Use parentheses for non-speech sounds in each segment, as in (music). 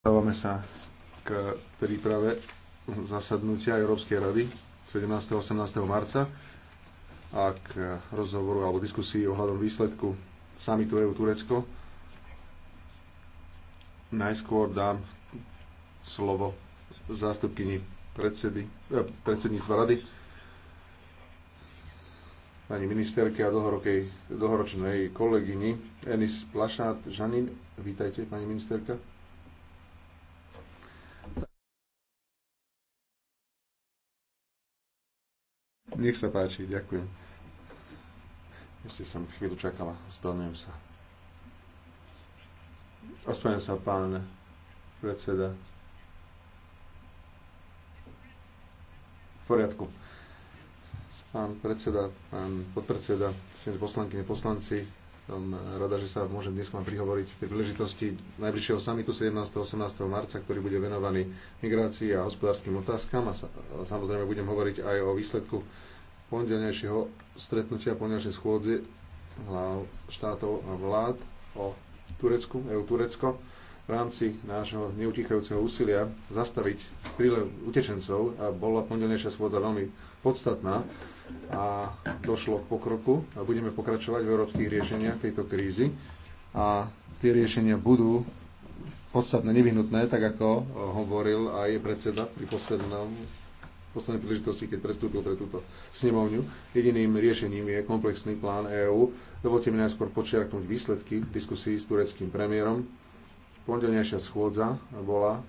Dávame sa k príprave zasadnutia Európskej rady 17. a 18. marca a k rozhovoru alebo diskusii ohľadom výsledku samitu EU Turecko. Najskôr dám slovo zástupkyni predsedy, eh, predsedníctva rady pani ministerke a dlhoročnej kolegyni Enis Plašát. Žanin, vítajte, pani ministerka. Nech sa páči, ďakujem. Ešte som chvíľu čakala, ospravedlňujem sa. Ospravedlňujem sa, pán predseda. V poriadku. Pán predseda, pán podpredseda, poslanky, poslanci, som rada, že sa môžem dnes vám prihovoriť pri príležitosti najbližšieho samitu 17. a 18. marca, ktorý bude venovaný migrácii a hospodárskym otázkam a samozrejme budem hovoriť aj o výsledku pondelnejšieho stretnutia, pondelnejšej schôdze hlav štátov a vlád o Turecku, EU Turecko v rámci nášho neutichajúceho úsilia zastaviť prílev utečencov a bola pondelnejšia schôdza veľmi podstatná a došlo k pokroku a budeme pokračovať v európskych riešeniach tejto krízy a tie riešenia budú podstatne nevyhnutné, tak ako hovoril aj predseda pri poslednom poslednej príležitosti, keď prestúpil pre túto snemovňu. Jediným riešením je komplexný plán EÚ. Dovolte mi najskôr počiarknúť výsledky diskusí s tureckým premiérom. Pondelnejšia schôdza bola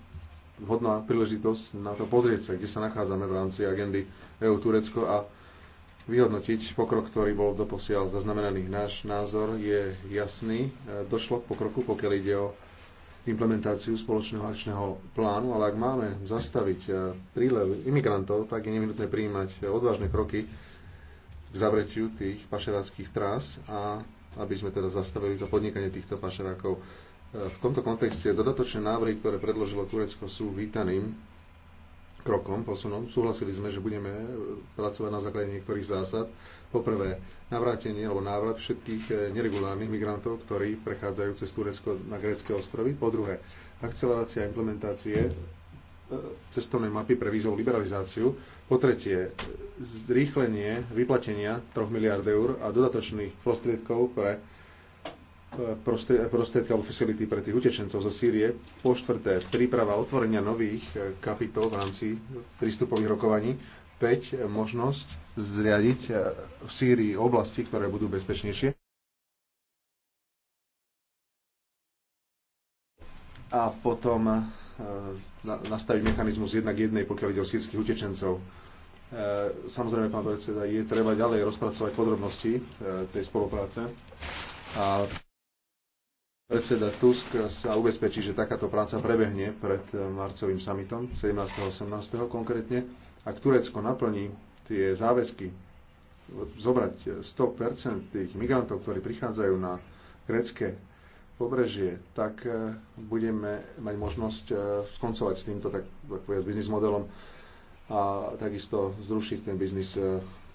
vhodná príležitosť na to pozrieť sa, kde sa nachádzame v rámci agendy EÚ-Turecko a vyhodnotiť pokrok, ktorý bol doposiaľ zaznamenaný. Náš názor je jasný. Došlo k pokroku, pokiaľ ide o implementáciu spoločného akčného plánu, ale ak máme zastaviť eh, prílev imigrantov, tak je nevyhnutné prijímať odvážne kroky k zavretiu tých pašeráckých trás a aby sme teda zastavili to podnikanie týchto pašerákov. Eh, v tomto kontexte dodatočné návrhy, ktoré predložilo Turecko, sú vítaným krokom, posunom. Súhlasili sme, že budeme e, pracovať na základe niektorých zásad. Poprvé, navrátenie alebo návrat všetkých e, neregulárnych migrantov, ktorí prechádzajú cez Turecko na grécké ostrovy. Po druhé, akcelerácia implementácie e, cestovnej mapy pre vízovú liberalizáciu. Po tretie, zrýchlenie vyplatenia 3 miliard eur a dodatočných prostriedkov pre alebo facility pre tých utečencov zo Sýrie. Po štvrté, príprava otvorenia nových eh, kapitol v rámci prístupových rokovaní. 5. Eh, možnosť zriadiť eh, v Sýrii oblasti, ktoré budú bezpečnejšie. A potom nastaviť mechanizmus jednak jednej, pokiaľ ide o sírskych utečencov. Samozrejme, pán predseda, je treba ďalej rozpracovať podrobnosti tej spolupráce. A Predseda Tusk sa ubezpečí, že takáto práca prebehne pred eh, marcovým samitom, 17. a 18. konkrétne. Ak Turecko naplní tie záväzky zobrať 100% tých migrantov, ktorí prichádzajú na grecké pobrežie, tak eh, budeme mať možnosť eh, skoncovať s týmto tak, tak povedať, biznis modelom a takisto zrušiť ten biznis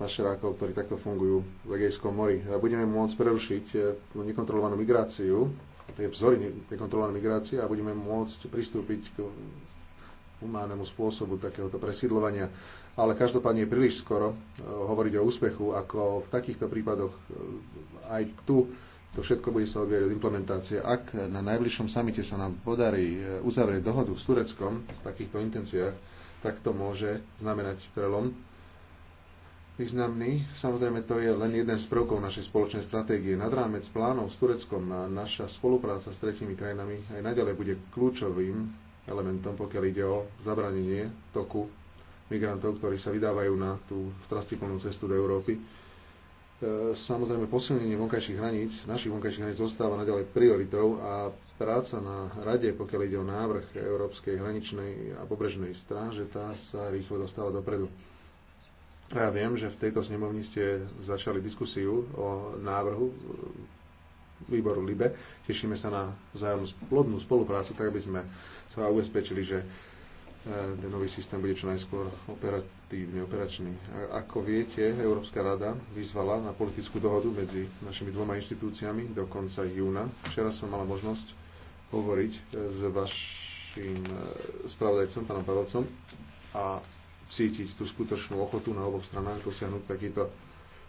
pašerákov, ktorí takto fungujú v Egejskom mori. Budeme môcť prerušiť tú nekontrolovanú migráciu tie vzory nekontrolovanej migrácie a budeme môcť pristúpiť k humánnemu spôsobu takéhoto presídlovania. Ale každopádne je príliš skoro eh, hovoriť o úspechu, ako v takýchto prípadoch eh, aj tu to všetko bude sa odvíjať od implementácie. Ak na najbližšom samite sa nám podarí eh, uzavrieť dohodu s Tureckom v takýchto intenciách, tak to môže znamenať prelom významný. Samozrejme, to je len jeden z prvkov našej spoločnej stratégie. Nad rámec plánov s Tureckom na naša spolupráca s tretími krajinami aj naďalej bude kľúčovým elementom, pokiaľ ide o zabranenie toku migrantov, ktorí sa vydávajú na tú trastiplnú cestu do Európy. E, samozrejme, posilnenie vonkajších hraníc, našich vonkajších hraníc zostáva naďalej prioritou a práca na rade, pokiaľ ide o návrh Európskej hraničnej a pobrežnej stráže, tá sa rýchlo dostáva dopredu. Ja viem, že v tejto snemovni ste začali diskusiu o návrhu výboru LIBE. Tešíme sa na vzájomnú plodnú spoluprácu, tak aby sme sa ubezpečili, že e, ten nový systém bude čo najskôr operatívny, operačný. A ako viete, Európska rada vyzvala na politickú dohodu medzi našimi dvoma inštitúciami do konca júna. Včera som mala možnosť hovoriť e, s vašim e, spravodajcom, pánom Pavlovcom, a cítiť tú skutočnú ochotu na oboch stranách dosiahnuť takýto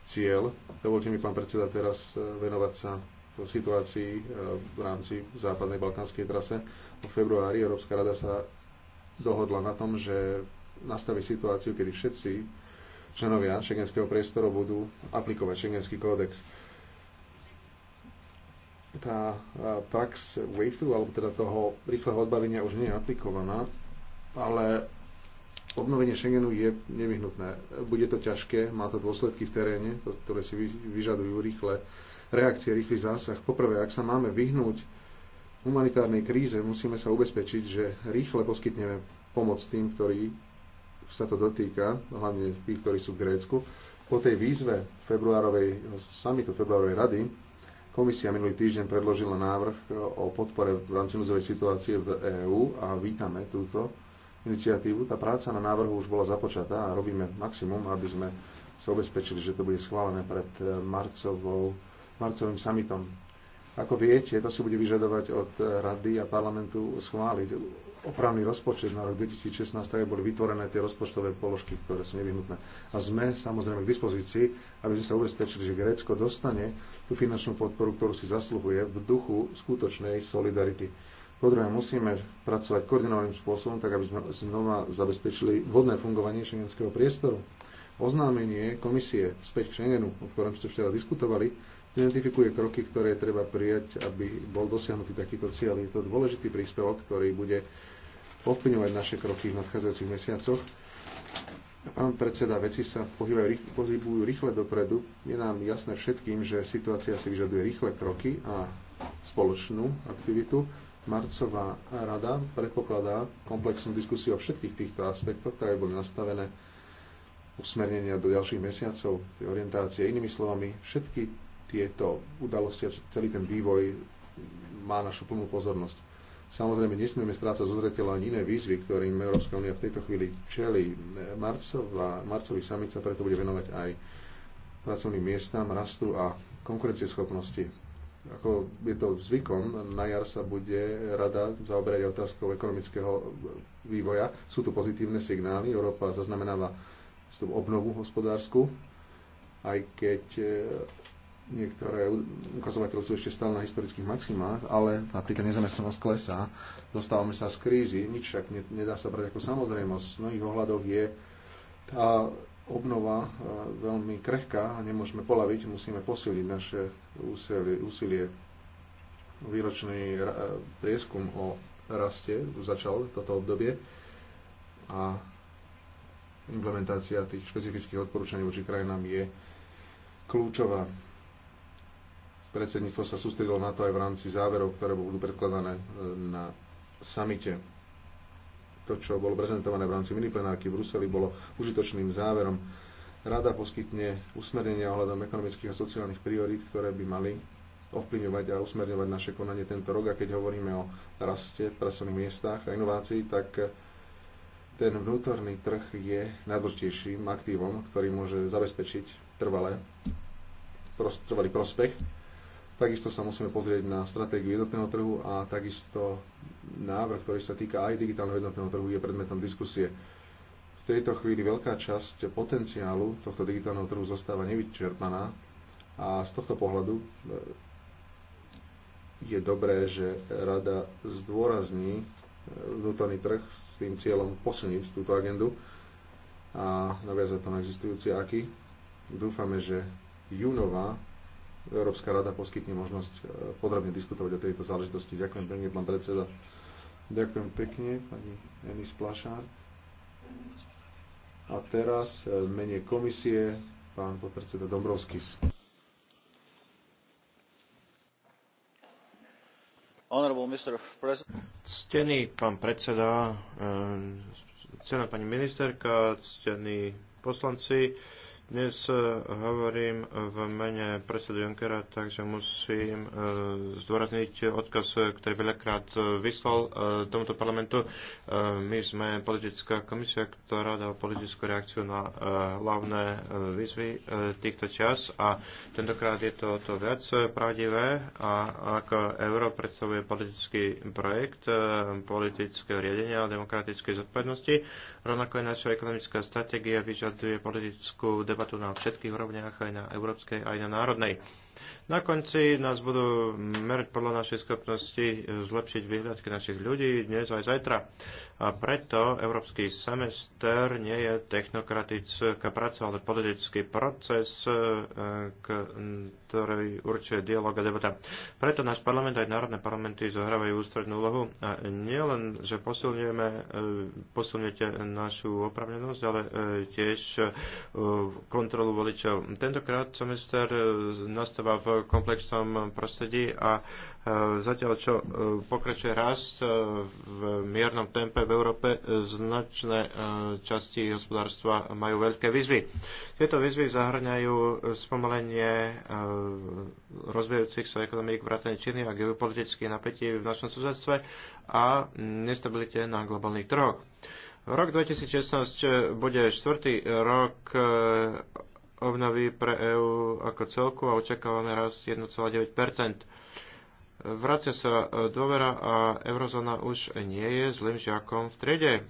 cieľ. Dovolte mi, pán predseda, teraz e, venovať sa situácii e, v rámci západnej balkánskej trase. V februári Európska rada sa dohodla na tom, že nastaví situáciu, kedy všetci členovia šengenského priestoru budú aplikovať šengenský kódex. Tá e, prax wave alebo teda toho rýchleho odbavenia už nie je aplikovaná, ale obnovenie Schengenu je nevyhnutné. Bude to ťažké, má to dôsledky v teréne, ktoré si vyžadujú rýchle reakcie, rýchly zásah. Poprvé, ak sa máme vyhnúť humanitárnej kríze, musíme sa ubezpečiť, že rýchle poskytneme pomoc tým, ktorí sa to dotýka, hlavne tých, ktorí sú v Grécku. Po tej výzve februárovej samitu februárovej rady Komisia minulý týždeň predložila návrh o podpore v rámci núzovej situácie v EÚ a vítame túto iniciatívu. Tá práca na návrhu už bola započatá a robíme maximum, aby sme sa ubezpečili, že to bude schválené pred eh, marcovou, marcovým summitom. Ako viete, to si bude vyžadovať od eh, Rady a parlamentu schváliť opravný rozpočet na rok 2016, tak boli vytvorené tie rozpočtové položky, ktoré sú nevyhnutné. A sme samozrejme k dispozícii, aby sme sa ubezpečili, že Grécko dostane tú finančnú podporu, ktorú si zasluhuje v duchu skutočnej solidarity. Po druhé, musíme pracovať koordinovaným spôsobom, tak aby sme znova zabezpečili vhodné fungovanie šengenského priestoru. Oznámenie komisie späť k Schengenu, o ktorom ste včera teda diskutovali, identifikuje kroky, ktoré treba prijať, aby bol dosiahnutý takýto cieľ. Je to dôležitý príspevok, ktorý bude ovplyvňovať naše kroky v nadchádzajúcich mesiacoch. Pán predseda, veci sa pohybujú, pohybujú rýchle dopredu. Je nám jasné všetkým, že situácia si vyžaduje rýchle kroky a spoločnú aktivitu Marcová rada predpokladá komplexnú diskusiu o všetkých týchto aspektoch, ktoré boli nastavené usmernenia do ďalších mesiacov, tie orientácie. Inými slovami, všetky tieto udalosti a celý ten vývoj má našu plnú pozornosť. Samozrejme, nesmieme strácať zo ani iné výzvy, ktorým Európska únia v tejto chvíli čeli. Marcová, marcový summit sa preto bude venovať aj pracovným miestam, rastu a konkurencieschopnosti ako je to zvykom, na jar sa bude rada zaoberať otázkou ekonomického vývoja. Sú tu pozitívne signály. Európa zaznamenáva tú obnovu hospodársku, aj keď e, niektoré ukazovateľe sú ešte stále na historických maximách, ale napríklad nezamestnanosť klesá, dostávame sa z krízy, nič však nedá sa brať ako samozrejmosť. V mnohých ohľadoch je tá obnova e, veľmi krehká a nemôžeme polaviť, musíme posiliť naše úsilie. úsilie. Výročný e, prieskum o raste začal toto obdobie a implementácia tých špecifických odporúčaní voči krajinám je kľúčová. Predsedníctvo sa sústredilo na to aj v rámci záverov, ktoré budú predkladané e, na samite to, čo bolo prezentované v rámci miniplenárky v Bruseli, bolo užitočným záverom. Rada poskytne usmernenia ohľadom ekonomických a sociálnych priorít, ktoré by mali ovplyvňovať a usmerňovať naše konanie tento rok. A keď hovoríme o raste, pracovných miestach a inovácií, tak ten vnútorný trh je najdôležitejším aktívom, ktorý môže zabezpečiť trvalé, pros, trvalý prospech Takisto sa musíme pozrieť na stratégiu jednotného trhu a takisto návrh, ktorý sa týka aj digitálneho jednotného trhu, je predmetom diskusie. V tejto chvíli veľká časť potenciálu tohto digitálneho trhu zostáva nevyčerpaná a z tohto pohľadu eh, je dobré, že rada zdôrazní eh, vnútorný trh s tým cieľom posilniť túto agendu a naviazať to na existujúci aký. Dúfame, že júnová Európska rada poskytne možnosť e, podrobne diskutovať o tejto záležitosti. Ďakujem pekne, pán predseda. Ďakujem pekne, pani Enis Plašár. A teraz e, v mene komisie pán podpredseda Dombrovskis. Ctený pán predseda, e, ctená pani ministerka, ctení poslanci, dnes eh, hovorím v mene predsedu Junckera, takže musím eh, zdôrazniť odkaz, eh, ktorý veľakrát vyslal tomuto parlamentu. My sme politická komisia, ktorá dá politickú reakciu na hlavné výzvy týchto čas a tentokrát je to to viac pravdivé a ako euro predstavuje politický projekt politického riadenia a demokratickej zodpovednosti, rovnako aj naša ekonomická stratégia vyžaduje politickú debatu na všetkých úrovniach, aj na európskej, aj na národnej. Na konci nás budú merať podľa našej schopnosti e, zlepšiť výhľadky našich ľudí dnes aj zajtra. A preto Európsky semester nie je technokratická práca, ale politický proces, e, ktorý určuje dialog a debata. Preto náš parlament aj národné parlamenty zohrávajú ústrednú úlohu. A nielen, že posilňujeme, e, posilňujete našu opravnenosť, ale tiež kontrolu voličov. Tentokrát semester nastáva v komplexnom prostredí a e, zatiaľ čo e, pokračuje rast e, v miernom tempe v Európe, značné časti hospodárstva majú veľké výzvy. Tieto výzvy zahrňajú spomalenie rozvíjajúcich sa ekonomík vrátane Číny a geopolitických napätí v našom susedstve a nestabilite na globálnych trhoch. Rok 2016 bude štvrtý rok obnovy pre EÚ ako celku a očakávame raz 1,9 Vracia sa e, dôvera a eurozóna už nie je zlým žiakom v triede. E,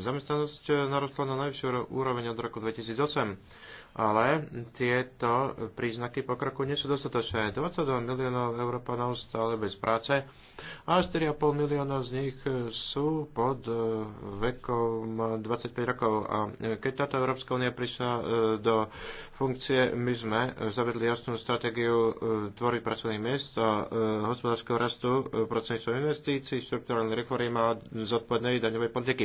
Zamestnanosť e, narastla na najvyššiu úroveň od roku 2008, ale tieto príznaky pokroku nie sú dostatočné. 22 miliónov Európanov stále bez práce až 4,5 milióna z nich e, sú pod e, vekom 25 rokov. A e, keď táto Európska únia prišla do funkcie, my sme zavedli jasnú stratégiu tvorby pracovných miest a hospodárskeho rastu prostredníctvom investícií, štruktúrnych reformy a zodpovednej daňovej politiky.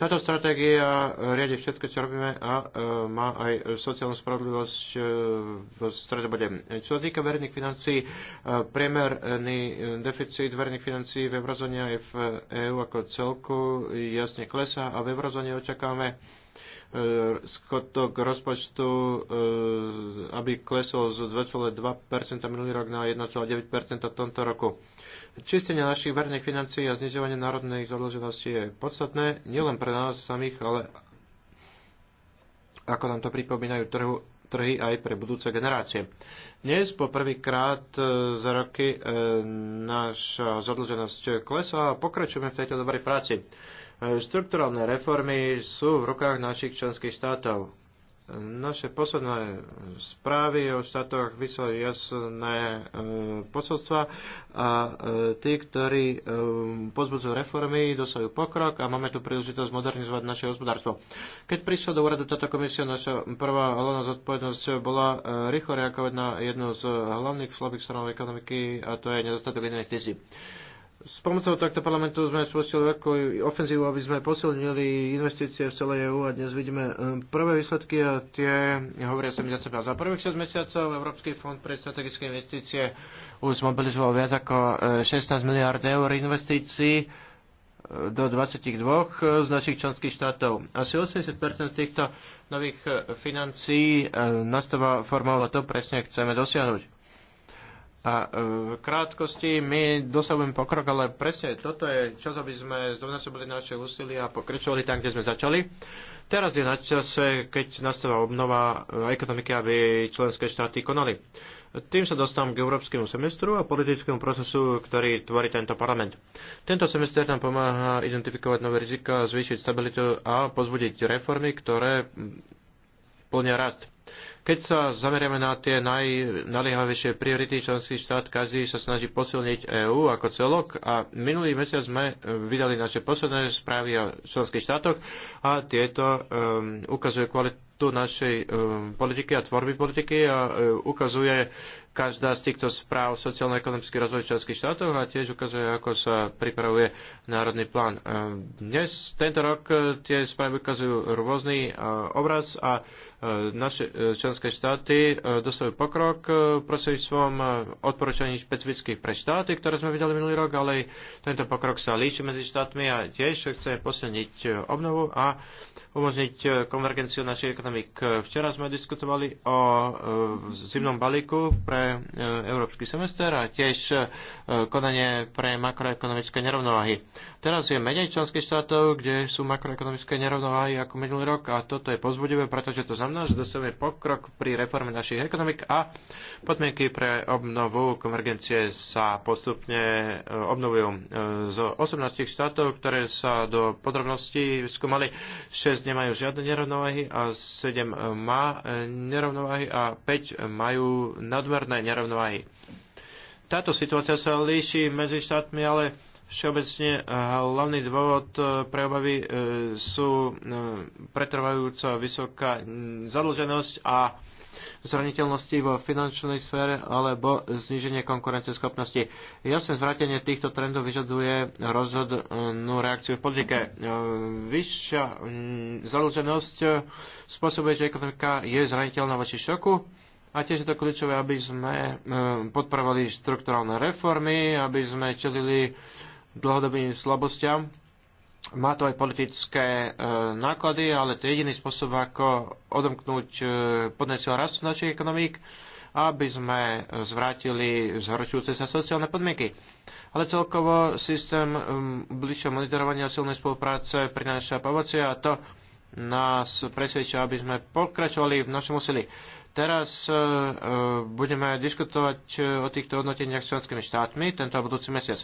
Táto stratégia riadi všetko, čo robíme a má aj sociálnu spravodlivosť v stredobode. Čo sa týka verejných financií, priemerný deficit deficit verejných v eurozóne aj v EÚ ako celku jasne klesá a v eurozóne očakávame e, skotok rozpočtu, e, aby klesol z 2,2% minulý rok na 1,9% v tomto roku. Čistenie našich verejných financií a znižovanie národnej zadlženosti je podstatné nielen pre nás samých, ale ako nám to pripomínajú trhu trhy aj pre budúce generácie. Dnes po prvýkrát e, za roky e, naša zadlženosť klesá a pokračujeme v tejto dobrej práci. E, Štrukturálne reformy sú v rukách našich členských štátov naše posledné správy o štátoch vyslali jasné eh, posolstva a eh, tí, ktorí eh, pozbudzujú reformy, dosajú pokrok a máme tu príležitosť modernizovať naše hospodárstvo. Keď prišla do úradu táto komisia, naša prvá hlavná zodpovednosť bola rýchlo reagovať na jednu z hlavných slabých stranov ekonomiky a to je nedostatok investícií. S pomocou tohto parlamentu sme spustili veľkú ofenzívu, aby sme posilnili investície v celej EU a dnes vidíme e, prvé výsledky a tie hovoria mi za seba. Za prvých 6 mesiacov Európsky fond pre strategické investície už mobilizoval viac ako 16 e, miliard eur investícií e, do 22 z našich členských štátov. Asi 80 z týchto nových financií nastáva formou to presne chceme dosiahnuť. A e, v krátkosti my dosahujeme pokrok, ale presne toto je čas, aby sme zdovnásobili naše úsilie a pokračovali tam, kde sme začali. Teraz je na čase, keď nastáva obnova e, ekonomiky, aby členské štáty konali. Tým sa dostávam k európskemu semestru a politickému procesu, ktorý tvorí tento parlament. Tento semester nám pomáha identifikovať nové rizika, zvýšiť stabilitu a pozbudiť reformy, ktoré plnia rast. Keď sa zameriame na tie najnaliehavejšie priority, členský štát každý sa snaží posilniť EÚ ako celok a minulý mesiac sme e, vydali naše posledné správy o členských štátoch a tieto um, ukazujú kvalitu našej um, politiky a tvorby politiky a um, ukazuje každá z týchto správ sociálno-ekonomický rozvoj členských štátov a tiež ukazuje, ako sa pripravuje národný plán. Dnes, tento rok tie správy ukazujú rôzny obraz a E, naše e, členské štáty e, dostali pokrok prostredníctvom odporúčaní špecifických pre štáty, ktoré sme videli minulý rok, ale tento pokrok sa líši medzi štátmi a tiež chceme posilniť obnovu a umožniť konvergenciu našich ekonomik. Včera sme diskutovali o zimnom balíku pre európsky semester a tiež konanie pre makroekonomické nerovnováhy. Teraz je menej členských štátov, kde sú makroekonomické nerovnováhy ako minulý rok a toto je pozbudivé, pretože to znamená, prítomnosť, dosahujeme pokrok pri reforme našich ekonomik a podmienky pre obnovu konvergencie sa postupne e, obnovujú. E, z 18 štátov, ktoré sa do podrobností skúmali, 6 nemajú žiadne nerovnováhy a 7 e, má nerovnováhy a 5 majú nadmerné nerovnováhy. Táto situácia sa líši medzi štátmi, ale Všeobecne eh, hlavný dôvod eh, pre obavy eh, sú pretrvajúca vysoká mm, zadlženosť a zraniteľnosti vo finančnej sfére alebo zníženie konkurenceschopnosti. Jasné zvrátenie týchto trendov vyžaduje rozhodnú reakciu v podnike. Vyššia mm, zadlženosť spôsobuje, že ekonomika je zraniteľná voči šoku. A tiež je to kľúčové, aby sme podporovali štrukturálne reformy, aby sme čelili uh, dlhodobým slabostiam. Má to aj politické e, náklady, ale to je jediný spôsob, ako odomknúť e, podnesiel rastu našich ekonomík, aby sme zvrátili zhoršujúce sa sociálne podmienky. Ale celkovo systém e, bližšieho monitorovania a silnej spolupráce prináša ovocie a to nás presvedčia, aby sme pokračovali v našom úsilí. Teraz e, e, budeme diskutovať e, o týchto hodnoteniach s členskými štátmi tento budúci mesiac.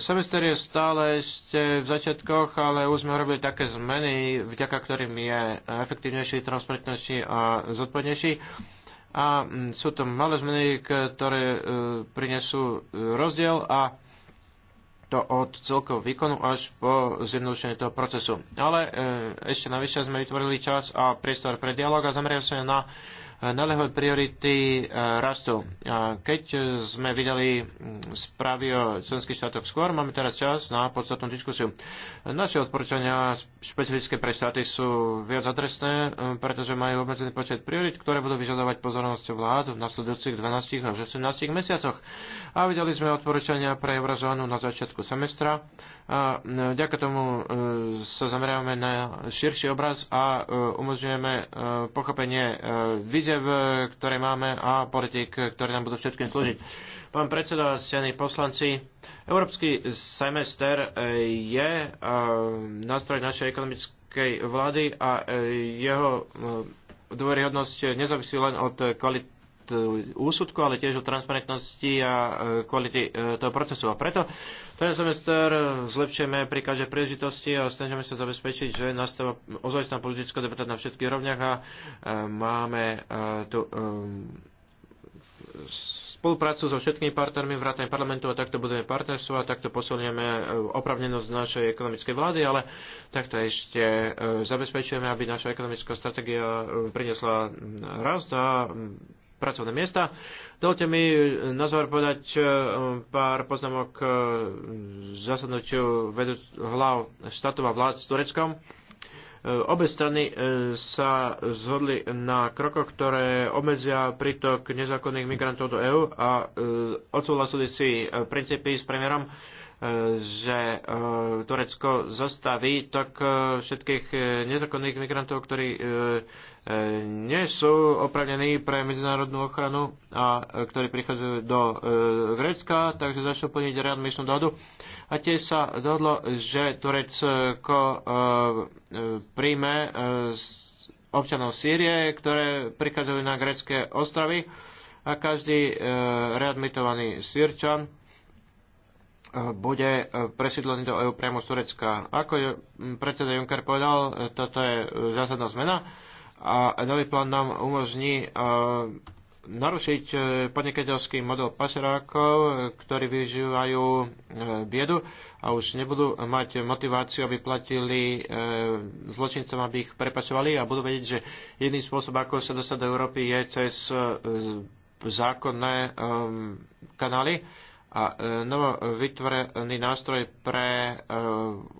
Semester je stále ešte v začiatkoch, ale už sme robili také zmeny, vďaka ktorým je efektívnejší, transparentnejší a zodpovednejší. A sú to malé zmeny, ktoré prinesú rozdiel a to od celkov výkonu až po zjednodušenie toho procesu. Ale ešte navyše sme vytvorili čas a priestor pre dialog a zameriam sa na nalehové priority e, rastú. Keď sme videli mm, správy o členských štátoch skôr, máme teraz čas na podstatnú diskusiu. Naše odporúčania špecifické pre štáty sú viac adresné, e, pretože majú obmedzený počet priorit, ktoré budú vyžadovať pozornosť vlád v nasledujúcich 12 až 18 mesiacoch. A videli sme odporúčania pre eurozónu na začiatku semestra a e, vďaka tomu e, sa zameráme na širší obraz a e, umožňujeme pochopenie výzev, ktoré máme a politik, ktoré nám budú všetkým slúžiť. Pán predseda, stení poslanci, Európsky semester je nástroj našej ekonomickej vlády a jeho dôveryhodnosť nezávisí len od kvality E, úsudku, ale tiež o transparentnosti a e, kvality e, toho procesu. A preto ten semester zlepšujeme pri každej príležitosti a snažíme sa zabezpečiť, že nastáva ozajstná politická debata na všetkých rovniach a máme tu spoluprácu so všetkými partnermi v rátane parlamentu a takto budeme partnerstvo a takto posilňujeme opravnenosť našej ekonomickej vlády, ale takto ešte zabezpečujeme, aby naša ekonomická stratégia priniesla rast a pracovné miesta. Dovolte mi eh, na záver povedať eh, pár poznámok eh, zasadnutiu vedú hlav štátov a vlád s Tureckom. Obe strany sa zhodli na krokoch, ktoré obmedzia prítok nezákonných migrantov do EÚ a odsúhlasili si princípy s premiérom že e, Turecko zastaví tak e, všetkých e, nezákonných migrantov, ktorí nie sú opravnení pre medzinárodnú ochranu a ktorí prichádzajú do Grécka, takže začnú plniť readmisnú dohodu. A tie sa dohodlo, že Turecko príjme občanov Sýrie, ktoré prichádzajú na grécké ostrovy a každý readmitovaný Sýrčan bude eh, presídlený do EU priamo z Turecka. Ako je mm, predseda Juncker povedal, eh, toto je eh, zásadná zmena a nový plán nám umožní narušiť podnikateľský model pašerákov, ktorí vyžívajú biedu a už nebudú mať motiváciu, aby platili zločincom, aby ich prepašovali a budú vedieť, že jedný spôsob, ako sa dostať do Európy, je cez zákonné kanály a e, novo vytvorený nástroj pre e,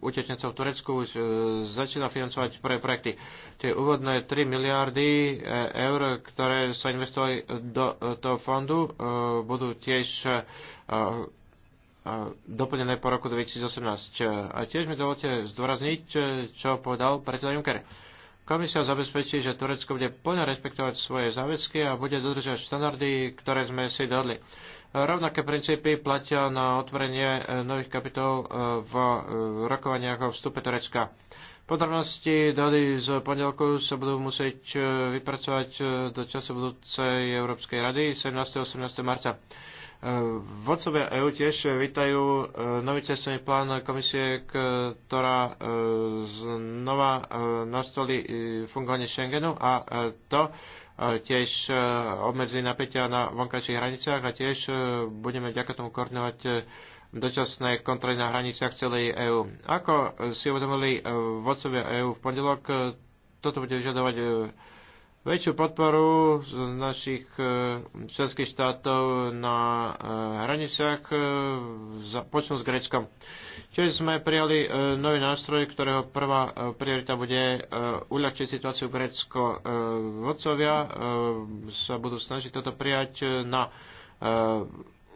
utečencov v Turecku už e, začína financovať prvé projekty. Tie úvodné 3 miliardy e, eur, ktoré sa investovali do e, toho fondu, e, budú tiež e, e doplnené po roku 2018. E, a tiež mi dovolte zdôrazniť, čo povedal predseda Juncker. Komisia zabezpečí, že Turecko bude plne rešpektovať svoje záväzky a bude dodržať štandardy, ktoré sme si dohodli. Rovnaké princípy platia na otvorenie eh, nových kapitol eh, v eh, rokovaniach o vstupe Turecka. Podrobnosti dohody z pondelku sa budú musieť vypracovať do času budúcej Európskej rady 17. a 18. marca. Vodcovia EU tiež vítajú nový cestovný plán komisie, ktorá znova nastoli fungovanie Schengenu a to tiež e, obmedzili napätia na vonkajších hraniciach a tiež e, budeme ďaká tomu koordinovať e, dočasné kontroly na hraniciach celej EÚ. Ako si uvedomili vodcovia EÚ v pondelok, toto bude vyžadovať väčšiu podporu z našich e, členských štátov na e, hraniciach e, počnú s Greckom. Čiže sme prijali nový nástroj, ktorého prvá priorita bude uľahčiť situáciu Grécko. Vodcovia sa budú snažiť toto prijať na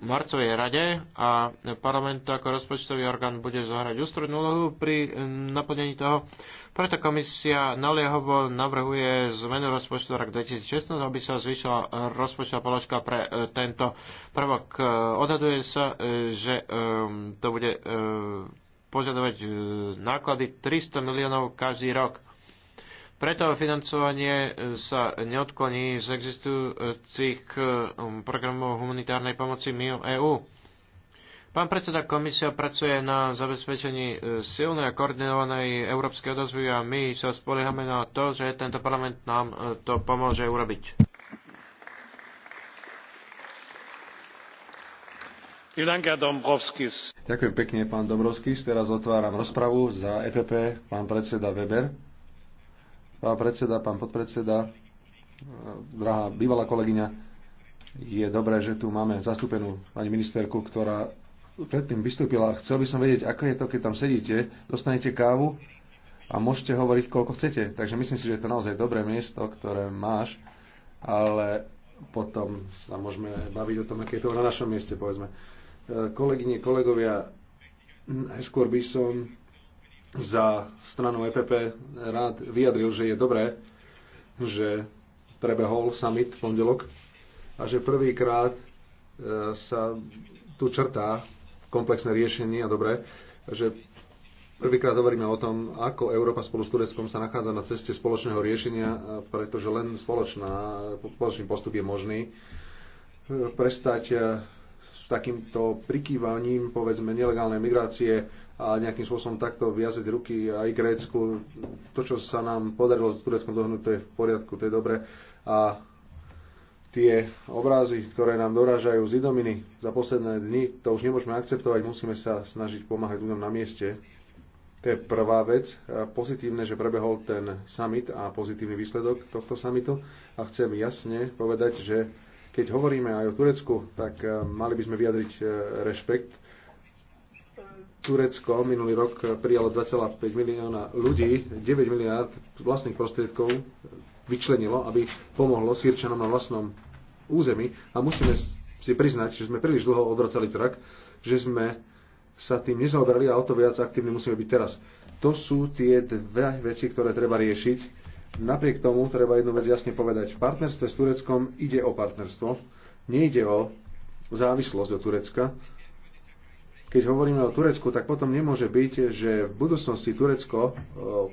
marcovej rade a parlament ako rozpočtový orgán bude zohrať ústrednú úlohu pri eh, naplnení toho. Preto komisia naliehovo navrhuje zmenu rozpočtu rok 2016, aby sa zvyšila rozpočtová položka pre eh, tento prvok. Eh, odhaduje sa, že to bude požadovať náklady 300 miliónov každý rok. Preto financovanie e, sa neodkloní z existujúcich e, um, programov humanitárnej pomoci mimo EU. Pán predseda, komisia pracuje na zabezpečení e, silnej a koordinovanej európskej odozvy a my sa spoliehame na to, že tento parlament nám to pomôže urobiť. Ďakujem pekne, pán Dobrovský. Teraz otváram rozpravu za EPP, pán predseda Weber. Pán predseda, pán podpredseda, eh, drahá bývalá kolegyňa, je dobré, že tu máme zastúpenú pani ministerku, ktorá predtým vystúpila. Chcel by som vedieť, ako je to, keď tam sedíte, dostanete kávu a môžete hovoriť, koľko chcete. Takže myslím si, že je to naozaj dobré miesto, ktoré máš, ale potom sa môžeme baviť o tom, aké je to na našom mieste, povedzme. Eh, kolegyne, kolegovia, hm, skôr by som za stranu EPP rád vyjadril, že je dobré, že prebehol summit v pondelok a že prvýkrát e, sa tu črtá komplexné riešenie a dobré, že prvýkrát hovoríme o tom, ako Európa spolu s Tureckom sa nachádza na ceste spoločného riešenia, pretože len spoločná, spoločný postup je možný. E, prestať e, s takýmto prikývaním, povedzme, nelegálnej migrácie a nejakým spôsobom takto viazať ruky aj Grécku. To, čo sa nám podarilo s Tureckom dohnúť, to je v poriadku, to je dobre. A tie obrázy, ktoré nám dorážajú z Idominy za posledné dni, to už nemôžeme akceptovať, musíme sa snažiť pomáhať ľuďom na mieste. To je prvá vec. Pozitívne, že prebehol ten summit a pozitívny výsledok tohto summitu. A chcem jasne povedať, že keď hovoríme aj o Turecku, tak eh, mali by sme vyjadriť eh, rešpekt Turecko minulý rok prijalo 2,5 milióna ľudí, 9 miliárd vlastných prostriedkov vyčlenilo, aby pomohlo Sýrčanom na vlastnom území a musíme si priznať, že sme príliš dlho odvracali zrak, že sme sa tým nezaoberali a o to viac aktívne musíme byť teraz. To sú tie dve veci, ktoré treba riešiť. Napriek tomu treba jednu vec jasne povedať. V partnerstve s Tureckom ide o partnerstvo, nejde o závislosť do Turecka keď hovoríme o Turecku, tak potom nemôže byť, že v budúcnosti Turecko, e,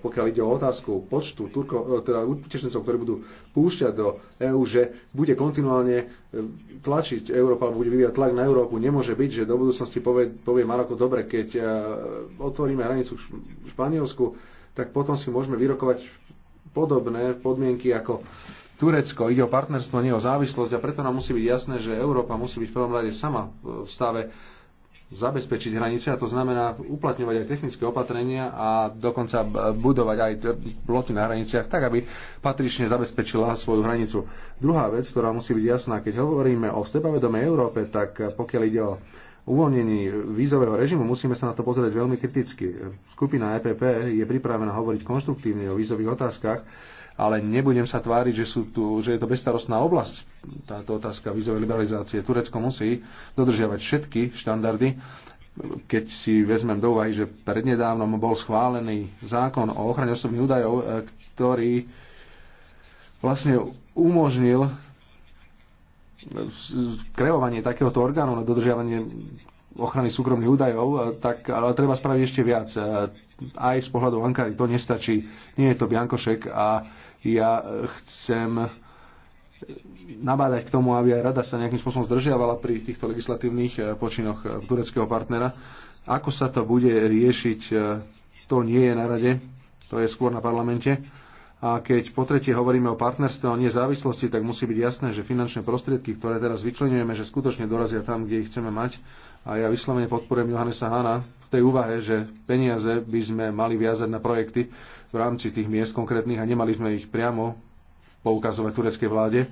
pokiaľ ide o otázku počtu Turko, e, teda utečencov, ktorí budú púšťať do EÚ, že bude kontinuálne e, tlačiť Európa, bude vyvíjať tlak na Európu. Nemôže byť, že do budúcnosti povie, povie Maroko, dobre, keď otvoríme hranicu v Španielsku, tak potom si môžeme vyrokovať podobné podmienky ako Turecko. Ide o partnerstvo, nie o závislosť a preto nám musí byť jasné, že Európa musí byť v prvom rade sama v stave zabezpečiť hranice a to znamená uplatňovať aj technické opatrenia a dokonca budovať aj ploty na hraniciach tak, aby patrične zabezpečila svoju hranicu. Druhá vec, ktorá musí byť jasná, keď hovoríme o sebavedomej Európe, tak pokiaľ ide o uvoľnení vízového režimu musíme sa na to pozrieť veľmi kriticky. Skupina EPP je pripravená hovoriť konštruktívne o vízových otázkach ale nebudem sa tváriť, že, sú tu, že je to bestarostná oblasť, táto otázka vízovej liberalizácie. Turecko musí dodržiavať všetky štandardy. Keď si vezmem do úvahy, že prednedávnom bol schválený zákon o ochrane osobných údajov, e, ktorý vlastne umožnil e, kreovanie takéhoto orgánu na dodržiavanie ochrany súkromných údajov, e, tak, ale treba spraviť ešte viac aj z pohľadu Ankary to nestačí. Nie je to Biankošek a ja chcem nabádať k tomu, aby aj rada sa nejakým spôsobom zdržiavala pri týchto legislatívnych eh, počinoch eh, tureckého partnera. Ako sa to bude riešiť, eh, to nie je na rade, to je skôr na parlamente. A keď po tretie hovoríme o partnerstve, o nezávislosti, tak musí byť jasné, že finančné prostriedky, ktoré teraz vyčlenujeme, že skutočne dorazia tam, kde ich chceme mať. A ja vyslovene podporujem Johannesa Hána tej úvahe, že peniaze by sme mali viazať na projekty v rámci tých miest konkrétnych a nemali sme ich priamo poukazovať tureckej vláde.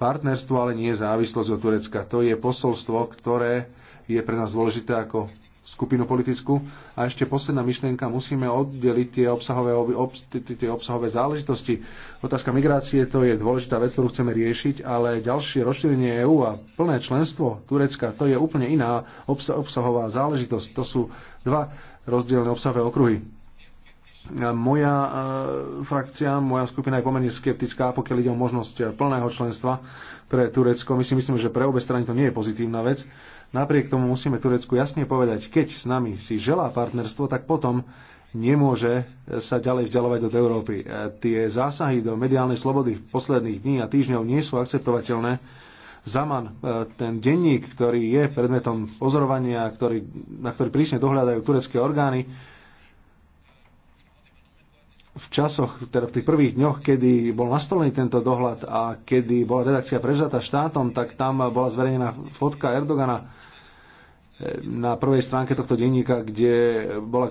Partnerstvo ale nie je závislosť od Turecka. To je posolstvo, ktoré je pre nás dôležité ako skupinu politickú. A ešte posledná myšlienka, musíme oddeliť tie obsahové, ob, tie obsahové záležitosti. Otázka migrácie to je dôležitá vec, ktorú chceme riešiť, ale ďalšie rozšírenie EÚ a plné členstvo Turecka to je úplne iná obsahová záležitosť. To sú dva rozdielne obsahové okruhy. Moja e, frakcia, moja skupina je pomerne skeptická, pokiaľ ide o možnosť plného členstva pre Turecko. My si myslíme, že pre obe strany to nie je pozitívna vec Napriek tomu musíme Turecku jasne povedať, keď s nami si želá partnerstvo, tak potom nemôže sa ďalej vzdialovať od Európy. E, tie zásahy do mediálnej slobody v posledných dní a týždňov nie sú akceptovateľné. Zaman, e, ten denník, ktorý je predmetom pozorovania, ktorý, na ktorý prísne dohľadajú turecké orgány, v časoch, teda v tých prvých dňoch, kedy bol nastolený tento dohľad a kedy bola redakcia prežatá štátom, tak tam bola zverejnená fotka Erdogana, na prvej stránke tohto denníka, kde bola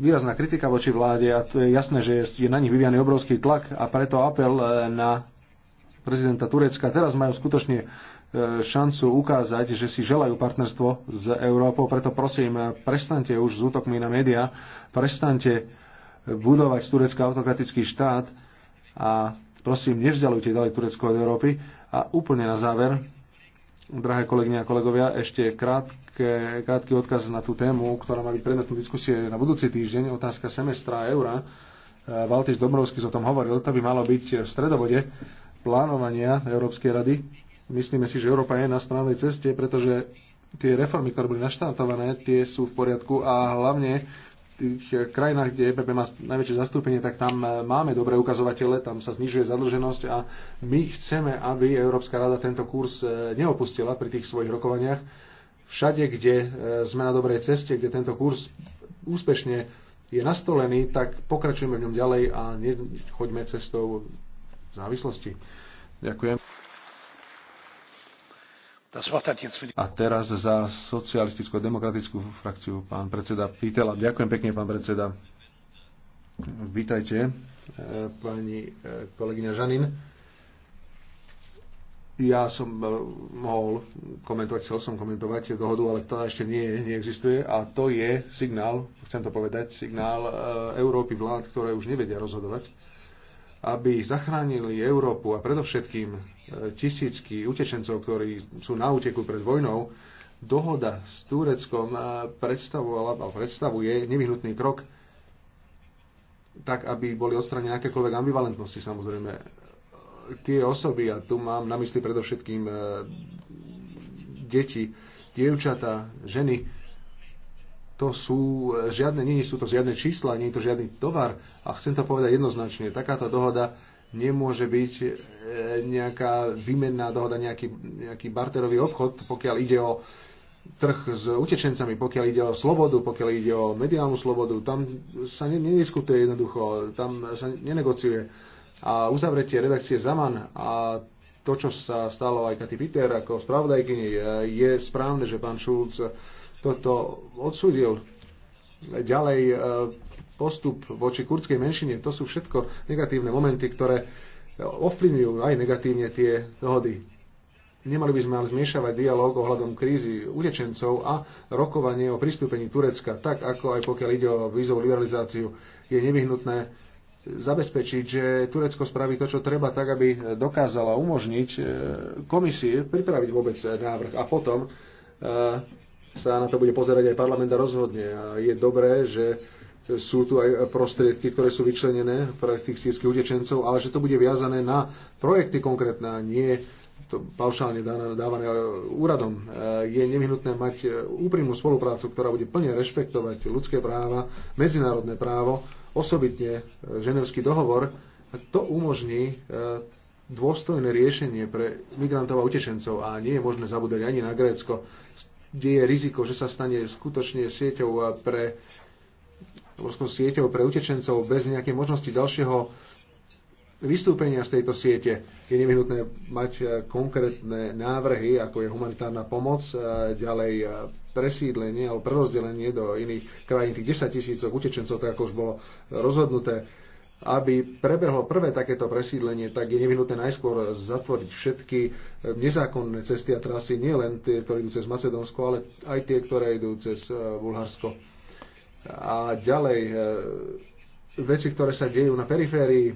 výrazná kritika voči vláde a to je jasné, že je na nich vyvianý obrovský tlak a preto apel e, na prezidenta Turecka. Teraz majú skutočne e, šancu ukázať, že si želajú partnerstvo s Európou, preto prosím, prestante už s útokmi na médiá, prestante e, budovať z Turecka autokratický štát a prosím, nevzdialujte ďalej Turecko od Európy. A úplne na záver, drahé kolegyne a kolegovia, ešte krátko krátke, krátky odkaz na tú tému, ktorá má byť predmetom diskusie na budúci týždeň, otázka semestra a eura. E, Valtis Dobrovský o tom hovoril, to by malo byť v stredovode plánovania Európskej rady. Myslíme si, že Európa je na správnej ceste, pretože tie reformy, ktoré boli naštartované, tie sú v poriadku a hlavne v tých krajinách, kde EPP má najväčšie zastúpenie, tak tam e, máme dobré ukazovatele, tam sa znižuje zadlženosť a my chceme, aby Európska rada tento kurz e, neopustila pri tých svojich rokovaniach všade, kde e, sme na dobrej ceste, kde tento kurz úspešne je nastolený, tak pokračujeme v ňom ďalej a nechoďme cestou závislosti. Ďakujem. A teraz za socialistickú a demokratickú frakciu pán predseda Pítela. Ďakujem pekne, pán predseda. Vítajte, e, pani e, kolegyňa Žanin. Ja som eh, mohol komentovať, chcel som komentovať dohodu, ale to ešte nie, neexistuje. A to je signál, chcem to povedať, signál eh, Európy vlád, ktoré už nevedia rozhodovať, aby zachránili Európu a predovšetkým eh, tisícky utečencov, ktorí sú na úteku pred vojnou. Dohoda s Tureckom predstavovala, alebo predstavuje nevyhnutný krok tak, aby boli odstranené akékoľvek ambivalentnosti samozrejme tie osoby, a tu mám na mysli predovšetkým e, deti, dievčatá, ženy, to sú e, žiadne, nie sú to žiadne čísla, nie je to žiadny tovar. A chcem to povedať jednoznačne, takáto dohoda nemôže byť e, nejaká výmenná dohoda, nejaký, nejaký barterový obchod, pokiaľ ide o trh s utečencami, pokiaľ ide o slobodu, pokiaľ ide o mediálnu slobodu, tam sa nediskutuje jednoducho, tam sa nenegociuje a uzavretie redakcie Zaman a to, čo sa stalo aj Katy Peter ako spravodajkyni, e, je správne, že pán Šulc toto odsudil. Ďalej e, postup voči kurdskej menšine, to sú všetko negatívne momenty, ktoré ovplyvňujú aj negatívne tie dohody. Nemali by sme ale zmiešavať dialog ohľadom krízy utečencov a rokovanie o pristúpení Turecka, tak ako aj pokiaľ ide o vízovú liberalizáciu, je nevyhnutné zabezpečiť, že Turecko spraví to, čo treba, tak aby dokázala umožniť e, komisii pripraviť vôbec návrh a potom e, sa na to bude pozerať aj parlament a rozhodne. A je dobré, že sú tu aj prostriedky, ktoré sú vyčlenené pre tých sírskych utečencov, ale že to bude viazané na projekty konkrétne a nie to paušálne dávané e, úradom. Je nevyhnutné mať úprimnú spoluprácu, ktorá bude plne rešpektovať ľudské práva, medzinárodné právo osobitne e, ženevský dohovor, to umožní e, dôstojné riešenie pre migrantov a utečencov a nie je možné zabúdať ani na Grécko, kde je riziko, že sa stane skutočne sieťou e, pre sieťou pre utečencov bez nejakej možnosti ďalšieho vystúpenia z tejto siete je nevyhnutné mať eh, konkrétne návrhy, ako je humanitárna pomoc, eh, ďalej eh, presídlenie alebo prerozdelenie do iných krajín, tých 10 tisícov utečencov, tak ako už bolo rozhodnuté. Aby prebehlo prvé takéto presídlenie, tak je nevyhnutné najskôr zatvoriť všetky nezákonné cesty a trasy, nie len tie, ktoré idú cez Macedónsko, ale aj tie, ktoré idú cez Bulharsko. A ďalej veci, ktoré sa dejú na periférii e,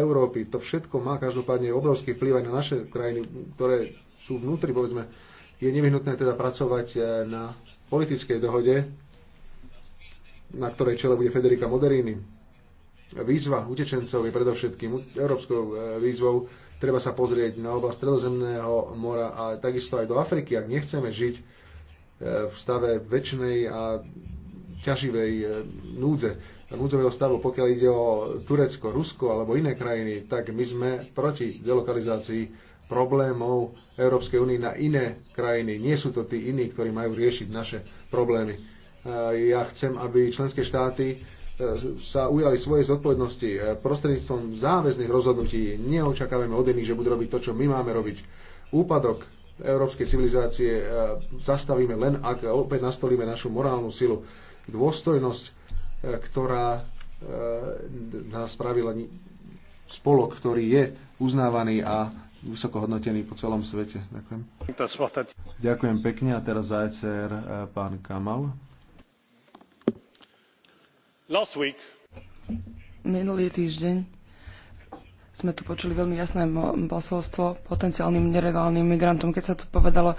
Európy, to všetko má každopádne obrovský vplyv aj na naše krajiny, ktoré sú vnútri, povedzme. Je nevyhnutné teda pracovať e, na politickej dohode, na ktorej čele bude Federica Moderini výzva utečencov je predovšetkým európskou e, výzvou. Treba sa pozrieť na oblasť Stredozemného mora a takisto aj do Afriky, ak nechceme žiť v stave väčšnej a ťaživej núdze núdzového stavu, pokiaľ ide o Turecko, Rusko alebo iné krajiny, tak my sme proti delokalizácii problémov Európskej únie na iné krajiny. Nie sú to tí iní, ktorí majú riešiť naše problémy. E, ja chcem, aby členské štáty e, sa ujali svojej zodpovednosti e, prostredníctvom záväzných rozhodnutí. Neočakávame od iných, že budú robiť to, čo my máme robiť. Úpadok európskej civilizácie zastavíme len, ak opäť nastolíme našu morálnu silu, dôstojnosť ktorá e, nás spravila spolok, ktorý je uznávaný a vysoko hodnotený po celom svete. Ďakujem. Ďakujem pekne a teraz za ECR e, pán Kamal. Last week. Minulý týždeň sme tu počuli veľmi jasné posolstvo potenciálnym neregálnym migrantom. Keď sa tu povedalo,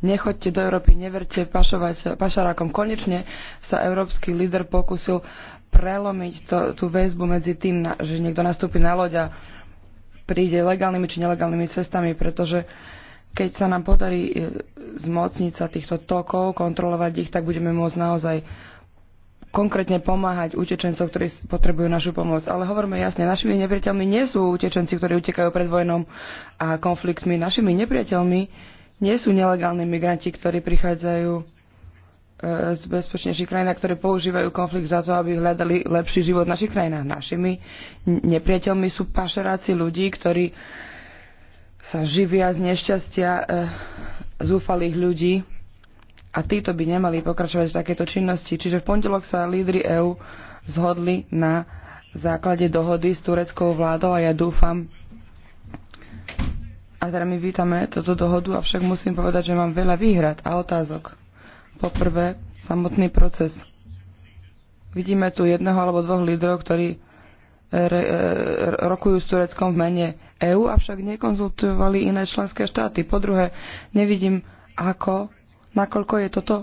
Nechoďte do Európy, neverte pašovať, pašarákom. Konečne sa európsky líder pokusil prelomiť to, tú väzbu medzi tým, že niekto nastúpi na loď a príde legálnymi či nelegálnymi cestami, pretože keď sa nám podarí e, zmocniť sa týchto tokov, kontrolovať ich, tak budeme môcť naozaj konkrétne pomáhať utečencov, ktorí potrebujú našu pomoc. Ale hovoríme jasne, našimi nepriateľmi nie sú utečenci, ktorí utekajú pred vojnom a konfliktmi. Našimi nepriateľmi nie sú nelegálni migranti, ktorí prichádzajú e, z bezpečnejších krajín, ktoré používajú konflikt za to, aby hľadali lepší život v našich krajinách. Našimi nepriateľmi sú pašeráci ľudí, ktorí sa živia z nešťastia e, zúfalých ľudí a títo by nemali pokračovať v takéto činnosti. Čiže v pondelok sa lídry EÚ zhodli na základe dohody s tureckou vládou a ja dúfam, a teda my vítame toto dohodu, avšak musím povedať, že mám veľa výhrad a otázok. Poprvé, samotný proces. Vidíme tu jedného alebo dvoch lídrov, ktorí e, re, e, rokujú s Tureckom v mene EÚ, avšak nekonzultovali iné členské štáty. Po druhé, nevidím, ako, nakoľko je toto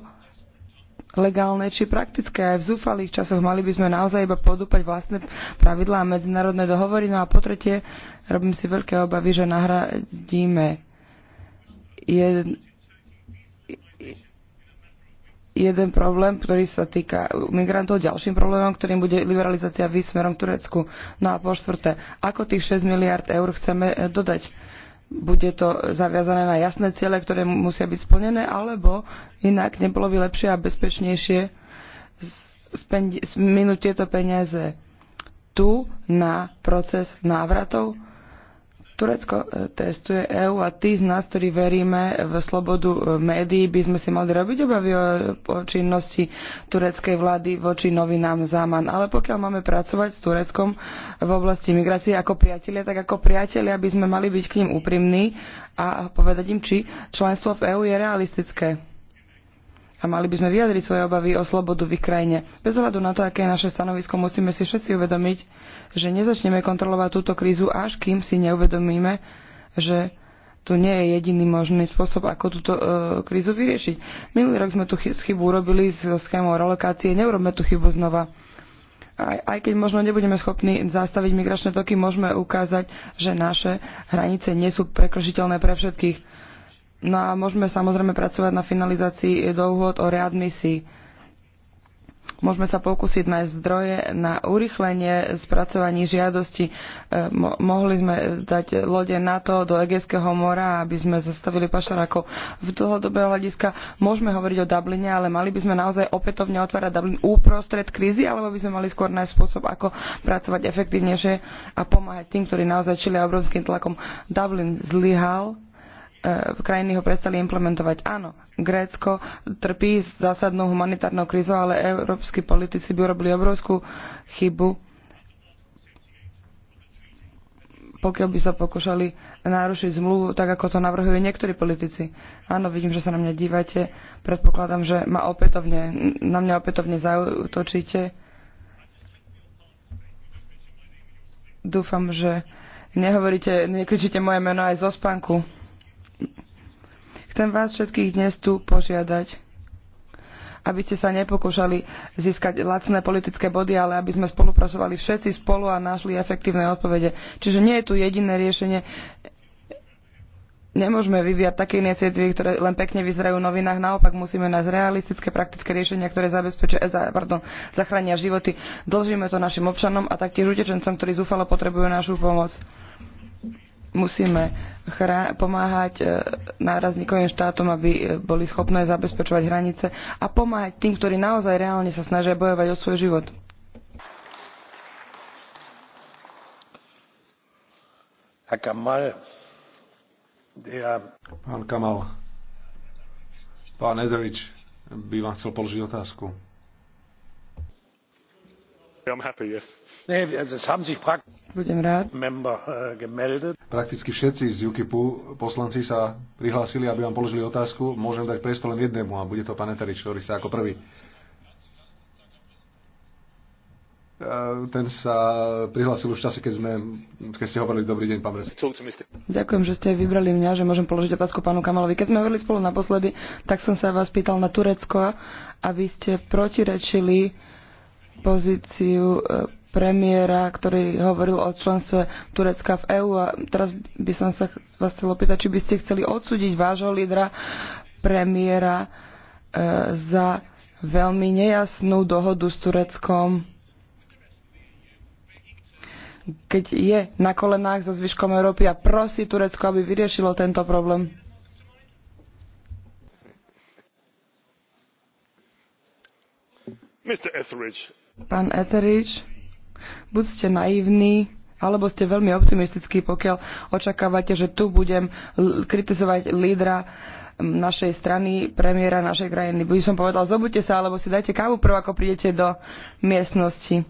legálne či praktické. Aj v zúfalých časoch mali by sme naozaj iba podúpať vlastné pravidlá a medzinárodné dohovory. No a po tretie, Robím si veľké obavy, že nahradíme jeden, jeden problém, ktorý sa týka migrantov, ďalším problémom, ktorým bude liberalizácia výsmerom k Turecku. No a po štvrté, ako tých 6 miliard eur chceme dodať? Bude to zaviazané na jasné ciele, ktoré musia byť splnené, alebo inak nebolo by lepšie a bezpečnejšie minúť tieto peniaze tu na proces návratov? Turecko e, testuje EÚ a tí z nás, ktorí veríme v slobodu e, médií, by sme si mali robiť obavy o, o činnosti tureckej vlády voči novinám Zaman. Ale pokiaľ máme pracovať s Tureckom v oblasti migrácie ako priatelia, tak ako priatelia by sme mali byť k ním úprimní a povedať im, či členstvo v EÚ je realistické a mali by sme vyjadriť svoje obavy o slobodu v ich krajine. Bez ohľadu na to, aké je naše stanovisko, musíme si všetci uvedomiť, že nezačneme kontrolovať túto krízu, až kým si neuvedomíme, že to nie je jediný možný spôsob, ako túto e, krízu vyriešiť. Minulý rok sme tu chybu urobili s schémou relokácie, neurobme tú chybu znova. Aj, aj keď možno nebudeme schopní zastaviť migračné toky, môžeme ukázať, že naše hranice nie sú prekržiteľné pre všetkých. No a môžeme samozrejme pracovať na finalizácii dohôd o readmisii Môžeme sa pokúsiť nájsť zdroje na urychlenie spracovaní žiadosti. E, mo mohli sme dať lode na to do Egejského mora, aby sme zastavili pašarákov V dlhodobého hľadiska môžeme hovoriť o Dubline, ale mali by sme naozaj opätovne otvárať Dublin uprostred krízy, alebo by sme mali skôr nájsť spôsob, ako pracovať efektívnejšie a pomáhať tým, ktorí naozaj čili obrovským tlakom. Dublin zlyhal, E, krajiny ho prestali implementovať. Áno, Grécko trpí zásadnou humanitárnou krízou, ale európsky politici by urobili obrovskú chybu, pokiaľ by sa pokúšali narušiť zmluvu, tak ako to navrhujú niektorí politici. Áno, vidím, že sa na mňa dívate. Predpokladám, že ma opätovne, na mňa opätovne zautočíte. Dúfam, že nehovoríte, nekričíte moje meno aj zo spánku. Chcem vás všetkých dnes tu požiadať, aby ste sa nepokúšali získať lacné politické body, ale aby sme spolupracovali všetci spolu a našli efektívne odpovede. Čiže nie je tu jediné riešenie. Nemôžeme vyvíjať také iniciatívy, ktoré len pekne vyzerajú v novinách. Naopak musíme nájsť realistické, praktické riešenia, ktoré zabezpečia, eh, pardon, zachránia životy. Dlžíme to našim občanom a taktiež utečencom, ktorí zúfalo potrebujú našu pomoc. Musíme pomáhať e, nárazníkovým štátom, aby e, boli schopné zabezpečovať hranice a pomáhať tým, ktorí naozaj reálne sa snažia bojovať o svoj život. Pán Kamal, pán Edrič by vám chcel položiť otázku. Eh, Prakticky všetci z UKIPu poslanci sa prihlásili, aby vám položili otázku. Môžem dať priestor len jednému a bude to pán Eterič, ktorý sa ako prvý. Eh, ten sa prihlásil už v čase, keď, sme, keď ste hovorili dobrý deň, pán Brec. Ďakujem, že ste vybrali mňa, že môžem položiť otázku pánu Kamalovi. Keď sme hovorili spolu naposledy, tak som sa vás pýtal na Turecko a vy ste protirečili pozíciu e, premiéra, ktorý hovoril o členstve Turecka v EÚ. A teraz by som sa vás chcel opýtať, či by ste chceli odsúdiť vášho lídra premiéra e, za veľmi nejasnú dohodu s Tureckom, keď je na kolenách so zvyškom Európy a prosí Turecko, aby vyriešilo tento problém. Mr. Etheridge, Pán Eterič, buď ste naivní, alebo ste veľmi optimistickí, pokiaľ očakávate, že tu budem kritizovať lídra našej strany, premiéra našej krajiny. By som povedal, zobudte sa, alebo si dajte kávu prv, ako prídete do miestnosti.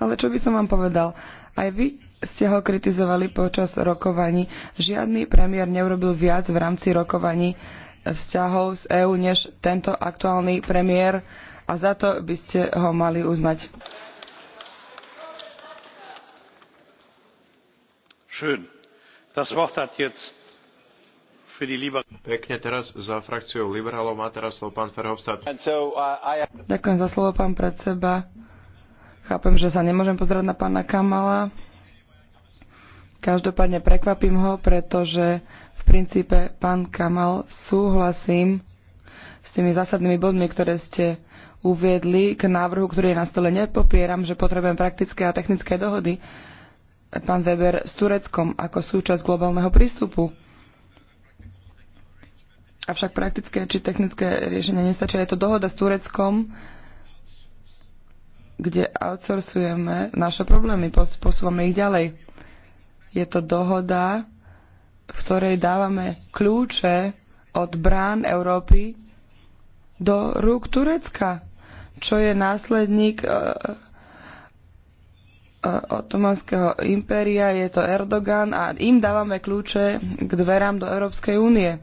Ale čo by som vám povedal? Aj vy ste ho kritizovali počas rokovaní. Žiadny premiér neurobil viac v rámci rokovaní vzťahov z EÚ než tento aktuálny premiér a za to by ste ho mali uznať. Pekne teraz za frakciou liberálov má teraz slovo pán uh, I... Ďakujem za slovo, pán predseba. Chápem, že sa nemôžem pozerať na pána Kamala. Každopádne prekvapím ho, pretože princípe, pán Kamal, súhlasím s tými zásadnými bodmi, ktoré ste uviedli k návrhu, ktorý je na stole. Nepopieram, že potrebujem praktické a technické dohody, pán Weber, s Tureckom ako súčasť globálneho prístupu. Avšak praktické či technické riešenie nestačí. Je to dohoda s Tureckom, kde outsourcujeme naše problémy, posúvame ich ďalej. Je to dohoda, v ktorej dávame kľúče od brán Európy do rúk Turecka, čo je následník e, e, e, otomanského impéria, je to Erdogan a im dávame kľúče k dverám do Európskej únie.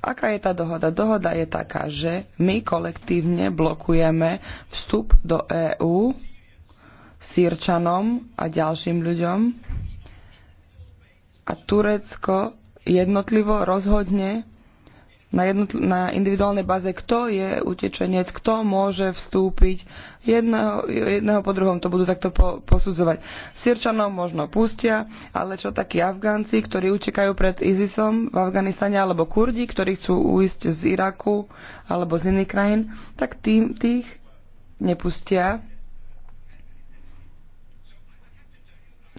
Aká je tá dohoda? Dohoda je taká, že my kolektívne blokujeme vstup do EÚ sírčanom a ďalším ľuďom, a Turecko jednotlivo rozhodne na, jednotl- na individuálnej baze, kto je utečenec, kto môže vstúpiť. Jedného, jedného po druhom to budú takto po- posudzovať. Sirčanov možno pustia, ale čo takí Afgánci, ktorí utekajú pred ISISom v Afganistane, alebo Kurdi, ktorí chcú uísť z Iraku alebo z iných krajín, tak tým, tých nepustia.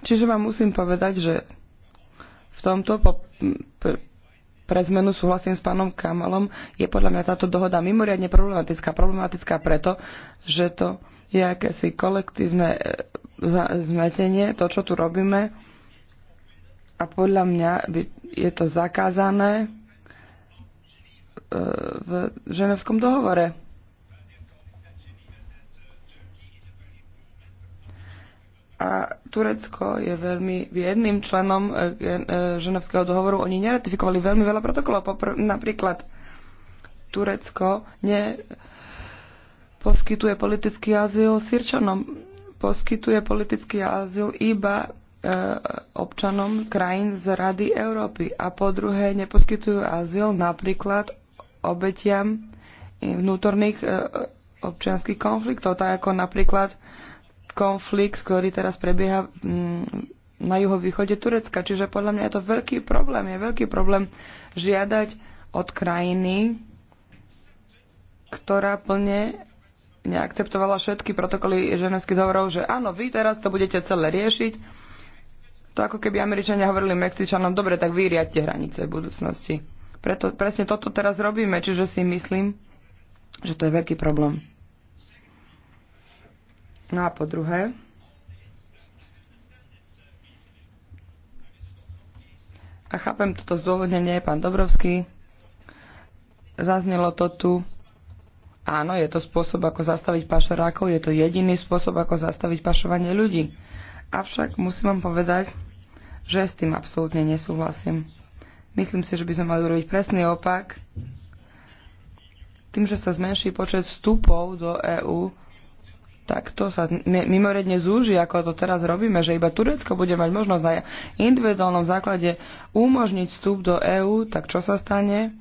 Čiže vám musím povedať, že v tomto po, pre zmenu súhlasím s pánom Kamalom. Je podľa mňa táto dohoda mimoriadne problematická. Problematická preto, že to je akési kolektívne e, zmetenie, to, čo tu robíme. A podľa mňa by, je to zakázané e, v ženevskom dohovore. a Turecko je veľmi jedným členom eh, eh, ženevského dohovoru. Oni neratifikovali veľmi veľa protokolov. Popr- napríklad Turecko ne poskytuje politický azyl Sirčanom. Poskytuje politický azyl iba e, občanom krajín z Rady Európy. A po druhé, neposkytujú azyl napríklad obetiam vnútorných e, občianských konfliktov, tak ako napríklad e, konflikt, ktorý teraz prebieha mm, na juhovýchode Turecka. Čiže podľa mňa je to veľký problém. Je veľký problém žiadať od krajiny, ktorá plne neakceptovala všetky protokoly ženevských dohovorov, že áno, vy teraz to budete celé riešiť. To ako keby Američania hovorili Mexičanom, dobre, tak vy riadte hranice v budúcnosti. Preto presne toto teraz robíme, čiže si myslím, že to je veľký problém. No a po druhé, a chápem toto zdôvodnenie, pán Dobrovský, zaznelo to tu, áno, je to spôsob, ako zastaviť pašerákov, je to jediný spôsob, ako zastaviť pašovanie ľudí. Avšak musím vám povedať, že s tým absolútne nesúhlasím. Myslím si, že by sme mali urobiť presný opak. Tým, že sa zmenší počet vstupov do EÚ, takto sa mimoriadne zúži, ako to teraz robíme, že iba Turecko bude mať možnosť na individuálnom základe umožniť vstup do EÚ, tak čo sa stane?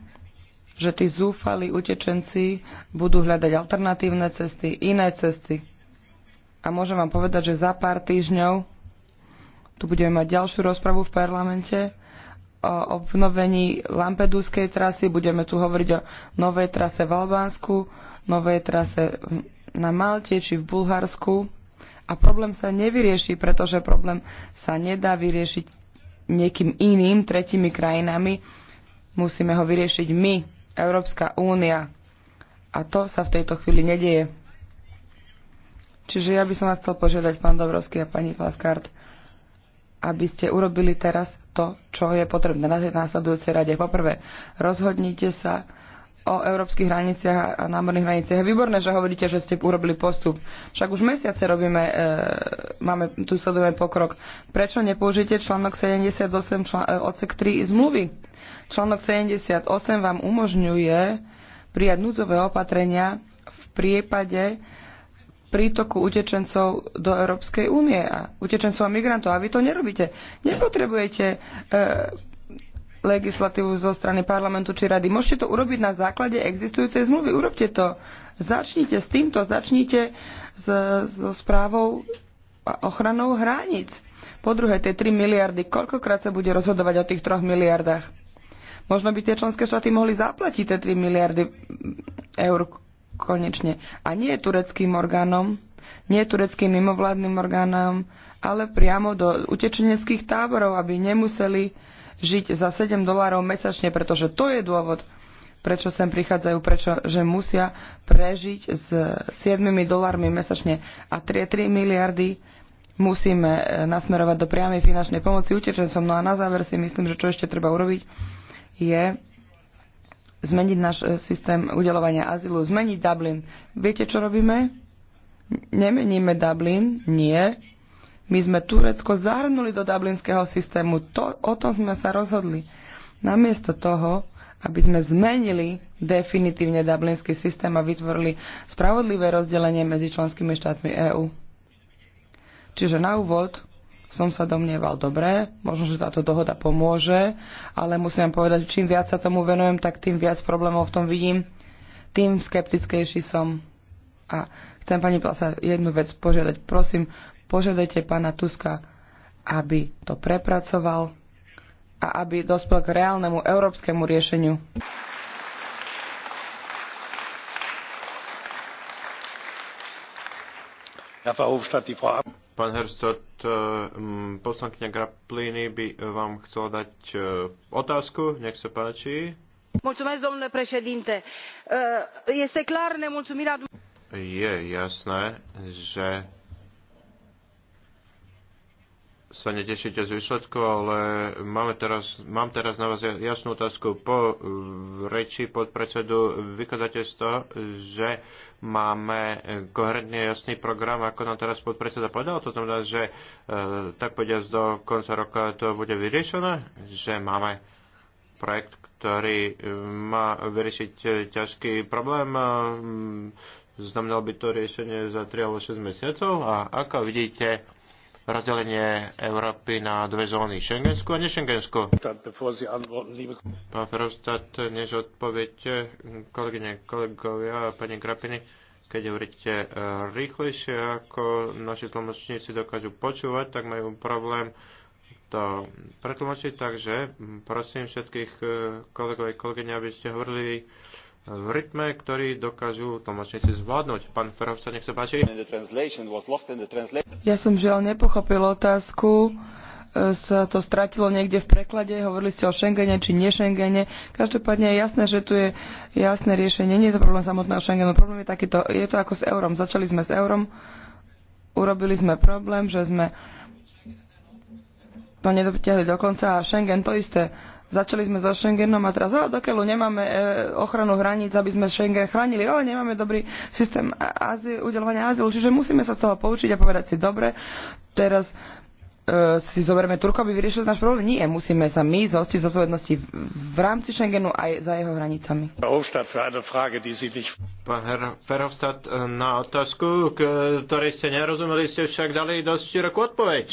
Že tí zúfali utečenci budú hľadať alternatívne cesty, iné cesty. A môžem vám povedať, že za pár týždňov tu budeme mať ďalšiu rozpravu v parlamente o obnovení Lampeduskej trasy, budeme tu hovoriť o novej trase v Albánsku, novej trase v na Malte či v Bulharsku a problém sa nevyrieši, pretože problém sa nedá vyriešiť niekým iným, tretimi krajinami. Musíme ho vyriešiť my, Európska únia. A to sa v tejto chvíli nedieje. Čiže ja by som vás chcel požiadať, pán Dobrovský a pani Flaskart, aby ste urobili teraz to, čo je potrebné na tej následujúcej rade. Poprvé, rozhodnite sa, o európskych hraniciach a námorných hraniciach. Je výborné, že hovoríte, že ste urobili postup. Však už mesiace robíme, e, máme, tu sledujeme pokrok. Prečo nepoužite článok 78 čl. E, odsek 3 zmluvy? Článok 78 vám umožňuje prijať núdzové opatrenia v prípade prítoku utečencov do Európskej únie a utečencov a migrantov. A vy to nerobíte. Nepotrebujete e, legislatívu zo strany parlamentu či rady. Môžete to urobiť na základe existujúcej zmluvy. Urobte to. Začnite s týmto, začnite so správou a ochranou hraníc. Po druhé, tie 3 miliardy, koľkokrát sa bude rozhodovať o tých 3 miliardách? Možno by tie členské štáty mohli zaplatiť tie 3 miliardy eur konečne. A nie tureckým orgánom, nie tureckým mimovládnym orgánom, ale priamo do utečeneckých táborov, aby nemuseli žiť za 7 dolárov mesačne, pretože to je dôvod, prečo sem prichádzajú, prečo že musia prežiť s 7 dolármi mesačne. A 3, 3 miliardy musíme e, nasmerovať do priamej finančnej pomoci utečencom. No a na záver si myslím, že čo ešte treba urobiť, je zmeniť náš e, systém udelovania azylu, zmeniť Dublin. Viete, čo robíme? Nemeníme Dublin, nie. My sme Turecko zahrnuli do dublinského systému. To, o tom sme sa rozhodli. Namiesto toho, aby sme zmenili definitívne dublinský systém a vytvorili spravodlivé rozdelenie medzi členskými štátmi EÚ. Čiže na úvod som sa domnieval, dobre, možno, že táto dohoda pomôže, ale musím povedať, čím viac sa tomu venujem, tak tým viac problémov v tom vidím, tým skeptickejší som. A chcem pani Plasa jednu vec požiadať. Prosím, Požiadajte pána Tuska, aby to prepracoval a aby dospel k reálnemu európskemu riešeniu. Pán Herstot, eh, poslankyňa Graplini by eh, vám chcela dať eh, otázku. Nech sa páči. Mulțumesc, domnule președinte. Este clar nemulțumirea... Je jasné, že sa netešíte z výsledku, ale máme teraz, mám teraz na vás jasnú otázku. Po eh, reči podpredsedu vykazate z toho, že máme eh, koherentný a jasný program, ako nám teraz podpredseda povedal. To znamená, že e, tak povediať do konca roka to bude vyriešené, že máme projekt, ktorý má vyriešiť ťažký problém. Hm, znamenalo by to riešenie za 3 alebo 6 mesiacov a ako vidíte, rozdelenie Európy na dve zóny, Schengensku a nešengensku. Pán Ferostat, než odpoviete, kolegyne, kolegovia a pani Krapiny, keď hovoríte eh, rýchlejšie, ako naši tlmočníci dokážu počúvať, tak majú problém to pretlmočiť, takže prosím všetkých eh, kolegov a kolegyne, aby ste hovorili v rytme, ktorý dokážu tlmočníci zvládnuť. Pán Ferovca, nech sa páči. Ja som žiaľ nepochopil otázku e, sa to stratilo niekde v preklade, hovorili ste o Schengene či ne Schengene. Každopádne je jasné, že tu je jasné riešenie. Nie je to problém samotného Schengenu. Problém je takýto, je to ako s eurom. Začali sme s eurom, urobili sme problém, že sme to nedopťahli do konca a Schengen to isté. Začali sme so Schengenom a teraz, ale dokiaľu nemáme e, ochranu hraníc, aby sme Schengen chránili, ale nemáme dobrý systém azy, udelovania azylu, čiže musíme sa z toho poučiť a povedať si, dobre, teraz e, si zoberme Turko, aby vyriešil náš problém? Nie, musíme sa my zostiť zodpovednosti v rámci Schengenu aj za jeho hranicami. Pán Ferhofstadt, e, na otázku, ktorej ste nerozumeli, ste však dali dosť širokú odpoveď.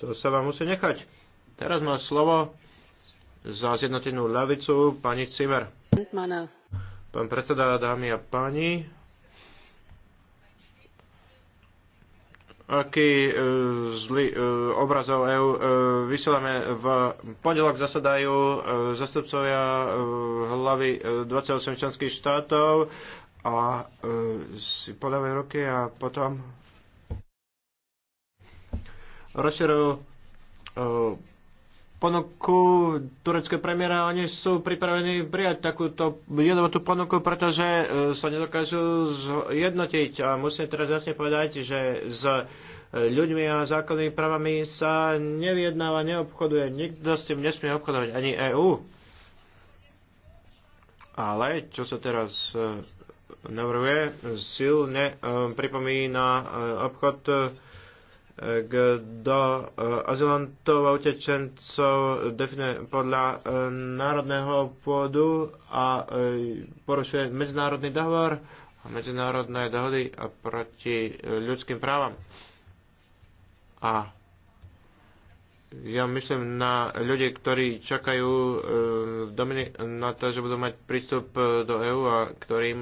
To sa vám musí nechať. Teraz má slovo za zjednotenú ľavicu pani Cimer. Pán predseda, dámy a páni, aký e, zlý e, obraz o EU e, vysielame. V pondelok zasadajú e, zastupcovia e, hlavy e, 28 členských štátov a e, si podávajú ruky a potom rozširujú e, ponuku tureckého premiéra, oni sú pripravení prijať takúto jednotú ponuku, pretože e, sa nedokážu zjednotiť. A musím teraz jasne povedať, že s e, ľuďmi a zákonnými právami sa nevyjednáva, neobchoduje. Nikto s tým nesmie obchodovať, ani EÚ. Ale čo sa teraz e, navrhuje, silne pripomína obchod kto e, azylantov a utečencov definuje podľa e, národného pôdu a e, porušuje medzinárodný dohovor a medzinárodné dohody a proti ľudským právam. A ja myslím na ľudí, ktorí čakajú na to, že budú mať prístup do EÚ a ktorým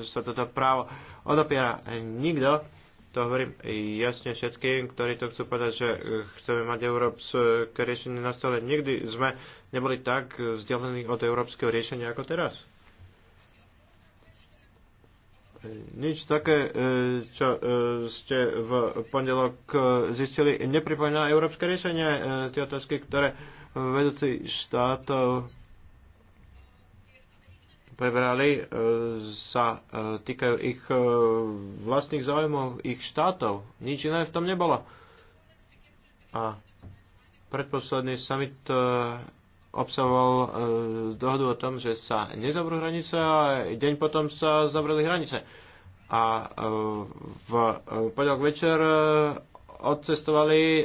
sa toto právo odopiera. Nikto to hovorím jasne všetkým, ktorí to chcú povedať, že e, chceme mať európske riešenie na stole. Nikdy sme neboli tak vzdialení od európskeho riešenia ako teraz. Nič také, e, čo e, ste v pondelok zistili, nepripomína európske riešenie tie otázky, ktoré vedúci štátov prebrali, e, sa e, týkajú ich e, vlastných záujmov, ich štátov. Nič iné v tom nebolo. A predposledný summit obsahoval dohodu o tom, že sa nezavrú hranice a deň potom sa zavreli hranice. A v poďok večer odcestovali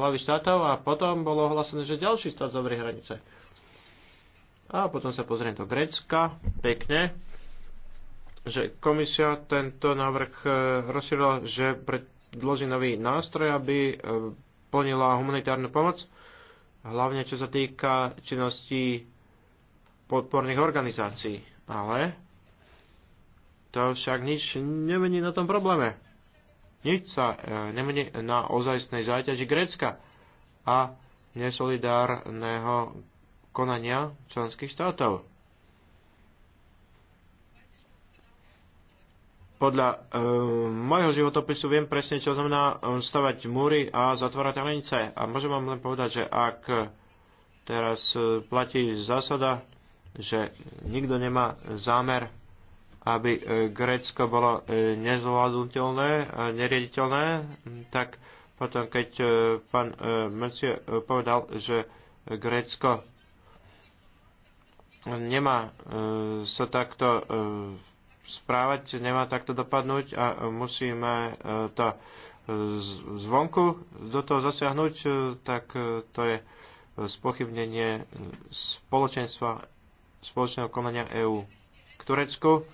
hlavy štátov a potom bolo ohlásené, že ďalší štát zavrie hranice. A potom sa pozrieme do Grécka, pekne, že komisia tento návrh e, rozšírila, že predloží nový nástroj, aby e, plnila humanitárnu pomoc, hlavne čo sa týka činností podporných organizácií. Ale to však nič nemení na tom probléme. Nič sa e, nemení na ozajstnej záťaži Grécka a nesolidárneho konania členských štátov. Podľa e, môjho životopisu viem presne, čo znamená e, stavať múry a zatvárať hranice. A môžem vám len povedať, že ak teraz e, platí zásada, že nikto nemá zámer, aby e, Grécko bolo nezvládnutelné, neriediteľné, tak potom, keď pán Mercier povedal, že Grécko nemá e, sa takto e, správať, nemá takto dopadnúť a musíme e, to zvonku do toho zasiahnuť, tak to je spochybnenie spoločenstva, spoločného konania EÚ k Turecku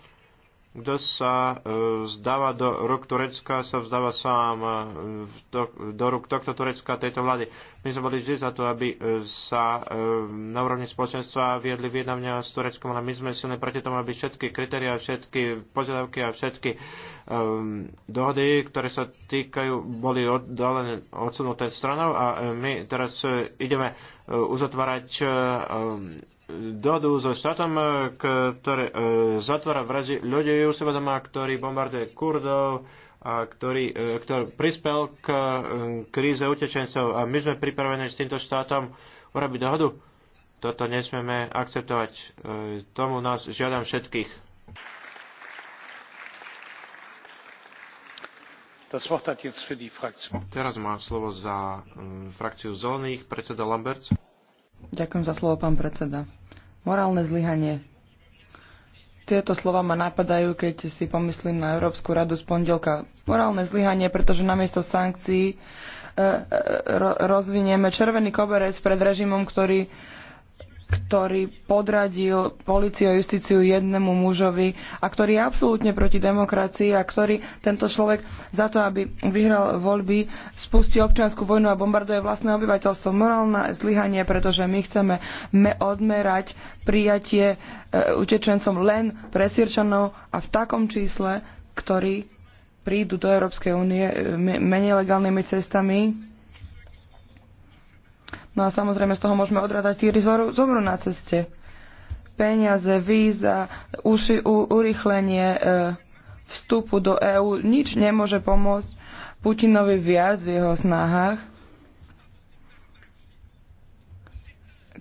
kto sa e, vzdáva do rúk Turecka, sa vzdáva sám e, do, do rúk tohto Turecka, tejto vlády. My sme boli vždy za to, aby e, sa na úrovni spoločenstva viedli vyjednávania s Tureckom, ale my sme silní proti tomu, aby všetky kritéria, všetky požiadavky a všetky um, dohody, ktoré sa týkajú, boli oddalené, odsunuté stranou a my teraz ideme uzatvárať um, Dodu so štátom, e, ktoré e, zatvára vraždy ľudí u seba doma, ktorý bombarduje Kurdov, a ktorý, e, ktorý prispel k kríze utečencov. A my sme pripravení s týmto štátom urobiť dohodu. Toto nesmieme akceptovať. Tomu nás žiadam všetkých. Teraz má slovo za mm, frakciu zelených predseda Lamberts. Ďakujem za slovo, pán predseda. Morálne zlyhanie. Tieto slova ma napadajú, keď si pomyslím na Európsku radu z pondelka. Morálne zlyhanie, pretože namiesto sankcií eh, eh, rozvinieme červený koberec pred režimom, ktorý ktorý podradil policiu a justíciu jednému mužovi a ktorý je absolútne proti demokracii a ktorý tento človek za to, aby vyhral voľby, spustí občiansku vojnu a bombarduje vlastné obyvateľstvo. Morálne zlyhanie, pretože my chceme odmerať prijatie e, utečencom len pre Sirčanov a v takom čísle, ktorí prídu do Európskej únie e, menej legálnymi cestami, No a samozrejme z toho môžeme odradať tí, ktorí zomru na ceste. Peniaze, víza, uši, u, urychlenie e, vstupu do EÚ, nič nemôže pomôcť Putinovi viac v jeho snahách.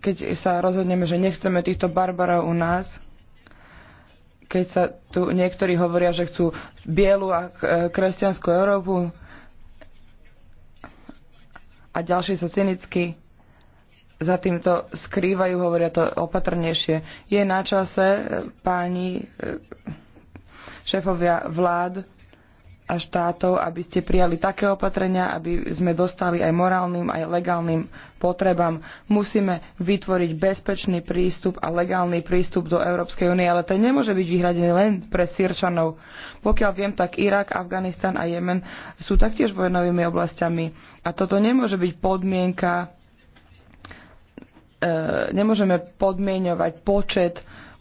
Keď sa rozhodneme, že nechceme týchto barbarov u nás, keď sa tu niektorí hovoria, že chcú bielu a e, kresťanskú Európu a ďalší sa cynicky za týmto skrývajú, hovoria to opatrnejšie. Je na čase, páni eh, šéfovia vlád a štátov, aby ste prijali také opatrenia, aby sme dostali aj morálnym, aj legálnym potrebám. Musíme vytvoriť bezpečný prístup a legálny prístup do Európskej únie, ale to nemôže byť vyhradený len pre Sýrčanov. Pokiaľ viem, tak Irak, Afganistan a Jemen sú taktiež vojnovými oblastiami. A toto nemôže byť podmienka E, nemôžeme podmienovať počet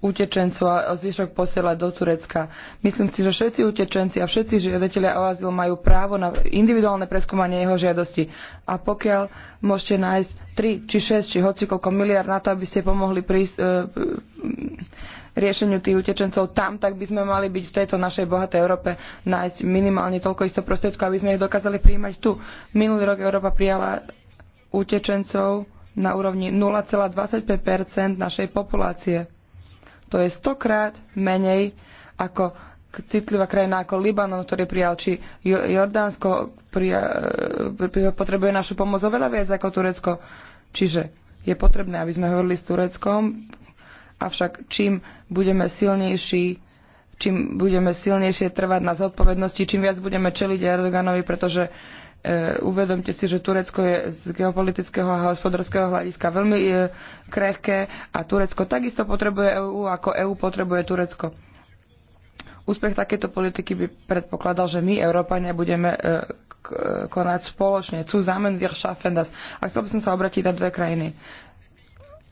utečencov a zvyšok posielať do Turecka. Myslím si, že všetci utečenci a všetci žiadatelia o azyl majú právo na individuálne preskúmanie jeho žiadosti. A pokiaľ môžete nájsť 3 či 6 či hocikoľko miliard na to, aby ste pomohli prísť, e, e, riešeniu tých utečencov tam, tak by sme mali byť v tejto našej bohatej Európe nájsť minimálne toľko isto prostriedkov, aby sme ich dokázali príjmať tu. Minulý rok Európa prijala utečencov na úrovni 0,25 našej populácie. To je stokrát menej ako citlivá krajina ako Libanon, ktorý prijal, či Jordánsko prija, e, potrebuje našu pomoc oveľa viac ako Turecko. Čiže je potrebné, aby sme hovorili s Tureckom, avšak čím budeme silnejší, čím budeme silnejšie trvať na zodpovednosti, čím viac budeme čeliť Erdoganovi, pretože uh, E, uvedomte si, že Turecko je z geopolitického a hospodárskeho hľadiska veľmi e, krehké a Turecko takisto potrebuje EÚ, ako EÚ potrebuje Turecko. Úspech takéto politiky by predpokladal, že my, Európania, budeme e, konať spoločne. Zusammen wir schaffen das. A chcel by som sa obratiť na dve krajiny.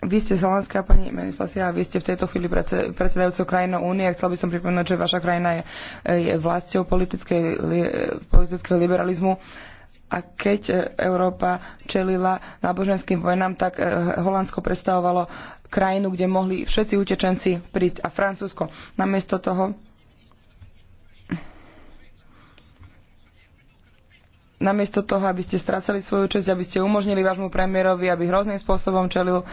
Vy ste z Holandska, pani Menispasia, a vy ste v tejto chvíli predsedajúcou krajinou únie. Chcel by som pripomenúť, že vaša krajina je, je vlastou politického liberalizmu a keď e, Európa čelila náboženským vojnám, tak e, Holandsko predstavovalo krajinu, kde mohli všetci utečenci prísť a Francúzsko. Namiesto toho namiesto toho, aby ste strácali svoju čest, aby ste umožnili vášmu premiérovi, aby hrozným spôsobom čelil e,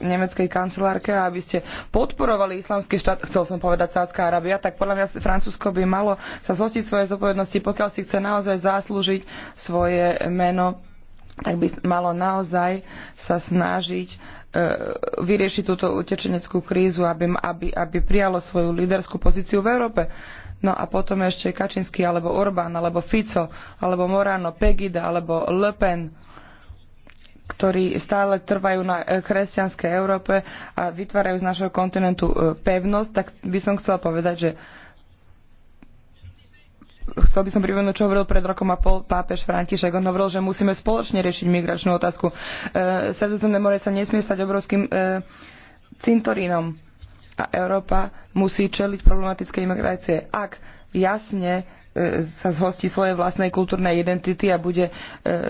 nemeckej kancelárke, aby ste podporovali islamský štát, chcel som povedať Sádska Arábia, tak podľa mňa Francúzsko by malo sa zotiť svoje zodpovednosti, pokiaľ si chce naozaj zaslúžiť svoje meno, tak by malo naozaj sa snažiť e, vyriešiť túto utečeneckú krízu, aby, aby, aby prijalo svoju líderskú pozíciu v Európe. No a potom ešte Kačinsky, alebo Orbán, alebo Fico, alebo Morano, Pegida, alebo Le Pen ktorí stále trvajú na e, kresťanskej Európe a vytvárajú z našho kontinentu e, pevnosť, tak by som chcela povedať, že chcel by som pripomenúť, čo hovoril pred rokom a pol pápež František. On hovoril, že musíme spoločne riešiť migračnú otázku. E, Sredozemné more sa nesmie stať obrovským e, cintorínom a Európa musí čeliť problematické imigrácie. Ak jasne E, sa zhostí svojej vlastnej kultúrnej identity a bude e,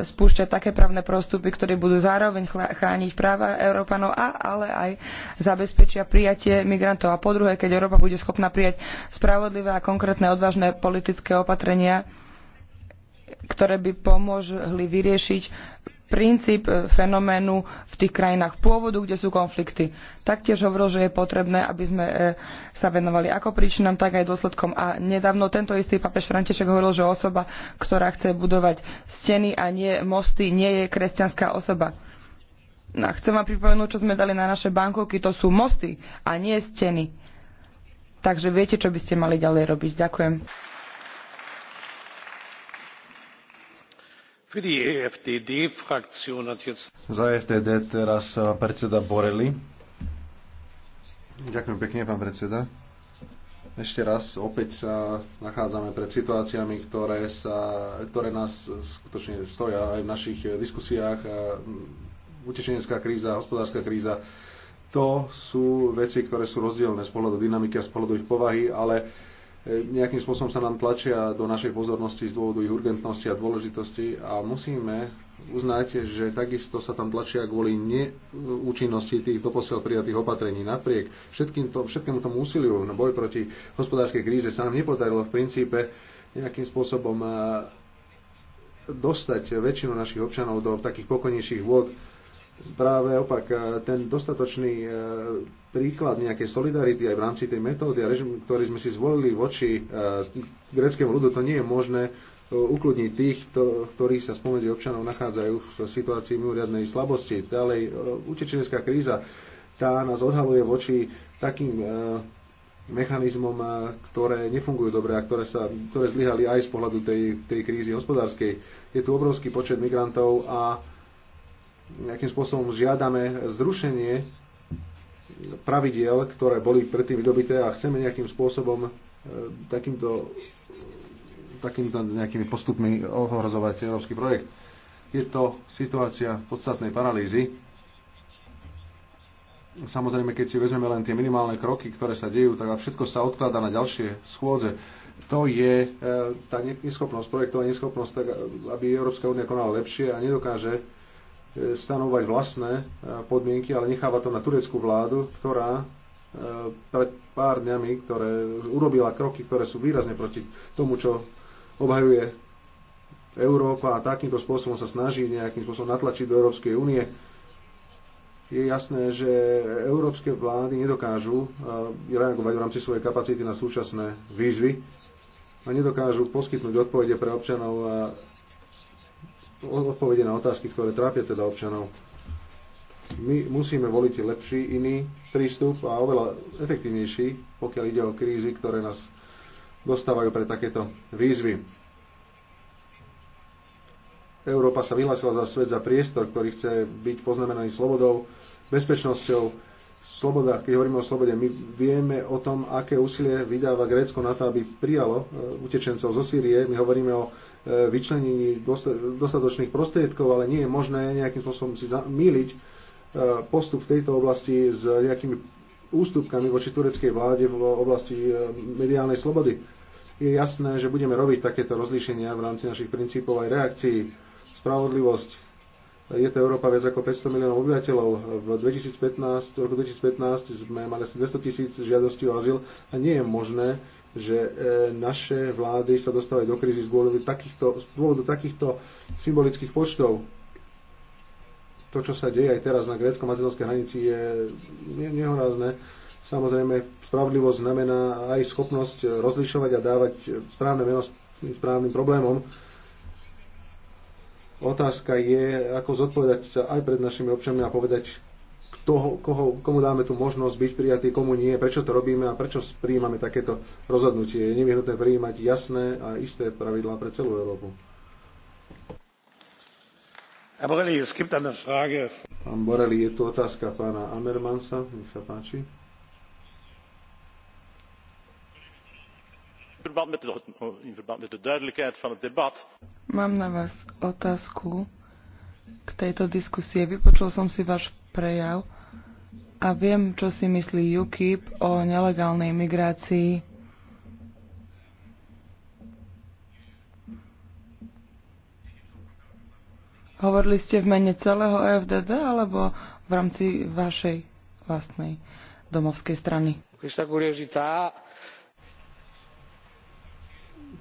spúšťať také právne prostupy, ktoré budú zároveň chrániť práva Európanov, a, ale aj zabezpečia prijatie migrantov. A po druhé, keď Európa bude schopná prijať spravodlivé a konkrétne odvážne politické opatrenia, ktoré by pomohli vyriešiť princíp e, fenoménu v tých krajinách pôvodu, kde sú konflikty. Taktiež hovoril, že je potrebné, aby sme e, sa venovali ako príčinám, tak aj dôsledkom. A nedávno tento istý pápež František hovoril, že osoba, ktorá chce budovať steny a nie mosty, nie je kresťanská osoba. No, chcem vám pripomenúť, čo sme dali na naše bankovky, to sú mosty a nie steny. Takže viete, čo by ste mali ďalej robiť. Ďakujem. E Za e FTD teraz eh, predseda Borelli. Ďakujem pekne, pán predseda. Ešte raz, opäť sa nachádzame pred situáciami, ktoré, sa, ktoré nás skutočne stoja aj v našich diskusiách. Mm, utečenecká kríza, hospodárska kríza, to sú veci, ktoré sú rozdielne z pohľadu dynamiky a z pohľadu ich povahy, ale E, nejakým spôsobom sa nám tlačia do našej pozornosti z dôvodu ich urgentnosti a dôležitosti a musíme uznať, že takisto sa tam tlačia kvôli neúčinnosti tých doposiaľ prijatých opatrení. Napriek všetkým to, všetkému tomu úsiliu na boj proti hospodárskej kríze sa nám nepodarilo v princípe nejakým spôsobom e, dostať väčšinu našich občanov do takých pokojnejších vôd, práve opak, e, ten dostatočný e, príklad nejakej solidarity aj v rámci tej metódy a režim, ktorý sme si zvolili voči e, greckému ľudu, to nie je možné ukludniť tých, ktorí sa spomedzi občanov nachádzajú v situácii mimoriadnej slabosti. Ďalej, utečenecká kríza, tá nás odhaluje voči takým mechanizmom, ktoré nefungujú dobre a ktoré, sa, ktoré zlyhali aj z pohľadu tej, tej krízy hospodárskej. Je tu obrovský počet migrantov a nejakým spôsobom žiadame zrušenie pravidiel, ktoré boli predtým vydobité a chceme nejakým spôsobom e, takýmto, takýmto nejakými postupmi ohrozovať európsky projekt. Je to situácia podstatnej paralýzy. Samozrejme, keď si vezmeme len tie minimálne kroky, ktoré sa dejú, tak všetko sa odkladá na ďalšie schôdze to je e, tá neschopnosť, projektová neschopnosť, tak aby Európska únia konala lepšie a nedokáže stanovať vlastné e, podmienky, ale necháva to na tureckú vládu, ktorá e, pred pár dňami, ktoré urobila kroky, ktoré sú výrazne proti tomu, čo obhajuje Európa a takýmto spôsobom sa snaží nejakým spôsobom natlačiť do Európskej únie. Je jasné, že európske vlády nedokážu e, reagovať v rámci svojej kapacity na súčasné výzvy a nedokážu poskytnúť odpovede pre občanov odpovede na otázky, ktoré trápia teda občanov. My musíme voliť lepší iný prístup a oveľa efektívnejší, pokiaľ ide o krízy, ktoré nás dostávajú pre takéto výzvy. Európa sa vyhlásila za svet, za priestor, ktorý chce byť poznamenaný slobodou, bezpečnosťou, sloboda, keď hovoríme o slobode, my vieme o tom, aké úsilie vydáva Grécko na to, aby prijalo e, utečencov zo Sýrie. My hovoríme o vyčlenení dostatočných prostriedkov, ale nie je možné nejakým spôsobom si zamýliť e, postup v tejto oblasti s nejakými ústupkami voči tureckej vláde v oblasti e, mediálnej slobody. Je jasné, že budeme robiť takéto rozlíšenia v rámci našich princípov aj reakcií. Spravodlivosť. Je to Európa viac ako 500 miliónov obyvateľov. V 2015, roku 2015 sme mali asi 200 tisíc žiadostí o azyl a nie je možné že e, naše vlády sa dostávajú do krízy z dôvodu takýchto, z dôvodu takýchto symbolických počtov. To, čo sa deje aj teraz na grécko macedónskej hranici, je nehorázne. Samozrejme, spravodlivosť znamená aj schopnosť rozlišovať a dávať správne meno správnym problémom. Otázka je, ako zodpovedať sa aj pred našimi občanmi a povedať, toho, koho, komu dáme tú možnosť byť prijatý, komu nie, prečo to robíme a prečo prijímame takéto rozhodnutie. Je nevyhnutné prijímať jasné a isté pravidlá pre celú Európu. Pán Borelli, je tu otázka pána Amermansa. Nech sa páči. Mám na vás otázku k tejto diskusie. Vypočul som si váš prejav a viem, čo si myslí UKIP o nelegálnej migrácii. Hovorili ste v mene celého EFDD alebo v rámci vašej vlastnej domovskej strany? Questa curiosità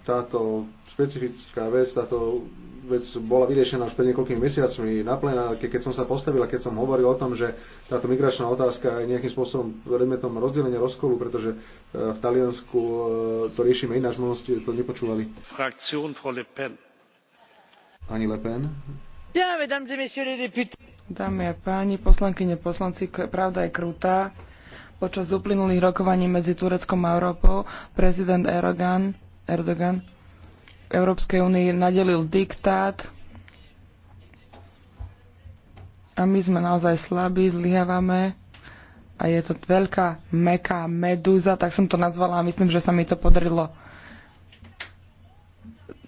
táto špecifická vec, táto vec bola vyriešená už pred niekoľkými mesiacmi na plenárke, keď som sa postavil a keď som hovoril o tom, že táto migračná otázka je nejakým spôsobom predmetom rozdelenia rozkolu, pretože e, v Taliansku e, to riešime ináč, možno ste to nepočúvali. pro Le Pen. Pani Le Pen. Dámy a páni, poslankyne, poslanci, pravda je krutá. Počas uplynulých rokovaní medzi Tureckom a Európou prezident Erdogan Erdogan Európskej únii nadelil diktát a my sme naozaj slabí, zlyhávame a je to veľká, meká medúza, tak som to nazvala a myslím, že sa mi to podarilo.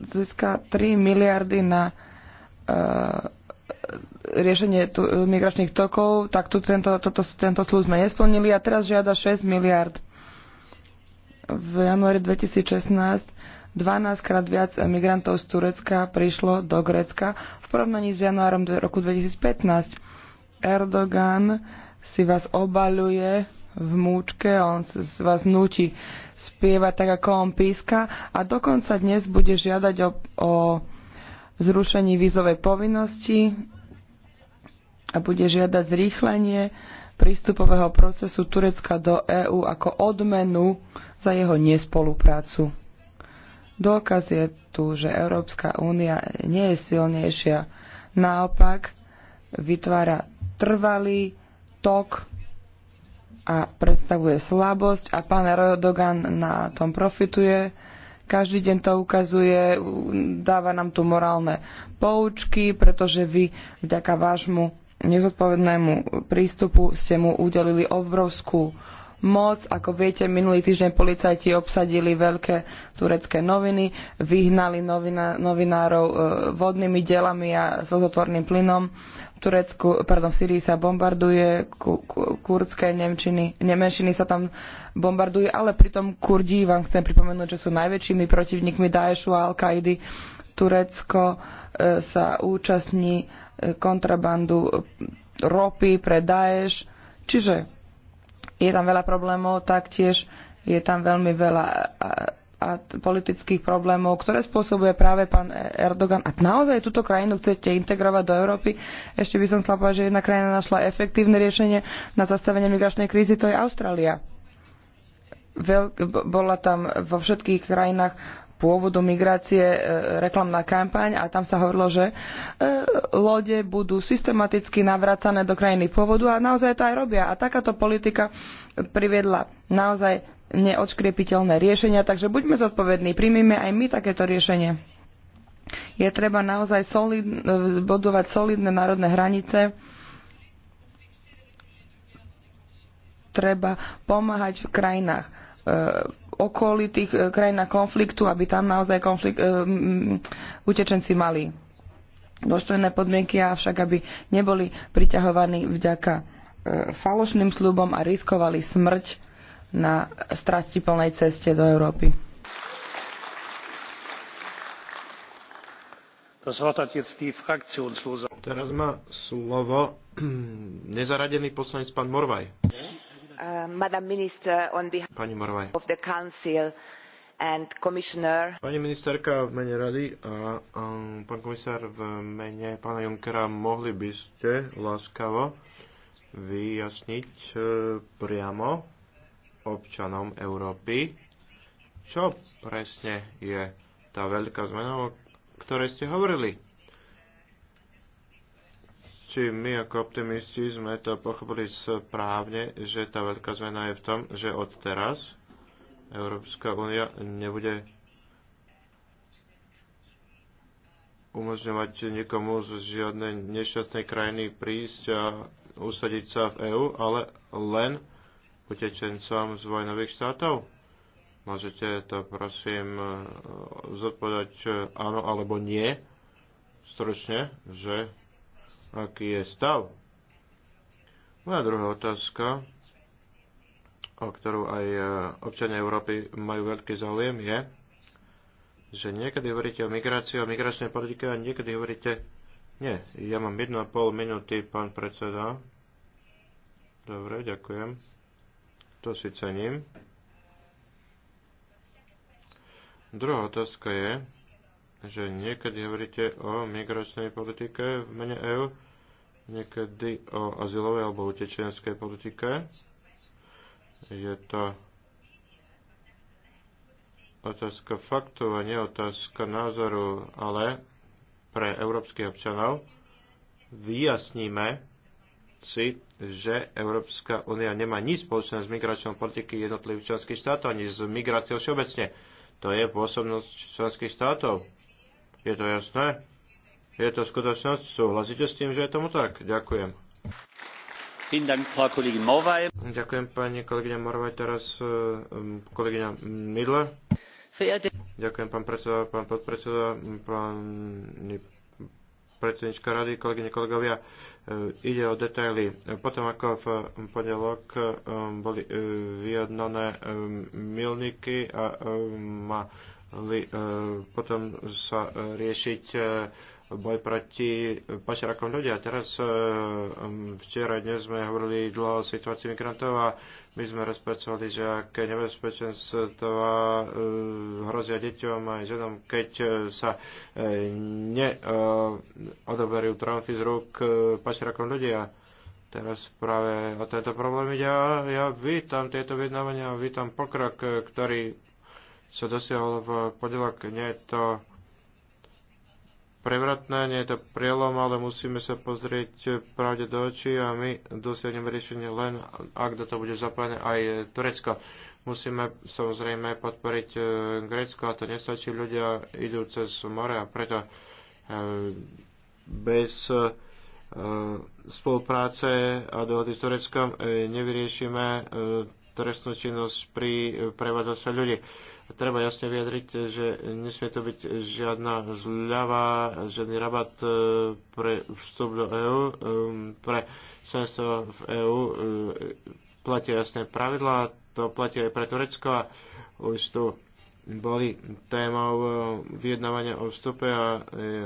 Získa 3 miliardy na uh, riešenie tu, migračných tokov, tak tu tento, toto, tento slúb sme nesplnili a teraz žiada 6 miliard v januári 2016 12 krát viac migrantov z Turecka prišlo do Grécka v porovnaní s januárom roku 2015. Erdogan si vás obaluje v múčke, on z vás nutí spievať tak, ako on píska a dokonca dnes bude žiadať o, o zrušení vízovej povinnosti a bude žiadať zrýchlenie prístupového procesu Turecka do EÚ ako odmenu za jeho nespoluprácu. Dôkaz je tu, že Európska únia nie je silnejšia. Naopak vytvára trvalý tok a predstavuje slabosť a pán Erdogan na tom profituje. Každý deň to ukazuje, dáva nám tu morálne poučky, pretože vy vďaka vášmu nezodpovednému prístupu ste mu udelili obrovskú moc. Ako viete, minulý týždeň policajti obsadili veľké turecké noviny, vyhnali novina, novinárov e, vodnými delami a slzotvorným plynom. V, Turecku, pardon, v Syrii sa bombarduje, kurdské nemčiny, nemenšiny sa tam bombardujú, ale pritom Kurdi, vám chcem pripomenúť, že sú najväčšími protivníkmi Daešu a Al-Kaidy. Turecko e, sa účastní kontrabandu ropy pre Daesh. Čiže je tam veľa problémov, taktiež je tam veľmi veľa a, a politických problémov, ktoré spôsobuje práve pán Erdogan. A naozaj túto krajinu chcete integrovať do Európy? Ešte by som chcela povedať, že jedna krajina našla efektívne riešenie na zastavenie migračnej krízy, to je Austrália. Veľk, bola tam vo všetkých krajinách pôvodu migrácie e, reklamná kampaň a tam sa hovorilo, že e, lode budú systematicky navracané do krajiny pôvodu a naozaj to aj robia. A takáto politika priviedla naozaj neodškriepiteľné riešenia, takže buďme zodpovední, príjmime aj my takéto riešenie. Je treba naozaj solid, budovať solidné národné hranice, treba pomáhať v krajinách e, okolitých e, na konfliktu, aby tam naozaj konflikt, um, utečenci mali dôstojné podmienky, avšak aby neboli priťahovaní vďaka uh, falošným slubom a riskovali smrť na strasti plnej ceste do Európy. Teraz má slovo (clears throat) nezaradený poslanec pán Morvaj. Uh, Pani ministerka v mene rady a um, pán komisár v mene pána Junckera, mohli by ste láskavo vyjasniť uh, priamo občanom Európy, čo presne je tá veľká zmena, o ktorej ste hovorili či my ako optimisti sme to pochopili správne, že tá veľká zmena je v tom, že od teraz Európska únia nebude umožňovať nikomu z žiadnej nešťastnej krajiny prísť a usadiť sa v EÚ, ale len utečencom z vojnových štátov? Môžete to prosím zodpovedať áno alebo nie, stručne, že aký je stav. Moja druhá otázka, o ktorú aj e, občania Európy majú veľký záujem, je, že niekedy hovoríte o migrácii, o migračnej politike a niekedy hovoríte, nie, ja mám 1,5 minúty, pán predseda. Dobre, ďakujem. To si cením. Druhá otázka je, že niekedy hovoríte o migračnej politike v mene EÚ, niekedy o azylovej alebo utečenskej politike. Je to otázka faktu a nie otázka názoru, ale pre európskych občanov vyjasníme si, že Európska únia nemá nič spoločné s migračnou politikou jednotlivých členských štátov, ani s migráciou všeobecne. To je pôsobnosť členských štátov je to jasné? Je to skutočnosť? Súhlasíte s tým, že je tomu tak? Ďakujem. Ďakujem pani kolegyňa Morvaj, teraz e, kolegyňa Midler. Ďakujem pán predseda, pán podpredseda, pán predsednička rady, kolegyne, kolegovia, e, ide o detaily. Potom ako v pondelok e, boli vyjednané milníky a ma E, potom sa e, riešiť e, boj proti pašerakom ľudia. Teraz včera dnes sme hovorili dlho o situácii migrantov a my sme rozpracovali, že aké nebezpečenstva hrozia deťom aj ženom, keď sa neodoberujú tromfy z rúk pašerakom ľudia teraz práve o tento problém ide a ja vítam tieto vyjednávania, vítam pokrok, ktorý sa dosiahol v podelok. Nie je to prevratné, nie je to prielom, ale musíme sa pozrieť pravde do očí a my dosiahneme riešenie len, ak do toho bude zapojené aj Turecko. Musíme samozrejme podporiť e, Grécko a to nestačí. Ľudia idú cez more a preto e, bez e, spolupráce a dohody s Tureckom nevyriešime trestnú činnosť pri sa ľudí treba jasne vyjadriť, že nesmie to byť žiadna zľava, žiadny rabat e, pre vstup do EÚ, e, pre členstvo v EÚ e, platia jasné pravidlá, to platí aj pre Turecko a už tu boli témou vyjednávania o vstupe a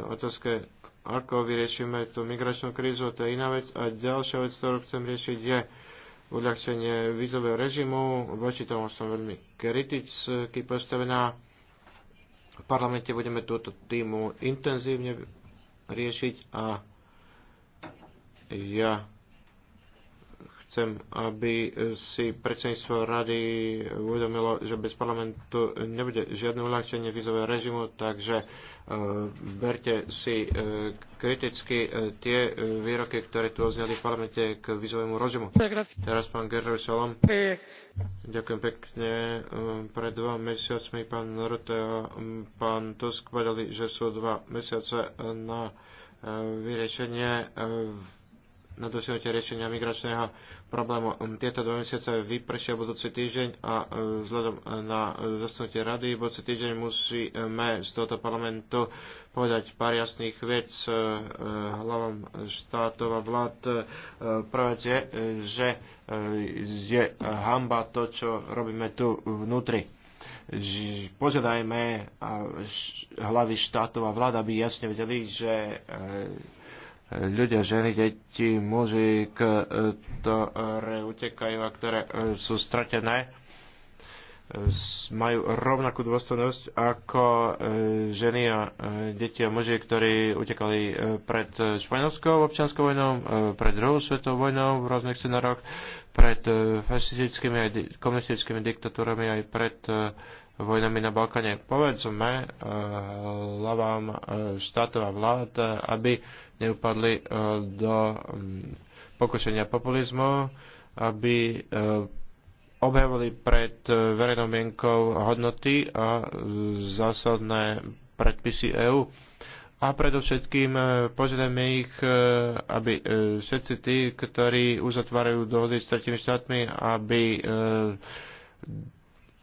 otázke, ako vyriešime tú migračnú krízu, to je iná vec. A ďalšia vec, ktorú chcem riešiť, je uľahčenie vízového režimu. Voči tomu som veľmi kriticky postavená. V parlamente budeme túto týmu intenzívne riešiť a ja Chcem, aby si predsedníctvo rady uvedomilo, že bez parlamentu nebude žiadne uľahčenie vízového režimu, takže e, berte si e, kriticky e, tie výroky, ktoré tu ozneli v parlamente k vízovému režimu. Teraz pán Gerroj Salom. Ďakujem pekne. Pred dva mesiacmi pán Rote a pán Tusk povedali, že sú dva mesiace na vyriešenie v na dosiahnutie riešenia migračného problému. Um, tieto dva mesiace vypršia budúci týždeň a uh, vzhľadom na uh, zastanutie rady budúci týždeň musíme z tohoto parlamentu povedať pár jasných vec uh, hlavom štátov a vlád. Prvá vec je, že je hamba to, čo robíme tu vnútri požiadajme hlavy štátov a vlád, aby jasne vedeli, že ľudia, ženy, deti, muži, ktoré utekajú a ktoré e, sú stratené, e, majú rovnakú dôstojnosť ako e, ženy a deti a muži, ktorí utekali pred španielskou občianskou vojnou, pred druhou svetovou vojnou v rôznych scenároch, pred fašistickými a komunistickými diktatúrami aj pred vojnami na Balkáne. Povedzme eh, hlavám eh, štátov a vlád, eh, aby neupadli do mm, pokušenia populizmu, aby objavili pred verejnou mienkou hodnoty a zásadné predpisy EÚ. A predovšetkým požiadame ich, aby všetci tí, ktorí uzatvárajú dohody s tretimi štátmi, aby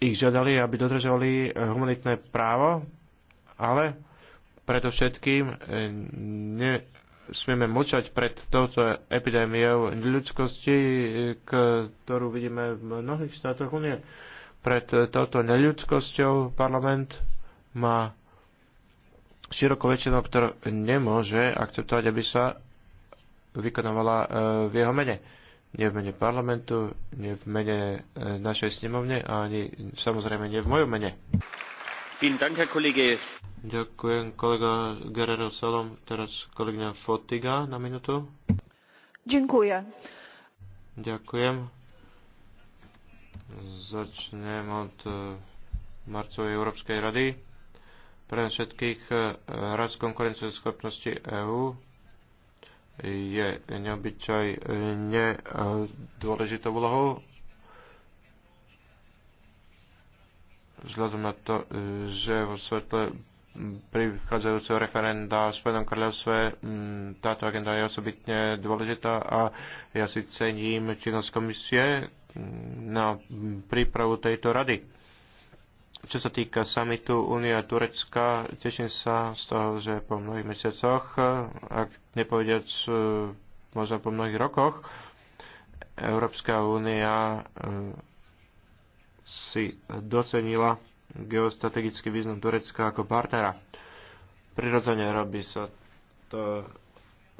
ich žiadali, aby dodržovali eh, humanitné právo, ale predovšetkým eh, nesmieme mlčať pred touto epidémiou ľudskosti, eh, ktorú vidíme v mnohých štátoch únie. Pred touto neľudskosťou parlament má širokú väčšinu, ktorá nemôže akceptovať, aby sa vykonovala v jeho mene nie v mene parlamentu, nie v mene e, našej snemovne a ani samozrejme nie v mojom mene. Ďakujem, kolega Guerrero Salom. Teraz kolegňa Fotiga na minútu. Ďakujem. Ďakujem. Začnem od e, marcovej Európskej rady. Pre všetkých e, raz konkurencie schopnosti EÚ je neobyčajne e, dôležitou úlohou vzhľadom na to, e, že vo svetle prichádzajúceho referenda v Spojenom kráľovstve táto agenda je osobitne dôležitá a ja si cením činnosť komisie na prípravu tejto rady. Čo sa týka samitu Únia Turecka, teším sa z toho, že po mnohých mesiacoch, ak nepovediac e, možno po mnohých rokoch, Európska únia e, si docenila geostrategický význam Turecka ako partnera. Prirodzene robí sa to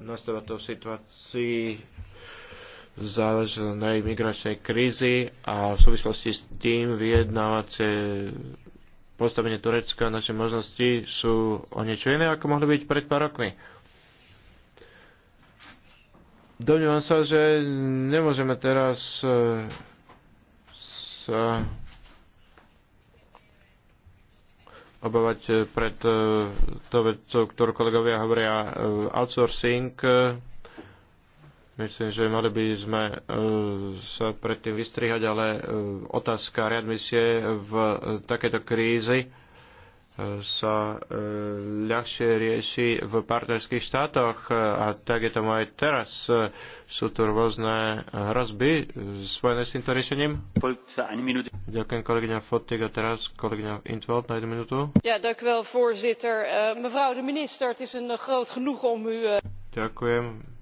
nastáva to v situácii záležnej migračnej krízy a v súvislosti s tým vyjednávacie postavenie Turecka a naše možnosti sú o niečo iné, ako mohli byť pred pár rokmi. Domnívam sa, že nemôžeme teraz e, sa obávať e, pred e, to vecou, ktorú kolegovia hovoria outsourcing Myslím, že mali by sme e, sa predtým vystrihať, ale e, otázka readmisie v e, takéto krízi e, sa e, ľahšie rieši v partnerských štátoch e, a tak je to aj teraz. E, sú tu rôzne hrozby e, spojené s týmto riešením. Ďakujem kolegyňa Fotig a teraz kolegyňa Intveld na jednu minútu. Ja, ďakujem, voorzitter. Uh, mevrouw de minister, het is een eh, groot genoeg om u... Uh... Ďakujem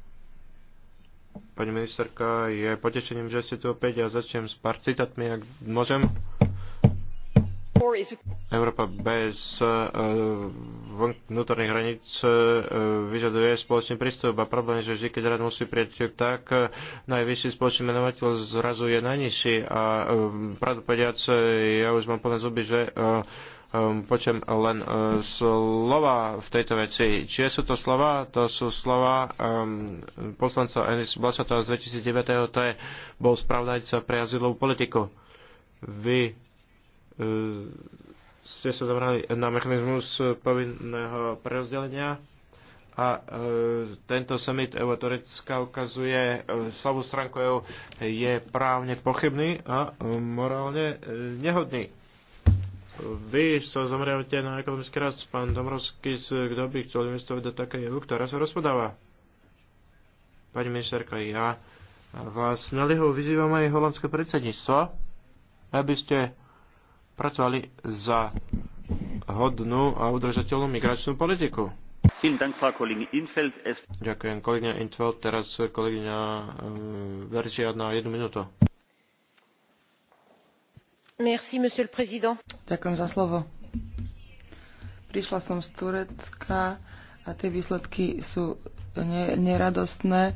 pani ministerka, je potešením, že ste tu opäť a ja začnem s pár citátmi, ak môžem. Európa bez e, vnútorných hraníc e, vyžaduje spoločný prístup a problém je, že vždy, keď rad musí prieť tak, e, najvyšší spoločný menovateľ zrazu je najnižší a pravdu povediac, ja už mám plné zuby, že počujem len slova v tejto veci. Čie sú to slova? To sú slova um, poslanca Enis Blasata z 2009. To je, bol spravdajca pre azylovú politiku. Vy E, ste sa zamerali na mechanizmus povinného prerozdelenia a e, tento summit EU Turecka ukazuje e, slabú stránku EU je právne pochybný a e, morálne e, nehodný. Vy sa zameriavate na ekonomický rast, pán Domrovský, kto by chcel investovať do také EU, ktorá sa rozpodáva? Pani ministerka, ja vás naliehou vyzývam aj holandské predsedníctvo, aby ste pracovali za hodnú a udržateľnú migračnú politiku. Ďakujem, kolegyňa Infeld. Teraz kolegyňa eh, Veržia na jednu minútu. Merci, monsieur le président. Ďakujem za slovo. Prišla som z Turecka a tie výsledky sú neradostné.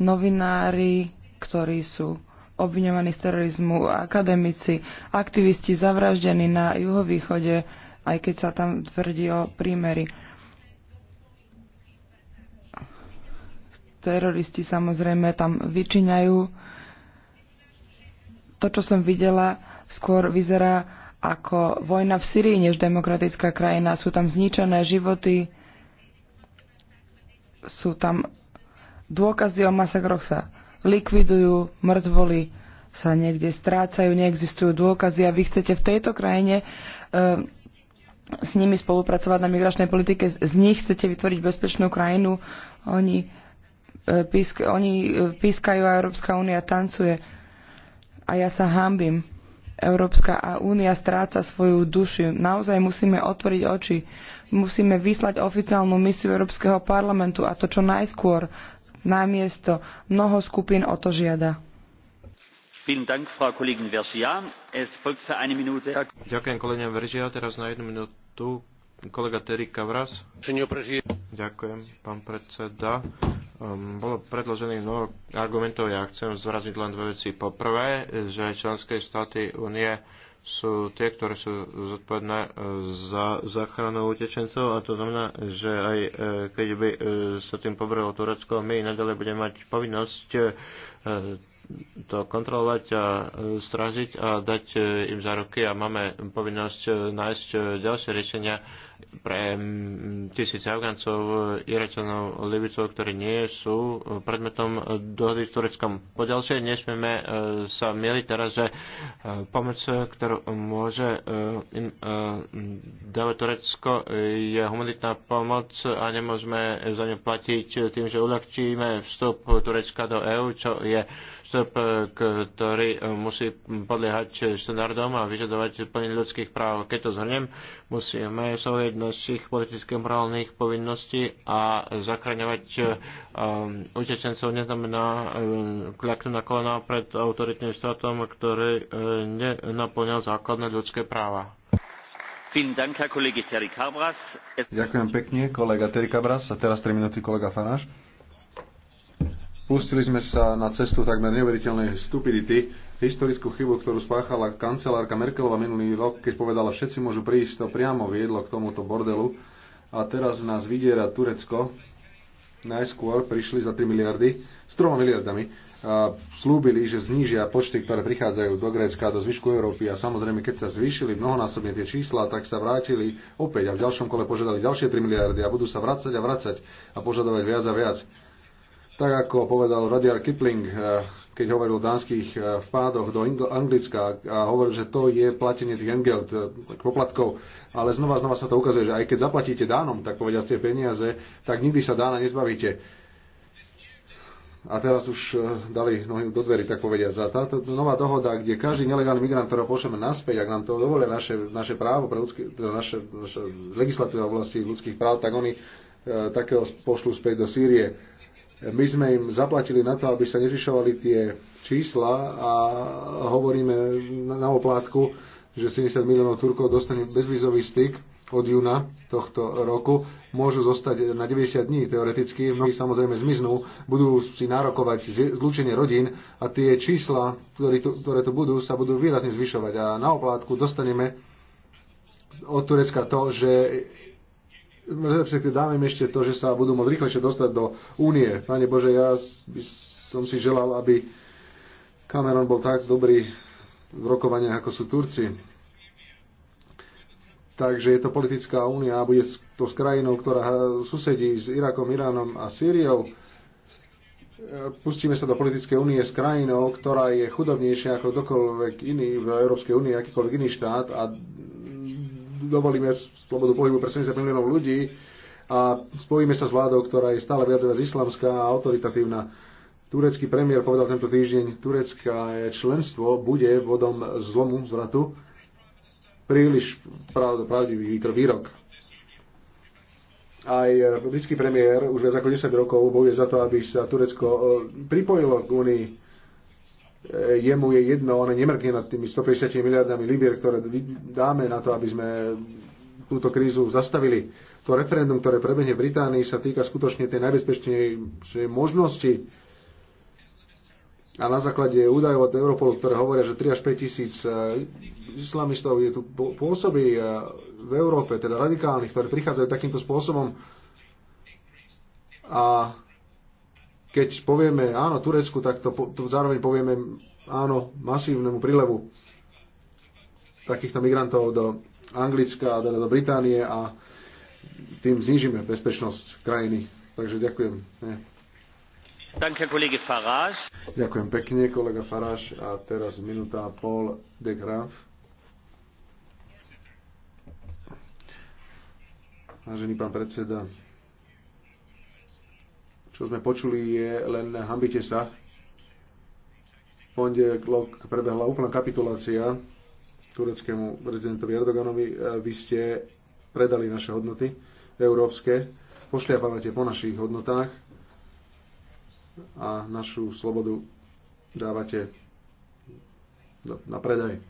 Novinári, ktorí sú obviňovaní z terorizmu, akademici, aktivisti zavraždení na juhovýchode, aj keď sa tam tvrdí o prímery. Teroristi samozrejme tam vyčiňajú. To, čo som videla, skôr vyzerá ako vojna v Syrii, než demokratická krajina. Sú tam zničené životy, sú tam dôkazy o masakroch sa likvidujú, mŕtvoly sa niekde strácajú, neexistujú dôkazy a vy chcete v tejto krajine e, s nimi spolupracovať na migračnej politike, z nich chcete vytvoriť bezpečnú krajinu, oni, e, písk, oni eh, pískajú a Európska únia tancuje. A ja sa hambím. Európska únia stráca svoju dušu. Naozaj musíme otvoriť oči. Musíme vyslať oficiálnu misiu Európskeho parlamentu a to čo najskôr na Mnoho skupín o to žiada. Ďakujem, kolegyňa Veržia. Teraz na jednu minútu kolega Terry Kavras. Ďakujem, pán predseda. Um, bolo predložených mnoho argumentov. Ja chcem zvraziť len dve veci. Po prvé, že členské štáty únie sú tie, ktoré sú zodpovedné e, za záchranu utečencov a to znamená, že aj e, keď by e, sa tým pobrelo Turecko, my nadalej budeme mať povinnosť to kontrolovať a straziť a dať im záruky a máme povinnosť nájsť ďalšie riešenia pre tisíce Afgáncov, Iračanov, Libicov, ktorí nie sú e, predmetom dohody s Tureckom. ďalšie nesmieme e, sa mieliť teraz, že e, pomoc, ktorú môže im dávať Turecko, je humanitná pomoc a nemôžeme za ňu platiť tým, že uľahčíme vstup Turecka do EÚ, čo je prístup, ktorý eh, musí podliehať štandardom a vyžadovať plnenie ľudských práv. Keď to zhrnem, musíme sovieť našich politických morálnych povinností a zachraňovať um, utečencov neznamená kľaknú na kolena pred autoritným štátom, ktorý nenaplňal základné ľudské práva. Ďakujem pekne, kolega Terry Cabras. A teraz 3 minúty kolega Fanáš. Pustili sme sa na cestu takmer neuveriteľnej stupidity, historickú chybu, ktorú spáchala kancelárka Merkelova minulý rok, keď povedala, všetci môžu prísť, to priamo viedlo k tomuto bordelu. A teraz nás vydiera Turecko. Najskôr prišli za 3 miliardy, s 3 miliardami, a slúbili, že znížia počty, ktoré prichádzajú do Grécka, do zvyšku Európy. A samozrejme, keď sa zvýšili mnohonásobne tie čísla, tak sa vrátili opäť a v ďalšom kole požiadali ďalšie 3 miliardy a budú sa vracať a vracať a požadovať viac a viac tak ako povedal Rudyard Kipling, eh, keď hovoril o dánskych eh, vpádoch do Anglicka a hovoril, že to je platenie tých engelt, eh, poplatkov, ale znova znova sa to ukazuje, že aj keď zaplatíte Dánom, tak povediať tie peniaze, tak nikdy sa Dána nezbavíte. A teraz už dali nohy do dverí, tak povediať. Za táto nová dohoda, kde každý nelegálny migrant, ktorého pošleme naspäť, ak nám to dovolia naše, naše právo, pre ľudské, teda naše, naše legislatíva v oblasti ľudských práv, tak oni e, takého pošlu späť do Sýrie my sme im zaplatili na to, aby sa nezvyšovali tie čísla a hovoríme na oplátku, že 70 miliónov Turkov dostane bezvízový styk od júna tohto roku. Môžu zostať na 90 dní teoreticky, mnohí samozrejme zmiznú, budú si nárokovať zlúčenie rodín a tie čísla, ktoré tu, ktoré tu budú, sa budú výrazne zvyšovať. A na oplátku dostaneme od Turecka to, že dáme im ešte to, že sa budú môcť rýchlejšie dostať do únie. Pane Bože, ja by som si želal, aby Cameron bol tak dobrý v rokovaniach, ako sú Turci. Takže je to politická únia a bude to s krajinou, ktorá susedí s Irakom, Iránom a Sýriou. Pustíme sa do politickej únie s krajinou, ktorá je chudobnejšia ako dokoľvek iný v Európskej únii, akýkoľvek iný štát a dovolíme slobodu pohybu pre 70 miliónov ľudí a spojíme sa s vládou, ktorá je stále viac viac islamská a autoritatívna. Turecký premiér povedal tento týždeň, turecké členstvo bude vodom zlomu, zvratu. Príliš pravdivý výrok. Aj e, britský premiér už viac ako 10 rokov bojuje za to, aby sa Turecko e, pripojilo k Únii E, jemu je jedno, on nemrkne nad tými 150 miliardami libier, ktoré dáme na to, aby sme túto krízu zastavili. To referendum, ktoré prebehne v Británii, sa týka skutočne tej najbezpečnejšej možnosti a na základe údajov od Europolu, ktoré hovoria, že 3 až 5 tisíc e, islamistov je tu pôsobí e, v Európe, teda radikálnych, ktorí prichádzajú takýmto spôsobom a keď povieme áno Turecku, tak to, to zároveň povieme áno masívnemu prílevu takýchto migrantov do Anglicka, do, teda do Británie a tým znižíme bezpečnosť krajiny. Takže ďakujem. Nie. Ďakujem pekne, kolega Faráš. A teraz minúta a pol de Graaf. Vážený pán predseda, čo sme počuli, je len hambite sa. V pondelok prebehla úplná kapitulácia tureckému prezidentovi Erdoganovi. E, vy ste predali naše hodnoty európske, pošliapávate po našich hodnotách a našu slobodu dávate na predaj.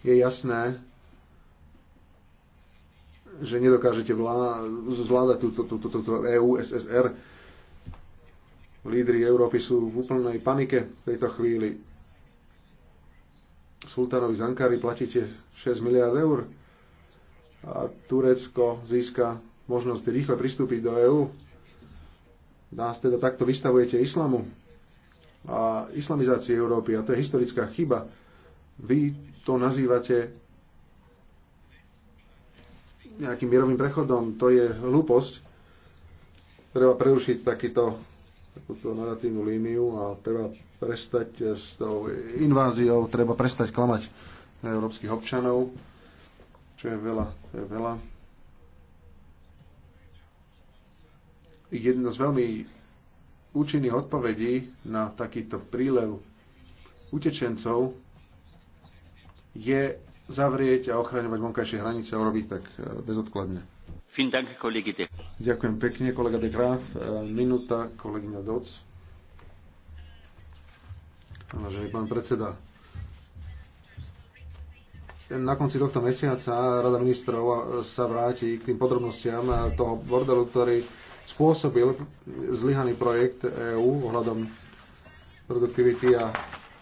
Je jasné, že nedokážete vlá- zvládať túto, túto, túto EU, SSR, Lídry Európy sú v úplnej panike v tejto chvíli. Sultánovi Zankari platíte 6 miliard eur a Turecko získa možnosť rýchle pristúpiť do EÚ. Nás teda takto vystavujete islamu a islamizácii Európy a to je historická chyba. Vy to nazývate nejakým mierovým prechodom, to je hlúposť. Treba prerušiť takýto takúto narratívnu líniu a treba prestať s tou inváziou, treba prestať klamať európskych občanov, čo je veľa, to je veľa. Jedna z veľmi účinných odpovedí na takýto prílev utečencov je zavrieť a ochraňovať vonkajšie hranice a urobiť tak bezodkladne. Ďakujem pekne, kolega de Graaf. E, Minúta, kolegyňa Doc. Vážený pán predseda, na konci tohto mesiaca Rada ministrov sa vráti k tým podrobnostiam toho bordelu, ktorý spôsobil zlyhaný projekt EÚ ohľadom produktivity a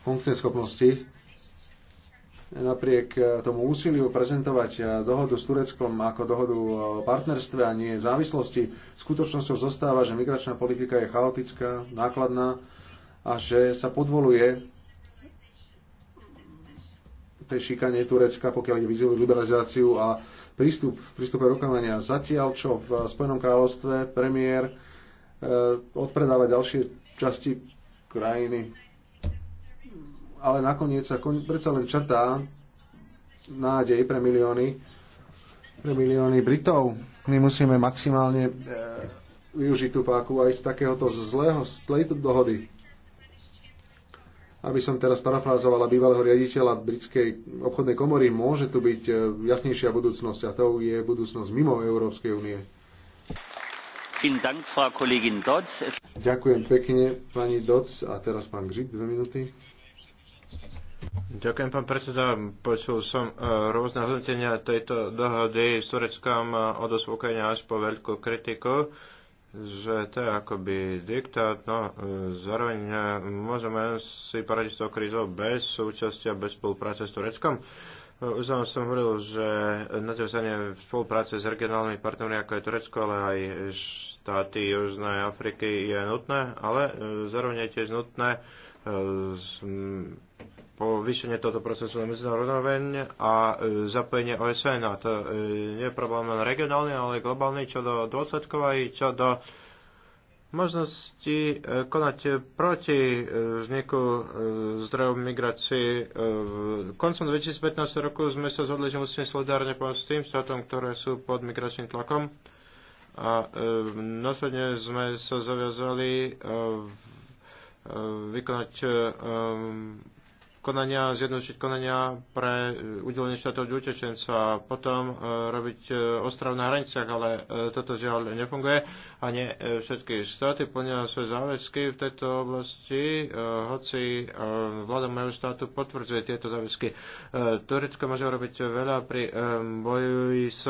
funkčnej schopnosti napriek e, tomu úsiliu prezentovať e, dohodu s Tureckom ako dohodu o partnerstve a nie závislosti, skutočnosťou zostáva, že migračná politika je chaotická, nákladná a že sa podvoluje tej šikanie Turecka, pokiaľ ide viziu liberalizáciu a prístup, prístupe rokovania. Zatiaľ, čo v Spojenom kráľovstve premiér e, odpredáva ďalšie časti krajiny ale nakoniec sa kon, predsa len črtá nádej pre milióny, pre milióny Britov. My musíme maximálne e, využiť tú páku aj z takéhoto zlého, zlej dohody. Aby som teraz parafrázovala bývalého riaditeľa britskej obchodnej komory, môže tu byť e, jasnejšia budúcnosť a to je budúcnosť mimo Európskej únie. Ďakujem pekne, pani Doc. A teraz pán Gřip, dve minúty. Ďakujem, pán predseda. Počul som e, rôzne hodnotenia tejto dohody s Tureckom e, od osvokenia až po veľkú kritiku že to je akoby diktát, no e, zároveň môžeme si poradiť s tou krízou bez súčasti a bez spolupráce s Tureckom. Už vám som hovoril, že nadviazanie spolupráce s regionálnymi partnermi, ako je Turecko, ale aj štáty Južnej Afriky je nutné, ale zároveň je tiež nutné povýšenie tohto procesu na medzinárodnú roveň a e, zapojenie OSN. A to e, nie je problém len regionálny, ale globálny, čo do dôsledkov aj čo do možnosti e, konať proti vzniku zdrojov migrácie. koncom 2015 roku sme sa zhodli, že musíme solidárne pomôcť s tým štátom, ktoré sú pod migračným tlakom. A následne sme sa zaviazali vykonať konania, zjednodušiť konania pre e, udelenie štátov utečencov a potom e, robiť e, ostrov na hraniciach, ale toto žiaľ nefunguje a nie všetky štáty plnia svoje záväzky v tejto oblasti, hoci vláda mojho štátu potvrdzuje tieto záväzky. Turecko môže robiť veľa pri boji s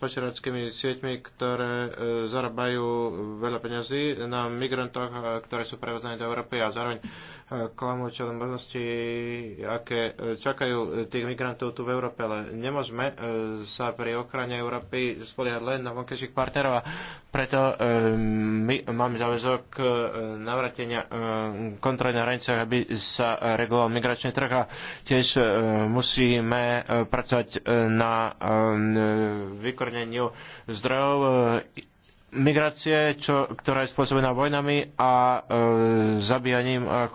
pašeráckými sieťmi, ktoré zarábajú veľa peňazí na migrantoch, ktoré sú prevezané do Európy a zároveň klamočové možnosti, aké e, čakajú e, tých migrantov tu v Európe, ale nemôžeme e, sa pri ochrane Európy spoliehať len na vonkajších partnerov a preto my máme záväzok navratenia kontroly na hraniciach, aby sa reguloval migračný trh a tiež musíme pracovať na vykorneniu zdrojov migrácie, čo, ktorá je spôsobená vojnami a e, zabíjaním a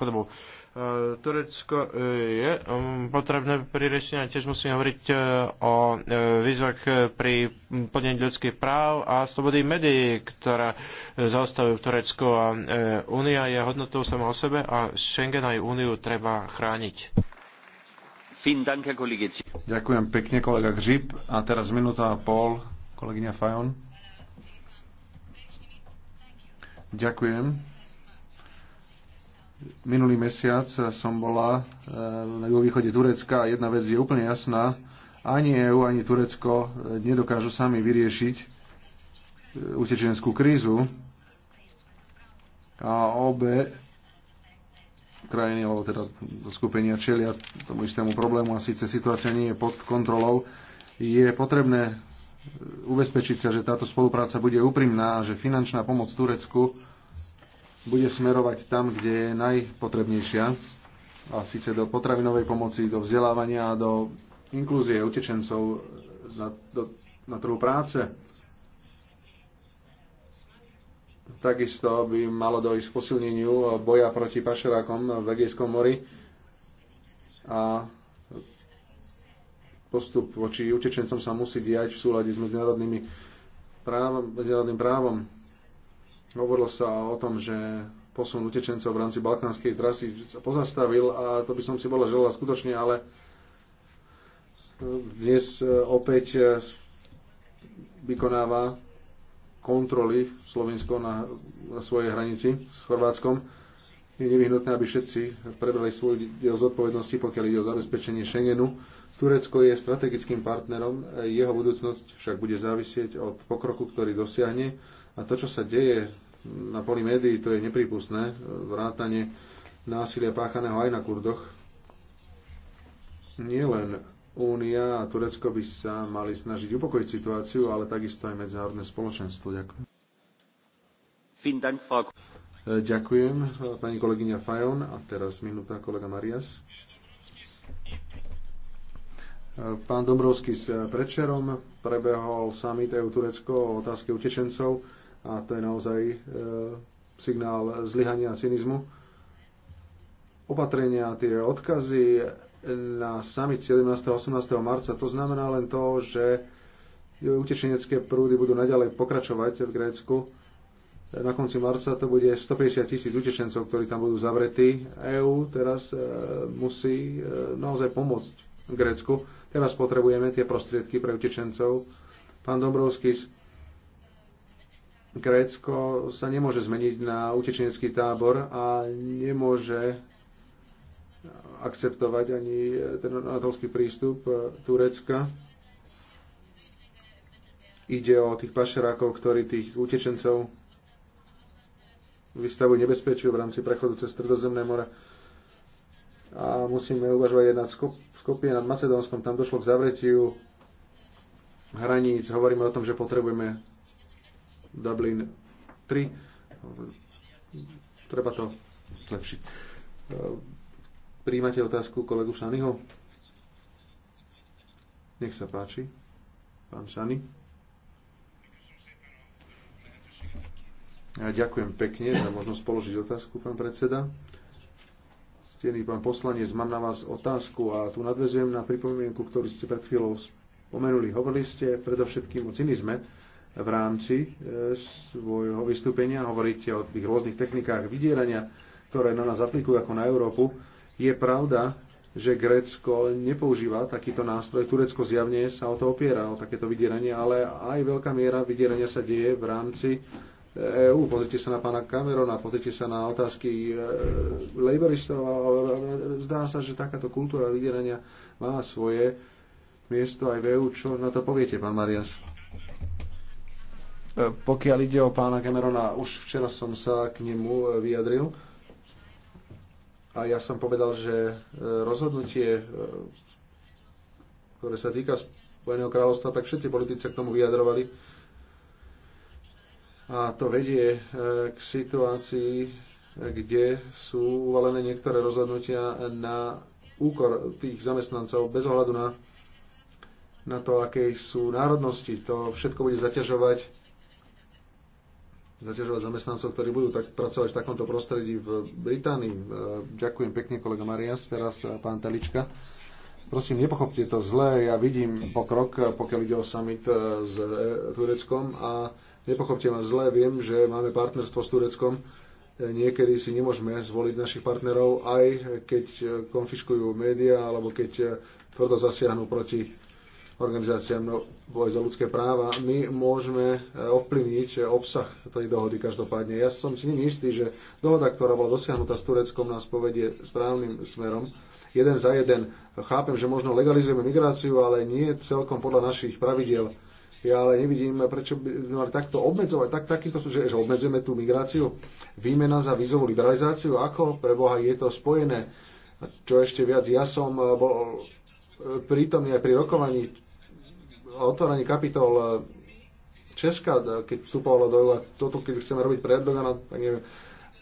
E, Turecko e, je um, potrebné pri riešení, tiež musíme hovoriť e, o e, výzvach pri plnení ľudských práv a slobody médií, ktorá zaostavujú v Turecku a Únia je hodnotou sama o sebe a Schengen aj Úniu treba chrániť. Ďakujem pekne, kolega Gžip. A teraz minúta a pol, kolegyňa Fajon. Ďakujem. Minulý mesiac som bola na eh, východe Turecka a jedna vec je úplne jasná. Ani EU, ani Turecko eh, nedokážu sami vyriešiť eh, utečenskú krízu. A obe krajiny, alebo teda skupenia čelia tomu istému problému a síce situácia nie je pod kontrolou, je potrebné ubezpečiť sa, že táto spolupráca bude úprimná a že finančná pomoc Turecku bude smerovať tam, kde je najpotrebnejšia, a síce do potravinovej pomoci, do vzdelávania a do inklúzie utečencov na, do, na trhu práce. Takisto by malo dojsť k posilneniu boja proti pašerákom v Egejskom mori a postup voči utečencom sa musí diať v súlade s medzinárodnými právom, medzinárodným právom. Hovorilo sa o tom, že posun utečencov v rámci balkánskej trasy sa pozastavil a to by som si bola želala skutočne, ale dnes opäť vykonáva kontroly Slovensko na, na svojej hranici s Chorvátskom. Je nevyhnutné, aby všetci prebrali svoj diel zodpovednosti, pokiaľ ide o zabezpečenie Schengenu Turecko je strategickým partnerom, jeho budúcnosť však bude závisieť od pokroku, ktorý dosiahne a to, čo sa deje na poli médií, to je nepripustné, vrátanie násilia páchaného aj na Kurdoch. Nielen Únia a Turecko by sa mali snažiť upokojiť situáciu, ale takisto aj medzinárodné spoločenstvo. Ďakujem. E, ďakujem, pani kolegyňa Fajon. A teraz minúta kolega Marias. Pán Dombrovský s predčerom prebehol summit EU Turecko o otázke utečencov a to je naozaj e, signál zlyhania a cynizmu. Opatrenia, tie odkazy na summit 17. a 18. marca, to znamená len to, že utečenecké prúdy budú naďalej pokračovať v Grécku. Na konci marca to bude 150 tisíc utečencov, ktorí tam budú zavretí. EÚ teraz e, musí e, naozaj pomôcť v Grécku. Teraz potrebujeme tie prostriedky pre utečencov. Pán Dombrovskis, Grécko sa nemôže zmeniť na utečenecký tábor a nemôže akceptovať ani ten anatolský prístup e, Turecka. Ide o tých pašerákov, ktorí tých utečencov vystavujú nebezpečiu v rámci prechodu cez Stredozemné more a musíme uvažovať aj nad Skopie, nad Macedónskom. Tam došlo k zavretiu hraníc. Hovoríme o tom, že potrebujeme Dublin 3. Treba to zlepšiť. E, príjmate otázku kolegu Šanyho? Nech sa páči. Pán Šany. Ja ďakujem pekne za možnosť položiť otázku, pán predseda ctený pán poslanec, mám na vás otázku a tu nadvezujem na pripomienku, ktorú ste pred chvíľou spomenuli. Hovorili ste predovšetkým o cynizme v rámci e, svojho vystúpenia. Hovoríte o tých rôznych technikách vydierania, ktoré na nás aplikujú ako na Európu. Je pravda, že Grécko nepoužíva takýto nástroj. Turecko zjavne sa o to opiera, o takéto vydieranie, ale aj veľká miera vydierania sa deje v rámci EÚ, pozrite sa na pána Camerona, pozrite sa na otázky e, laboristov. Zdá sa, že takáto kultúra vydierania má svoje miesto aj v EÚ. Čo na to poviete, pán Marias? E, pokiaľ ide o pána Camerona, už včera som sa k nemu e, vyjadril a ja som povedal, že e, rozhodnutie, ktoré sa týka Spojeného kráľovstva, tak všetci politici k tomu vyjadrovali a to vedie e, k situácii, kde sú uvalené niektoré rozhodnutia na úkor tých zamestnancov bez ohľadu na, na to, aké sú národnosti. To všetko bude zaťažovať, zaťažovať zamestnancov, ktorí budú tak pracovať v takomto prostredí v Británii. E, ďakujem pekne, kolega Marias. Teraz e, pán Talička. Prosím, nepochopte to zle. Ja vidím pokrok, pokiaľ ide o summit s Tureckom a Nepochopte ma zle, viem, že máme partnerstvo s Tureckom, e, niekedy si nemôžeme zvoliť našich partnerov, aj keď e, konfiškujú médiá alebo keď e, tvrdo zasiahnu proti organizáciám no, boj za ľudské práva. My môžeme ovplyvniť obsah tej dohody každopádne. Ja som si nimi istý, že dohoda, ktorá bola dosiahnutá s Tureckom, nás povedie správnym smerom. Jeden za jeden. Chápem, že možno legalizujeme migráciu, ale nie celkom podľa našich pravidiel ja ale nevidím, prečo by mali takto obmedzovať, tak, takýmto, že, že obmedzujeme tú migráciu. Výmena za vízovú liberalizáciu, ako pre Boha je to spojené? Čo ešte viac, ja som eh, bol eh, prítomný aj pri rokovaní a otváraní kapitol eh, Česka, keď vstupovalo do EU a toto, keď chceme robiť pre Erdogana, tak neviem.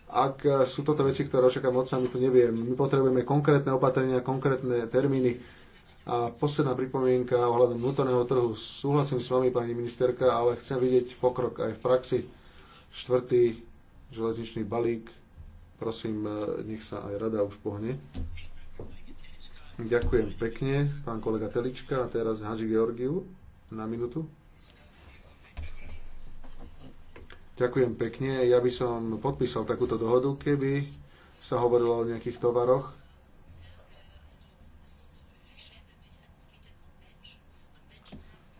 Ak sú toto veci, ktoré očakávam od my to neviem. My potrebujeme konkrétne opatrenia, konkrétne termíny a posledná pripomienka ohľadom vnútorného trhu. Súhlasím s vami, pani ministerka, ale chcem vidieť pokrok aj v praxi. Štvrtý železničný balík. Prosím, e, nech sa aj rada už pohne. Ďakujem pekne, pán kolega Telička. A teraz Hadži Georgiu na minútu. Ďakujem pekne. Ja by som podpísal takúto dohodu, keby sa hovorilo o nejakých tovaroch,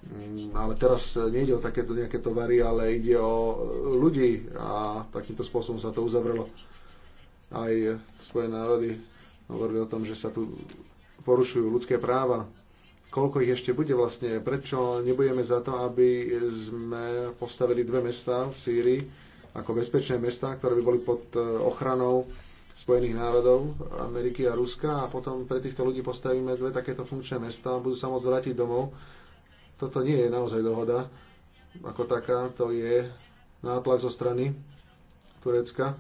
Mm, ale teraz e, nejde o takéto nejaké tovary, ale ide o e, ľudí a takýmto spôsobom sa to uzavrelo. Aj Spojené národy hovorili o tom, že sa tu porušujú ľudské práva. Koľko ich ešte bude vlastne? Prečo nebudeme za to, aby sme postavili dve mesta v Sýrii ako bezpečné mesta, ktoré by boli pod e, ochranou Spojených národov, Ameriky a Ruska a potom pre týchto ľudí postavíme dve takéto funkčné mesta a budú sa môcť vrátiť domov toto nie je naozaj dohoda ako taká, to je nátlak zo strany Turecka.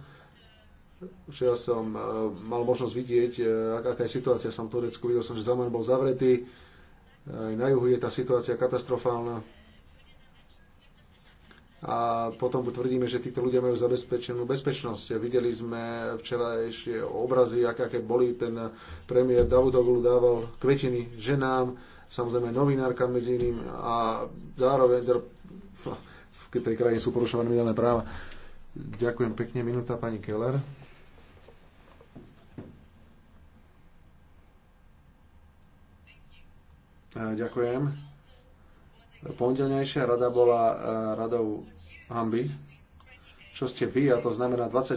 ja som e, mal možnosť vidieť, e, aká je situácia som v Turecku. Videl som, že Zaman bol zavretý. E, aj na juhu je tá situácia katastrofálna. A potom tvrdíme, že títo ľudia majú zabezpečenú bezpečnosť. Videli sme včera ešte obrazy, aké, aké boli. Ten premiér Davutoglu dával kvetiny ženám samozrejme novinárka medzi iným a zároveň v teda, (laughs) tej krajine sú porušované mediálne práva. Ďakujem pekne. Minúta pani Keller. E, ďakujem. Pondelnejšia rada bola e, radou Hamby. Čo ste vy, a to znamená 28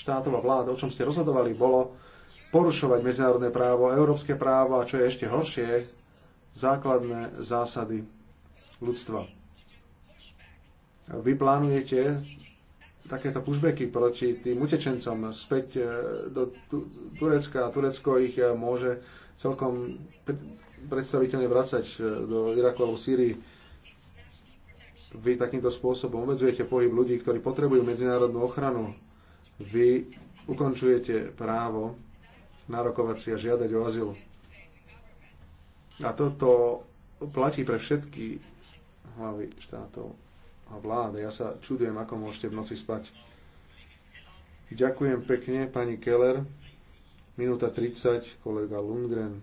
štátov a vlád, o čom ste rozhodovali, bolo porušovať medzinárodné právo, európske právo a čo je ešte horšie, základné zásady ľudstva. Vy plánujete takéto pushbacky proti tým utečencom späť eh, do Turecka. a Turecko ich eh, môže celkom predstaviteľne vracať eh, do Iraku alebo Sýrii. Vy takýmto spôsobom obmedzujete pohyb ľudí, ktorí potrebujú medzinárodnú ochranu. Vy ukončujete právo narokovať si a žiadať o azyl. A toto platí pre všetky hlavy štátov a vlády. Ja sa čudujem, ako môžete v noci spať. Ďakujem pekne, pani Keller. Minúta 30, kolega Lundgren.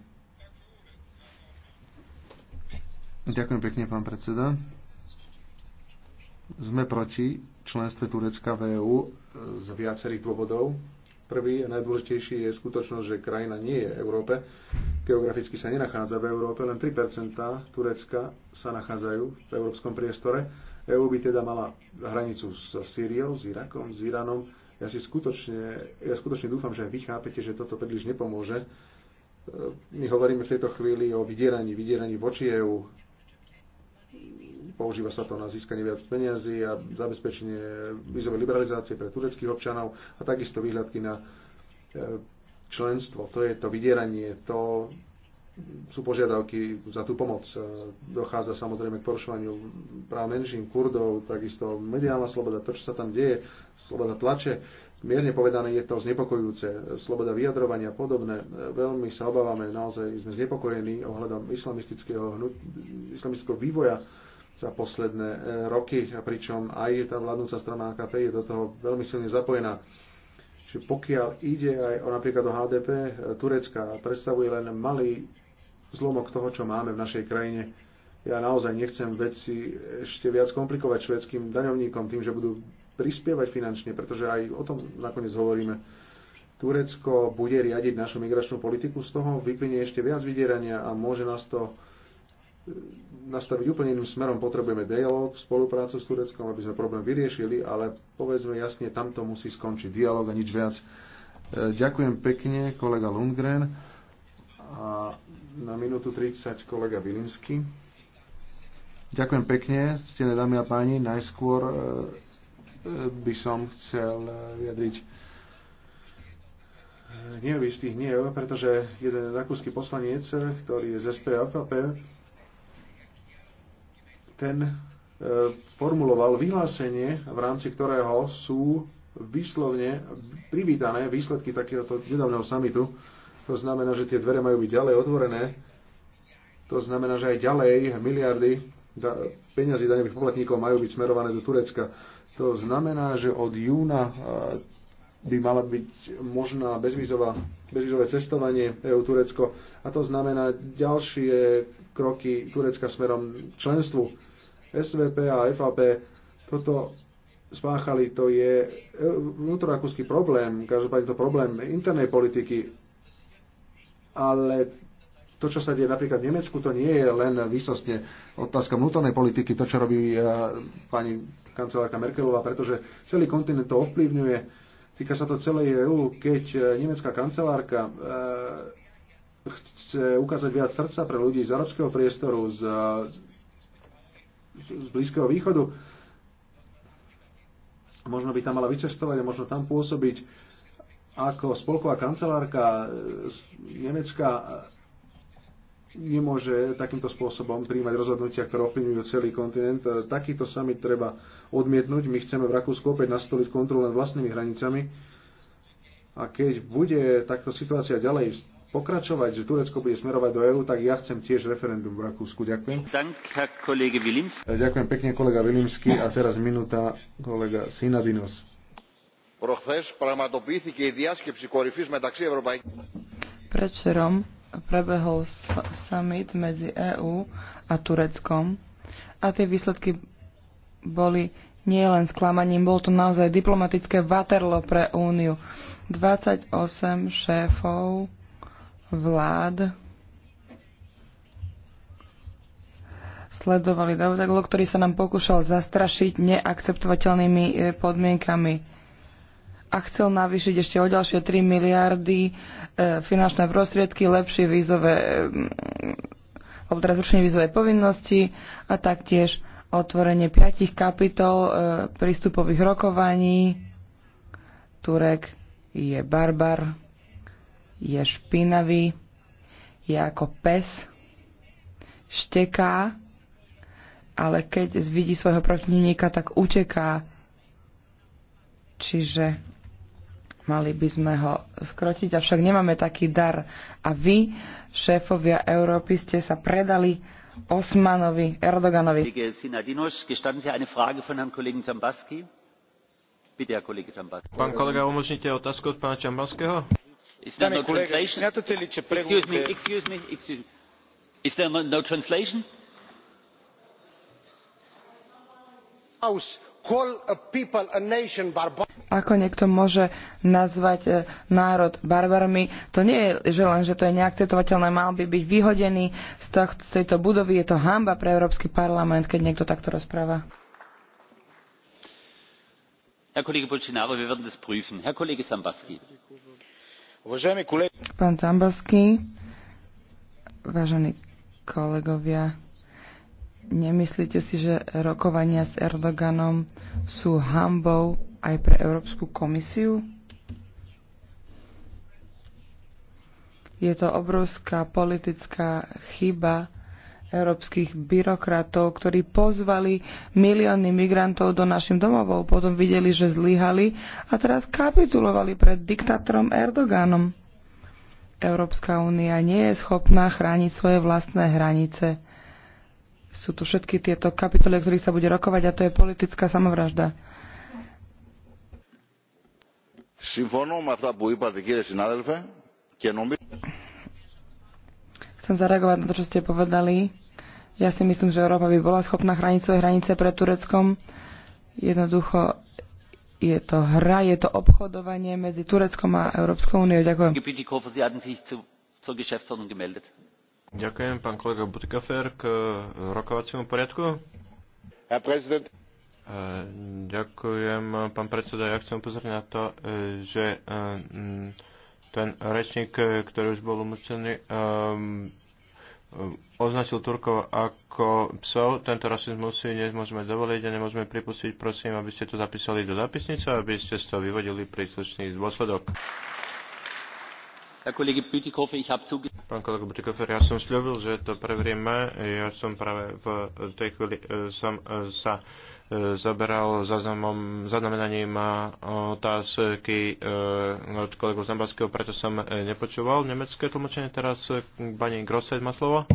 Ďakujem pekne, pán predseda. Sme proti členstve Turecka v EÚ z viacerých dôvodov. Prvý a najdôležitejší je skutočnosť, že krajina nie je v Európe. Geograficky sa nenachádza v Európe, len 3 Turecka sa nachádzajú v európskom priestore. EÚ EU by teda mala hranicu s Sýriou, s Irakom, s Iránom. Ja si skutočne, ja skutočne dúfam, že vy chápete, že toto príliš nepomôže. E, my hovoríme v tejto chvíli o vydieraní, vydieraní voči EÚ používa sa to na získanie viac peniazy a zabezpečenie vízovej liberalizácie pre tureckých občanov a takisto výhľadky na e, členstvo. To je to vydieranie, to sú požiadavky za tú pomoc. E, dochádza samozrejme k porušovaniu práv menším, kurdov, takisto mediálna sloboda, to, čo sa tam deje, sloboda tlače. Mierne povedané je to znepokojúce. Sloboda vyjadrovania a podobné. E, veľmi sa obávame, naozaj sme znepokojení ohľadom islamistického, islamistického vývoja za posledné e, roky, a pričom aj tá vládnúca strana AKP je do toho veľmi silne zapojená. Čiže pokiaľ ide aj o napríklad o HDP e, Turecka, predstavuje len malý zlomok toho, čo máme v našej krajine. Ja naozaj nechcem veci ešte viac komplikovať švedským daňovníkom tým, že budú prispievať finančne, pretože aj o tom nakoniec hovoríme. Turecko bude riadiť našu migračnú politiku, z toho vyplynie ešte viac vydierania a môže nás to nastaviť úplne iným smerom. Potrebujeme dialog, spoluprácu s Tureckom, aby sme problém vyriešili, ale povedzme jasne, tamto musí skončiť dialog a nič viac. E, ďakujem pekne, kolega Lundgren. A na minútu 30 kolega Vilinsky. Ďakujem pekne, ctené dámy a páni. Najskôr e, e, by som chcel vyjadriť hnev istý hnev, pretože jeden rakúsky poslanec, ktorý je z SPAPP, ten e, formuloval vyhlásenie, v rámci ktorého sú výslovne privítané výsledky takéhoto nedávneho samitu. To znamená, že tie dvere majú byť ďalej otvorené. To znamená, že aj ďalej miliardy peňazí daňových poplatníkov majú byť smerované do Turecka. To znamená, že od júna e, by mala byť možná bezvizová, bezvizové cestovanie EU-Turecko a to znamená ďalšie kroky Turecka smerom členstvu SVP a FAP toto spáchali, to je e, vnútorakúsky problém, každopádne to problém internej politiky, ale to, čo sa deje napríklad v Nemecku, to nie je len výsostne otázka vnútornej politiky, to, čo robí e, pani kancelárka Merkelová, pretože celý kontinent to ovplyvňuje. Týka sa to celej EÚ, keď e, nemecká kancelárka chce ukázať viac srdca pre ľudí z arabského priestoru, z z Blízkeho východu. Možno by tam mala vycestovať a možno tam pôsobiť ako spolková kancelárka eh, Nemecka nemôže takýmto spôsobom príjmať rozhodnutia, ktoré ovplyvňujú celý kontinent. Eh, Takýto summit treba odmietnúť. My chceme v Rakúsku opäť nastoliť kontrolu nad vlastnými hranicami. A keď bude takto situácia ďalej pokračovať, že Turecko bude smerovať do EÚ, tak ja chcem tiež referendum v Rakúsku. Ďakujem. E, ďakujem pekne kolega Vilimsky a teraz minúta kolega Sinadinos. Predvčerom prebehol summit medzi EÚ a Tureckom a tie výsledky boli nielen sklamaním, bolo to naozaj diplomatické vaterlo pre Úniu. 28 šéfov vlád sledovali Davutoglu, ktorý sa nám pokúšal zastrašiť neakceptovateľnými e, podmienkami a chcel navýšiť ešte o ďalšie 3 miliardy e, finančné prostriedky, lepšie vízové, e, alebo teraz zrušenie vízovej povinnosti a taktiež otvorenie piatich kapitol e, prístupových rokovaní. Turek je barbar je špinavý, je ako pes, šteká, ale keď vidí svojho protivníka, tak uteká. Čiže mali by sme ho skrotiť, avšak nemáme taký dar. A vy, šéfovia Európy, ste sa predali Osmanovi, Erdoganovi. Pán kolega, umožnite otázku od pána Čambaského? Is there no translation? Ako niekto môže nazvať e, národ barbarmi, to nie je že len, že to je neakceptovateľné, mal by byť vyhodený z, tejto budovy. Je to hamba pre Európsky parlament, keď niekto takto rozpráva. Herr Kollege Bolsonaro, wir werden das prüfen. Herr Kollege Zambaski Pán Zambalský, vážení kolegovia, nemyslíte si, že rokovania s Erdoganom sú hambou aj pre Európsku komisiu? Je to obrovská politická chyba, európskych byrokratov, ktorí pozvali milióny migrantov do našim domovov, potom videli, že zlyhali a teraz kapitulovali pred diktátorom Erdoganom. Európska únia nie je schopná chrániť svoje vlastné hranice. Sú tu všetky tieto kapitoly, o ktorých sa bude rokovať a to je politická samovražda. Συμφωνώ με αυτά που είπατε κύριε συνάδελφε και νομίζω... Chcem zareagovať na to, čo ste povedali. Ja si myslím, že Európa by bola schopná chrániť svoje hranice pred Tureckom. Jednoducho je to hra, je to obchodovanie medzi Tureckom a Európskou úniou. Ďakujem. Ďakujem, pán kolega Butikafer, k eh, rokovaciemu poriadku. Eh, ďakujem, pán predseda. Ja chcem upozorniť na to, eh, že ten rečník, e, ktorý už bol umúčený, um, ehm, e, označil Turkov ako psov. Tento rasizmus si nemôžeme dovoliť a nemôžeme pripustiť. Prosím, aby ste to zapísali do zapisnice, aby ste z toho vyvodili príslušný dôsledok. Pán kolega Butikofer, ja som sľúbil, že to preverieme. Ja som práve v tej chvíli e, som sa zaberal zaznamom, zaznamenaním otázky eh, od kolegu Zambarského, preto som eh, nepočúval nemecké tlmočenie. Teraz eh, pani Grosset má slovo.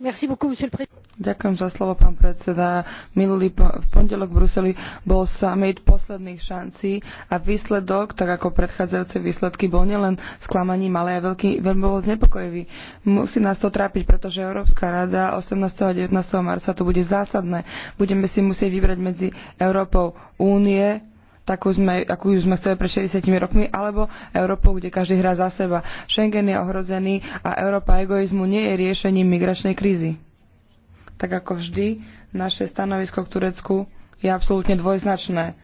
Ďakujem za slovo, pán predseda. Minulý v pondelok v Bruseli bol summit posledných šancí a výsledok, tak ako predchádzajúce výsledky, bol nielen sklamaním, ale aj veľký, veľmi bol znepokojivý. Musí nás to trápiť, pretože Európska rada 18. a 19. marca to bude zásadné. Budeme si musieť vybrať medzi Európou únie, takú sme, akú sme chceli pred 60 rokmi, alebo Európou, kde každý hrá za seba. Schengen je ohrozený a Európa egoizmu nie je riešením migračnej krízy. Tak ako vždy, naše stanovisko k Turecku je absolútne dvojznačné.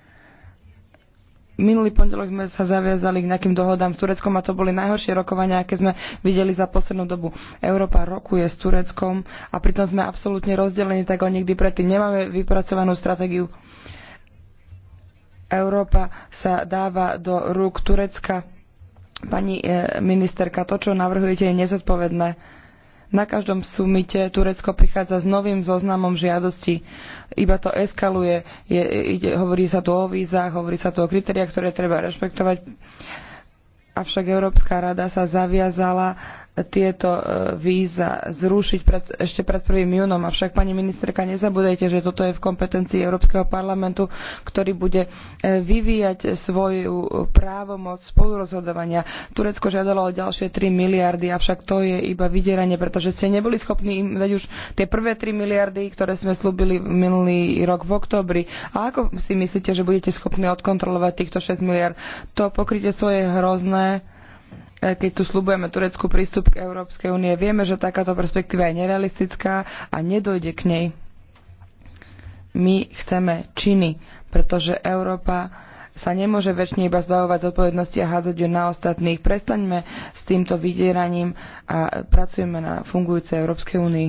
Minulý pondelok sme sa zaviazali k nejakým dohodám s Tureckom a to boli najhoršie rokovania, aké sme videli za poslednú dobu. Európa rokuje s Tureckom a pritom sme absolútne rozdelení, tak ako nikdy predtým. Nemáme vypracovanú stratégiu Európa sa dáva do rúk Turecka. Pani e, ministerka, to, čo navrhujete, je nezodpovedné. Na každom sumite Turecko prichádza s novým zoznamom žiadostí. Iba to eskaluje. Je, ide, hovorí sa tu o vízach, hovorí sa tu o kritériách, ktoré treba rešpektovať. Avšak Európska rada sa zaviazala tieto e, víza zrušiť pred, ešte pred 1. júnom. Avšak, pani ministerka, nezabudajte, že toto je v kompetencii Európskeho parlamentu, ktorý bude e, vyvíjať svoju právomoc spolurozhodovania. Turecko žiadalo o ďalšie 3 miliardy, avšak to je iba vydieranie, pretože ste neboli schopní im dať už tie prvé 3 miliardy, ktoré sme slúbili minulý rok v oktobri. A ako si myslíte, že budete schopní odkontrolovať týchto 6 miliard? To pokrytie svoje hrozné E, keď tu slubujeme Turecku prístup k Európskej únie. Vieme, že takáto perspektíva je nerealistická a nedojde k nej. My chceme činy, pretože Európa sa nemôže väčšine iba zbavovať zodpovednosti a hádzať ju na ostatných. Prestaňme s týmto vydieraním a pracujeme na fungujúcej Európskej únii.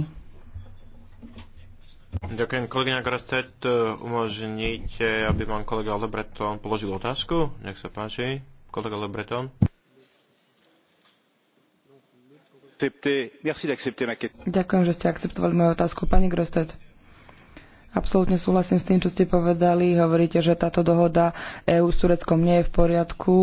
Ďakujem. Kolegyňa Grostet, e, umožníte, aby vám kolega Lebreton položil otázku? Nech sa páči. Kolega Lebreton. Ďakujem, že ste akceptovali moju otázku. Pani Grostet, absolútne súhlasím s tým, čo ste povedali. Hovoríte, že táto dohoda EÚ s Tureckom nie je v poriadku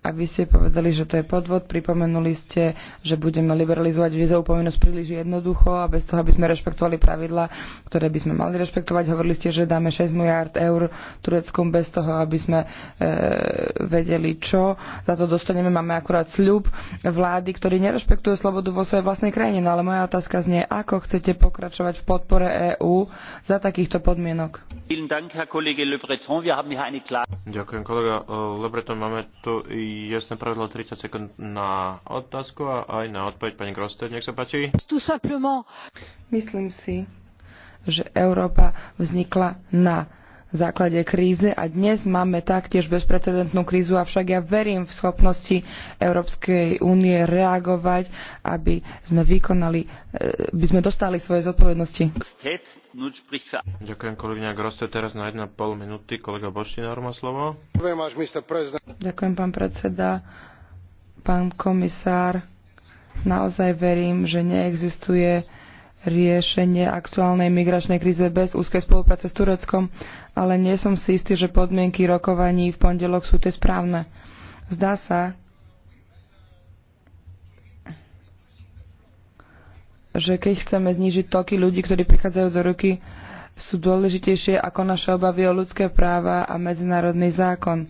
aby ste povedali, že to je podvod. Pripomenuli ste, že budeme liberalizovať vízovú povinnosť príliš jednoducho a bez toho, aby sme rešpektovali pravidla, ktoré by sme mali rešpektovať. Hovorili ste, že dáme 6 miliard eur Tureckom bez toho, aby sme e, vedeli, čo za to dostaneme. Máme akurát sľub vlády, ktorý nerešpektuje slobodu vo svojej vlastnej krajine. No ale moja otázka znie, ako chcete pokračovať v podpore EÚ za takýchto podmienok? Ďakujem, kolega e, Lebreton. Máme tu jasné pravidlo 30 sekúnd na otázku a aj na odpoveď. Pani Grosted, nech sa páči. Myslím si, že Európa vznikla na základe krízy a dnes máme taktiež bezprecedentnú krízu, avšak ja verím v schopnosti Európskej únie reagovať, aby sme vykonali, eh, by sme dostali svoje zodpovednosti. Ďakujem kolegyňa Groste, teraz na 1,5 minúty kolega Boštinár má slovo. Ďakujem pán predseda, pán komisár. Naozaj verím, že neexistuje riešenie aktuálnej migračnej kríze bez úzkej spolupráce s Tureckom, ale nie som si istý, že podmienky rokovaní v pondelok sú tie správne. Zdá sa, že keď chceme znížiť toky ľudí, ktorí prichádzajú do ruky, sú dôležitejšie ako naše obavy o ľudské práva a medzinárodný zákon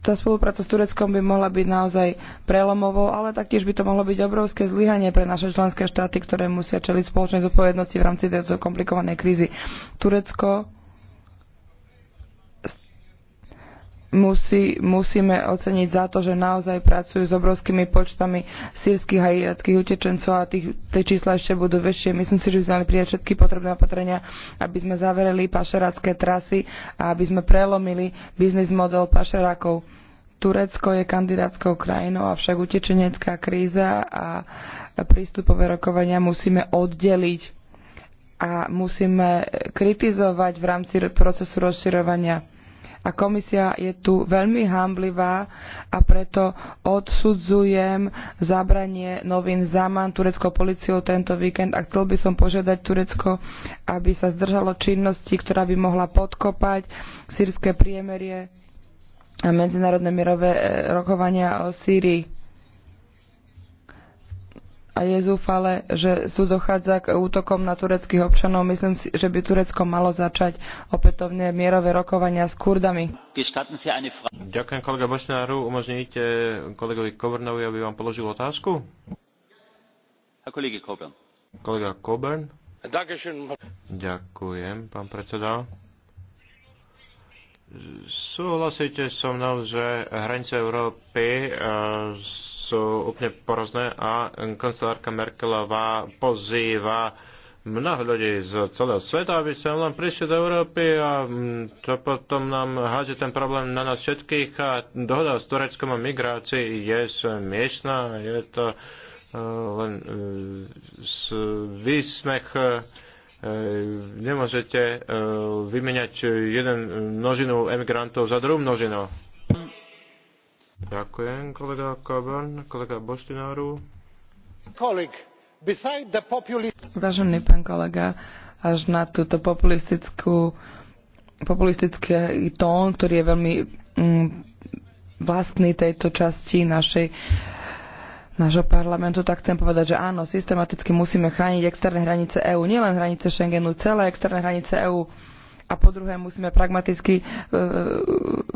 tá spolupráca s Tureckom by mohla byť naozaj prelomovou, ale taktiež by to mohlo byť obrovské zlyhanie pre naše členské štáty, ktoré musia čeliť spoločnej zodpovednosti v rámci tejto komplikovanej krízy. Turecko musíme oceniť za to, že naozaj pracujú s obrovskými počtami sírskych a irackých utečencov a tých, tie čísla ešte budú väčšie. Myslím si, že by sme mali prijať všetky potrebné opatrenia, aby sme zavereli pašerácké trasy a aby sme prelomili biznis model pašerákov. Turecko je kandidátskou krajinou, avšak utečenecká kríza a prístupové rokovania musíme oddeliť a musíme kritizovať v rámci procesu rozširovania a komisia je tu veľmi hamblivá a preto odsudzujem zabranie novín Zaman tureckou policiou tento víkend a chcel by som požiadať Turecko, aby sa zdržalo činnosti, ktorá by mohla podkopať sírske priemerie a medzinárodné mierové eh, rokovania o Sýrii a je zúfale, že tu dochádza k útokom na tureckých občanov. Myslím si, že by Turecko malo začať opätovne mierové rokovania s Kurdami. Ďakujem kolega Bošnáru. Umožníte kolegovi Kobernovi, aby vám položil otázku? Kolega Coburn. Ďakujem, pán predseda. Súhlasíte so mnou, že hranice Európy e, sú úplne porozné a kancelárka Merkelová pozýva mnoho ľudí z celého sveta, aby sa len prišli do Európy a mm, to potom nám hádže ten problém na nás všetkých a dohoda s Tureckom o migrácii je smiešná, je to e, len e, výsmech E, nemôžete e, vymeniať jeden množinu emigrantov za druhú množinu. Ďakujem, kolega Coburn, kolega Boštináru. Vážený pán kolega, až na túto populistickú populistický tón, ktorý je veľmi mm, vlastný tejto časti našej uh, nášho parlamentu, tak chcem povedať, že áno, systematicky musíme chrániť externé hranice EÚ, nielen hranice Schengenu, celé externé hranice EÚ. A po druhé, musíme pragmaticky e,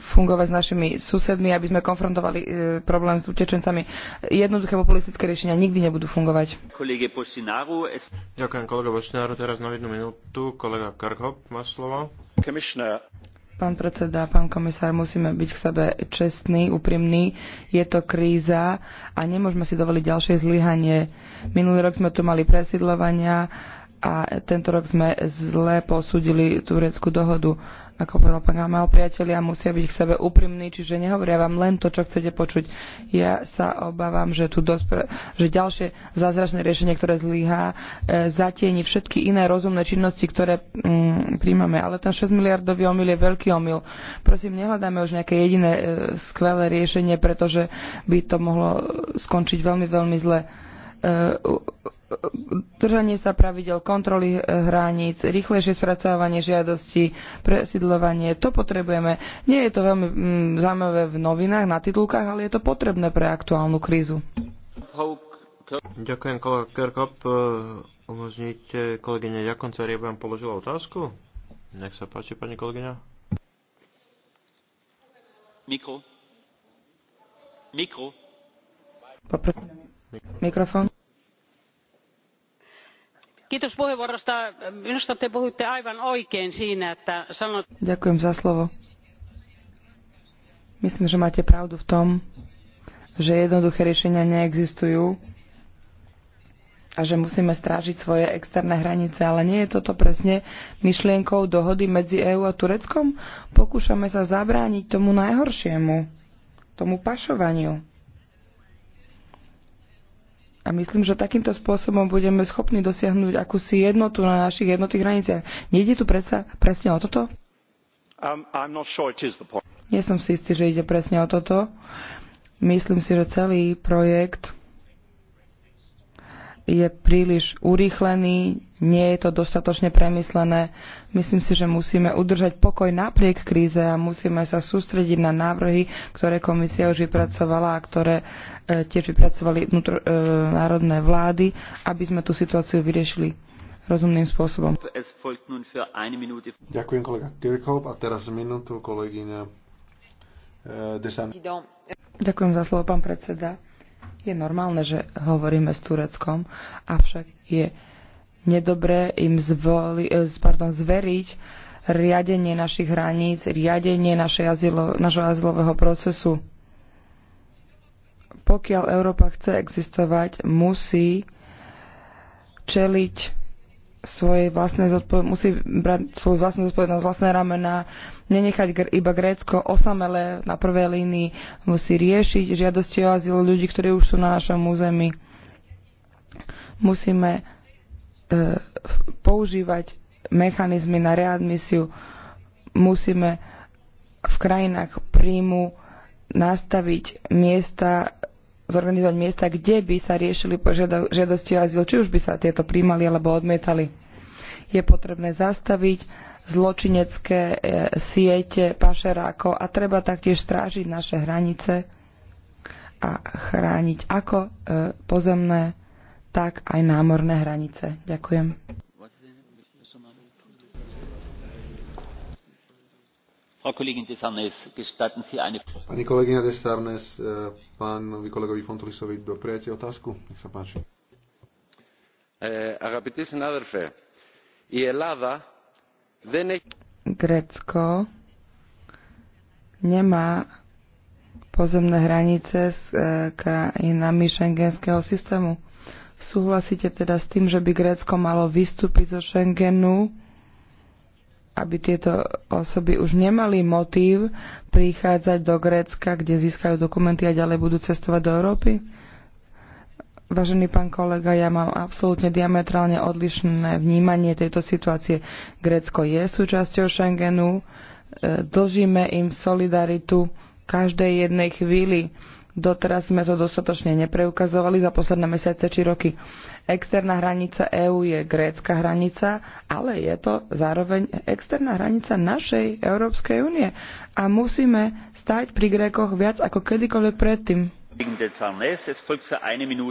fungovať s našimi susedmi, aby sme konfrontovali e, problém s utečencami. Jednoduché populistické riešenia nikdy nebudú fungovať. Ďakujem, kolega Bočnáru. Teraz na jednu minútu kolega Karkhop má slovo. Pán predseda, pán komisár, musíme byť k sebe čestní, úprimní. Je to kríza a nemôžeme si dovoliť ďalšie zlyhanie. Minulý rok sme tu mali presídlovania a tento rok sme zle posúdili tureckú dohodu. Ako povedal pán Gamal, priatelia musia byť k sebe úprimní, čiže nehovoria vám len to, čo chcete počuť. Ja sa obávam, že, tu dospr- že ďalšie zázračné riešenie, ktoré zlyhá, e, zatieni všetky iné rozumné činnosti, ktoré mm, príjmame. Ale ten 6 miliardový omyl je veľký omyl. Prosím, nehľadáme už nejaké jediné e, skvelé riešenie, pretože by to mohlo skončiť veľmi, veľmi zle. E, držanie sa pravidel, kontroly eh, hraníc, rýchlejšie spracovanie žiadosti, presidľovanie. To potrebujeme. Nie je to veľmi mm, zaujímavé v novinách, na titulkách, ale je to potrebné pre aktuálnu krízu. Ďakujem, kolega Kerkop. Eh, Umožníte kolegyne Jakonca Riebam položila otázku? Nech sa páči, pani kolegyňa. Mikro. Mikro. Poprosím. Mikrofón. Kiitos puheenvuorosta. Minusta te puhuitte aivan oikein siinä, että Ďakujem za slovo. Myslím, že máte pravdu v tom, že jednoduché riešenia neexistujú a že musíme strážiť svoje externé hranice. Ale nie je toto presne myšlienkou dohody medzi EÚ a Tureckom? Pokúšame sa zabrániť tomu najhoršiemu, tomu pašovaniu. A myslím, že takýmto spôsobom budeme schopní dosiahnuť akúsi jednotu na našich jednotých hraniciach. Nejde tu predsa presne o toto? Um, sure Nie som si istý, že ide presne o toto. Myslím si, že celý projekt je príliš urýchlený, nie je to dostatočne premyslené. Myslím si, že musíme udržať pokoj napriek kríze a musíme sa sústrediť na návrhy, ktoré komisia už vypracovala a ktoré e, tiež vypracovali vnútro, e, národné vlády, aby sme tú situáciu vyriešili rozumným spôsobom. Ďakujem kolega Kirchhoff a teraz minútu kolegyňa e, Desan. Ďakujem za slovo, pán predseda je normálne, že hovoríme s Tureckom, avšak je nedobré im zvoli, e, pardon, zveriť riadenie našich hraníc, riadenie našej našho azylového procesu. Pokiaľ Európa chce existovať, musí čeliť svoje vlastné zodpoved- musí brať svoju vlastnú zodpovednosť vlastné ramena, nenechať gr- iba Grécko osamelé na prvej línii, musí riešiť žiadosti o azyl ľudí, ktorí už sú na našom území. Musíme e, používať mechanizmy na readmisiu, musíme v krajinách príjmu nastaviť miesta zorganizovať miesta, kde by sa riešili žiadosti o azyl, či už by sa tieto príjmali alebo odmietali. Je potrebné zastaviť zločinecké e, siete pašerákov a treba taktiež strážiť naše hranice a chrániť ako e, pozemné, tak aj námorné hranice. Ďakujem. Pani kolegyňa de Sarnes, eh, pánovi kolegovi Fontulisovi, dopriate otázku? Nech sa páči. Eh, Grécko nemá pozemné hranice s eh, krajinami šengenského systému. Súhlasíte teda s tým, že by Grécko malo vystúpiť zo Schengenu aby tieto osoby už nemali motív prichádzať do Grécka, kde získajú dokumenty a ďalej budú cestovať do Európy? Vážený pán kolega, ja mám absolútne diametrálne odlišné vnímanie tejto situácie. Grécko je súčasťou Schengenu, e, dlžíme im solidaritu každej jednej chvíli. Doteraz sme to dostatočne nepreukazovali za posledné mesiace či roky. Externá hranica EÚ je grécka hranica, ale je to zároveň externá hranica našej Európskej únie a musíme stať pri Grékoch viac ako kedykoľvek predtým.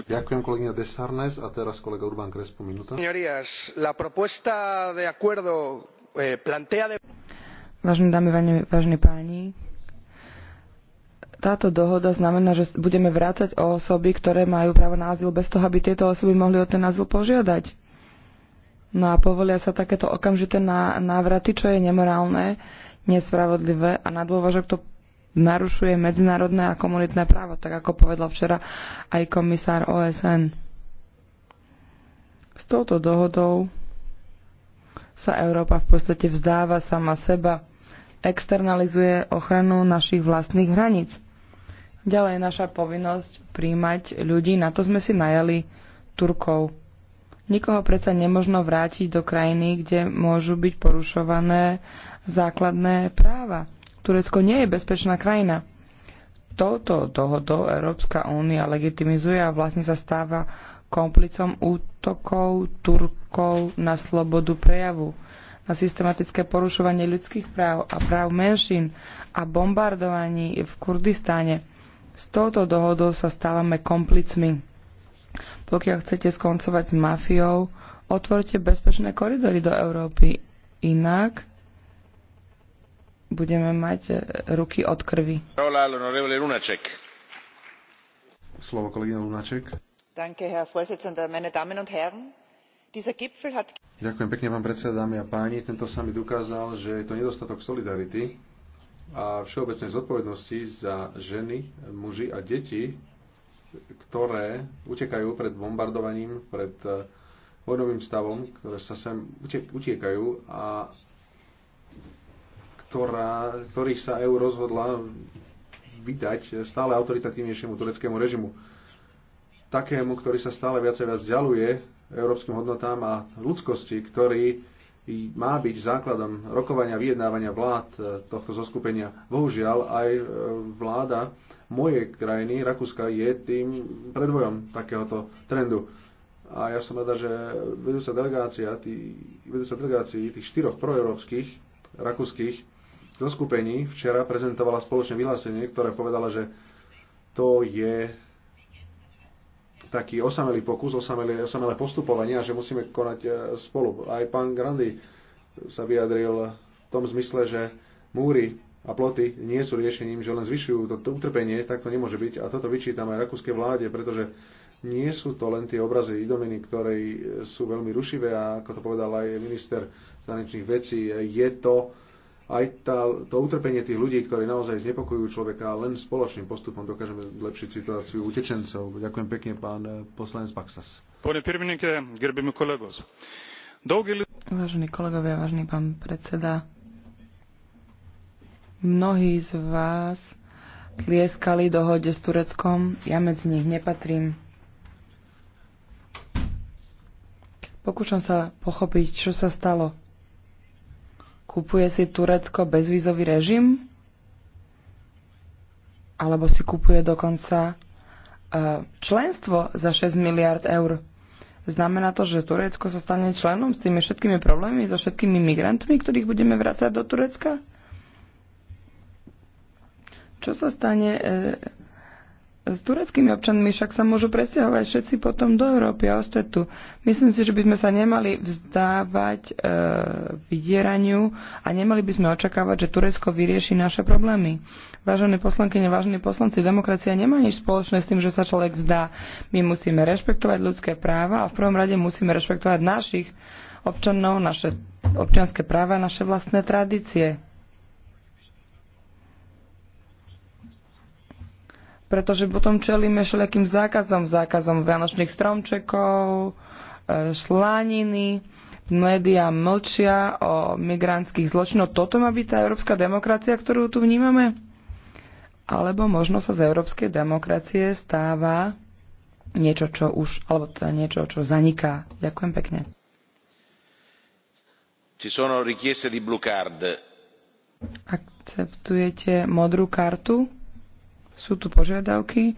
Ďakujem kolegyňa Desarnes a teraz kolega Urban Crespo minúta. Señorías, la propuesta de eh, de... acuerdo plantea Vážené dámy, vážení páni, táto dohoda znamená, že budeme vrácať o osoby, ktoré majú právo na azyl bez toho, aby tieto osoby mohli o ten azyl požiadať. No a povolia sa takéto okamžité návraty, čo je nemorálne, nespravodlivé a na dôvažok to narušuje medzinárodné a komunitné právo, tak ako povedal včera aj komisár OSN. S touto dohodou sa Európa v podstate vzdáva sama seba, externalizuje ochranu našich vlastných hraníc. Ďalej je naša povinnosť príjmať ľudí, na to sme si najali Turkov. Nikoho predsa nemožno vrátiť do krajiny, kde môžu byť porušované základné práva. Turecko nie je bezpečná krajina. Touto dohodou Európska únia legitimizuje a vlastne sa stáva komplicom útokov Turkov na slobodu prejavu, na systematické porušovanie ľudských práv a práv menšín a bombardovaní v Kurdistáne s touto dohodou sa stávame komplicmi. Pokiaľ chcete skoncovať s mafiou, otvorte bezpečné koridory do Európy. Inak budeme mať e, ruky od krvi. Slovo kolegyňa Lunaček. Danke, Herr Vorsitzender, meine Damen und Herren. Dieser Gipfel hat... Ďakujem pekne, pán predseda, dámy a páni. Tento mi dokázal, že je to nedostatok solidarity a všeobecnej zodpovednosti za ženy, muži a deti, ktoré utekajú pred bombardovaním, pred eh, vojnovým stavom, ktoré sa sem utiekajú a ktorá, ktorých sa EU rozhodla vydať stále autoritatívnejšiemu tureckému režimu. Takému, ktorý sa stále viac viac ďaluje európskym hodnotám a ľudskosti, ktorý má byť základom rokovania, vyjednávania vlád e, tohto zoskupenia. Bohužiaľ, aj e, vláda mojej krajiny, Rakúska, je tým predvojom takéhoto trendu. A ja som rada, že vedúca delegácia, tí, vedúca delegácií tých štyroch proeurópskych, rakúskych zoskupení včera prezentovala spoločné vyhlásenie, ktoré povedala, že to je taký osamelý pokus, osamelé, osamelé postupovanie a že musíme konať e, spolu. Aj pán Grandy sa vyjadril v tom zmysle, že múry a ploty nie sú riešením, že len zvyšujú to, to utrpenie, tak to nemôže byť. A toto vyčítam aj rakúskej vláde, pretože nie sú to len tie obrazy idomeny, ktoré sú veľmi rušivé a ako to povedal aj minister zahraničných vecí, je to aj tá, to utrpenie tých ľudí, ktorí naozaj znepokojujú človeka, len spoločným postupom dokážeme zlepšiť situáciu utečencov. Ďakujem pekne, pán eh, poslanec Paksas. Pane Pirmininke, gerbimi kolegos. Daugelis... Vážení kolegovia, vážený pán predseda, mnohí z vás tlieskali dohode s Tureckom, ja medzi nich nepatrím. Pokúšam sa pochopiť, čo sa stalo Kupuje si Turecko bezvízový režim? Alebo si kupuje dokonca e, členstvo za 6 miliard eur? Znamená to, že Turecko sa stane členom s tými všetkými problémami, so všetkými migrantmi, ktorých budeme vrácať do Turecka? Čo sa stane e, s tureckými občanmi však sa môžu presťahovať všetci potom do Európy a ostať tu. Myslím si, že by sme sa nemali vzdávať e, vydieraniu a nemali by sme očakávať, že Turecko vyrieši naše problémy. Vážené poslanky, vážení poslanci, demokracia nemá nič spoločné s tým, že sa človek vzdá. My musíme rešpektovať ľudské práva a v prvom rade musíme rešpektovať našich občanov, naše občianské práva, naše vlastné tradície. pretože potom čelíme všelijakým zákazom, zákazom vianočných stromčekov, e, slaniny, médiá mlčia o migrantských zločinoch. Toto má byť tá európska demokracia, ktorú tu vnímame? Alebo možno sa z európskej demokracie stáva niečo, čo už, alebo teda niečo, čo zaniká. Ďakujem pekne. Ci sono richieste di blue card. Akceptujete modrú kartu? Sú tu požiadavky,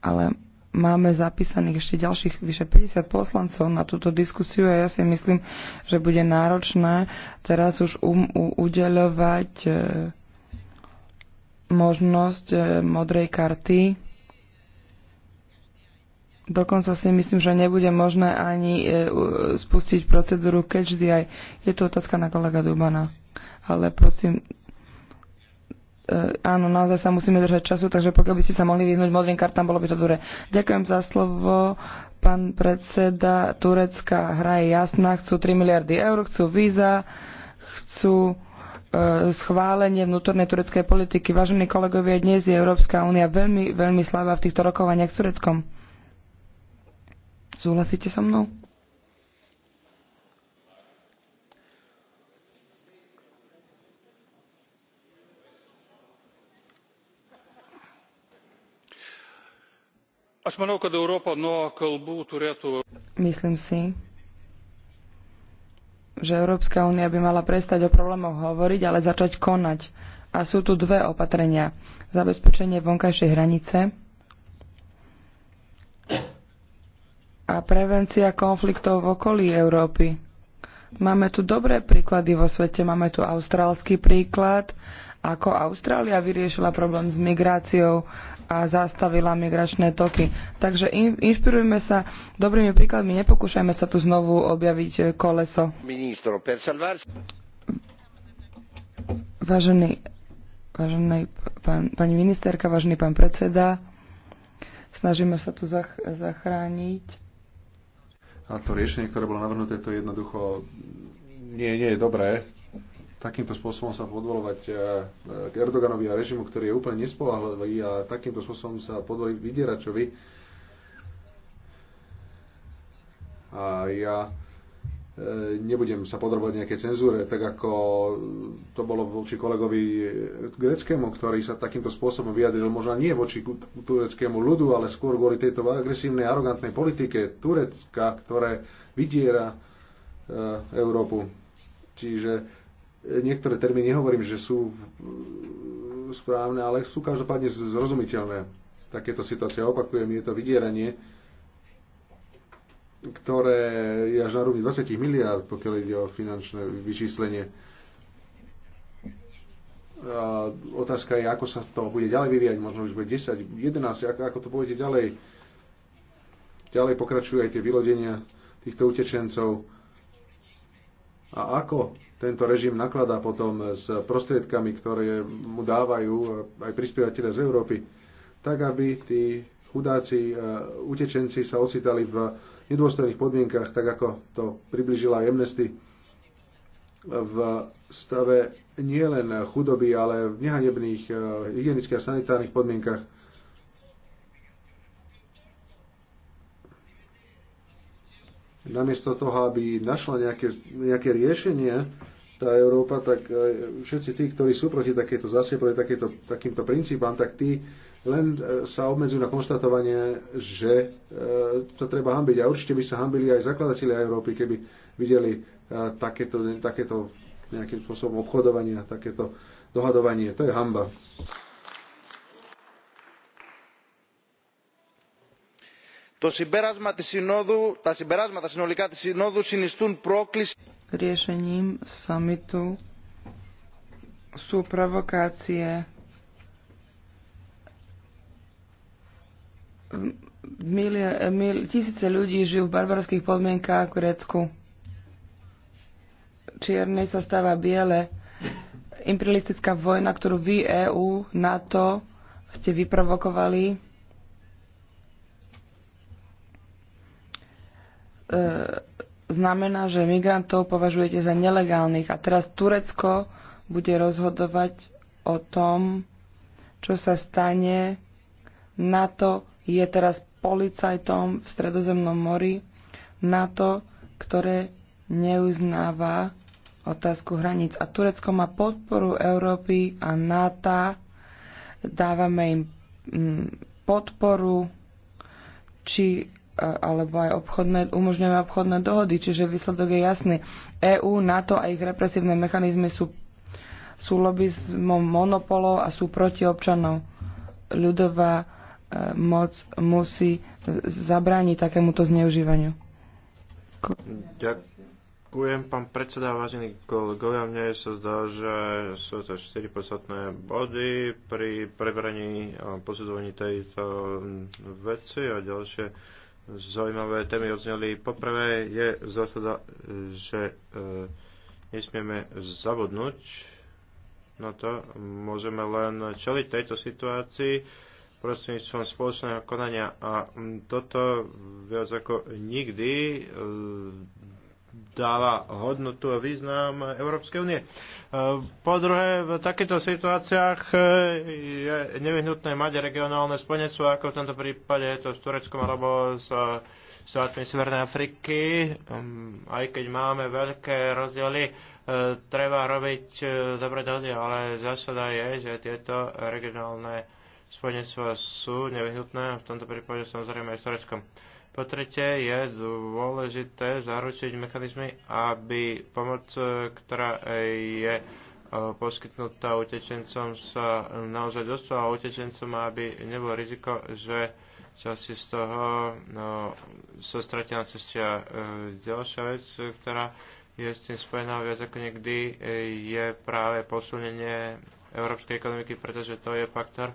ale máme zapísaných ešte ďalších vyše 50 poslancov na túto diskusiu a ja si myslím, že bude náročné teraz už um, u, udeľovať e, možnosť e, modrej karty. Dokonca si myslím, že nebude možné ani e, spustiť procedúru catch the eye. Je to otázka na kolega Dubana. Ale prosím, E, áno, naozaj sa musíme držať času, takže pokiaľ by ste sa mohli vyhnúť modrým kartám, bolo by to dobre. Ďakujem za slovo. Pán predseda, Turecka hra je jasná, chcú 3 miliardy eur, chcú víza, chcú e, schválenie vnútornej tureckej politiky. Vážení kolegovia, dnes je Európska únia veľmi, veľmi slabá v týchto rokovaniach s Tureckom. Súhlasíte so mnou? Myslím si, že Európska únia by mala prestať o problémoch hovoriť, ale začať konať. A sú tu dve opatrenia. Zabezpečenie vonkajšej hranice a prevencia konfliktov v okolí Európy. Máme tu dobré príklady vo svete. Máme tu austrálsky príklad, ako Austrália vyriešila problém s migráciou a zastavila migračné toky. Takže in, inšpirujme sa dobrými príkladmi, nepokúšajme sa tu znovu objaviť eh, koleso. Ministro, per salvarsi... Vážený, vážený pán, pani ministerka, vážený pán predseda, snažíme sa tu zach, zachrániť. A to riešenie, ktoré bolo navrhnuté, to jednoducho nie, nie je dobré takýmto spôsobom sa podvolovať e, e, k Erdoganovi a režimu, ktorý je úplne nespolahlivý a takýmto spôsobom sa podvoliť vydieračovi. A ja e, nebudem sa podrobovať nejakej cenzúre, tak ako to bolo voči kolegovi greckému, ktorý sa takýmto spôsobom vyjadril, možno nie voči tureckému ľudu, ale skôr kvôli tejto agresívnej, arogantnej politike Turecka, ktoré vydiera Európu. Čiže Niektoré termíny nehovorím, že sú správne, ale sú každopádne zrozumiteľné. Takéto situácie. opakujem, je to vydieranie, ktoré je až na rovni 20 miliárd, pokiaľ ide o finančné vyčíslenie. A otázka je, ako sa to bude ďalej vyvíjať, možno už bude 10, 11, ako, ako to pôjde ďalej. Ďalej pokračujú aj tie vylodenia týchto utečencov. A ako tento režim nakladá potom s prostriedkami, ktoré mu dávajú e, aj prispievateľe z Európy, tak aby tí chudáci e, utečenci sa ocitali v nedôstojných podmienkach, tak ako to približila aj Amnesty, e, v stave nielen chudoby, ale v nehanebných hygienických a sanitárnych podmienkach, namiesto toho, aby našla nejaké, nejaké riešenie, tá Európa, tak e, všetci tí, ktorí sú proti takéto zase, proti takéto, takýmto princípám, tak tí len e, sa obmedzujú na konštatovanie, že e, to treba hambiť. A určite by sa hambili aj zakladatelia Európy, keby videli takéto, takéto nejakým spôsobom obchodovanie, takéto dohadovanie. To je hamba. τα συμπεράσματα συνολικά της συνόδου συνιστούν πρόκληση Riešením summitu sú provokácie tisíce ľudí žijú v barbarských podmienkách v Grécku. Čierne sa stáva biele. Imperialistická vojna, ktorú vy, EÚ, NATO ste vyprovokovali, E, znamená, že migrantov považujete za nelegálnych. A teraz Turecko bude rozhodovať o tom, čo sa stane. NATO je teraz policajtom v Stredozemnom mori. NATO, ktoré neuznáva otázku hraníc. A Turecko má podporu Európy a NATO. Dávame im mm, podporu, či alebo aj obchodné, umožňujeme obchodné dohody, čiže výsledok je jasný. EÚ, NATO a ich represívne mechanizmy sú, sú lobizmom monopolov a sú proti občanov. Ľudová e, moc musí zabrániť takémuto zneužívaniu. Ko- Ďakujem, pán predseda, vážení kolegovia. Mne sa zdá, že sú to 4 podstatné body pri preberaní a posudzovaní tejto veci a ďalšie zaujímavé témy odzneli. Poprvé je zásada, že e, nesmieme zabudnúť na to. Môžeme len čeliť tejto situácii prostredníctvom spoločného konania a toto viac ako nikdy e, dáva hodnotu a význam Európskej únie. Eh, po druhé, v takýchto situáciách eh, je nevyhnutné mať regionálne spojenectvo, ako v tomto prípade je to s Tureckom alebo s štátmi eh, Severnej Afriky. Mm, aj keď máme veľké rozdiely, treba robiť dobré dohody, ale zásada je, že tieto regionálne spojenectvá sú nevyhnutné, v tomto prípade samozrejme aj s Tureckom. Po tretie je dôležité zaručiť mechanizmy, aby pomoc, ktorá je e, poskytnutá utečencom, sa naozaj dostala utečencom, aby nebolo riziko, že časti z toho no, sa stratia na ceste. A e, ďalšia vec, ktorá je s tým spojená viac ako niekdy, e, je práve posunenie európskej ekonomiky, pretože to je faktor,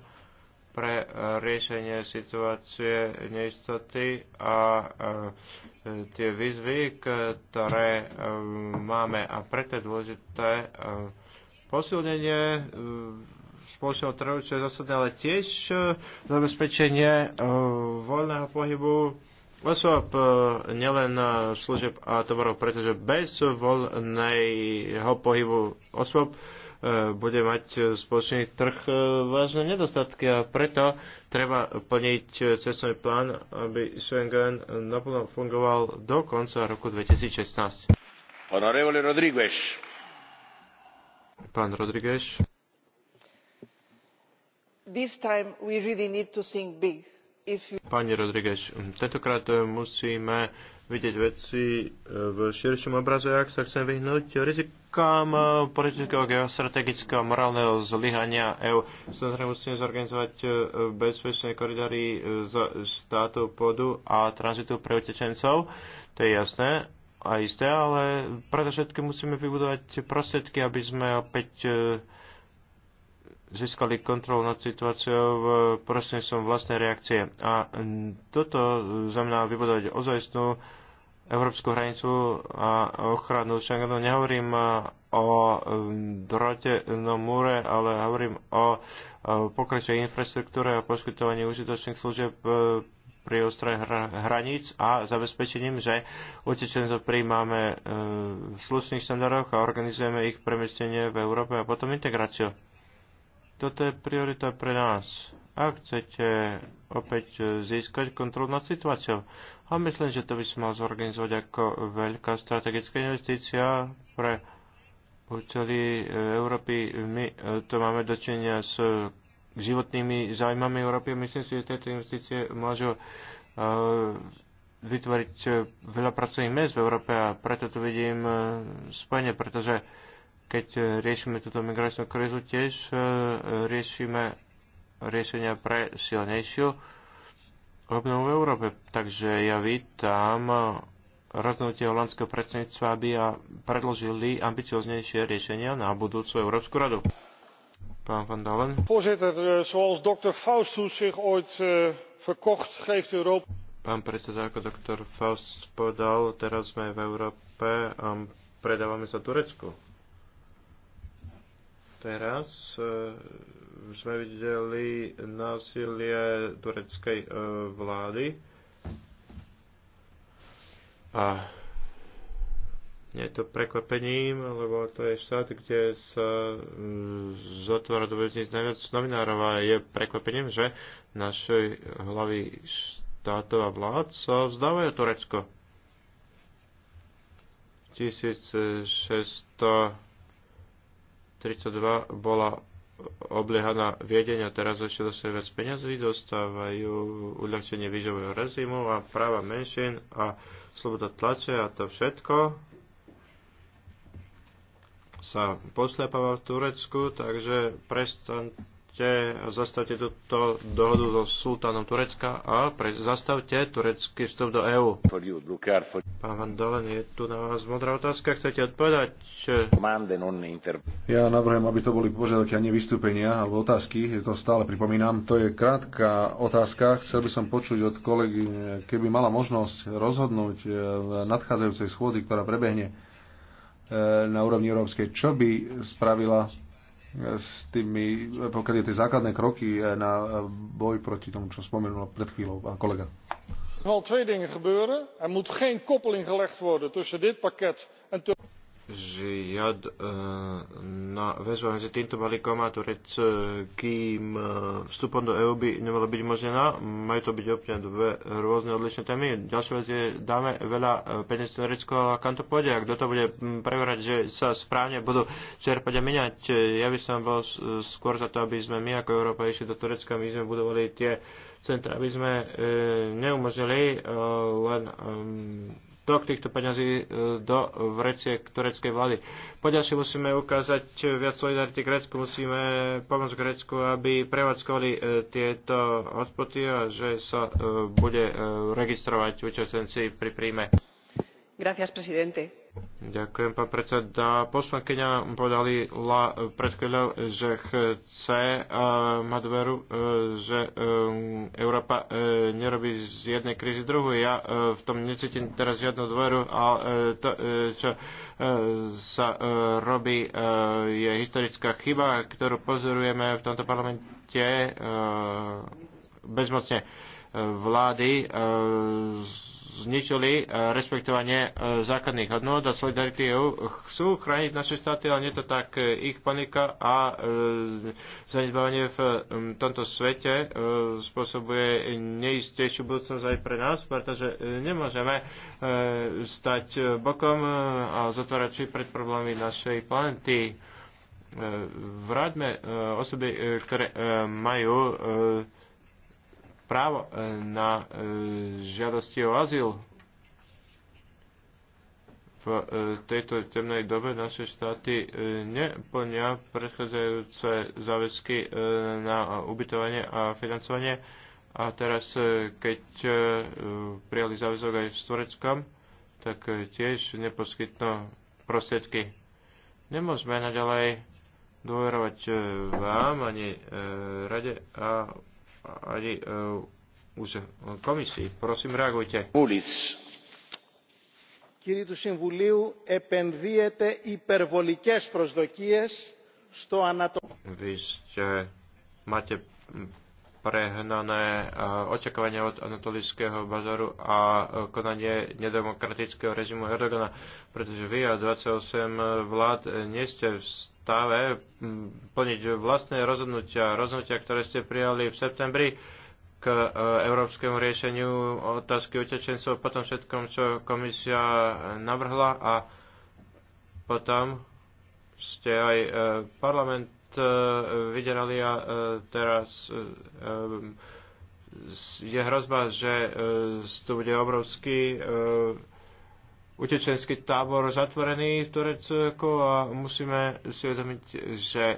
pre e, riešenie situácie neistoty a e, tie výzvy, ktoré e, máme. A preto je dôležité posilnenie spoločného trhu, čo je zásadné, ale tiež zabezpečenie voľného pohybu osob nielen služeb a tovarov, pretože bez voľného pohybu osob bude mať spoločný trh e, vážne nedostatky a preto treba plniť cestovný plán, aby Schengen naplno fungoval do konca roku 2016. Honorevole Rodríguez. Pán Rodríguez. This time we really need to think big. If you... Pani Rodríguez, tentokrát musíme vidieť veci e, v širšom obraze, ak sa chcem vyhnúť rizikám e, politického, geostrategického, morálneho zlyhania EÚ. Samozrejme musíme zorganizovať e, bezpečné koridory z štátov podu a tranzitu pre utečencov, to je jasné a isté, ale predovšetkým musíme vybudovať prostriedky, aby sme opäť získali kontrolu nad situáciou prostredníctvom vlastnej reakcie. A toto znamená vybudovať ozajstnú európsku hranicu a ochranu Schengenu. Nehovorím e, o drotenom múre, ale hovorím o e, pokračovaní infraštruktúre a poskytovaní užitočných služieb e, pri ostré hraníc a zabezpečením, že utečencov príjmame v slušných štandardoch a organizujeme ich premestnenie v Európe a potom integráciu. Toto je priorita pre nás. Ak chcete opäť získať kontrol nad situáciou. A myslím, že to by sme mal zorganizovať ako veľká strategická investícia pre účely e, Európy. My e, to máme dočenia s životnými zájmami Európy. Myslím si, že tieto investície môžu e, vytvoriť veľa pracovných miest v Európe a preto to vidím spojne, pretože keď e, riešime túto migračnú krizu, tiež e, riešime riešenia pre silnejšiu obnovu v Európe. Takže ja vítam rozhodnutie holandského predsedníctva, aby ja predložili ambicioznejšie riešenia na budúcu Európsku radu. Pán Van Dalen. Voorzitter, eh, zoals dokter Faustus zich ooit eh, verkocht, geeft Europa... Pán predseda, ako doktor Faust povedal, teraz sme v Európe a predávame sa Turecku. Teraz e, sme videli násilie tureckej e, vlády a nie je to prekvapením, lebo to je štát, kde sa mm, zotvára do väzníc najviac novinárov a je prekvapením, že naše hlavy štátov a vlád sa vzdávajú Turecko. 1600 32 bola obliehaná Viedeň a teraz ešte dostane viac peňazí, dostávajú uľahčenie výživového režimu a práva menšin a sloboda tlače a to všetko sa poslepáva v Turecku, takže prestan zastavte, zastavte túto dohodu so sultánom Turecka a pre, zastavte turecký vstup do EÚ. Pán Van Dolen, je tu na vás modrá otázka, chcete odpovedať? Ja navrhujem, aby to boli požiadavky a nevystúpenia alebo otázky, je to stále pripomínam. To je krátka otázka, chcel by som počuť od kolegy, keby mala možnosť rozhodnúť e, v nadchádzajúcej schôdzi, ktorá prebehne e, na úrovni európskej, čo by spravila s tými, pokiaľ je tie základné kroky na boj proti tomu, čo spomenul pred chvíľou pán kolega. Er moet twee dingen gebeuren. Er moet geen koppeling gelegd worden tussen dit pakket en žiad e, na väzba medzi týmto balíkom a tureckým e, vstupom do EÚ by nemalo byť možné, no, Majú to byť úplne dve rôzne odlišné témy. Ďalšia vec je, dáme veľa e, peniaz Turecko a kam to pôjde a kto to bude preverať, že sa správne budú čerpať a miňať. Ja by som bol skôr za to, aby sme my ako Európa išli do Turecka, my sme budovali tie centra, aby sme neumožnili len tok týchto peňazí e, do vreciek tureckej vlády. Poďalšie musíme ukázať viac solidarity Grécku, musíme pomôcť Grécku, aby prevádzkovali e, tieto hospody a že sa e, bude registrovať účastníci pri príjme. Gracias, presidente Ďakujem, pán predseda. Poslankyňa povedali la, pred chvíľou, že chce uh, mať veru, uh, eh, že eh, Európa uh, nerobí z jednej krízy druhú. Ja uh, v tom necítim teraz žiadnu dveru, ale uh, to, uh, čo uh, sa uh, robí, uh, je historická chyba, ktorú pozorujeme v tomto parlamente uh, bezmocne vlády uh, zničili e, respektovanie e, základných hodnot a solidarity EU. Chcú chrániť naše štáty, ale nie to tak. E, ich panika a zanedbávanie v tomto svete spôsobuje neistejšiu budúcnosť aj pre nás, pretože nemôžeme stať bokom a zatvárať či pred problémy našej planety. Vráťme osoby, ktoré majú právo e, na e, žiadosti o azyl. V e, tejto temnej dobe naše štáty neplnia predchádzajúce záväzky na ubytovanie a financovanie. A teraz, keď prijali záväzok aj s Tureckom, tak tiež neposkytnú prostriedky. Nemôžeme naďalej dôverovať vám ani rade a ani e, už e, komisii. Prosím, reagujte. Ulis. Κύριοι του Συμβουλίου, επενδύεται υπερβολικές προσδοκίες στο ανατολικό máte prehnané e, očakávania od anatolického bazaru a konanie nedemokratického režimu Erdogana, pretože vy a 28 vlád nie ste v stave mm, plniť vlastné rozhodnutia, rozhodnutia, ktoré ste prijali v septembri k e, európskemu riešeniu otázky utečencov potom všetkom, čo komisia navrhla a potom ste aj e, parlament e, vyderali a teraz je hrozba, že tu bude obrovský utečenský tábor zatvorený v Turecku a musíme si uvedomiť, že e,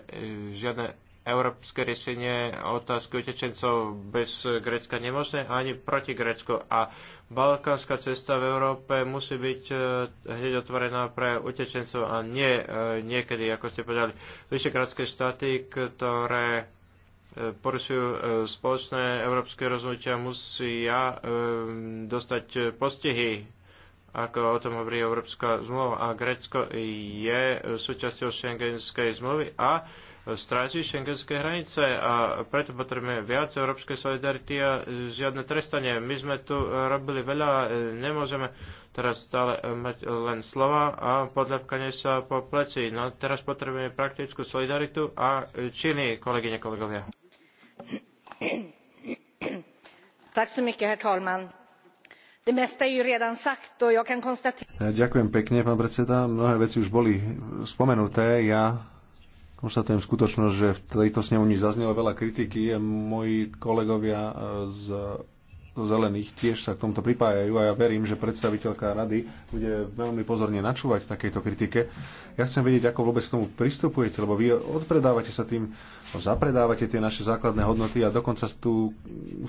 žiadne európske riešenie otázky utečencov bez Grécka nemožné ani proti Grécku. A balkánska cesta v Európe musí byť e, hneď otvorená pre utečencov a nie e, niekedy, ako ste povedali, vyšegradské štáty, ktoré porušujú spoločné európske rozhodnutia, musia dostať postihy ako o tom hovorí Európska zmluva. A Grécko je súčasťou šengenskej zmluvy a stráži šengenské hranice a preto potrebujeme viac európskej solidarity a žiadne trestanie. My sme tu robili veľa a nemôžeme teraz stále mať len slova a podľapkanie sa po pleci. No teraz potrebujeme praktickú solidaritu a činy, kolegyne, kolegovia. Tak som herr Tolman. Ďakujem pekne, pán predseda. Mnohé veci už boli spomenuté. Ja konštatujem skutočnosť, že v tejto snemovni zaznelo veľa kritiky. Moji kolegovia e, z zelených tiež sa k tomuto pripájajú a ja verím, že predstaviteľka rady bude veľmi pozorne načúvať takejto kritike. Ja chcem vedieť, ako vôbec k tomu pristupujete, lebo vy odpredávate sa tým, zapredávate tie naše základné hodnoty a dokonca tu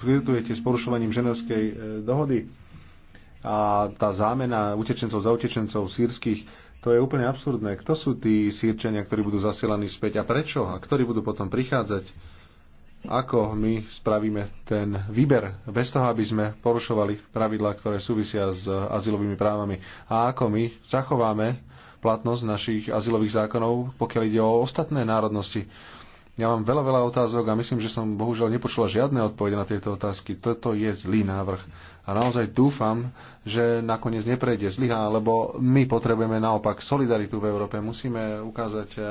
flirtujete s porušovaním ženevskej e, dohody a tá zámena utečencov za utečencov sírskych, to je úplne absurdné. Kto sú tí sírčania, ktorí budú zasielaní späť a prečo? A ktorí budú potom prichádzať? Ako my spravíme ten výber bez toho, aby sme porušovali pravidlá, ktoré súvisia s azylovými právami? A ako my zachováme platnosť našich azylových zákonov, pokiaľ ide o ostatné národnosti? Ja mám veľa, veľa otázok a myslím, že som bohužiaľ nepočula žiadne odpovede na tieto otázky. Toto je zlý návrh. A naozaj dúfam, že nakoniec neprejde zlyha, lebo my potrebujeme naopak solidaritu v Európe. Musíme ukázať eh,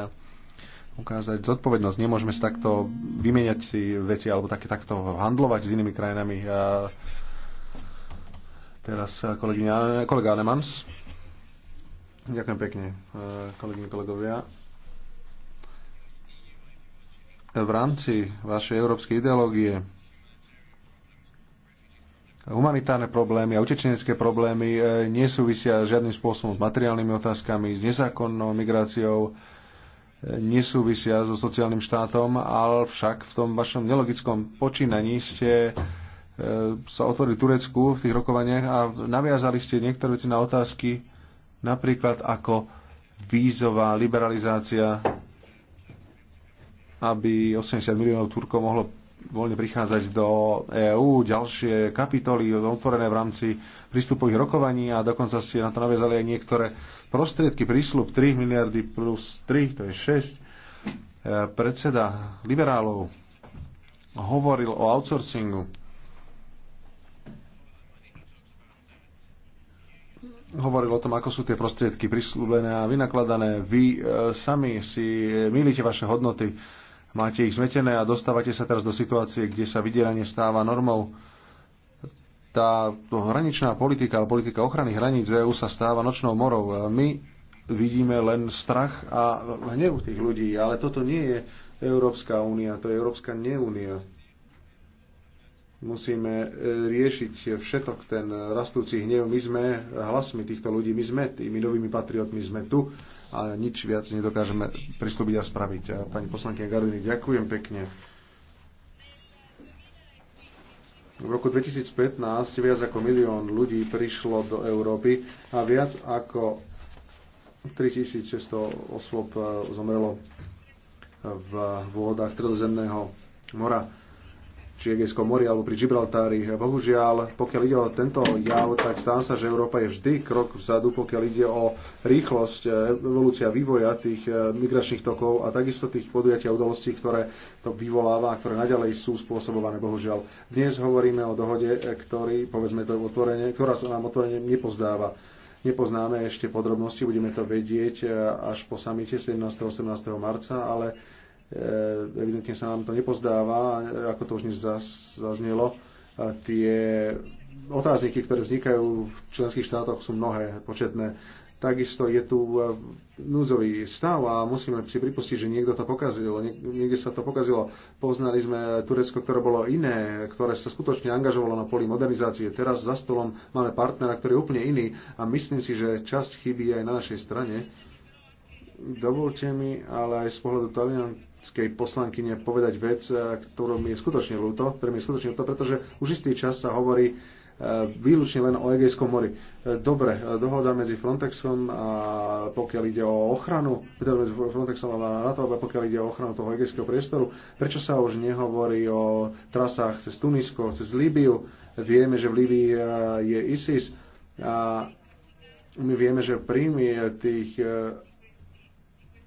ukázať zodpovednosť. Nemôžeme si takto vymieňať si veci alebo také takto handlovať s inými krajinami. A teraz eh, kolegyňa, kolega Alemans. Ďakujem pekne, eh, kolegyne, kolegovia v rámci vašej európskej ideológie humanitárne problémy a utečenecké problémy e, nesúvisia žiadnym spôsobom s materiálnymi otázkami, s nezákonnou migráciou, e, nesúvisia so sociálnym štátom, ale však v tom vašom nelogickom počínaní ste e, sa otvorili Turecku v tých rokovaniach a naviazali ste niektoré veci na otázky, napríklad ako vízová liberalizácia aby 80 miliónov Turkov mohlo voľne prichádzať do EÚ, ďalšie kapitoly otvorené v rámci prístupových rokovaní a dokonca ste na to naviazali aj niektoré prostriedky, prísľub 3 miliardy plus 3, to je 6. E, predseda liberálov hovoril o outsourcingu. hovoril o tom, ako sú tie prostriedky prislúbené a vynakladané. Vy e, sami si milíte vaše hodnoty máte ich zmetené a dostávate sa teraz do situácie, kde sa vydieranie stáva normou. Tá hraničná politika, ale politika ochrany hraníc EU sa stáva nočnou morou. My vidíme len strach a hnev tých ľudí, ale toto nie je Európska únia, to je Európska neúnia. Musíme e, riešiť všetok ten rastúci hnev. My sme hlasmi týchto ľudí, my sme tými novými patriotmi, sme tu a nič viac nedokážeme prislúbiť a spraviť. A pani poslankyňa Gardiny, ďakujem pekne. V roku 2015 viac ako milión ľudí prišlo do Európy a viac ako 3600 osôb eh, zomrelo v vôdach Stredozemného mora či Egejskom mori alebo pri Gibraltári. Bohužiaľ, pokiaľ ide o tento jav, tak stá sa, že Európa je vždy krok vzadu, pokiaľ ide o rýchlosť e, evolúcia vývoja tých e, migračných tokov a takisto tých podujatia udalostí, ktoré to vyvoláva a ktoré naďalej sú spôsobované, bohužiaľ. Dnes hovoríme o dohode, e, ktorý, povedzme to otvorene, ktorá sa nám otvorene nepozdáva. Nepoznáme ešte podrobnosti, budeme to vedieť až po samite 17. 18. marca, ale E, evidentne sa nám to nepozdáva, ako to už dnes zaznelo. Tie otázniky, ktoré vznikajú v členských štátoch, sú mnohé, početné. Takisto je tu e, núdzový stav a musíme si pripustiť, že niekto to pokazil, niekde sa to pokazilo. Poznali sme Turecko, ktoré bolo iné, ktoré sa skutočne angažovalo na poli modernizácie. Teraz za stolom máme partnera, ktorý je úplne iný a myslím si, že časť chybí aj na našej strane. Dovolte mi, ale aj z pohľadu Talian, skej poslankyne povedať vec, e, ktorú mi je skutočne ľúto, ktorú mi je skutočne ľúto, pretože už istý čas sa hovorí e, výlučne len o Egejskom mori. E, dobre, dohoda medzi Frontexom a pokiaľ ide o ochranu, teda medzi Frontexom a NATO, ale pokiaľ ide o ochranu toho egejského priestoru, prečo sa už nehovorí o trasách cez Tunisko, cez Líbiu? Vieme, že v Líbii je ISIS a my vieme, že príjmy tých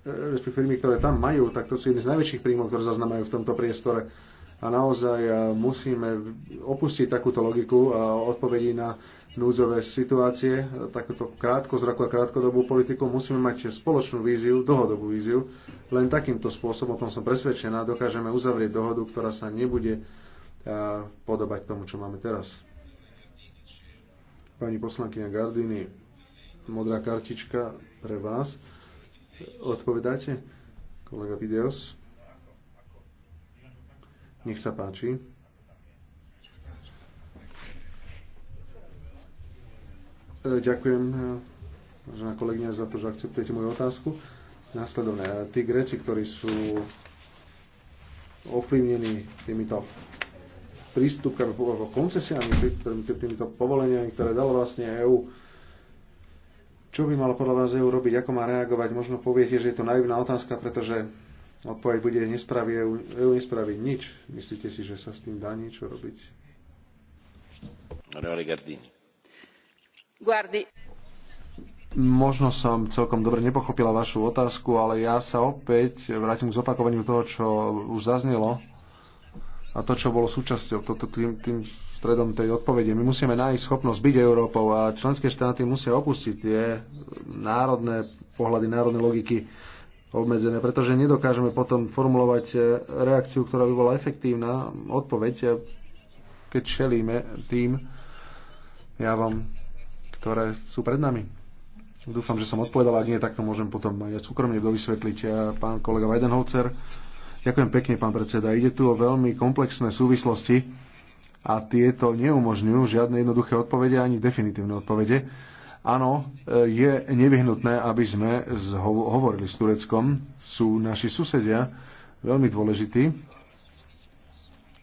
E, respektíve firmy, ktoré tam majú, tak to sú jedny z najväčších príjmov, ktoré zaznamenajú v tomto priestore. A naozaj musíme opustiť takúto logiku a odpovedí na núdzové situácie, takúto krátko zraku a krátkodobú politiku, musíme mať spoločnú víziu, dlhodobú víziu. Len takýmto spôsobom, o tom som presvedčená, dokážeme uzavrieť dohodu, ktorá sa nebude podobať tomu, čo máme teraz. Pani poslankyňa Gardini, modrá kartička pre vás. Odpovedáte? Kolega Videos. Nech sa páči. E, ďakujem, e, vážená kolegyňa, za to, že akceptujete moju otázku. Následovne, tí Gréci, ktorí sú ovplyvnení týmito prístupkami, koncesiami, týmito povoleniami, ktoré dalo vlastne EÚ, čo by malo podľa vás EU robiť? Ako má reagovať? Možno poviete, že je to naivná otázka, pretože odpoveď bude nespraví EU, EU nespraví nič. Myslíte si, že sa s tým dá niečo robiť? Guardi. Možno som celkom dobre nepochopila vašu otázku, ale ja sa opäť vrátim k zopakovaniu toho, čo už zaznelo a to, čo bolo súčasťou. toto tým, tým stredom tej odpovede. My musíme nájsť schopnosť byť Európou a členské štáty musia opustiť tie národné pohľady, národné logiky obmedzené, pretože nedokážeme potom formulovať eh, reakciu, ktorá by bola efektívna, odpoveď, eh, keď čelíme tým javom, ktoré sú pred nami. Dúfam, že som odpovedal, ak nie, tak to môžem potom aj súkromne dovysvetliť. Eh, pán kolega Weidenholzer, ďakujem pekne, pán predseda. Ide tu o veľmi komplexné súvislosti a tieto neumožňujú žiadne jednoduché odpovede ani definitívne odpovede. Áno, e, je nevyhnutné, aby sme hovorili s Tureckom. Sú naši susedia veľmi dôležití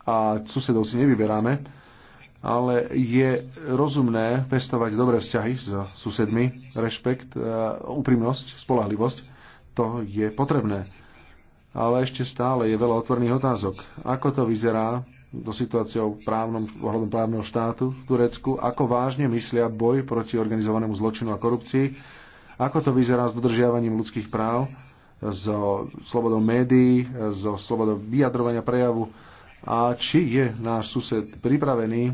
a susedov si nevyberáme, ale je rozumné pestovať dobré vzťahy so susedmi, rešpekt, e, úprimnosť, spolahlivosť. To je potrebné. Ale ešte stále je veľa otvorných otázok. Ako to vyzerá do situáciou právnom, ohľadom právneho štátu v Turecku, ako vážne myslia boj proti organizovanému zločinu a korupcii, ako to vyzerá s dodržiavaním ľudských práv, so slobodou médií, so slobodou vyjadrovania prejavu a či je náš sused pripravený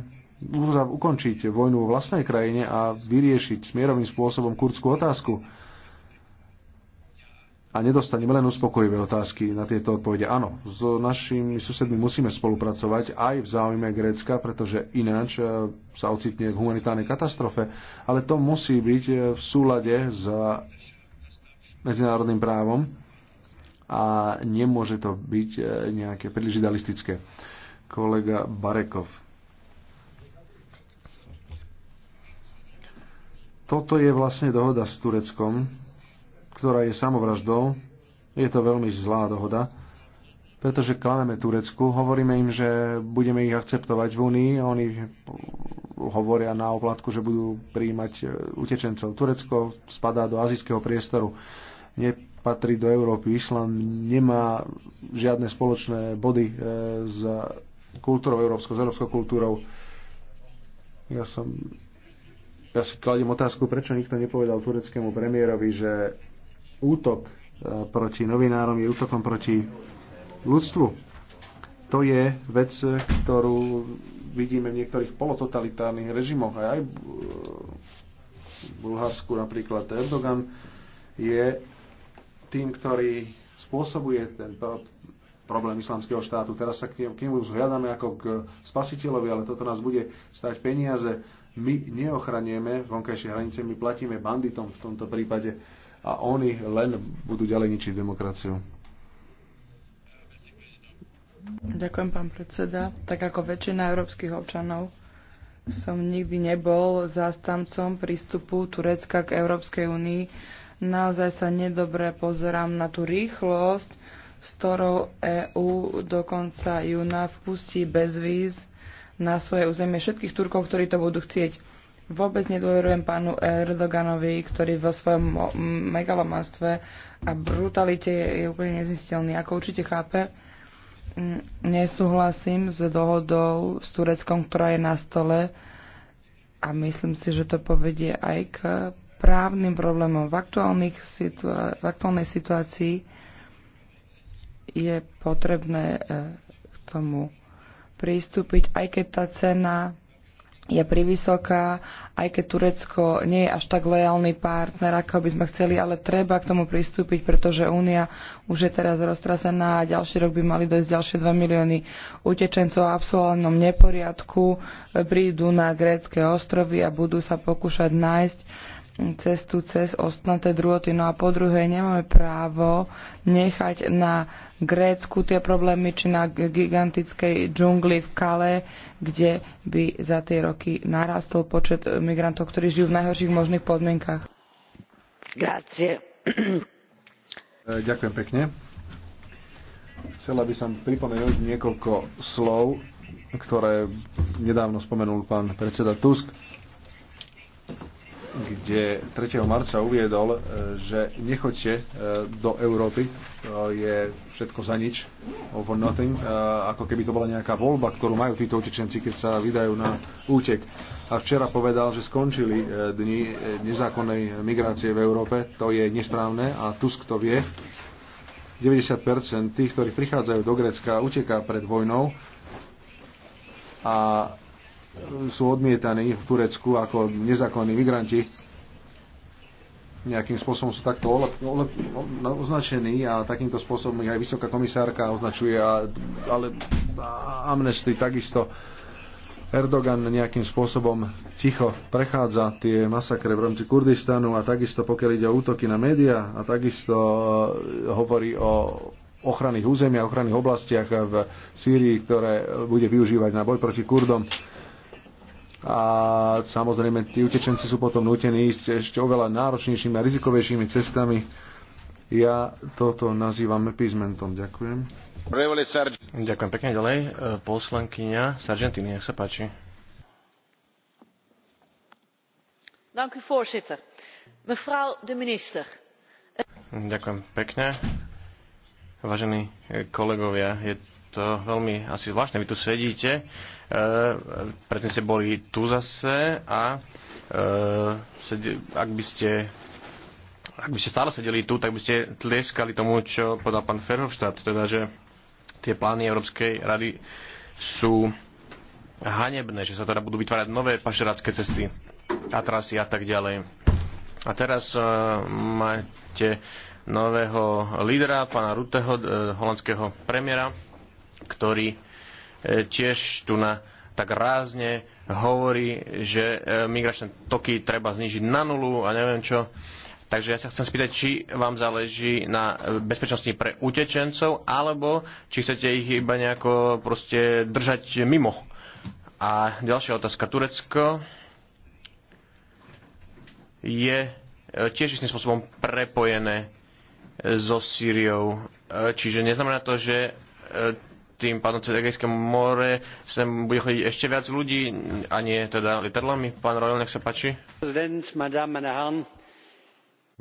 ukončiť vojnu vo vlastnej krajine a vyriešiť smierovým spôsobom kurdskú otázku a nedostaneme len uspokojivé otázky na tieto odpovede. Áno, s našimi susedmi musíme spolupracovať aj v záujme Grécka, pretože ináč e, sa ocitne v humanitárnej katastrofe, ale to musí byť e, v súlade s medzinárodným právom a nemôže to byť e, nejaké príliš idealistické. Kolega Barekov. Toto je vlastne dohoda s Tureckom, ktorá je samovraždou. Je to veľmi zlá dohoda, pretože klameme Turecku, hovoríme im, že budeme ich akceptovať v Únii, oni hovoria na oplatku, že budú prijímať e, utečencov. Turecko spadá do azijského priestoru, nepatrí do Európy. Islam nemá žiadne spoločné body e, s kultúrou európskou, s európskou kultúrou. Ja som ja si kladím otázku, prečo nikto nepovedal tureckému premiérovi, že útok e, proti novinárom je útokom proti ľudstvu. To je vec, ktorú vidíme v niektorých polototalitárnych režimoch. Aj, aj e, v Bulharsku napríklad Erdogan je tým, ktorý spôsobuje ten problém islamského štátu. Teraz sa k nemu zhľadáme ako k spasiteľovi, ale toto nás bude stať peniaze. My neochranieme vonkajšie hranice, my platíme banditom v tomto prípade a oni len budú ďalej ničiť demokraciu. Ďakujem, pán predseda. Tak ako väčšina európskych občanov som nikdy nebol zástancom prístupu Turecka k Európskej únii. Naozaj sa nedobre pozerám na tú rýchlosť, s ktorou EÚ do konca júna vpustí bez víz na svoje územie všetkých Turkov, ktorí to budú chcieť. Vôbec nedôverujem pánu Erdoganovi, ktorý vo svojom megalomanstve a brutalite je úplne nezistelný. Ako určite chápe, nesúhlasím s dohodou s Tureckom, ktorá je na stole a myslím si, že to povedie aj k právnym problémom. V, v aktuálnej situácii je potrebné e, k tomu pristúpiť, aj keď tá cena je privysoká, aj keď Turecko nie je až tak lojálny partner, ako by sme chceli, ale treba k tomu pristúpiť, pretože Únia už je teraz roztrasená a ďalší rok by mali dojsť ďalšie 2 milióny utečencov a absolútnom neporiadku prídu na grécké ostrovy a budú sa pokúšať nájsť cestu cez ostatné druhoty. No a po druhé, nemáme právo nechať na Grécku tie problémy, či na gigantickej džungli v Kale, kde by za tie roky narastol počet migrantov, ktorí žijú v najhorších možných podmienkach. Grazie. E, ďakujem pekne. Chcela by som pripomenúť niekoľko slov, ktoré nedávno spomenul pán predseda Tusk kde 3. marca uviedol, e, že nechoďte e, do Európy, je všetko za nič, for nothing, e, ako keby to bola nejaká voľba, ktorú majú títo utečenci, keď sa vydajú na útek. A včera povedal, že skončili dni nezákonnej migrácie v Európe, to je nesprávne a Tusk to vie. 90% tých, ktorí prichádzajú do Grécka, uteká pred vojnou a sú odmietaní v Turecku ako nezákonní migranti. Nejakým spôsobom sú takto no, označení a takýmto spôsobom ich aj vysoká komisárka označuje, a, ale a Amnesty takisto. Erdogan nejakým spôsobom ticho prechádza tie masakre v rámci Kurdistanu a takisto pokiaľ ide o útoky na médiá a takisto e, hovorí o ochranných územiach, ochranných oblastiach v Sýrii, ktoré bude využívať na boj proti Kurdom a samozrejme tí utečenci sú potom nutení ísť ešte oveľa náročnejšími a rizikovejšími cestami. Ja toto nazývam písmentom. Ďakujem. Ďakujem pekne ďalej. E, poslankyňa Sargentini, nech sa páči. Ďakujem pekne. Vážení e, kolegovia, je to veľmi asi zvláštne. Vy tu sedíte E, predtým ste boli tu zase a e, ak by ste ak by ste stále sedeli tu, tak by ste tlieskali tomu, čo podal pán Ferhofstadt, teda, že tie plány Európskej rady sú hanebné, že sa teda budú vytvárať nové pašerácké cesty a trasy a tak ďalej. A teraz uh, máte nového lídra, pána Ruteho, uh, holandského premiera, ktorý E, tiež tu na tak rázne hovorí, že e, migračné toky treba znižiť na nulu a neviem čo. Takže ja sa chcem spýtať, či vám záleží na bezpečnosti pre utečencov, alebo či chcete ich iba nejako proste držať mimo. A ďalšia otázka. Turecko je e, tiež istým spôsobom prepojené so Sýriou. Čiže neznamená to, že tým pádom cez Egejské more sem bude chodiť ešte viac ľudí a nie teda lietadlami. Pán Royal, nech sa páči.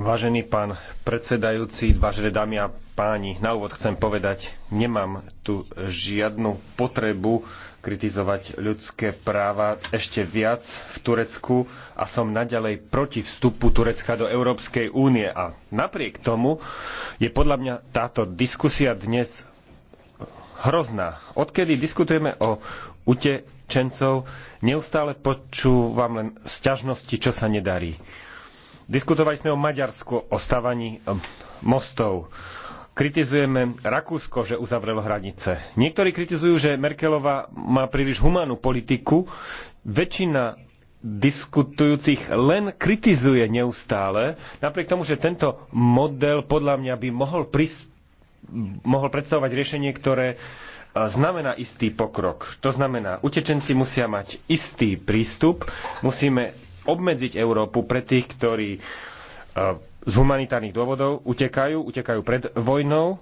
Vážený pán predsedajúci, vážené dámy a páni, na úvod chcem povedať, nemám tu žiadnu potrebu kritizovať ľudské práva ešte viac v Turecku a som naďalej proti vstupu Turecka do Európskej únie. A napriek tomu je podľa mňa táto diskusia dnes hrozná. Odkedy diskutujeme o utečencov, neustále počúvam len sťažnosti, čo sa nedarí. Diskutovali sme o Maďarsku, o stavaní mostov. Kritizujeme Rakúsko, že uzavrelo hranice. Niektorí kritizujú, že Merkelová má príliš humánnu politiku. Väčšina diskutujúcich len kritizuje neustále, napriek tomu, že tento model podľa mňa by mohol prispieť mohol predstavovať riešenie, ktoré e, znamená istý pokrok. To znamená, utečenci musia mať istý prístup, musíme obmedziť Európu pre tých, ktorí e, z humanitárnych dôvodov utekajú, utekajú pred vojnou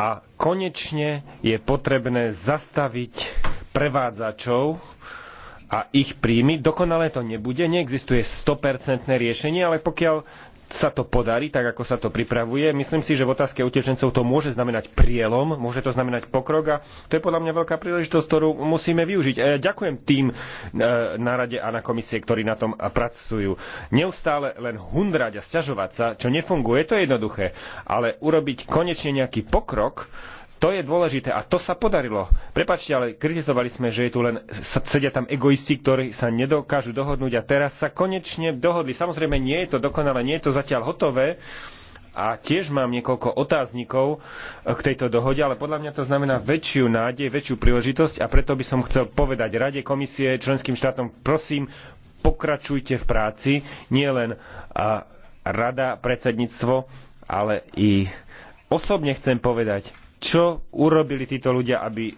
a konečne je potrebné zastaviť prevádzačov a ich príjmy. Dokonale to nebude, neexistuje 100% riešenie, ale pokiaľ sa to podarí, tak ako sa to pripravuje. Myslím si, že v otázke utečencov to môže znamenať prielom, môže to znamenať pokrok a to je podľa mňa veľká príležitosť, ktorú musíme využiť. A e, ja ďakujem tým e, na rade a na komisie, ktorí na tom pracujú. Neustále len hundrať a sťažovať sa, čo nefunguje, to je jednoduché, ale urobiť konečne nejaký pokrok, to je dôležité a to sa podarilo. Prepačte, ale kritizovali sme, že je tu len, sedia tam egoisti, ktorí sa nedokážu dohodnúť a teraz sa konečne dohodli. Samozrejme, nie je to dokonale, nie je to zatiaľ hotové, a tiež mám niekoľko otáznikov eh, k tejto dohode, ale podľa mňa to znamená väčšiu nádej, väčšiu príležitosť a preto by som chcel povedať Rade, komisie, členským štátom, prosím, pokračujte v práci, nie len eh, rada, predsedníctvo, ale i osobne chcem povedať, čo urobili títo ľudia, aby e,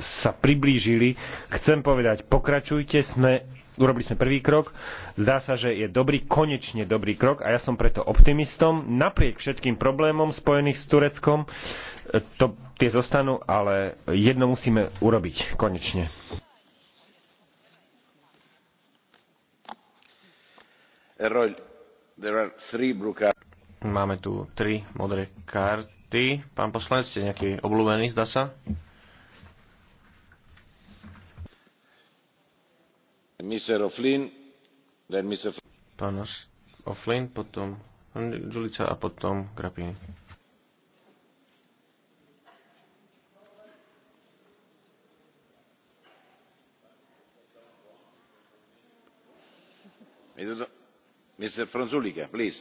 sa priblížili. Chcem povedať, pokračujte, sme, urobili sme prvý krok, zdá sa, že je dobrý, konečne dobrý krok a ja som preto optimistom. Napriek všetkým problémom spojených s Tureckom, e, to, tie zostanú, ale jedno musíme urobiť, konečne. Máme tu tri modré karty ty, pán poslanec, ste nejaký obľúbený, zdá sa? Mr. O'Flynn, then Mr. Pán O'Flynn, potom Julica a potom Grapini. Mr. Franzulica, please.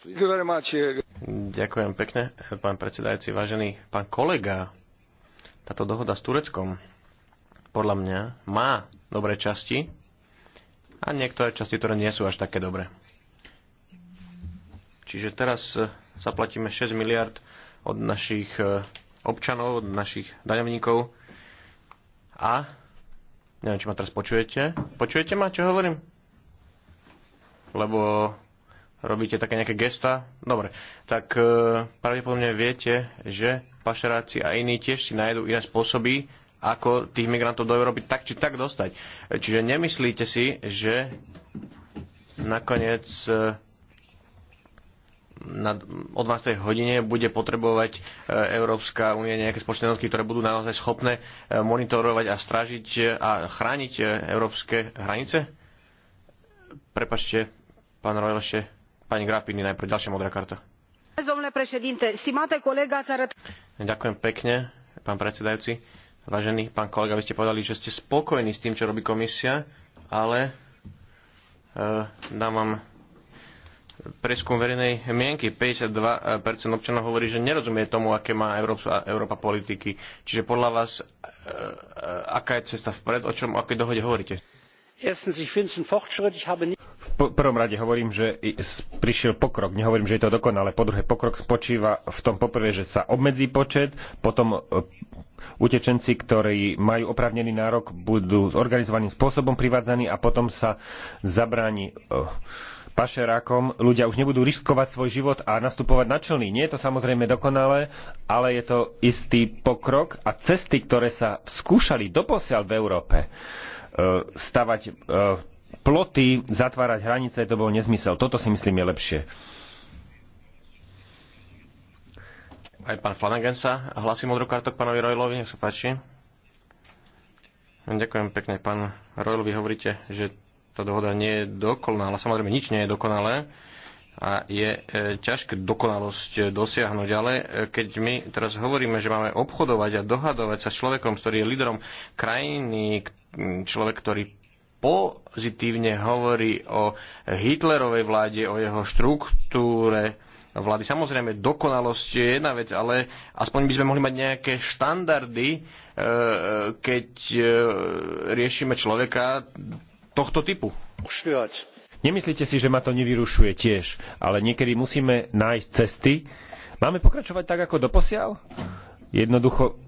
Ďakujem pekne, pán predsedajúci. Vážený pán kolega, táto dohoda s Tureckom podľa mňa má dobré časti a niektoré časti, ktoré nie sú až také dobré. Čiže teraz eh, zaplatíme 6 miliard od našich eh, občanov, od našich daňovníkov a neviem, či ma teraz počujete. Počujete ma, čo hovorím? Lebo robíte také nejaké gesta, dobre, tak e, pravdepodobne viete, že pašeráci a iní tiež si nájdú iné spôsoby, ako tých migrantov do Európy tak či tak dostať. Čiže nemyslíte si, že nakoniec e, na, o 12. hodine bude potrebovať e, Európska únia nejaké spoločné jednotky, ktoré budú naozaj schopné e, monitorovať a strážiť a chrániť e, európske hranice? Prepačte, pán Rojleše, Pani Grapini, najprv ďalšia modrá karta. Ďakujem pekne, pán predsedajúci. Vážený pán kolega, vy ste povedali, že ste spokojní s tým, čo robí komisia, ale e, dám vám preskum verejnej mienky. 52% občanov hovorí, že nerozumie tomu, aké má Európa, Európa politiky. Čiže podľa vás, e, aká je cesta vpred, o čom, o akej dohode hovoríte? Erstens, ich finde es einen Fortschritt. Ich habe nicht v prvom rade hovorím, že prišiel pokrok. Nehovorím, že je to dokonale. Po druhé, pokrok spočíva v tom poprvé, že sa obmedzí počet, potom e, utečenci, ktorí majú oprávnený nárok, budú organizovaným spôsobom privádzaní a potom sa zabráni e, pašerákom. Ľudia už nebudú riskovať svoj život a nastupovať na člny. Nie je to samozrejme dokonalé, ale je to istý pokrok a cesty, ktoré sa skúšali doposiaľ v Európe e, stavať ploty, zatvárať hranice, to bol nezmysel. Toto si myslím je lepšie. Aj pán Flanagan sa hlasí modrú k pánovi Rojlovi, nech sa páči. Ďakujem pekne, pán Royal, vy hovoríte, že tá dohoda nie je dokonalá. Samozrejme, nič nie je dokonalé a je e, ťažké dokonalosť dosiahnuť. Ale e, keď my teraz hovoríme, že máme obchodovať a dohadovať sa s človekom, ktorý je lídrom krajiny, človek, ktorý pozitívne hovorí o Hitlerovej vláde, o jeho štruktúre vlády. Samozrejme, dokonalosť je jedna vec, ale aspoň by sme mohli mať nejaké štandardy, e, keď e, riešime človeka tohto typu. Nemyslíte si, že ma to nevyrušuje tiež, ale niekedy musíme nájsť cesty. Máme pokračovať tak, ako doposiaľ? Jednoducho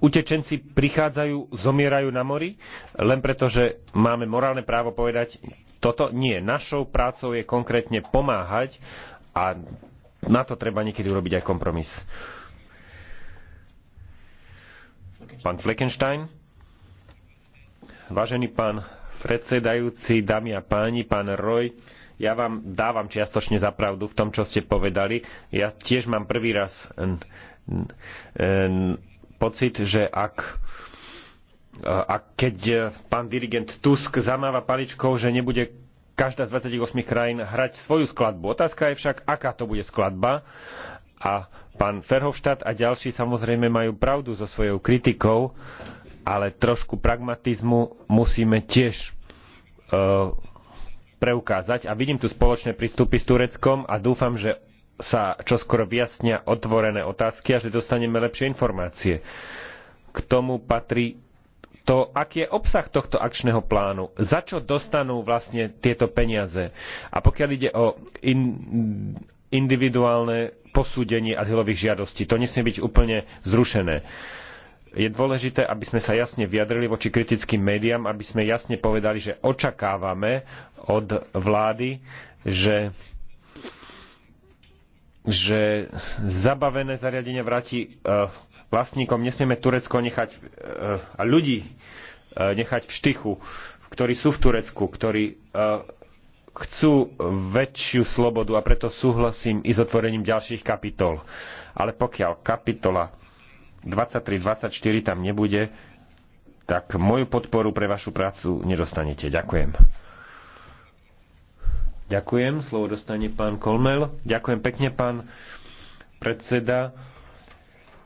utečenci prichádzajú, zomierajú na mori, len preto, že máme morálne právo povedať, toto nie. Našou prácou je konkrétne pomáhať a na to treba niekedy urobiť aj kompromis. Pán Fleckenstein. Vážený pán predsedajúci, dámy a páni, pán Roy, ja vám dávam čiastočne za pravdu v tom, čo ste povedali. Ja tiež mám prvý raz pocit, že ak eh, a keď pán dirigent Tusk zamáva paličkou, že nebude každá z 28 krajín hrať svoju skladbu. Otázka je však, aká to bude skladba. A pán Ferhovštát a ďalší samozrejme majú pravdu so svojou kritikou, ale trošku pragmatizmu musíme tiež uh, preukázať. A vidím tu spoločné prístupy s Tureckom a dúfam, že sa čoskoro vyjasnia otvorené otázky a že dostaneme lepšie informácie. K tomu patrí to, aký je obsah tohto akčného plánu, za čo dostanú vlastne tieto peniaze. A pokiaľ ide o in, individuálne posúdenie azylových žiadostí, to nesmie byť úplne zrušené. Je dôležité, aby sme sa jasne vyjadrili voči kritickým médiám, aby sme jasne povedali, že očakávame od vlády, že že zabavené zariadenie vráti e, vlastníkom. Nesmieme Turecko nechať e, a ľudí e, nechať v štychu, ktorí sú v Turecku, ktorí chcú väčšiu slobodu a preto súhlasím i s otvorením ďalších kapitol. Ale pokiaľ kapitola 23-24 tam nebude, tak moju podporu pre vašu prácu nedostanete. Ďakujem. Ďakujem, slovo dostane pán Kolmel. Ďakujem pekne, pán predseda.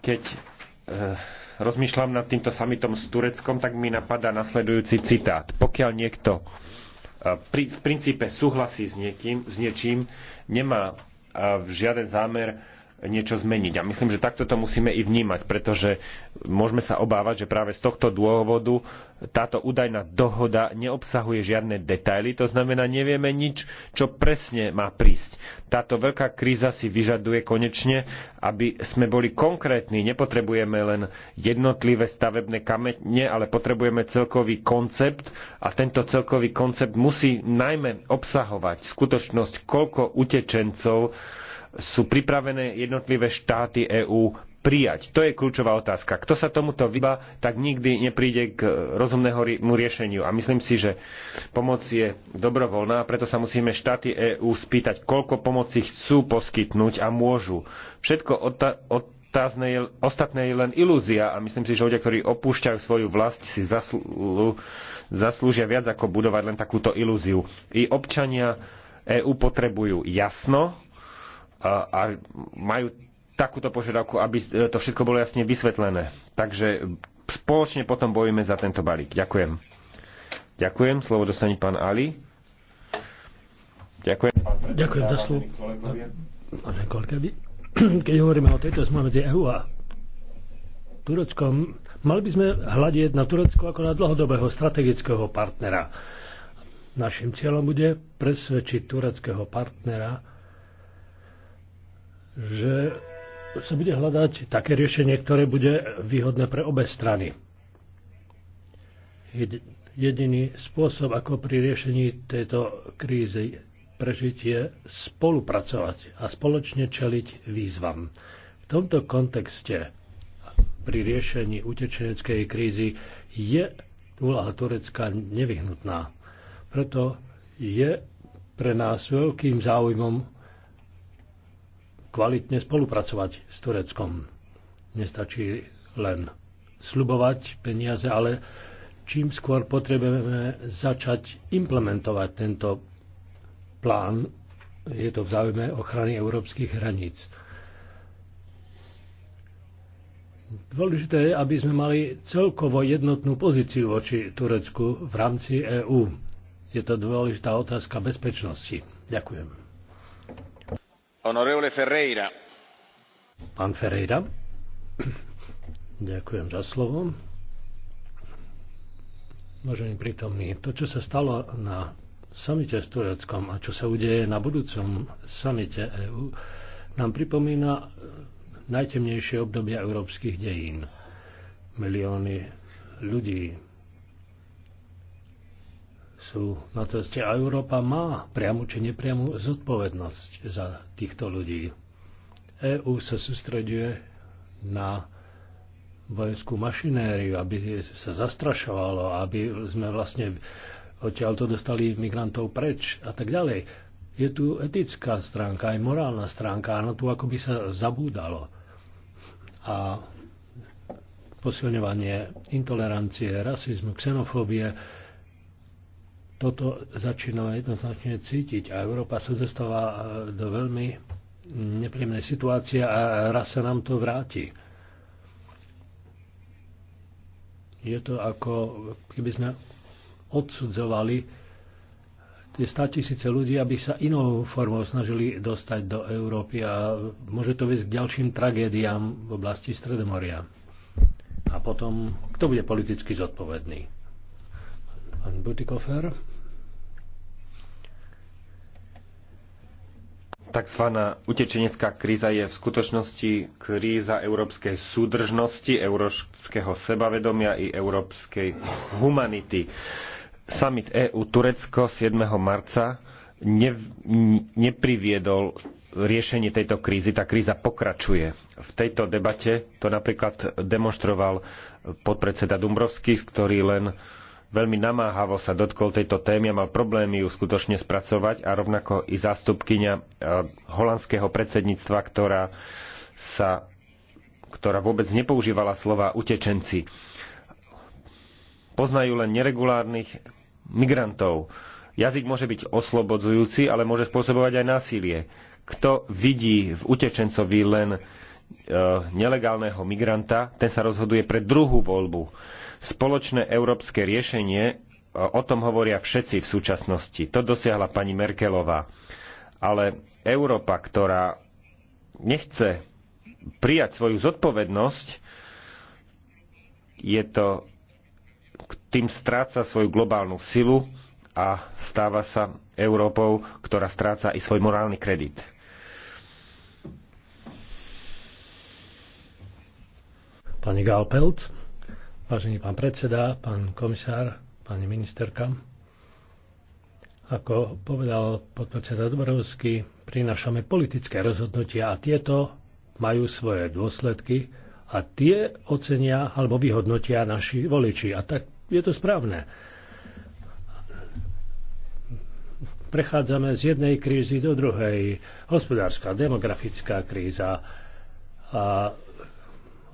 Keď e, rozmýšľam nad týmto samitom s Tureckom, tak mi napadá nasledujúci citát. Pokiaľ niekto e, pri, v princípe súhlasí s, niekým, s niečím, nemá e, žiaden zámer niečo zmeniť. A myslím, že takto to musíme i vnímať, pretože môžeme sa obávať, že práve z tohto dôvodu táto údajná dohoda neobsahuje žiadne detaily, to znamená, nevieme nič, čo presne má prísť. Táto veľká kríza si vyžaduje konečne, aby sme boli konkrétni, nepotrebujeme len jednotlivé stavebné kamene, ale potrebujeme celkový koncept a tento celkový koncept musí najmä obsahovať skutočnosť, koľko utečencov sú pripravené jednotlivé štáty EÚ prijať? To je kľúčová otázka. Kto sa tomuto vyba, tak nikdy nepríde k rozumnému riešeniu. A myslím si, že pomoc je dobrovoľná, preto sa musíme štáty EÚ spýtať, koľko pomoci chcú poskytnúť a môžu. Všetko Otázne je, ostatné je len ilúzia a myslím si, že ľudia, ktorí opúšťajú svoju vlast, si zaslú, zaslúžia viac ako budovať len takúto ilúziu. I občania EÚ potrebujú jasno, a majú takúto požiadavku, aby to všetko bolo jasne vysvetlené. Takže spoločne potom bojíme za tento balík. Ďakujem. Ďakujem. Slovo dostane pán Ali. Ďakujem. Ďakujem za slovo. Keď hovoríme o tejto zmluve medzi EU a Tureckom, mali by sme hľadiť na Turecko ako na dlhodobého strategického partnera. Našim cieľom bude presvedčiť tureckého partnera, že sa bude hľadať také riešenie, ktoré bude výhodné pre obe strany. Jediný spôsob, ako pri riešení tejto krízy prežiť, je spolupracovať a spoločne čeliť výzvam. V tomto kontexte pri riešení utečeneckej krízy je úlaha Turecka nevyhnutná. Preto je pre nás veľkým záujmom kvalitne spolupracovať s Tureckom. Nestačí len slubovať peniaze, ale čím skôr potrebujeme začať implementovať tento plán. Je to v záujme ochrany európskych hraníc. Dôležité je, aby sme mali celkovo jednotnú pozíciu voči Turecku v rámci EÚ. Je to dôležitá otázka bezpečnosti. Ďakujem. Pán Ferreira. Ďakujem za slovo. Vážení prítomní, to, čo sa stalo na samite s Tureckom a čo sa udeje na budúcom samite EÚ, nám pripomína najtemnejšie obdobia európskych dejín. Milióny ľudí sú na ceste a Európa má priamu či nepriamu zodpovednosť za týchto ľudí. EÚ sa sústreduje na vojenskú mašinériu, aby sa zastrašovalo, aby sme vlastne odtiaľto dostali migrantov preč a tak ďalej. Je tu etická stránka, aj morálna stránka, na tu ako by sa zabúdalo. A posilňovanie intolerancie, rasizmu, xenofóbie, toto začínala jednoznačne cítiť a Európa sa dostala e, do veľmi nepríjemnej situácie a raz sa nám to vráti. Je to ako keby sme odsudzovali tie tisíce ľudí, aby sa inou formou snažili dostať do Európy a môže to viesť k ďalším tragédiám v oblasti Stredomoria. A potom, kto bude politicky zodpovedný? Pán Butikofer. Takzvaná utečenecká kríza je v skutočnosti kríza európskej súdržnosti, európskeho sebavedomia i európskej humanity. Summit EU-Turecko 7. marca ne, nepriviedol riešenie tejto krízy. Tá kríza pokračuje. V tejto debate to napríklad demonstroval podpredseda Dumbrovský, ktorý len veľmi namáhavo sa dotkol tejto témy a mal problémy ju skutočne spracovať a rovnako i zástupkyňa e, holandského predsedníctva, ktorá sa ktorá vôbec nepoužívala slova utečenci. Poznajú len neregulárnych migrantov. Jazyk môže byť oslobodzujúci, ale môže spôsobovať aj násilie. Kto vidí v utečencovi len e, nelegálneho migranta, ten sa rozhoduje pre druhú voľbu Spoločné európske riešenie, e, o tom hovoria všetci v súčasnosti. To dosiahla pani Merkelová. Ale Európa, ktorá nechce prijať svoju zodpovednosť, je to, tým stráca svoju globálnu silu a stáva sa Európou, ktorá stráca i svoj morálny kredit. Pani Galpelt. Vážený pán predseda, pán komisár, pani ministerka, ako povedal podpredseda Dobrovský, prinášame politické rozhodnutia a tieto majú svoje dôsledky a tie ocenia alebo vyhodnotia naši voliči. A tak je to správne. Prechádzame z jednej krízy do druhej. Hospodárska, demografická kríza a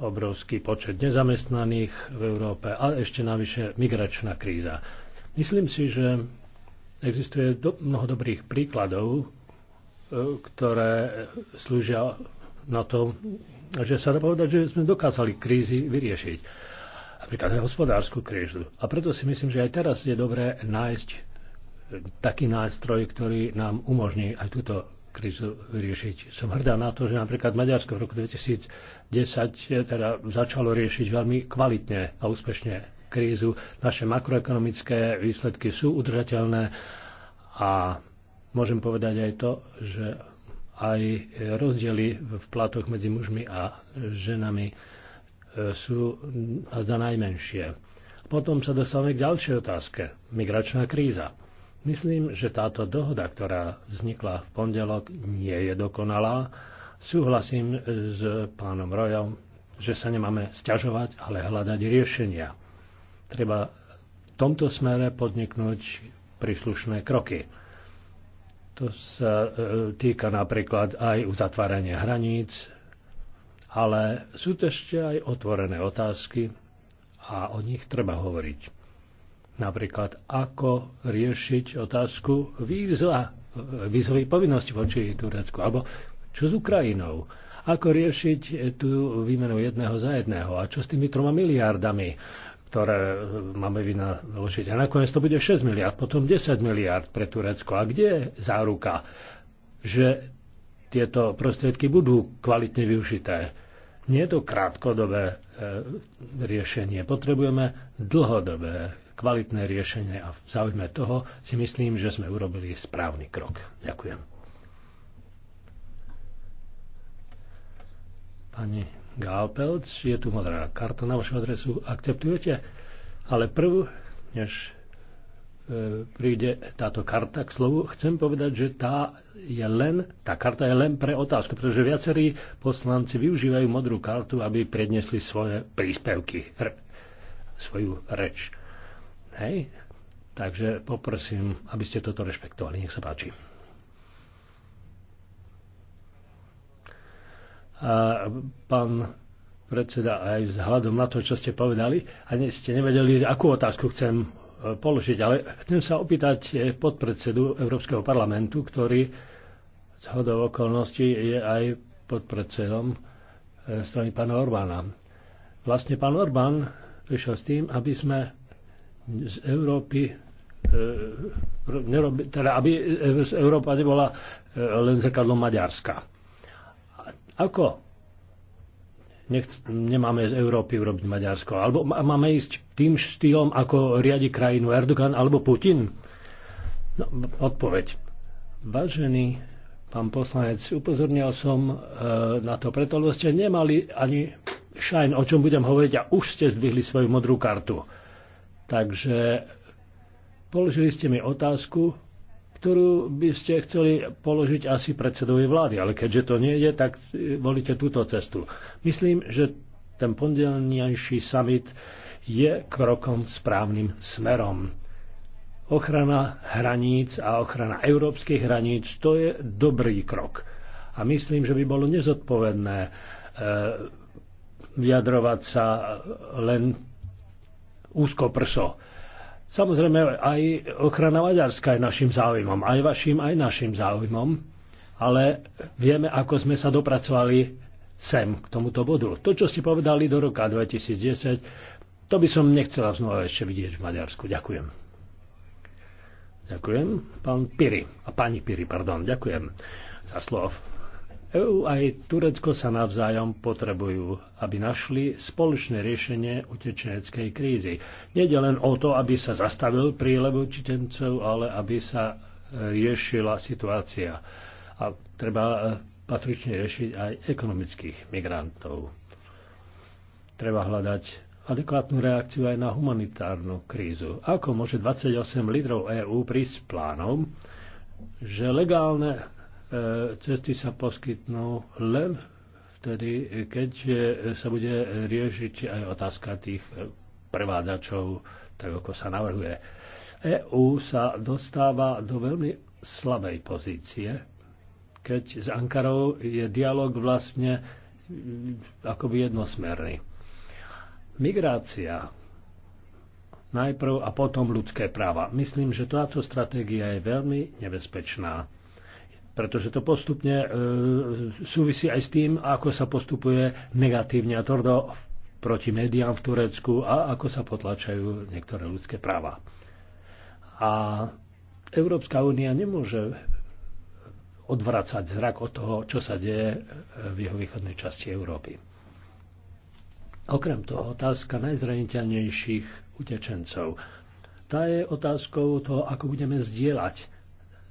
obrovský počet nezamestnaných v Európe a ešte navyše migračná kríza. Myslím si, že existuje do, mnoho dobrých príkladov, e, ktoré slúžia na to, že sa dá povedať, že sme dokázali krízy vyriešiť. Napríklad aj hospodárskú krízu. A preto si myslím, že aj teraz je dobré nájsť taký nástroj, ktorý nám umožní aj túto krízu riešiť. Som hrdá na to, že napríklad Maďarsko v roku 2010 e, teda začalo riešiť veľmi kvalitne a úspešne krízu. Naše makroekonomické výsledky sú udržateľné a môžem povedať aj to, že aj rozdiely v platoch medzi mužmi a ženami e, sú a zda najmenšie. Potom sa dostávame k ďalšej otázke. Migračná kríza. Myslím, že táto dohoda, ktorá vznikla v pondelok, nie je dokonalá. Súhlasím e, s pánom Rojom, že sa nemáme sťažovať, ale hľadať riešenia. Treba v tomto smere podniknúť príslušné kroky. To sa e, týka napríklad aj uzatvárania hraníc, ale sú to ešte aj otvorené otázky a o nich treba hovoriť. Napríklad, ako riešiť otázku víza, vízovej povinnosti voči Turecku, alebo čo s Ukrajinou, ako riešiť tú výmenu jedného za jedného a čo s tými troma miliardami, ktoré máme vynaložiť. A nakoniec to bude 6 miliard, potom 10 miliard pre Turecko. A kde je záruka, že tieto prostriedky budú kvalitne využité? Nie je to krátkodobé eh, riešenie. Potrebujeme dlhodobé kvalitné riešenie a v záujme toho si myslím, že sme urobili správny krok. Ďakujem. Pani Gálpelc, je tu modrá karta na vašu adresu. Akceptujete? Ale prv, než e, príde táto karta k slovu, chcem povedať, že tá, je len, tá karta je len pre otázku, pretože viacerí poslanci využívajú modrú kartu, aby prednesli svoje príspevky, re, svoju reč. Hej? Takže poprosím, aby ste toto rešpektovali. Nech sa páči. A pán predseda, aj vzhľadom na to, čo ste povedali, ani ste nevedeli, akú otázku chcem e, položiť, ale chcem sa opýtať e, podpredsedu Európskeho parlamentu, ktorý z hodov okolností je aj podpredsedom e, strany pána Orbána. Vlastne pán Orbán prišiel s tým, aby sme z Európy e, nerob, teda aby Európa nebola e, len zrkadlom Maďarska. Ako Nechc, nemáme z Európy urobiť Maďarsko? Alebo máme ísť tým štýlom, ako riadi krajinu Erdogan alebo Putin? No, odpoveď. Vážený pán poslanec, upozornil som e, na to preto, ste nemali ani šajn, o čom budem hovoriť a už ste zdvihli svoju modrú kartu. Takže položili ste mi otázku, ktorú by ste chceli položiť asi predsedovi vlády, ale keďže to nie je, tak e, volíte túto cestu. Myslím, že ten pondelnejší summit je krokom správnym smerom. Ochrana hraníc a ochrana európskych hraníc to je dobrý krok. A myslím, že by bolo nezodpovedné e, vyjadrovať sa len úzko prso. Samozrejme, aj ochrana Maďarska je našim záujmom, aj vašim, aj našim záujmom, ale vieme, ako sme sa dopracovali sem, k tomuto bodu. To, čo ste povedali do roka 2010, to by som nechcela znova ešte vidieť v Maďarsku. Ďakujem. Ďakujem. Pán Piri, a pani Piri, pardon, ďakujem za slovo. EU aj Turecko sa navzájom potrebujú, aby našli spoločné riešenie utečeneckej krízy. Nede len o to, aby sa zastavil prílev utečencov, ale aby sa e, riešila situácia. A treba e, patrične riešiť aj ekonomických migrantov. Treba hľadať adekvátnu reakciu aj na humanitárnu krízu. Ako môže 28 lídrov EÚ prísť s plánom, že legálne E, cesty sa poskytnú len vtedy, keď e, sa bude riešiť aj otázka tých e, prevádzačov, tak ako sa navrhuje. EÚ sa dostáva do veľmi slabej pozície, keď s Ankarou je dialog vlastne mm, akoby jednosmerný. Migrácia najprv a potom ľudské práva. Myslím, že táto stratégia je veľmi nebezpečná pretože to postupne e, súvisí aj s tým, ako sa postupuje negatívne a tordo proti médiám v Turecku a ako sa potlačajú niektoré ľudské práva. A Európska únia nemôže odvracať zrak od toho, čo sa deje v jeho východnej časti Európy. Okrem toho otázka najzraniteľnejších utečencov. Tá je otázkou toho, ako budeme zdieľať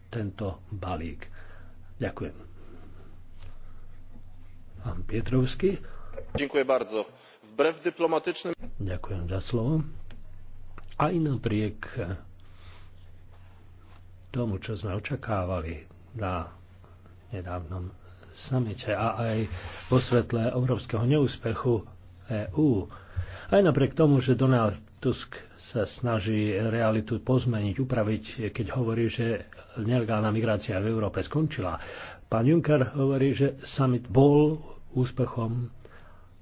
tento balík Ďakujem. Pán Pietrovský. Ďakujem bardzo. Vbrev diplomatycznym... Ďakujem za slovo. Aj napriek tomu, čo sme očakávali na nedávnom samite a aj vo svetle obrovského neúspechu EÚ. Aj napriek tomu, že Donald Tusk sa snaží realitu pozmeniť, upraviť, keď hovorí, že nelegálna migrácia v Európe skončila. Pán Juncker hovorí, že summit bol úspechom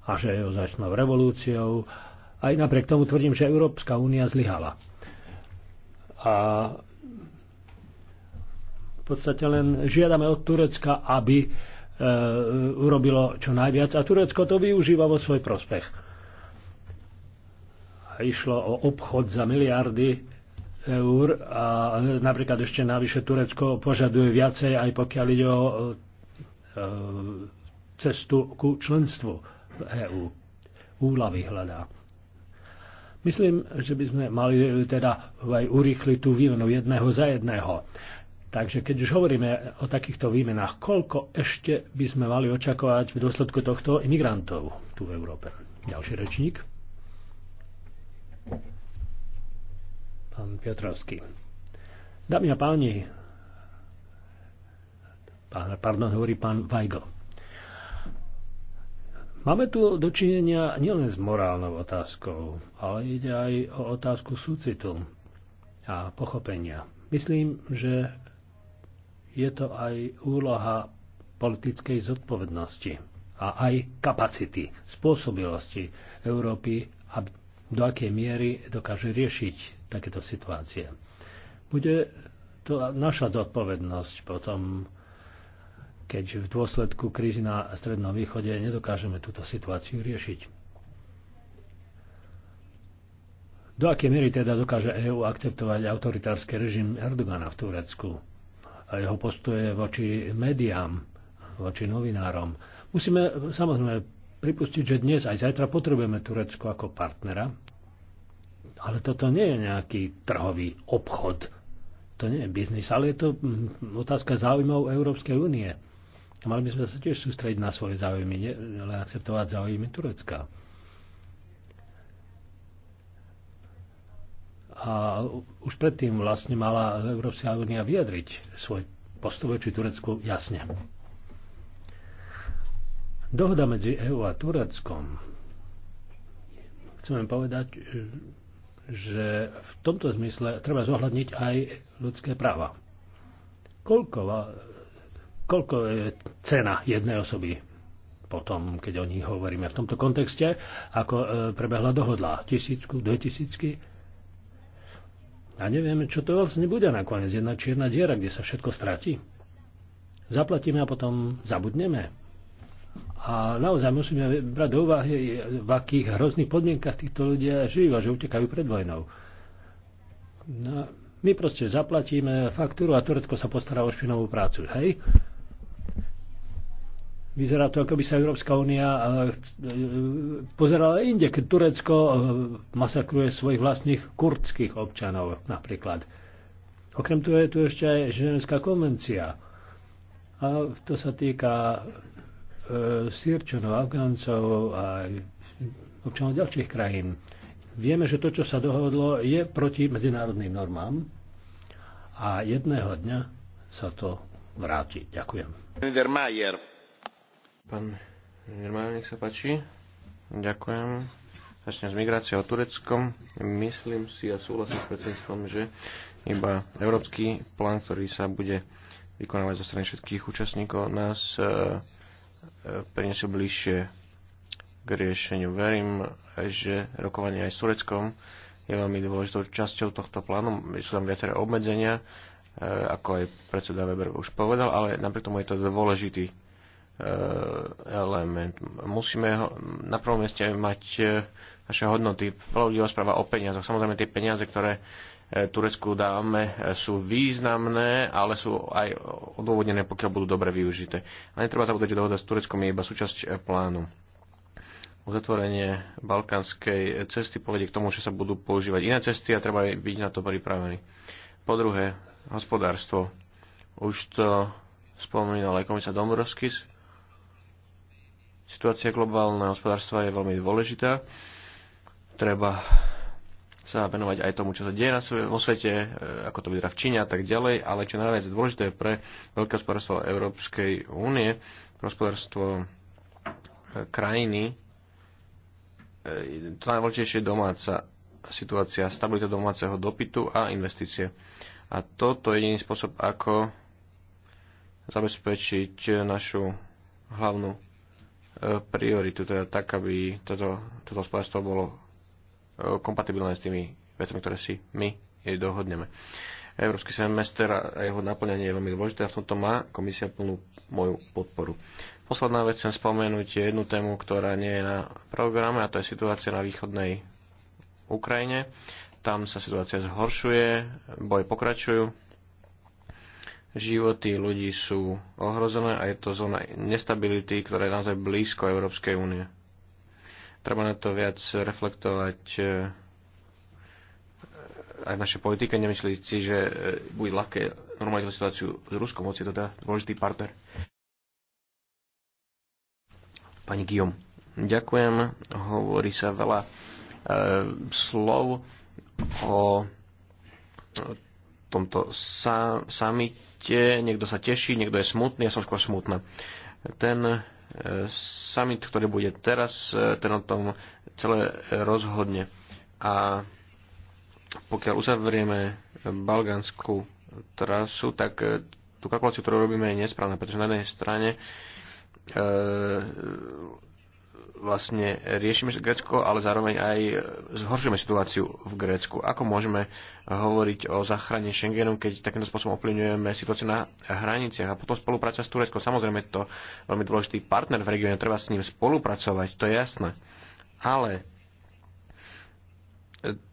a že je začnou revolúciou. Aj napriek tomu tvrdím, že Európska únia zlyhala. A v podstate len žiadame od Turecka, aby e, urobilo čo najviac a Turecko to využíva vo svoj prospech išlo o obchod za miliardy eur a napríklad ešte navyše Turecko požaduje viacej, aj pokiaľ ide o e, cestu ku členstvu v EÚ. Úlavy hľadá. Myslím, že by sme mali e, teda aj urýchliť tú výmenu jedného za jedného. Takže keď už hovoríme o takýchto výmenách, koľko ešte by sme mali očakovať v dôsledku tohto imigrantov tu v Európe? Ďalší rečník. pán Piotrovský. Dámy a páni, pardon, hovorí pán Weigl. Máme tu dočinenia nielen s morálnou otázkou, ale ide aj o otázku súcitu a pochopenia. Myslím, že je to aj úloha politickej zodpovednosti a aj kapacity, spôsobilosti Európy, a do akej miery dokáže riešiť takéto situácie. Bude to naša zodpovednosť potom, keď v dôsledku krízy na Strednom východe nedokážeme túto situáciu riešiť. Do akej miery teda dokáže EÚ akceptovať autoritársky režim Erdogana v Turecku a jeho postoje voči médiám, voči novinárom? Musíme samozrejme pripustiť, že dnes aj zajtra potrebujeme Turecko ako partnera ale toto nie je nejaký trhový obchod. To nie je biznis, ale je to mm, otázka záujmov Európskej únie. Mali by sme sa tiež sústrediť na svoje záujmy, ale len akceptovať záujmy Turecka. A už predtým vlastne mala Európska únia vyjadriť svoj postoj či Turecku jasne. Dohoda medzi EÚ a Tureckom chceme povedať, že v tomto zmysle treba zohľadniť aj ľudské práva. Koľko, koľko je cena jednej osoby potom, keď o nich hovoríme v tomto kontexte, ako e, prebehla dohodla tisícku, dve tisícky. A nevieme, čo to vlastne bude nakoniec. Jedna čierna diera, kde sa všetko stratí. Zaplatíme a potom zabudneme. A naozaj musíme brať do úvahy, v akých hrozných podmienkach týchto ľudia žijú a že utekajú pred vojnou. No, my proste zaplatíme faktúru a Turecko sa postará o špinovú prácu. Hej? Vyzerá to, ako by sa Európska únia e, pozerala inde, keď Turecko e, masakruje svojich vlastných kurdských občanov napríklad. Okrem toho je tu ešte aj ženská konvencia. A to sa týka E, Sýrčanov, Afgáncov a občanov ďalších krajín. Vieme, že to, čo sa dohodlo, je proti medzinárodným normám a jedného dňa sa to vráti. Ďakujem. Niedermayer. Pán Niedermayer, nech sa páči. Ďakujem. Začnem s migráciou Tureckom. Myslím si a súhlasím s predsedstvom, že iba európsky plán, ktorý sa bude vykonávať zo strany všetkých účastníkov, nás e, E, prinesú bližšie k riešeniu. Verím, že rokovanie aj s Tureckom je veľmi dôležitou časťou tohto plánu. Sú tam viaceré obmedzenia, e, ako aj predseda Weber už povedal, ale napriek tomu je to dôležitý e, element. Musíme ho, na prvom mieste mať naše hodnoty. Veľa ľudí rozpráva o peniazoch. Samozrejme tie peniaze, ktoré E, Turecku dáme, e, sú významné, ale sú aj odôvodnené, pokiaľ budú dobre využité. A netreba zabúdať, že dohoda s Tureckom je iba súčasť e, plánu. Uzatvorenie balkánskej cesty povedie k tomu, že sa budú používať iné cesty a treba byť na to pripravený. Po druhé, hospodárstvo. Už to spomínal aj komisár Dombrovskis. Situácia globálneho hospodárstva je veľmi dôležitá. Treba sa venovať aj tomu, čo sa deje na sve, vo svete, e, ako to vyzerá v Číne a tak ďalej, ale čo najviac je dôležité pre veľké hospodárstvo Európskej únie, hospodárstvo e, krajiny, e, to najdôležitejšie je domáca situácia, stabilita domáceho dopytu a investície. A toto je jediný spôsob, ako zabezpečiť našu hlavnú prioritu, teda tak, aby toto, toto hospodárstvo bolo Eh, kompatibilné s tými vecami, ktoré si my jej dohodneme. Európsky semester a jeho naplňanie je veľmi dôležité a v tomto má komisia plnú moju podporu. Posledná vec chcem spomenúť jednu tému, ktorá nie je na programe a to je situácia na východnej Ukrajine. Tam sa situácia zhoršuje, boje pokračujú, životy ľudí sú ohrozené a je to zóna nestability, ktorá je naozaj blízko Európskej únie. Treba na to viac reflektovať e, aj v našej politike, nemyslieť si, že e, bude ľahké normalizovať situáciu s Ruskom, hoci teda dôležitý partner. Pani Guillaume, ďakujem. Hovorí sa veľa e, slov o tomto samite. Niekto sa teší, niekto je smutný, ja som skôr smutná. Ten summit, ktorý bude teraz, e, ten o tom celé rozhodne. A pokiaľ uzavrieme balgánsku trasu, tak e, tú kalkuláciu, ktorú robíme, je nesprávna, pretože na jednej strane e, vlastne riešime Grécko, ale zároveň aj zhoršujeme situáciu v Grécku. Ako môžeme hovoriť o záchrane Schengenu, keď takýmto spôsobom ovplyvňujeme situáciu na hraniciach a potom spolupráca s Tureckom. Samozrejme, je to veľmi dôležitý partner v regióne, treba s ním spolupracovať, to je jasné. Ale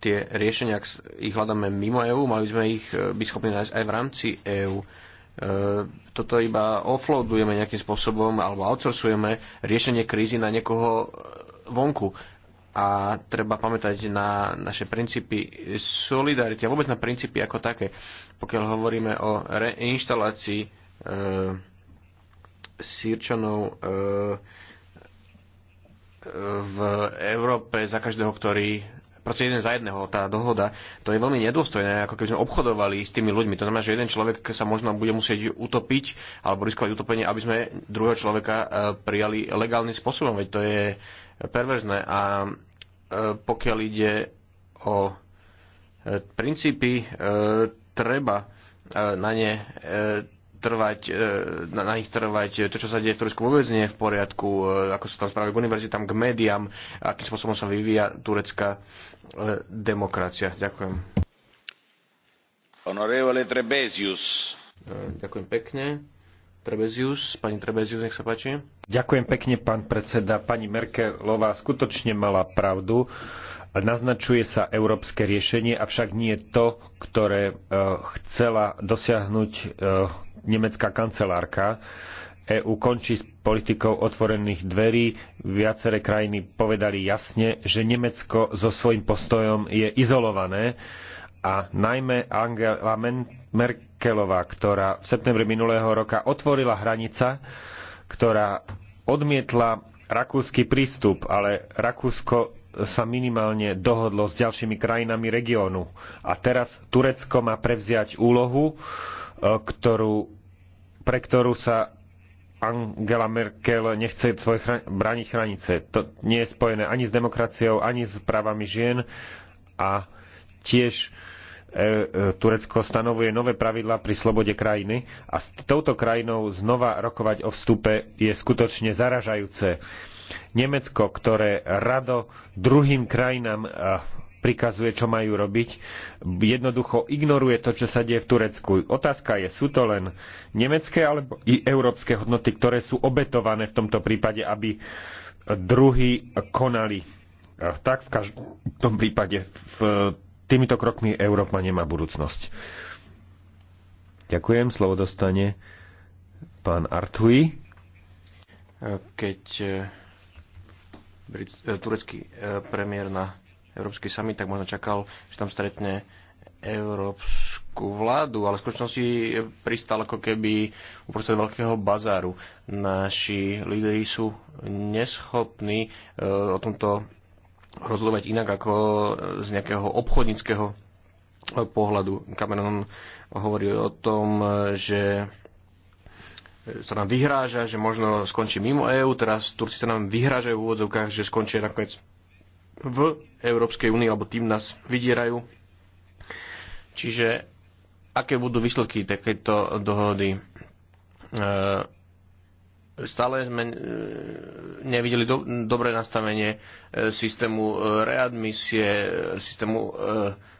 tie riešenia, ak ich hľadáme mimo EÚ, mali by sme ich e, byť schopní nájsť aj v rámci EÚ. E, toto iba offloadujeme nejakým spôsobom alebo outsourcujeme riešenie krízy na niekoho e, vonku. A treba pamätať na naše princípy solidarity a vôbec na princípy ako také. Pokiaľ hovoríme o reinštalácii e, sírčanov e, e v Európe za každého, ktorý proste jeden za jedného, tá dohoda, to je veľmi nedôstojné, ako keby sme obchodovali s tými ľuďmi. To znamená, že jeden človek sa možno bude musieť utopiť alebo riskovať utopenie, aby sme druhého človeka e, prijali legálnym spôsobom, veď to je perverzné. A e, pokiaľ ide o e, princípy, treba na ne trvať, e, na nich trvať. To, čo sa deje v Turecku, vôbec nie je v poriadku, e, ako sa tam správajú k univerzitám, k médiám, akým spôsobom sa vyvíja turecká e, demokracia. Ďakujem. Honorevole Ďakujem pekne. Trebezius, pani Trebezius, nech sa páči. Ďakujem pekne, pán predseda. Pani Merkelová skutočne mala pravdu. Naznačuje sa európske riešenie, avšak nie to, ktoré chcela dosiahnuť nemecká kancelárka. EU končí s politikou otvorených dverí. Viaceré krajiny povedali jasne, že Nemecko so svojím postojom je izolované a najmä Angela Merkelová, ktorá v septembri minulého roka otvorila hranica, ktorá odmietla rakúsky prístup, ale Rakúsko sa minimálne dohodlo s ďalšími krajinami regiónu. A teraz Turecko má prevziať úlohu, E, ktorú, pre ktorú sa Angela Merkel nechce svoje chra- brániť hranice. To nie je spojené ani s demokraciou, ani s právami žien a tiež e, e, Turecko stanovuje nové pravidlá pri slobode krajiny a s touto krajinou znova rokovať o vstupe je skutočne zaražajúce. Nemecko, ktoré rado druhým krajinám prikazuje, čo majú robiť, jednoducho ignoruje to, čo sa deje v Turecku. Otázka je, sú to len nemecké alebo i európske hodnoty, ktoré sú obetované v tomto prípade, aby druhy konali. Tak v každom prípade v, týmito krokmi Európa nemá budúcnosť. Ďakujem, slovo dostane pán Artui. Keď eh, eh, turecký eh, premiér na Európsky summit, tak možno čakal, že tam stretne európsku vládu, ale v skutočnosti pristal ako keby uprostred veľkého bazáru. Naši líderi sú neschopní e, o tomto rozhodovať inak ako z nejakého obchodníckého pohľadu. Cameron hovorí o tom, že sa nám vyhráža, že možno skončí mimo EÚ, teraz Turci sa nám vyhrážajú v úvodzovkách, že skončia nakoniec v Európskej únii, alebo tým nás vydierajú. Čiže aké budú výsledky takéto dohody? E, stále sme e, nevideli do, dobré nastavenie e, systému readmisie, systému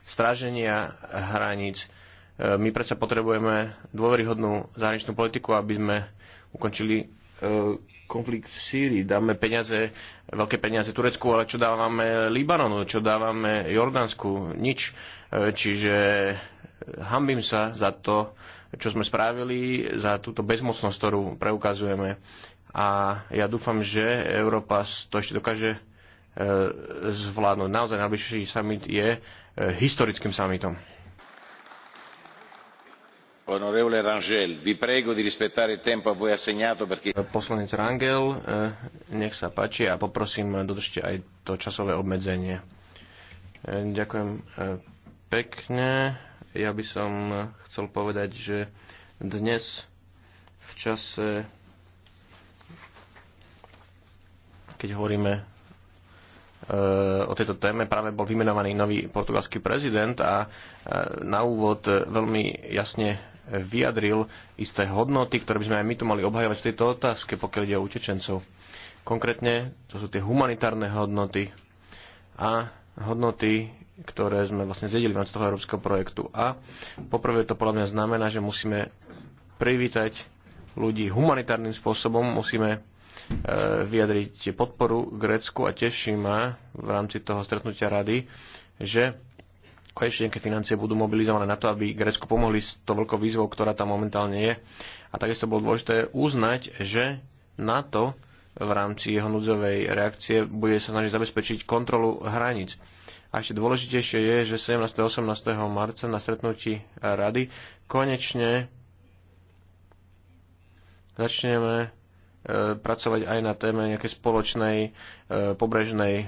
stráženia hraníc. My predsa potrebujeme dôveryhodnú zahraničnú politiku, aby sme ukončili konflikt v Sýrii, dáme peniaze, veľké peniaze Turecku, ale čo dávame Libanonu, čo dávame Jordánsku, nič. E, čiže e, hambím sa za to, čo sme spravili, za túto bezmocnosť, ktorú preukazujeme. A ja dúfam, že Európa to ešte dokáže e, zvládnuť. Naozaj najbližší summit je historickým summitom. Onorevole Rangel, vi prego di rispettare il tempo a voi assegnato perché... Eh, poslanec Rangel, eh, nech sa páči a poprosím, eh, dodržte aj to časové obmedzenie. Ďakujem pekne. Ja by som chcel povedať, že dnes v čase, keď hovoríme o tejto téme práve bol vymenovaný nový portugalský prezident a na úvod veľmi jasne vyjadril isté hodnoty, ktoré by sme aj my tu mali obhajovať v tejto otázke, pokiaľ ide o utečencov. Konkrétne to sú tie humanitárne hodnoty a hodnoty, ktoré sme vlastne zjedili v rámci toho európskeho projektu. A poprvé to podľa mňa znamená, že musíme privítať ľudí humanitárnym spôsobom, musíme e, vyjadriť podporu Grécku a teší ma v rámci toho stretnutia rady, že konečne nejaké financie budú mobilizované na to, aby Grécko pomohli s to veľkou výzvou, ktorá tam momentálne je. A takisto bolo dôležité uznať, že NATO v rámci jeho núdzovej reakcie bude sa snažiť zabezpečiť kontrolu hraníc. A ešte dôležitejšie je, že 17. a 18. marca na stretnutí rady konečne začneme pracovať aj na téme nejakej spoločnej e, pobrežnej e,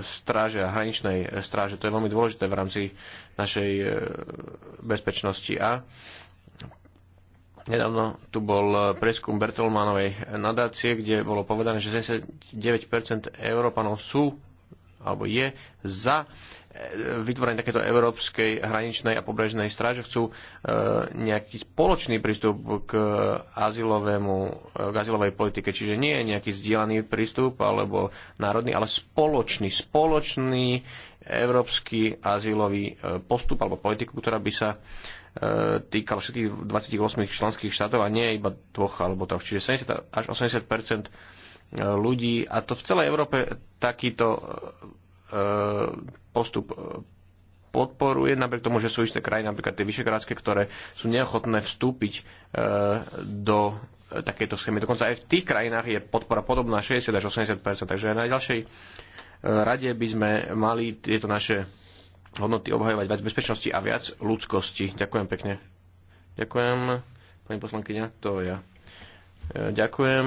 stráže a hraničnej e, stráže. To je veľmi dôležité v rámci našej bezpečnosti. A Nedávno tu bol preskum Bertolmanovej nadácie, kde bolo povedané, že 79% Európanov sú alebo je za vytvorenie takéto európskej hraničnej a pobrežnej stráže chcú e, nejaký spoločný prístup k, azylovému, k azylovej politike. Čiže nie je nejaký zdieľaný prístup alebo národný, ale spoločný, spoločný európsky azylový e, postup alebo politiku, ktorá by sa e, týkala všetkých 28 členských štátov a nie iba dvoch alebo troch. Čiže 70 až 80 ľudí a to v celej Európe takýto E, postup e, podporuje, napriek tomu, že sú isté krajiny, napríklad tie vyšegrádske, ktoré sú neochotné vstúpiť e, do takéto schémy. Dokonca aj v tých krajinách je podpora podobná 60 až 80 Takže aj na ďalšej rade by sme mali tieto naše hodnoty obhajovať viac bezpečnosti a viac ľudskosti. Ďakujem pekne. Ďakujem, pani poslankyňa, to ja. Ďakujem.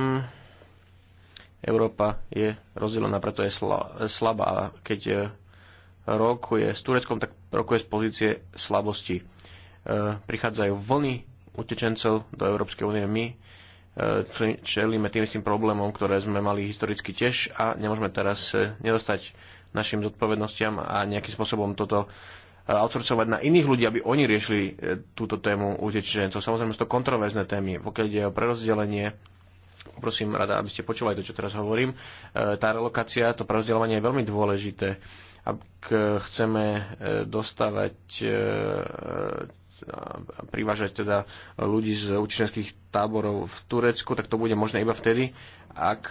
Európa je rozdelená, preto je sl- slabá. A keď e, rokuje s Tureckom, tak rokuje z pozície slabosti. E, prichádzajú vlny utečencov do Európskej únie. My e, čelíme tým istým problémom, ktoré sme mali historicky tiež a nemôžeme teraz e, nedostať našim zodpovednostiam a nejakým spôsobom toto e, outsourcovať na iných ľudí, aby oni riešili túto tému utečencov. Samozrejme sú to kontroverzné témy, pokiaľ ide o prerozdelenie prosím rada, aby ste počúvali to, čo teraz hovorím. E, tá relokácia, to prerozdeľovanie je veľmi dôležité. Ak chceme e, dostávať e, privážať teda ľudí z učenských táborov v Turecku, tak to bude možné iba vtedy, ak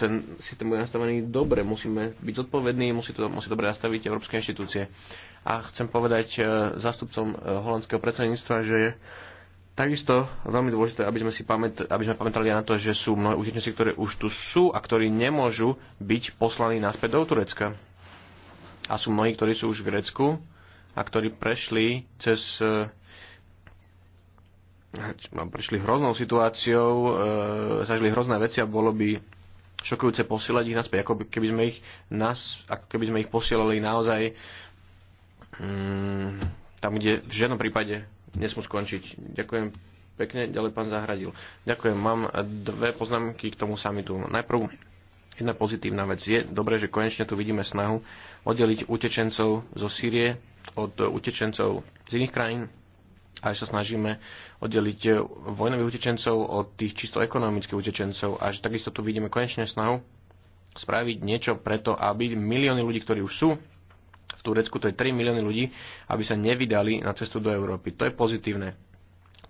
ten systém bude nastavený dobre, musíme byť odpovední, musí to, musí dobre nastaviť európske inštitúcie. A chcem povedať zástupcom holandského predsedníctva, že Takisto veľmi dôležité, aby sme, si pamät, aby sme pamätali na to, že sú mnohé utečenci, ktoré už tu sú a ktorí nemôžu byť poslaní naspäť do Turecka. A sú mnohí, ktorí sú už v Grécku a ktorí prešli cez e, no, prešli hroznou situáciou, e, zažili hrozné veci a bolo by šokujúce posielať ich naspäť, ako keby sme ich, nás, ako keby sme ich posielali naozaj mm, tam, kde v žiadnom prípade nesmú skončiť. Ďakujem pekne, ďalej pán Zahradil. Ďakujem, mám dve poznámky k tomu samitu. Najprv jedna pozitívna vec. Je dobré, že konečne tu vidíme snahu oddeliť utečencov zo Sýrie od utečencov z iných krajín. Aj sa snažíme oddeliť vojnových utečencov od tých čisto ekonomických utečencov. A že takisto tu vidíme konečne snahu spraviť niečo preto, aby milióny ľudí, ktorí už sú v Turecku, to je 3 milióny ľudí, aby sa nevydali na cestu do Európy. To je pozitívne.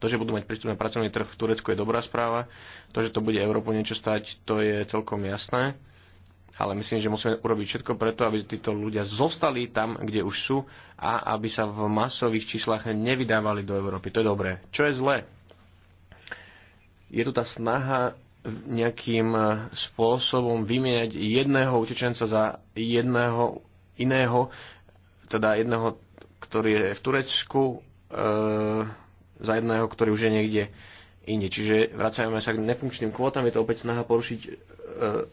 To, že budú mať prístup na pracovný trh v Turecku je dobrá správa. To, že to bude Európu niečo stať, to je celkom jasné. Ale myslím, že musíme urobiť všetko preto, aby títo ľudia zostali tam, kde už sú a aby sa v masových číslach nevydávali do Európy. To je dobré. Čo je zlé? Je tu tá snaha nejakým e, spôsobom vymieňať jedného utečenca za jedného iného, teda jedného, ktorý je v Turecku, e, za jedného, ktorý už je niekde inde. Čiže vracajme sa k nefunkčným kvótam, je to opäť snaha porušiť e,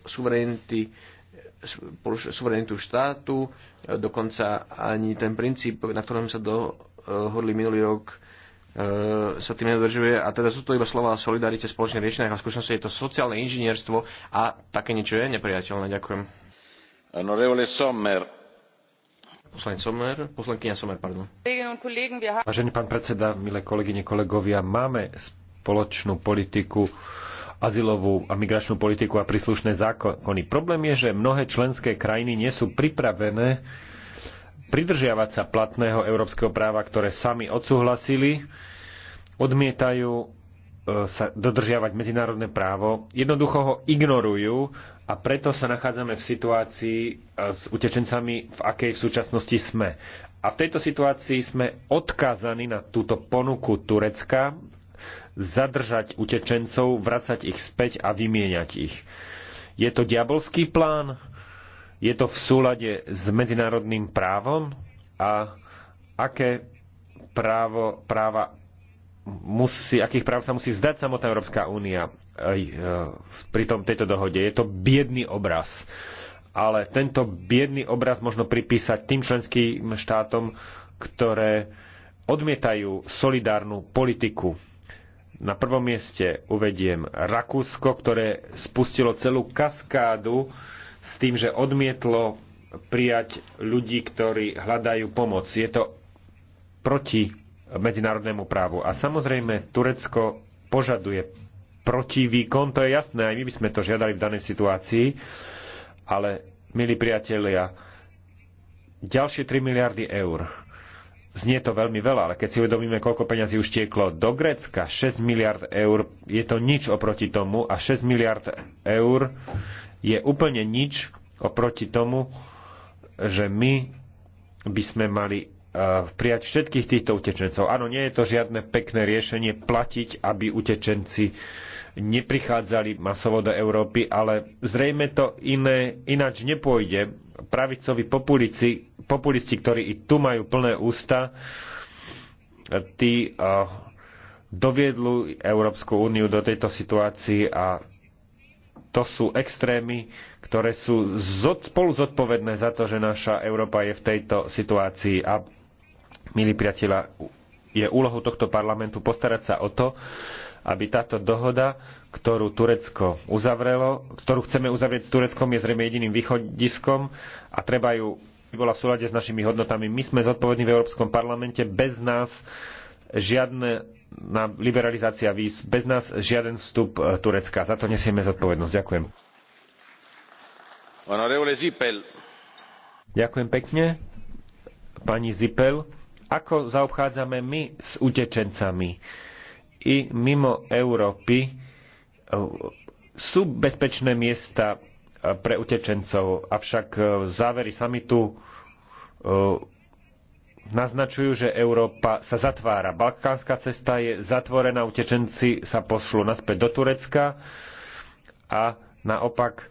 suverenity suverenitu štátu, e, dokonca ani ten princíp, na ktorom sa dohodli e, minulý rok, e, sa tým nedodržuje. A teda sú to iba slova solidarite, spoločných riešeniach a skúsenosti. Je to sociálne inžinierstvo a také niečo je nepriateľné. Ďakujem. Honorevole Sommer, Poslanec Somer, poslankyňa Somer, pardon. Vážený pán predseda, milé kolegyne, kolegovia, máme spoločnú politiku azylovú a migračnú politiku a príslušné zákony. Problém je, že mnohé členské krajiny nie sú pripravené pridržiavať sa platného európskeho práva, ktoré sami odsúhlasili, odmietajú sa dodržiavať medzinárodné právo, jednoducho ho ignorujú a preto sa nachádzame v situácii e, s utečencami, v akej v súčasnosti sme. A v tejto situácii sme odkázaní na túto ponuku Turecka zadržať utečencov, vracať ich späť a vymieňať ich. Je to diabolský plán? Je to v súlade s medzinárodným právom? A aké právo, práva musí, akých práv sa musí zdať samotná Európska únia e, pri tom, tejto dohode. Je to biedný obraz. Ale tento biedný obraz možno pripísať tým členským štátom, ktoré odmietajú solidárnu politiku. Na prvom mieste uvediem Rakúsko, ktoré spustilo celú kaskádu s tým, že odmietlo prijať ľudí, ktorí hľadajú pomoc. Je to proti medzinárodnému právu. A samozrejme, Turecko požaduje protivýkon, to je jasné, aj my by sme to žiadali v danej situácii, ale, milí priatelia, ďalšie 3 miliardy eur. Znie to veľmi veľa, ale keď si uvedomíme, koľko peňazí už tieklo do Grécka, 6 miliard eur, je to nič oproti tomu a 6 miliard eur je úplne nič oproti tomu, že my by sme mali prijať všetkých týchto utečencov. Áno, nie je to žiadne pekné riešenie platiť, aby utečenci neprichádzali masovo do Európy, ale zrejme to iné, ináč nepôjde. Pravicovi populici, populisti, ktorí i tu majú plné ústa, tí uh, doviedli Európsku úniu do tejto situácii a to sú extrémy, ktoré sú spolu zodpovedné za to, že naša Európa je v tejto situácii. A milí priatelia, je úlohou tohto parlamentu postarať sa o to, aby táto dohoda, ktorú Turecko uzavrelo, ktorú chceme uzavrieť s Tureckom, je zrejme jediným východiskom a treba ju bola v súlade s našimi hodnotami. My sme zodpovední v Európskom parlamente, bez nás žiadne na liberalizácia víz, bez nás žiaden vstup e, Turecka. Za to nesieme zodpovednosť. Ďakujem. Ďakujem pekne. Pani Zipel ako zaobchádzame my s utečencami i mimo Európy e, sú bezpečné miesta e, pre utečencov, avšak e, závery samitu naznačujú, že Európa sa zatvára. Balkánska cesta je zatvorená, utečenci sa pošlú naspäť do Turecka a naopak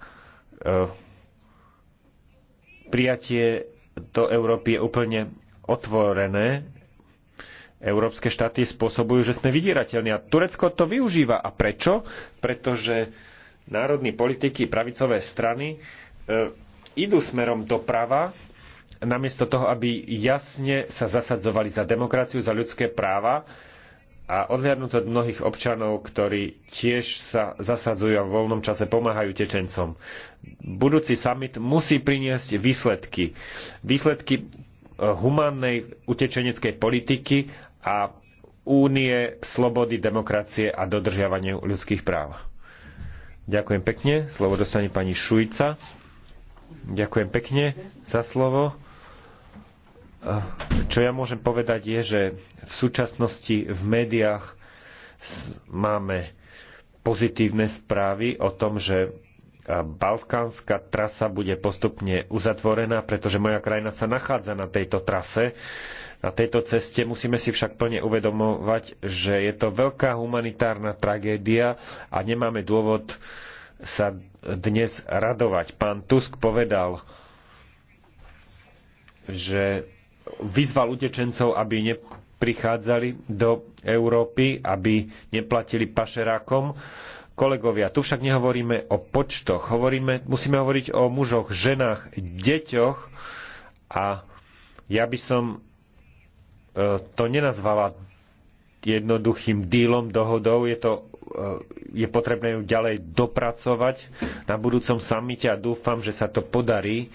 prijatie do Európy je úplne otvorené európske štáty spôsobujú, že sme vydierateľní. A Turecko to využíva. A prečo? Pretože národní politiky, pravicové strany e, idú smerom doprava, namiesto toho, aby jasne sa zasadzovali za demokraciu, za ľudské práva a odhľadnúť od mnohých občanov, ktorí tiež sa zasadzujú a v voľnom čase pomáhajú tečencom. Budúci summit musí priniesť výsledky. Výsledky humánnej utečeneckej politiky a únie slobody, demokracie a dodržiavania ľudských práv. Ďakujem pekne. Slovo dostane pani Šujca. Ďakujem pekne za slovo. Čo ja môžem povedať je, že v súčasnosti v médiách máme pozitívne správy o tom, že balkánska trasa bude postupne uzatvorená, pretože moja krajina sa nachádza na tejto trase. Na tejto ceste musíme si však plne uvedomovať, že je to veľká humanitárna tragédia a nemáme dôvod sa dnes radovať. Pán Tusk povedal, že vyzval utečencov, aby neprichádzali do Európy, aby neplatili pašerákom Kolegovia, tu však nehovoríme o počtoch, hovoríme, musíme hovoriť o mužoch, ženách, deťoch a ja by som e, to nenazvala jednoduchým dílom, dohodou. Je, to, e, je potrebné ju ďalej dopracovať na budúcom samite a dúfam, že sa to podarí. E,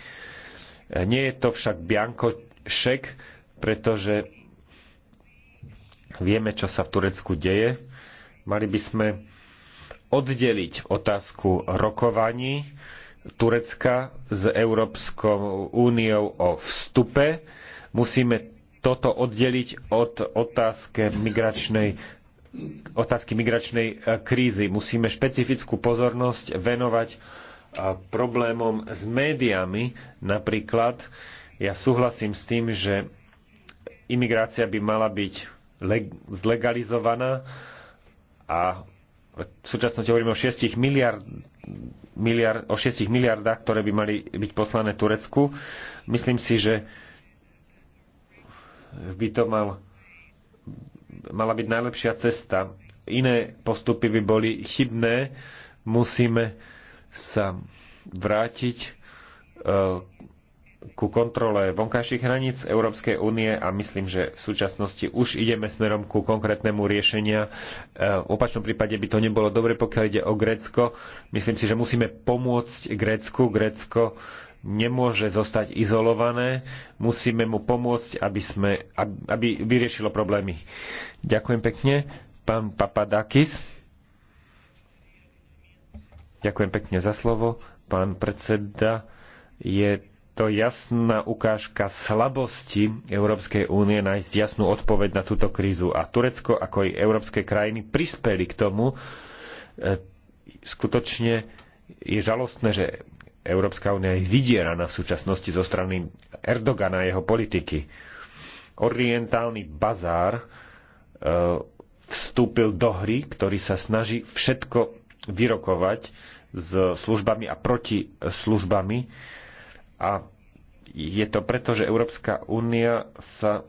nie je to však bianko šek, pretože vieme, čo sa v Turecku deje. Mali by sme oddeliť otázku rokovaní Turecka s Európskou úniou o vstupe. Musíme toto oddeliť od otázke migračnej otázky migračnej e, krízy. Musíme špecifickú pozornosť venovať e, problémom s médiami. Napríklad ja súhlasím s tým, že imigrácia by mala byť zlegalizovaná a v súčasnosti hovoríme o 6 miliard, miliard, o 6 miliardách, ktoré by mali byť poslané Turecku. Myslím si, že by to mal, mala byť najlepšia cesta. Iné postupy by boli chybné. Musíme sa vrátiť e, ku kontrole vonkajších hraníc Európskej únie a myslím, že v súčasnosti už ideme smerom ku konkrétnemu riešenia. E, v opačnom prípade by to nebolo dobre, pokiaľ ide o Grécko. Myslím si, že musíme pomôcť Grécku. Grécko nemôže zostať izolované. Musíme mu pomôcť, aby, sme, aby vyriešilo problémy. Ďakujem pekne. Pán Papadakis. Ďakujem pekne za slovo. Pán predseda, je to jasná ukážka slabosti Európskej únie nájsť jasnú odpoveď na túto krízu. A Turecko, ako aj európske krajiny, prispeli k tomu. E, skutočne je žalostné, že Európska únia je vydieraná v súčasnosti zo strany Erdogana a jeho politiky. Orientálny bazár e, vstúpil do hry, ktorý sa snaží všetko vyrokovať s službami a proti službami a je to preto, že Európska únia sa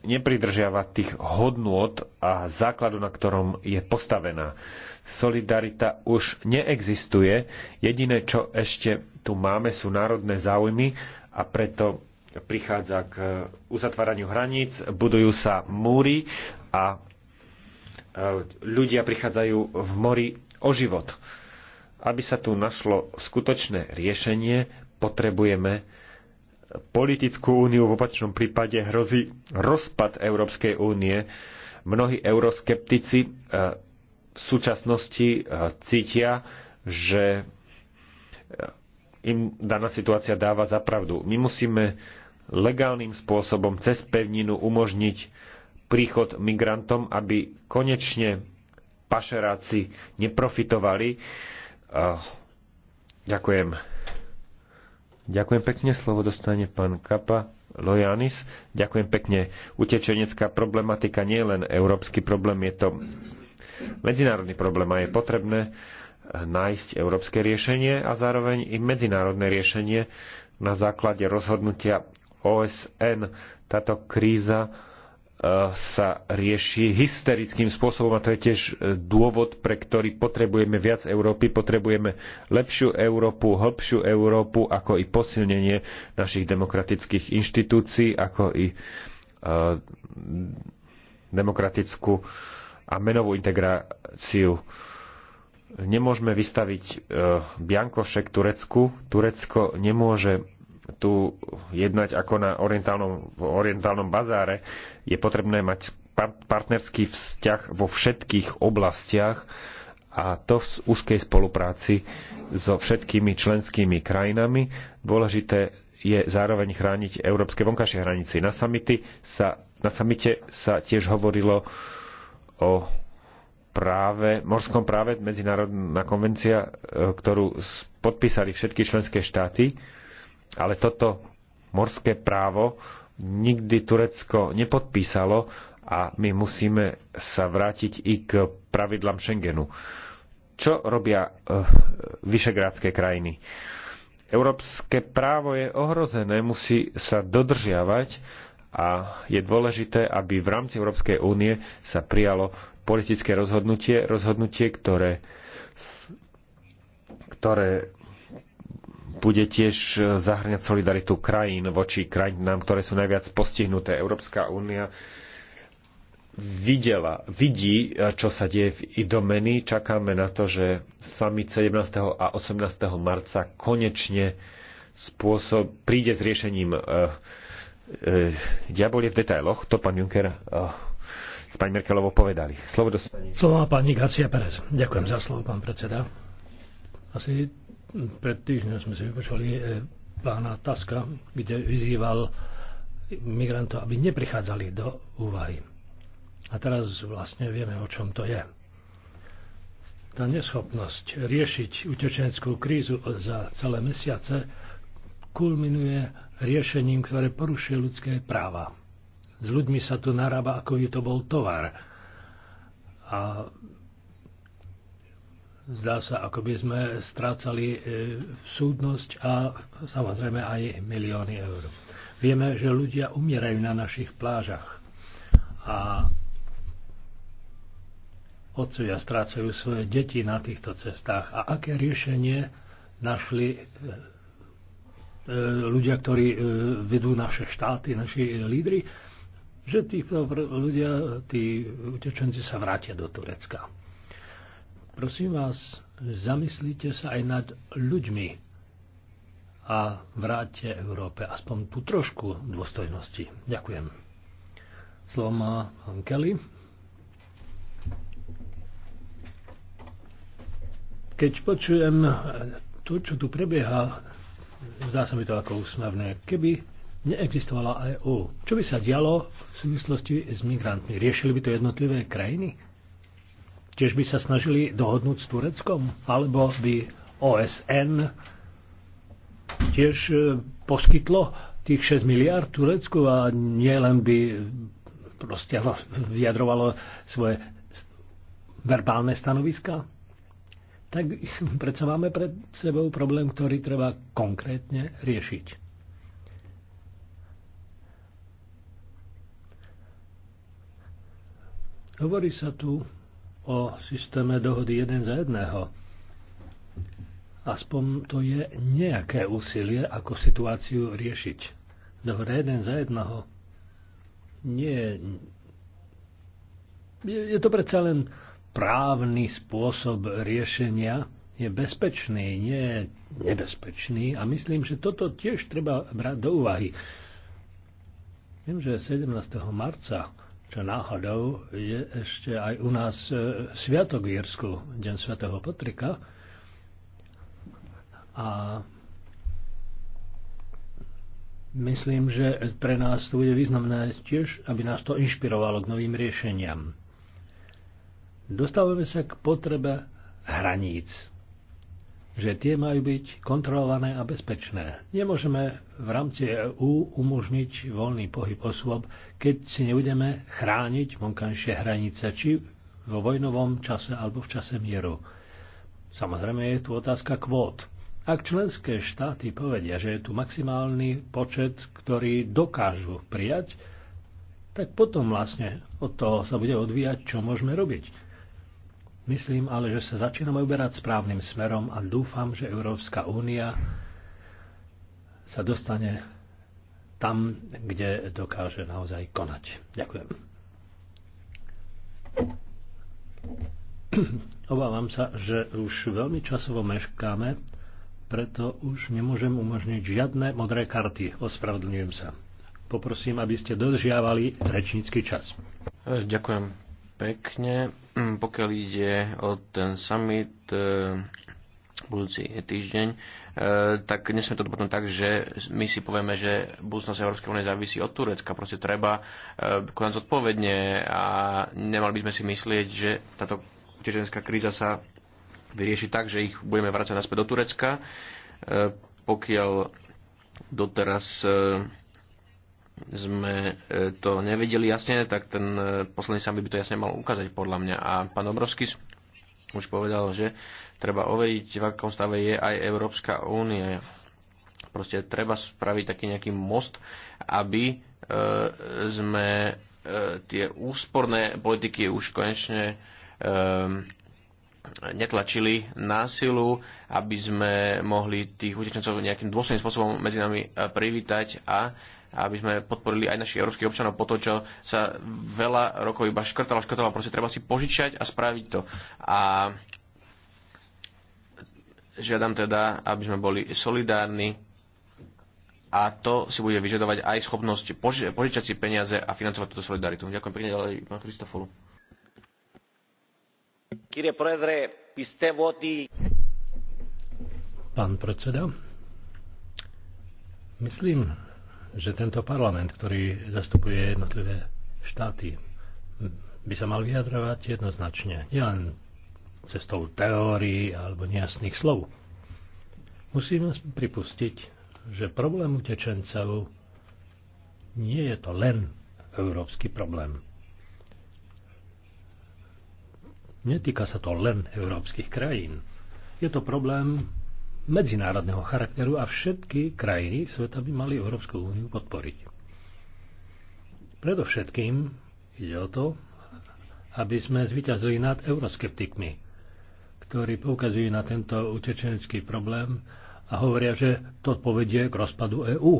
nepridržiava tých hodnôt a základu, na ktorom je postavená. Solidarita už neexistuje. Jediné, čo ešte tu máme, sú národné záujmy a preto prichádza k uzatváraniu hraníc, budujú sa múry a e, ľudia prichádzajú v mori o život. Aby sa tu našlo skutočné riešenie, potrebujeme politickú úniu, v opačnom prípade hrozí rozpad Európskej únie. Mnohí euroskeptici eh, v súčasnosti eh, cítia, že eh, im daná situácia dáva za pravdu. My musíme legálnym spôsobom cez pevninu umožniť príchod migrantom, aby konečne pašeráci neprofitovali. Ďakujem. Ďakujem pekne, slovo dostane pán Kapa Lojanis. Ďakujem pekne. Utečenecká problematika nie je len európsky problém, je to medzinárodný problém a je potrebné nájsť európske riešenie a zároveň i medzinárodné riešenie na základe rozhodnutia OSN. Táto kríza sa rieši hysterickým spôsobom a to je tiež e, dôvod, pre ktorý potrebujeme viac Európy, potrebujeme lepšiu Európu, hĺbšiu Európu, ako i posilnenie našich demokratických inštitúcií, ako i uh, demokratickú a menovú integráciu. Nemôžeme vystaviť uh, Biankošek Turecku. Turecko nemôže tu jednať ako na orientálnom, orientálnom bazáre, je potrebné mať partnerský vzťah vo všetkých oblastiach a to v úzkej spolupráci so všetkými členskými krajinami. Dôležité je zároveň chrániť európske vonkajšie hranice. Na, sa, na samite sa tiež hovorilo o práve, morskom práve, medzinárodná konvencia, e, ktorú podpísali všetky členské štáty ale toto morské právo nikdy Turecko nepodpísalo a my musíme sa vrátiť i k pravidlám Schengenu. Čo robia e, vyšegrádske krajiny? Európske právo je ohrozené, musí sa dodržiavať a je dôležité, aby v rámci Európskej únie sa prijalo politické rozhodnutie, rozhodnutie, ktoré, ktoré bude tiež e, zahrňať solidaritu krajín voči krajinám, ktoré sú najviac postihnuté. Európska únia videla, vidí, e, čo sa deje v Idomeni. Čakáme na to, že summit 17. a 18. marca konečne spôsob, príde s riešením uh, e, uh, diabolie v detailoch, to pán Juncker uh, s pani Merkelovou povedali. Slovo dostane. Slovo má pani Garcia Perez. Ďakujem za slovo, pán predseda. Asi pred týždňom sme si vypočuli eh, pána Taska, kde vyzýval migrantov, aby neprichádzali do úvahy. A teraz vlastne vieme, o čom to je. Tá neschopnosť riešiť utečenskú krízu za celé mesiace kulminuje riešením, ktoré porušuje ľudské práva. S ľuďmi sa tu narába, ako by to bol tovar. A zdá sa, ako by sme strácali e, súdnosť a samozrejme aj milióny eur. Vieme, že ľudia umierajú na našich plážach a otcovia strácajú svoje deti na týchto cestách. A aké riešenie našli e, e, ľudia, ktorí vedú naše štáty, naši lídry, že tí ľudia, tí utečenci sa vrátia do Turecka. Prosím vás, zamyslite sa aj nad ľuďmi a vráťte Európe aspoň tú trošku dôstojnosti. Ďakujem. Slovo má pán Kelly. Keď počujem to, čo tu prebieha, zdá sa mi to ako úsmavné. Keby neexistovala EÚ, čo by sa dialo v súvislosti s migrantmi? Riešili by to jednotlivé krajiny? Tiež by sa snažili dohodnúť s Tureckom? Alebo by OSN tiež e, poskytlo tých 6 miliard Turecku a nie len by proste (laughs) vyjadrovalo svoje verbálne stanoviska? Tak (laughs) predsa máme pred sebou problém, ktorý treba konkrétne riešiť. Hovorí sa tu o systéme dohody jeden za jedného. Aspoň to je nejaké úsilie, ako situáciu riešiť. Dohoda jeden za jedného nie je, je to predsa len právny spôsob riešenia, je bezpečný, nie je nebezpečný a myslím, že toto tiež treba brať do úvahy. Viem, že 17. marca čo náhodou je ešte aj u nás e, Sviatok v Jirsku, Deň svätého Patrika. A myslím, že pre nás to bude významné tiež, aby nás to inšpirovalo k novým riešeniam. Dostávame sa k potrebe hraníc že tie majú byť kontrolované a bezpečné. Nemôžeme v rámci EÚ umožniť voľný pohyb osôb, keď si nebudeme chrániť vonkajšie hranice, či vo vojnovom čase alebo v čase mieru. Samozrejme je tu otázka kvót. Ak členské štáty povedia, že je tu maximálny počet, ktorý dokážu prijať, tak potom vlastne od toho sa bude odvíjať, čo môžeme robiť. Myslím ale, že sa začíname uberať správnym smerom a dúfam, že Európska únia sa dostane tam, kde dokáže naozaj konať. Ďakujem. Obávam sa, že už veľmi časovo meškáme, preto už nemôžem umožniť žiadne modré karty. Ospravedlňujem sa. Poprosím, aby ste dodržiavali rečnícky čas. Ďakujem pekne. Mm, pokiaľ ide o ten summit e, budúci týždeň, e, tak sme to dopadnúť tak, že my si povieme, že budúcnosť Európskej únie závisí od Turecka. Proste treba e, konať zodpovedne a nemali by sme si myslieť, že táto utečenská kríza sa vyrieši tak, že ich budeme vrácať naspäť do Turecka, pokiaľ doteraz sme e, to nevedeli jasne, tak ten e, posledný summit by to jasne mal ukázať podľa mňa. A pán Obrovský už povedal, že treba overiť, v akom stave je aj Európska únia. Proste treba spraviť taký nejaký most, aby e, sme e, tie úsporné politiky už konečne e, netlačili násilu, aby sme mohli tých utečencov nejakým dôsledným spôsobom medzi nami e, privítať a aby sme podporili aj našich európskych občanov po to, čo sa veľa rokov iba škrtalo, škrtalo, proste treba si požičať a spraviť to. A žiadam teda, aby sme boli solidárni a to si bude vyžadovať aj schopnosť poži- požičať si peniaze a financovať túto solidaritu. Ďakujem pekne ďalej, pán Kristofolu. Pán predseda, myslím, že tento parlament, ktorý zastupuje jednotlivé štáty, by sa mal vyjadrovať jednoznačne, nielen cestou teórií alebo nejasných slov. Musíme pripustiť, že problém utečencov nie je to len európsky problém. Netýka sa to len európskych krajín. Je to problém medzinárodného charakteru a všetky krajiny sveta by mali Európsku úniu podporiť. Predovšetkým ide o to, aby sme zvyťazili nad euroskeptikmi, ktorí poukazujú na tento utečenecký problém a hovoria, že to povedie k rozpadu EÚ.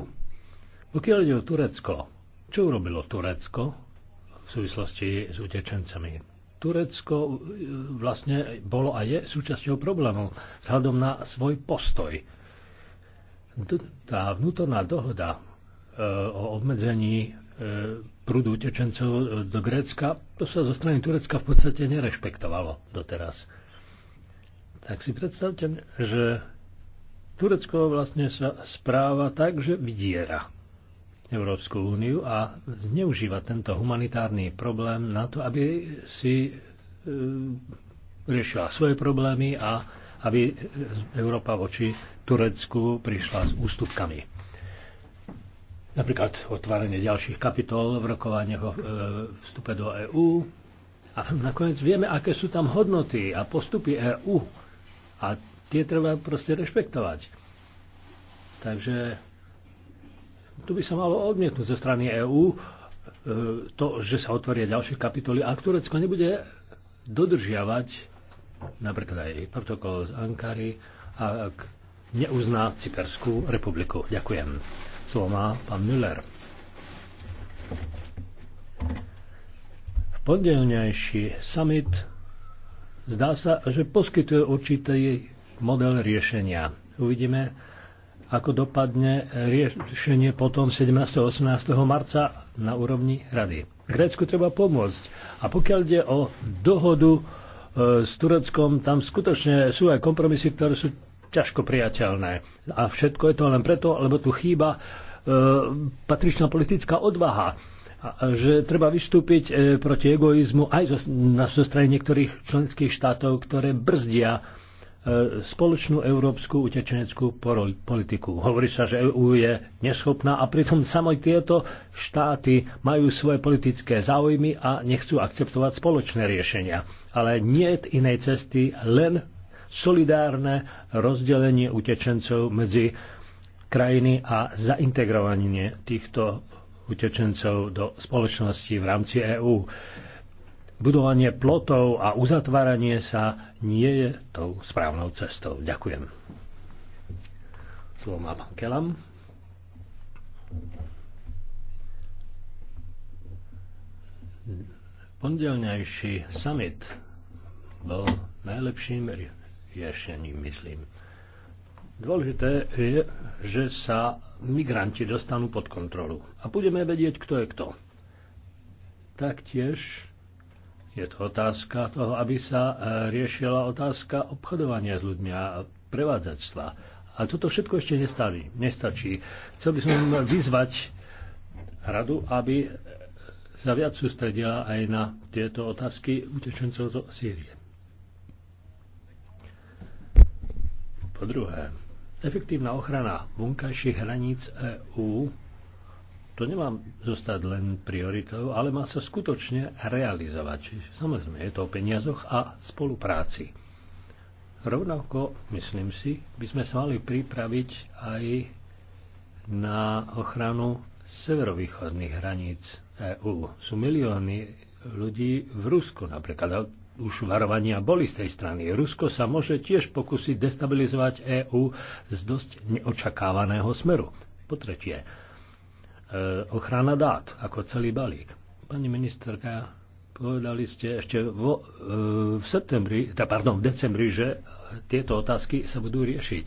Pokiaľ ide o Turecko, čo urobilo Turecko v súvislosti s utečencami? Turecko e, vlastne bolo a je súčasťou problémov vzhľadom na svoj postoj. Tá vnútorná dohoda e, o obmedzení e, prúdu utečencov do Grécka, to sa zo strany Turecka v podstate nerešpektovalo doteraz. Tak si predstavte, že Turecko vlastne sa správa tak, že vydiera Európsku úniu a zneužíva tento humanitárny problém na to, aby si e, riešila svoje problémy a aby Európa voči Turecku prišla s ústupkami. Napríklad otvárenie ďalších kapitol v rokovaniach o e, vstupe do EÚ. A nakoniec vieme, aké sú tam hodnoty a postupy EÚ. A tie treba proste rešpektovať. Takže tu by sa malo odmietnúť zo strany EÚ e, to, že sa otvoria ďalšie kapitoly, ak Turecko nebude dodržiavať napríklad aj protokol z Ankary a ak neuzná Cyperskú republiku. Ďakujem. Slovo má pán Müller. V pondelňajší summit zdá sa, že poskytuje určitý model riešenia. Uvidíme, ako dopadne riešenie potom 17. 18. marca na úrovni rady. Grécku treba pomôcť. A pokiaľ ide o dohodu e, s Tureckom, tam skutočne sú aj kompromisy, ktoré sú ťažko priateľné. A všetko je to len preto, lebo tu chýba e, patričná politická odvaha. A, že treba vystúpiť e, proti egoizmu aj zo, na zo strany niektorých členských štátov, ktoré brzdia E, spoločnú európsku utečeneckú politiku. Hovorí sa, že EÚ je neschopná a pritom samo tieto štáty majú svoje politické záujmy a nechcú akceptovať spoločné riešenia. Ale nie inej cesty, len solidárne rozdelenie utečencov medzi krajiny a zaintegrovanie týchto utečencov do spoločnosti v rámci EÚ budovanie plotov a uzatváranie sa nie je tou správnou cestou. Ďakujem. Slovo má pán Kelam. Pondelňajší summit bol najlepším riešením, myslím. Dôležité je, že sa migranti dostanú pod kontrolu. A budeme vedieť, kto je kto. Taktiež je to otázka toho, aby sa e, riešila otázka obchodovania s ľuďmi a prevádzačstva. A toto všetko ešte nestali, nestačí. Chcel by som vyzvať radu, aby sa viac sústredila aj na tieto otázky utečencov zo Sýrie. Po druhé, efektívna ochrana vonkajších hraníc EÚ to nemá zostať len prioritou, ale má sa skutočne realizovať. Čiže, samozrejme, je to o peniazoch a spolupráci. Rovnako, myslím si, by sme sa mali pripraviť aj na ochranu severovýchodných hraníc EÚ. Sú milióny ľudí v Rusku napríklad. Už varovania boli z tej strany. Rusko sa môže tiež pokúsiť destabilizovať EÚ z dosť neočakávaného smeru. Po tretie, Eh, ochrana dát ako celý balík. Pani ministerka, povedali ste ešte vo, eh, v septembri, teda pardon, v decembri, že tieto otázky sa budú riešiť.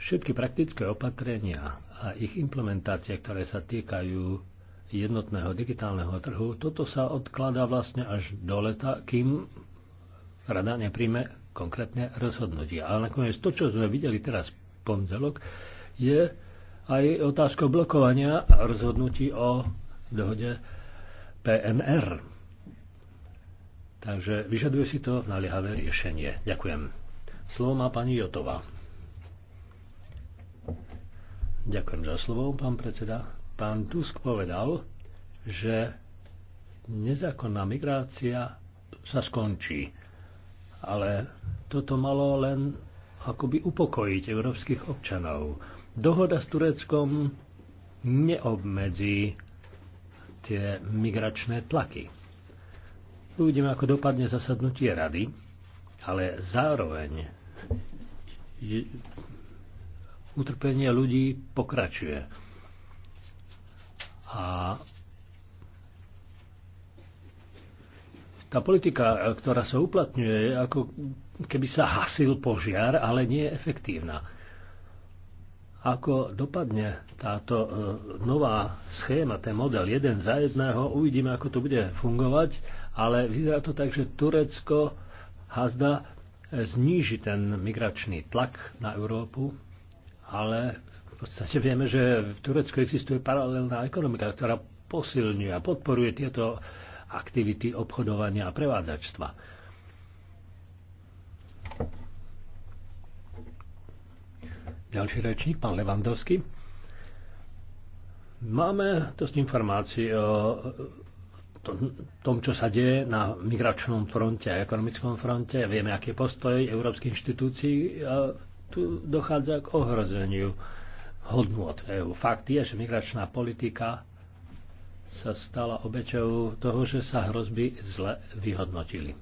Všetky praktické opatrenia a ich implementácie, ktoré sa týkajú jednotného digitálneho trhu, toto sa odkladá vlastne až do leta, kým rada nepríjme konkrétne rozhodnutie. Ale nakoniec to, čo sme videli teraz v pondelok, je aj otázkou blokovania a rozhodnutí o dohode PNR. Takže vyžaduje si to naliehavé riešenie. Ďakujem. Slovo má pani Jotová. Ďakujem za slovo, pán predseda. Pán Tusk povedal, že nezákonná migrácia sa skončí. Ale toto malo len akoby upokojiť európskych občanov. Dohoda s Tureckom neobmedzí tie migračné tlaky. Uvidíme, ako dopadne zasadnutie rady, ale zároveň utrpenie ľudí pokračuje. A tá politika, ktorá sa uplatňuje, je ako keby sa hasil požiar, ale nie je efektívna. Ako dopadne táto e, nová schéma, ten model jeden za jedného, uvidíme, ako to bude fungovať, ale vyzerá to tak, že Turecko hazda e, zníži ten migračný tlak na Európu, ale v podstate vieme, že v Turecku existuje paralelná ekonomika, ktorá posilňuje a podporuje tieto aktivity obchodovania a prevádzačstva. Ďalší rečník, pán Levandovský. Máme dosť informácií o tom, čo sa deje na migračnom fronte a ekonomickom fronte. Vieme, aký postoj európskych inštitúcií. A tu dochádza k ohrozeniu od EU. Fakt je, že migračná politika sa stala obeťou toho, že sa hrozby zle vyhodnotili.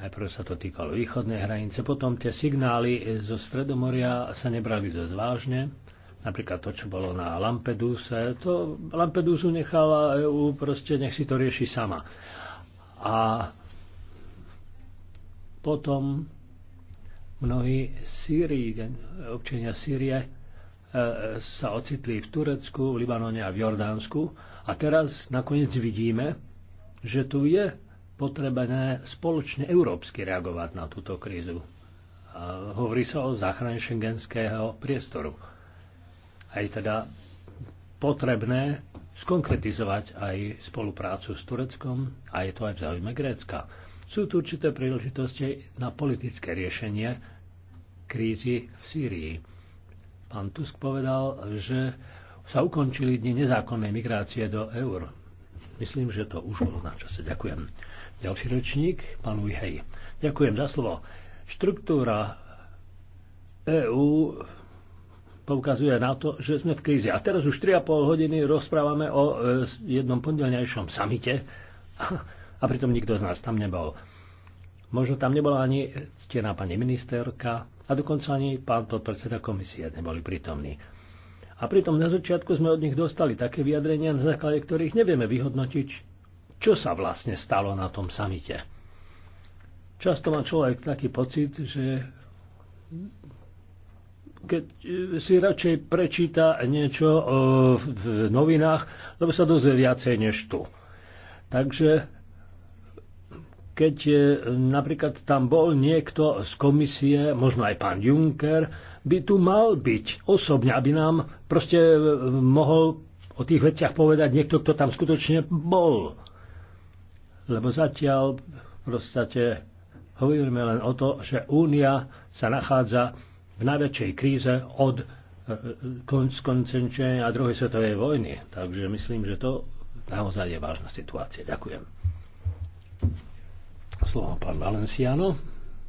Najprv sa to týkalo východnej hranice, potom tie signály zo Stredomoria sa nebrali dosť vážne. Napríklad to, čo bolo na Lampeduse, to Lampedusu nechala EU, proste nech si to rieši sama. A potom mnohí Sýrii, občania Sýrie e, sa ocitli v Turecku, v Libanone a v Jordánsku. A teraz nakoniec vidíme, že tu je potrebné spoločne európsky reagovať na túto krízu. A hovorí sa o záchrane šengenského priestoru. A je teda potrebné skonkretizovať aj spoluprácu s Tureckom a je to aj v záujme Grécka. Sú tu určité príležitosti na politické riešenie krízy v Sýrii. Pán Tusk povedal, že sa ukončili dni nezákonnej migrácie do eur. Myslím, že to už bolo na čase. Ďakujem. Ďalší rečník, pán Ujhej. Ďakujem za slovo. Štruktúra EÚ poukazuje na to, že sme v kríze. A teraz už 3,5 hodiny rozprávame o e, jednom pondelňajšom samite (laughs) a pritom nikto z nás tam nebol. Možno tam nebola ani ctená pani ministerka a dokonca ani pán podpredseda komisie neboli prítomní. A pritom na začiatku sme od nich dostali také vyjadrenia, na základe ktorých nevieme vyhodnotiť, čo sa vlastne stalo na tom samite. Často má človek taký pocit, že keď si radšej prečíta niečo eh, v novinách, lebo sa dozvie viacej než tu. Takže keď napríklad tam bol niekto z komisie, možno aj pán Juncker, by tu mal byť osobne, aby nám proste eh, mohol o tých veciach povedať niekto, kto tam skutočne bol lebo zatiaľ v podstate hovoríme len o to, že Únia sa nachádza v najväčšej kríze od e, skončenia druhej svetovej vojny. Takže myslím, že to naozaj je vážna situácia. Ďakujem. Slovo pán Valenciano.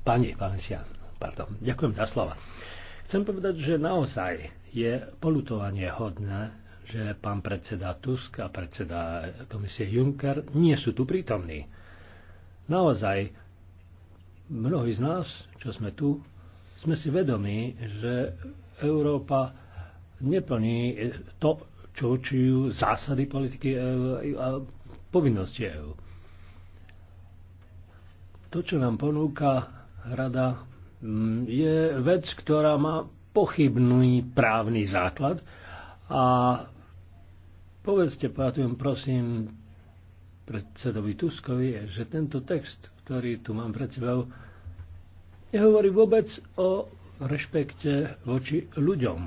Pani Valenciano, pardon. Ďakujem za slova. Chcem povedať, že naozaj je polutovanie hodné, že pán predseda Tusk a predseda komisie Juncker nie sú tu prítomní. Naozaj, mnohí z nás, čo sme tu, sme si vedomi, že Európa neplní to, čo určujú zásady politiky e a povinnosti EU. To, čo nám ponúka rada, mm, je vec, ktorá má pochybný právny základ a Povedzte pátujem, prosím, predsedovi Tuskovi, že tento text, ktorý tu mám pred sebou, nehovorí vôbec o rešpekte voči ľuďom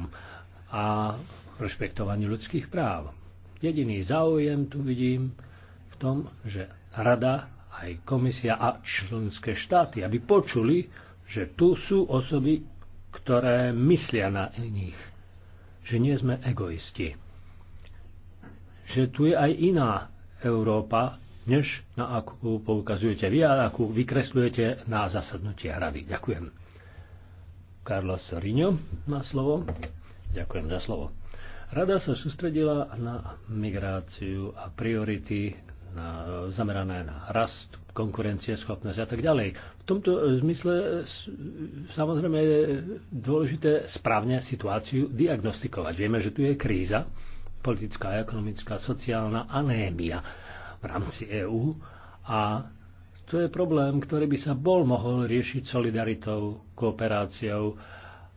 a rešpektovaní ľudských práv. Jediný záujem tu vidím v tom, že rada, aj komisia a členské štáty, aby počuli, že tu sú osoby, ktoré myslia na nich, že nie sme egoisti že tu je aj iná Európa, než na akú poukazujete vy a akú vykreslujete na zasadnutie hrady. Ďakujem. Carlos Riňo má slovo. Ďakujem za slovo. Rada sa sústredila na migráciu a priority na, zamerané na rast, konkurencieschopnosť a tak ďalej. V tomto zmysle samozrejme je dôležité správne situáciu diagnostikovať. Vieme, že tu je kríza, politická, ekonomická, sociálna anémia v rámci EÚ a to je problém, ktorý by sa bol mohol riešiť solidaritou, kooperáciou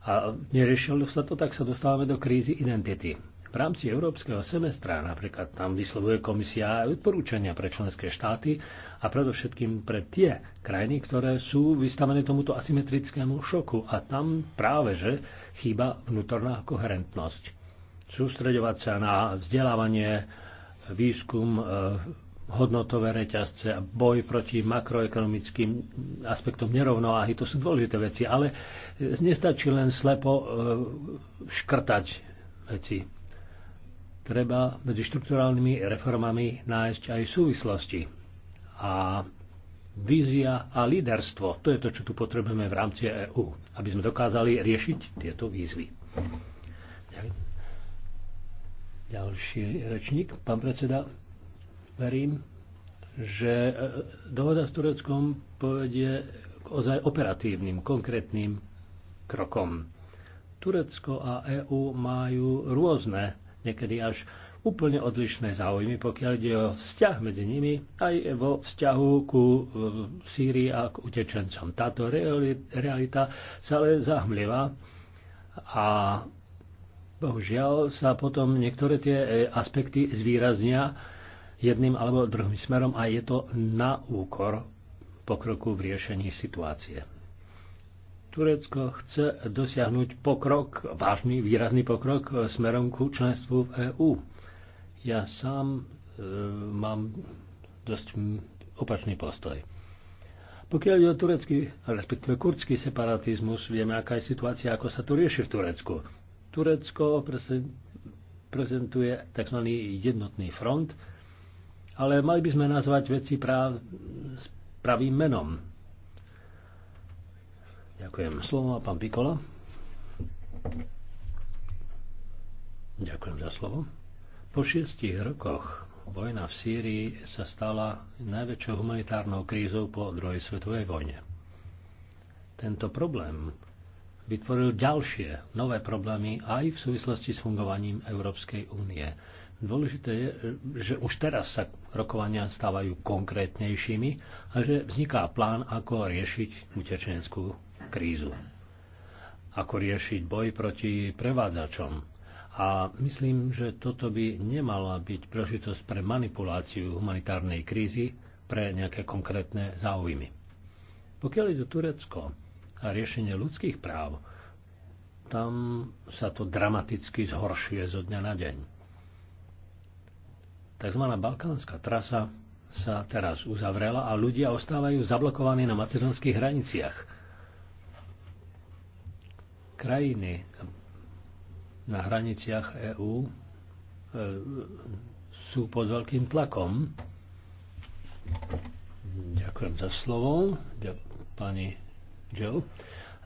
a neriešilo sa to, tak sa dostávame do krízy identity. V rámci európskeho semestra napríklad tam vyslovuje komisia aj odporúčania pre členské štáty a predovšetkým pre tie krajiny, ktoré sú vystavené tomuto asymetrickému šoku a tam práve že chýba vnútorná koherentnosť sústreďovať sa na vzdelávanie, výskum, e, hodnotové reťazce a boj proti makroekonomickým aspektom nerovnováhy. To sú dôležité veci, ale nestačí len slepo e, škrtať veci. Treba medzi štruktúrálnymi reformami nájsť aj súvislosti. A vízia a líderstvo, to je to, čo tu potrebujeme v rámci EÚ, aby sme dokázali riešiť tieto výzvy. Ďakujem. Ďalší rečník, pán predseda, verím, že e, e, dohoda s Tureckom povedie k ozaj operatívnym, konkrétnym krokom. Turecko a EÚ majú rôzne, niekedy až úplne odlišné záujmy, pokiaľ ide o vzťah medzi nimi, aj vo vzťahu ku e, Sýrii a k utečencom. Táto realita sa ale zahmlieva a bohužiaľ sa potom niektoré tie e, aspekty zvýraznia jedným alebo druhým smerom a je to na úkor pokroku v riešení situácie. Turecko chce dosiahnuť pokrok, vážny, výrazný pokrok e, smerom ku členstvu v EÚ. Ja sám e, mám dosť opačný postoj. Pokiaľ ide o turecký, respektíve kurdský separatizmus, vieme, aká je situácia, ako sa to rieši v Turecku. Turecko prezentuje tzv. jednotný front, ale mali by sme nazvať veci práv, pravým menom. Ďakujem. Slovo má pán Pikola. Ďakujem za slovo. Po šiestich rokoch vojna v Sýrii sa stala najväčšou humanitárnou krízou po druhej svetovej vojne. Tento problém vytvoril ďalšie nové problémy aj v súvislosti s fungovaním Európskej únie. Dôležité je, že už teraz sa rokovania stávajú konkrétnejšími a že vzniká plán, ako riešiť utečenskú krízu. Ako riešiť boj proti prevádzačom. A myslím, že toto by nemala byť prežitosť pre manipuláciu humanitárnej krízy pre nejaké konkrétne záujmy. Pokiaľ je to Turecko, a riešenie ľudských práv, tam sa to dramaticky zhoršuje zo dňa na deň. Takzvaná balkánska trasa sa teraz uzavrela a ľudia ostávajú zablokovaní na macedonských hraniciach. Krajiny na hraniciach EÚ e, sú pod veľkým tlakom. Ďakujem za slovo. Pani Jill.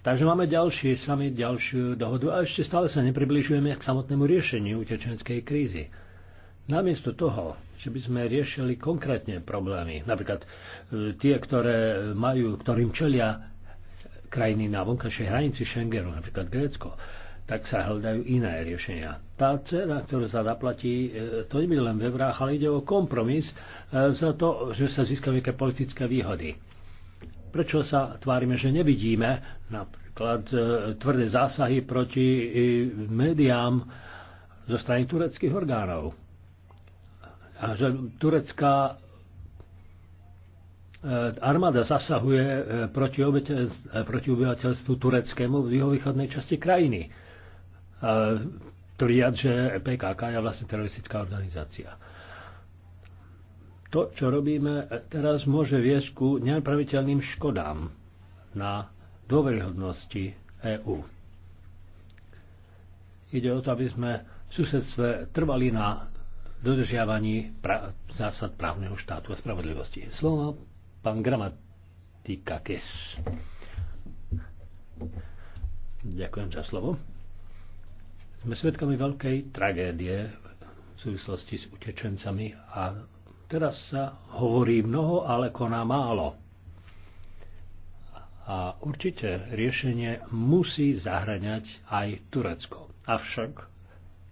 Takže máme ďalší sami, ďalšiu dohodu a ešte stále sa nepribližujeme k samotnému riešeniu utečenskej krízy. Namiesto toho, že by sme riešili konkrétne problémy, napríklad e, tie, ktoré majú, ktorým čelia krajiny na vonkajšej hranici Schengenu, napríklad Grécko, tak sa hľadajú iné riešenia. Tá cena, ktorú sa zaplatí, e, to nie je len ve vrách, ale ide o kompromis e, za to, že sa získajú nejaké politické výhody. Prečo sa tvárime, že nevidíme napríklad e, tvrdé zásahy proti e, médiám zo strany tureckých orgánov? A že turecká e, armáda zasahuje proti, proti obyvateľstvu tureckému v východnej časti krajiny. Tvrdiať, že PKK je vlastne teroristická organizácia to, čo robíme e, teraz, môže viesť ku neopraviteľným škodám na dôveryhodnosti EÚ. Ide o to, aby sme v susedstve trvali na dodržiavaní pra- zásad právneho štátu a spravodlivosti. Slovo pán Gramatika Kes. Ďakujem za slovo. Sme svedkami veľkej tragédie v súvislosti s utečencami a Teraz sa hovorí mnoho, ale koná málo. A určite riešenie musí zahraňať aj Turecko. Avšak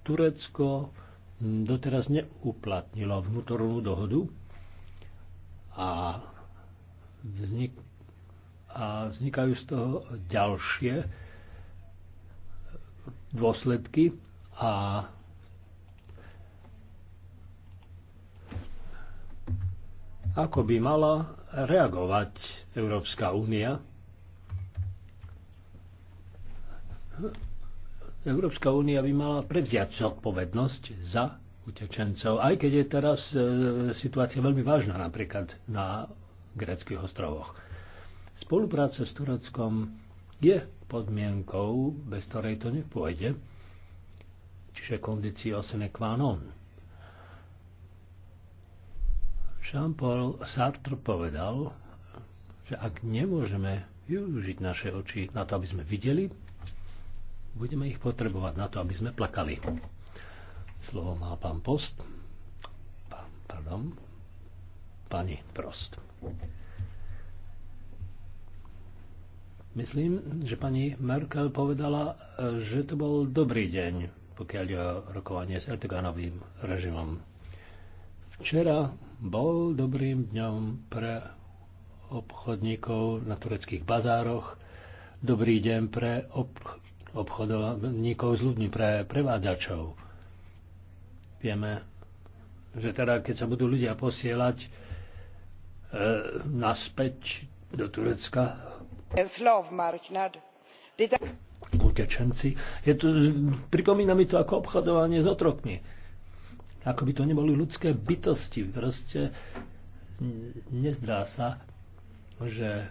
Turecko doteraz neuplatnilo vnútornú dohodu a, vznik, a vznikajú z toho ďalšie dôsledky a ako by mala reagovať Európska únia. Európska únia by mala prevziať zodpovednosť za utečencov, aj keď je teraz e, situácia veľmi vážna napríklad na greckých ostrovoch. Spolupráca s Tureckom je podmienkou, bez ktorej to nepôjde, čiže kondício sine qua non. Jean-Paul Sartre povedal, že ak nemôžeme využiť naše oči na to, aby sme videli, budeme ich potrebovať na to, aby sme plakali. Slovo má pán Post. Pán, pardon. Pani Prost. Myslím, že pani Merkel povedala, že to bol dobrý deň, pokiaľ je rokovanie s Erdoganovým režimom. Včera bol dobrým dňom pre obchodníkov na tureckých bazároch, dobrý deň pre ob- obchodníkov s ľuďmi, pre prevádzačov. Vieme, že teda keď sa budú ľudia posielať e, naspäť do Turecka, utečenci, je to, pripomína mi to ako obchodovanie s otrokmi ako by to neboli ľudské bytosti. Proste nezdá sa, že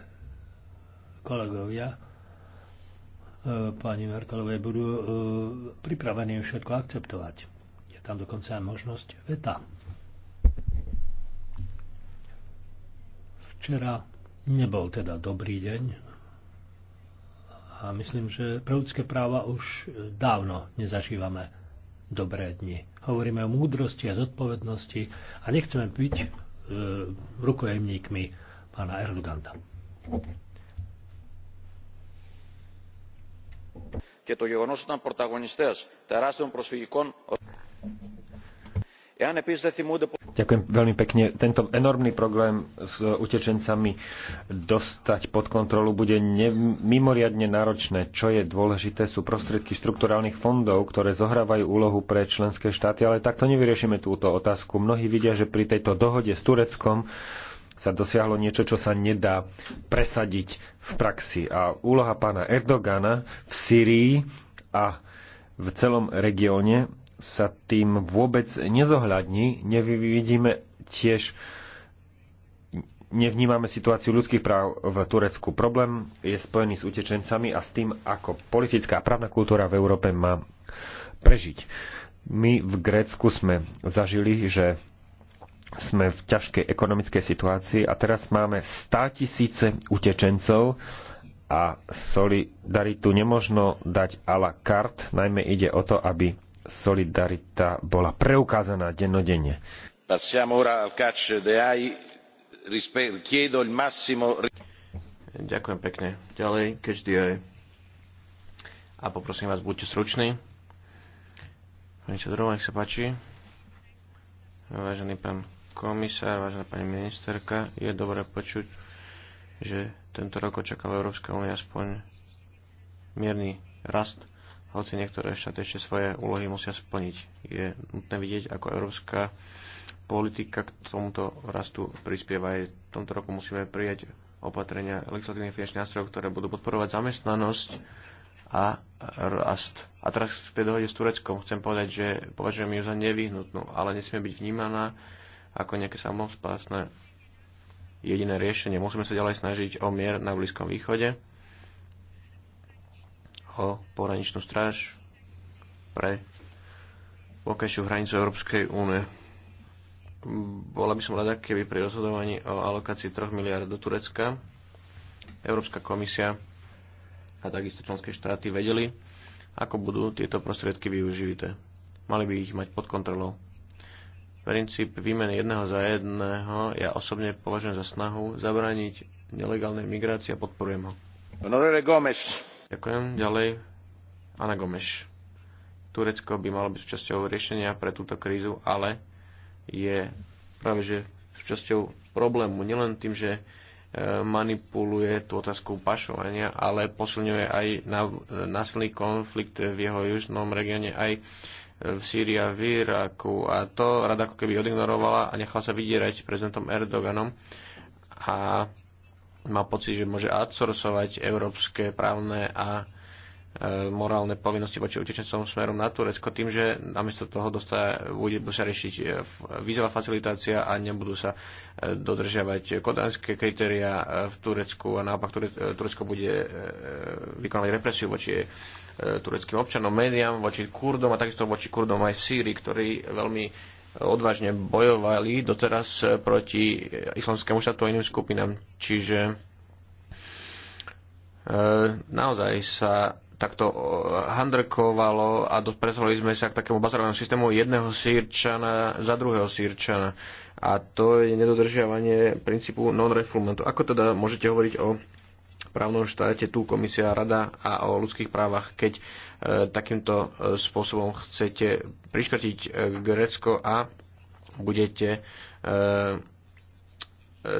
kolegovia e, pani Merkelovej budú e, pripravení všetko akceptovať. Je tam dokonca aj možnosť veta. Včera nebol teda dobrý deň a myslím, že pre ľudské práva už dávno nezažívame dobré dni. Hovoríme o múdrosti a zodpovednosti a nechceme byť e, rukojemníkmi pána Erdoganta. Και το γεγονός ότι ήταν πρωταγωνιστές τεράστιων προσφυγικών... Ďakujem veľmi pekne. Tento enormný problém s utečencami dostať pod kontrolu bude mimoriadne náročné. Čo je dôležité, sú prostriedky štrukturálnych fondov, ktoré zohrávajú úlohu pre členské štáty, ale takto nevyriešime túto otázku. Mnohí vidia, že pri tejto dohode s Tureckom sa dosiahlo niečo, čo sa nedá presadiť v praxi. A úloha pána Erdogana v Syrii a v celom regióne sa tým vôbec nezohľadní. Nevidíme tiež, nevnímame situáciu ľudských práv v Turecku. Problém je spojený s utečencami a s tým, ako politická a právna kultúra v Európe má prežiť. My v Grécku sme zažili, že sme v ťažkej ekonomickej situácii a teraz máme 100 tisíce utečencov a solidaritu nemožno dať a la carte, najmä ide o to, aby solidarita bola preukázaná dennodenne. Ďakujem pekne. Ďalej, každý aj. A poprosím vás, buďte sruční. Pani Čadrova, nech sa páči. Vážený pán komisár, vážená pani ministerka, je dobré počuť, že tento rok očakáva Európska únia aspoň mierny rast hoci niektoré štáty ešte svoje úlohy musia splniť. Je nutné vidieť, ako európska politika k tomuto rastu prispieva. Aj v tomto roku musíme prijať opatrenia legislatívnych finančných nástrojov, ktoré budú podporovať zamestnanosť a rast. A teraz k tej dohode s Tureckom chcem povedať, že považujem ju za nevyhnutnú, ale nesmie byť vnímaná ako nejaké samospásne jediné riešenie. Musíme sa ďalej snažiť o mier na Blízkom východe o pohraničnú stráž pre vonkajšiu hranicu Európskej únie. Bola by som rada, keby pri rozhodovaní o alokácii 3 miliard do Turecka Európska komisia a takisto členské štáty vedeli, ako budú tieto prostriedky využité. Mali by ich mať pod kontrolou. Princíp výmeny jedného za jedného ja osobne považujem za snahu zabrániť nelegálnej migrácii a podporujem ho. Honorable Gomez. Ďakujem. Ďalej, Ana Gomeš. Turecko by malo byť súčasťou riešenia pre túto krízu, ale je práve že súčasťou problému. Nielen tým, že e, manipuluje tú otázku pašovania, ale posilňuje aj násilný konflikt v jeho južnom regióne, aj v Sýrii a v Iraku. A to rada ako keby odignorovala a nechala sa vydierať prezidentom Erdoganom. A má pocit, že môže outsourcovať európske právne a e, morálne povinnosti voči utečencom smerom na Turecko tým, že namiesto toho dostaje, bude sa riešiť e, vízová facilitácia a nebudú sa e, dodržiavať kodanské kritéria v Turecku a naopak Turecko bude vykonávať represiu voči tureckým občanom, médiám, voči Kurdom a takisto voči Kurdom aj v Sýrii, ktorí veľmi odvážne bojovali doteraz proti islamskému štátu a iným skupinám. Čiže e, naozaj sa takto e, handrkovalo a dopresovali sme sa k takému bazarovanému systému jedného sírčana za druhého sírčana. A to je nedodržiavanie princípu non-refoulementu. Ako teda môžete hovoriť o právnom štáte, tu komisia, rada a o ľudských právach, keď e, takýmto e, spôsobom chcete priškrtiť e, Grécko a budete e, e,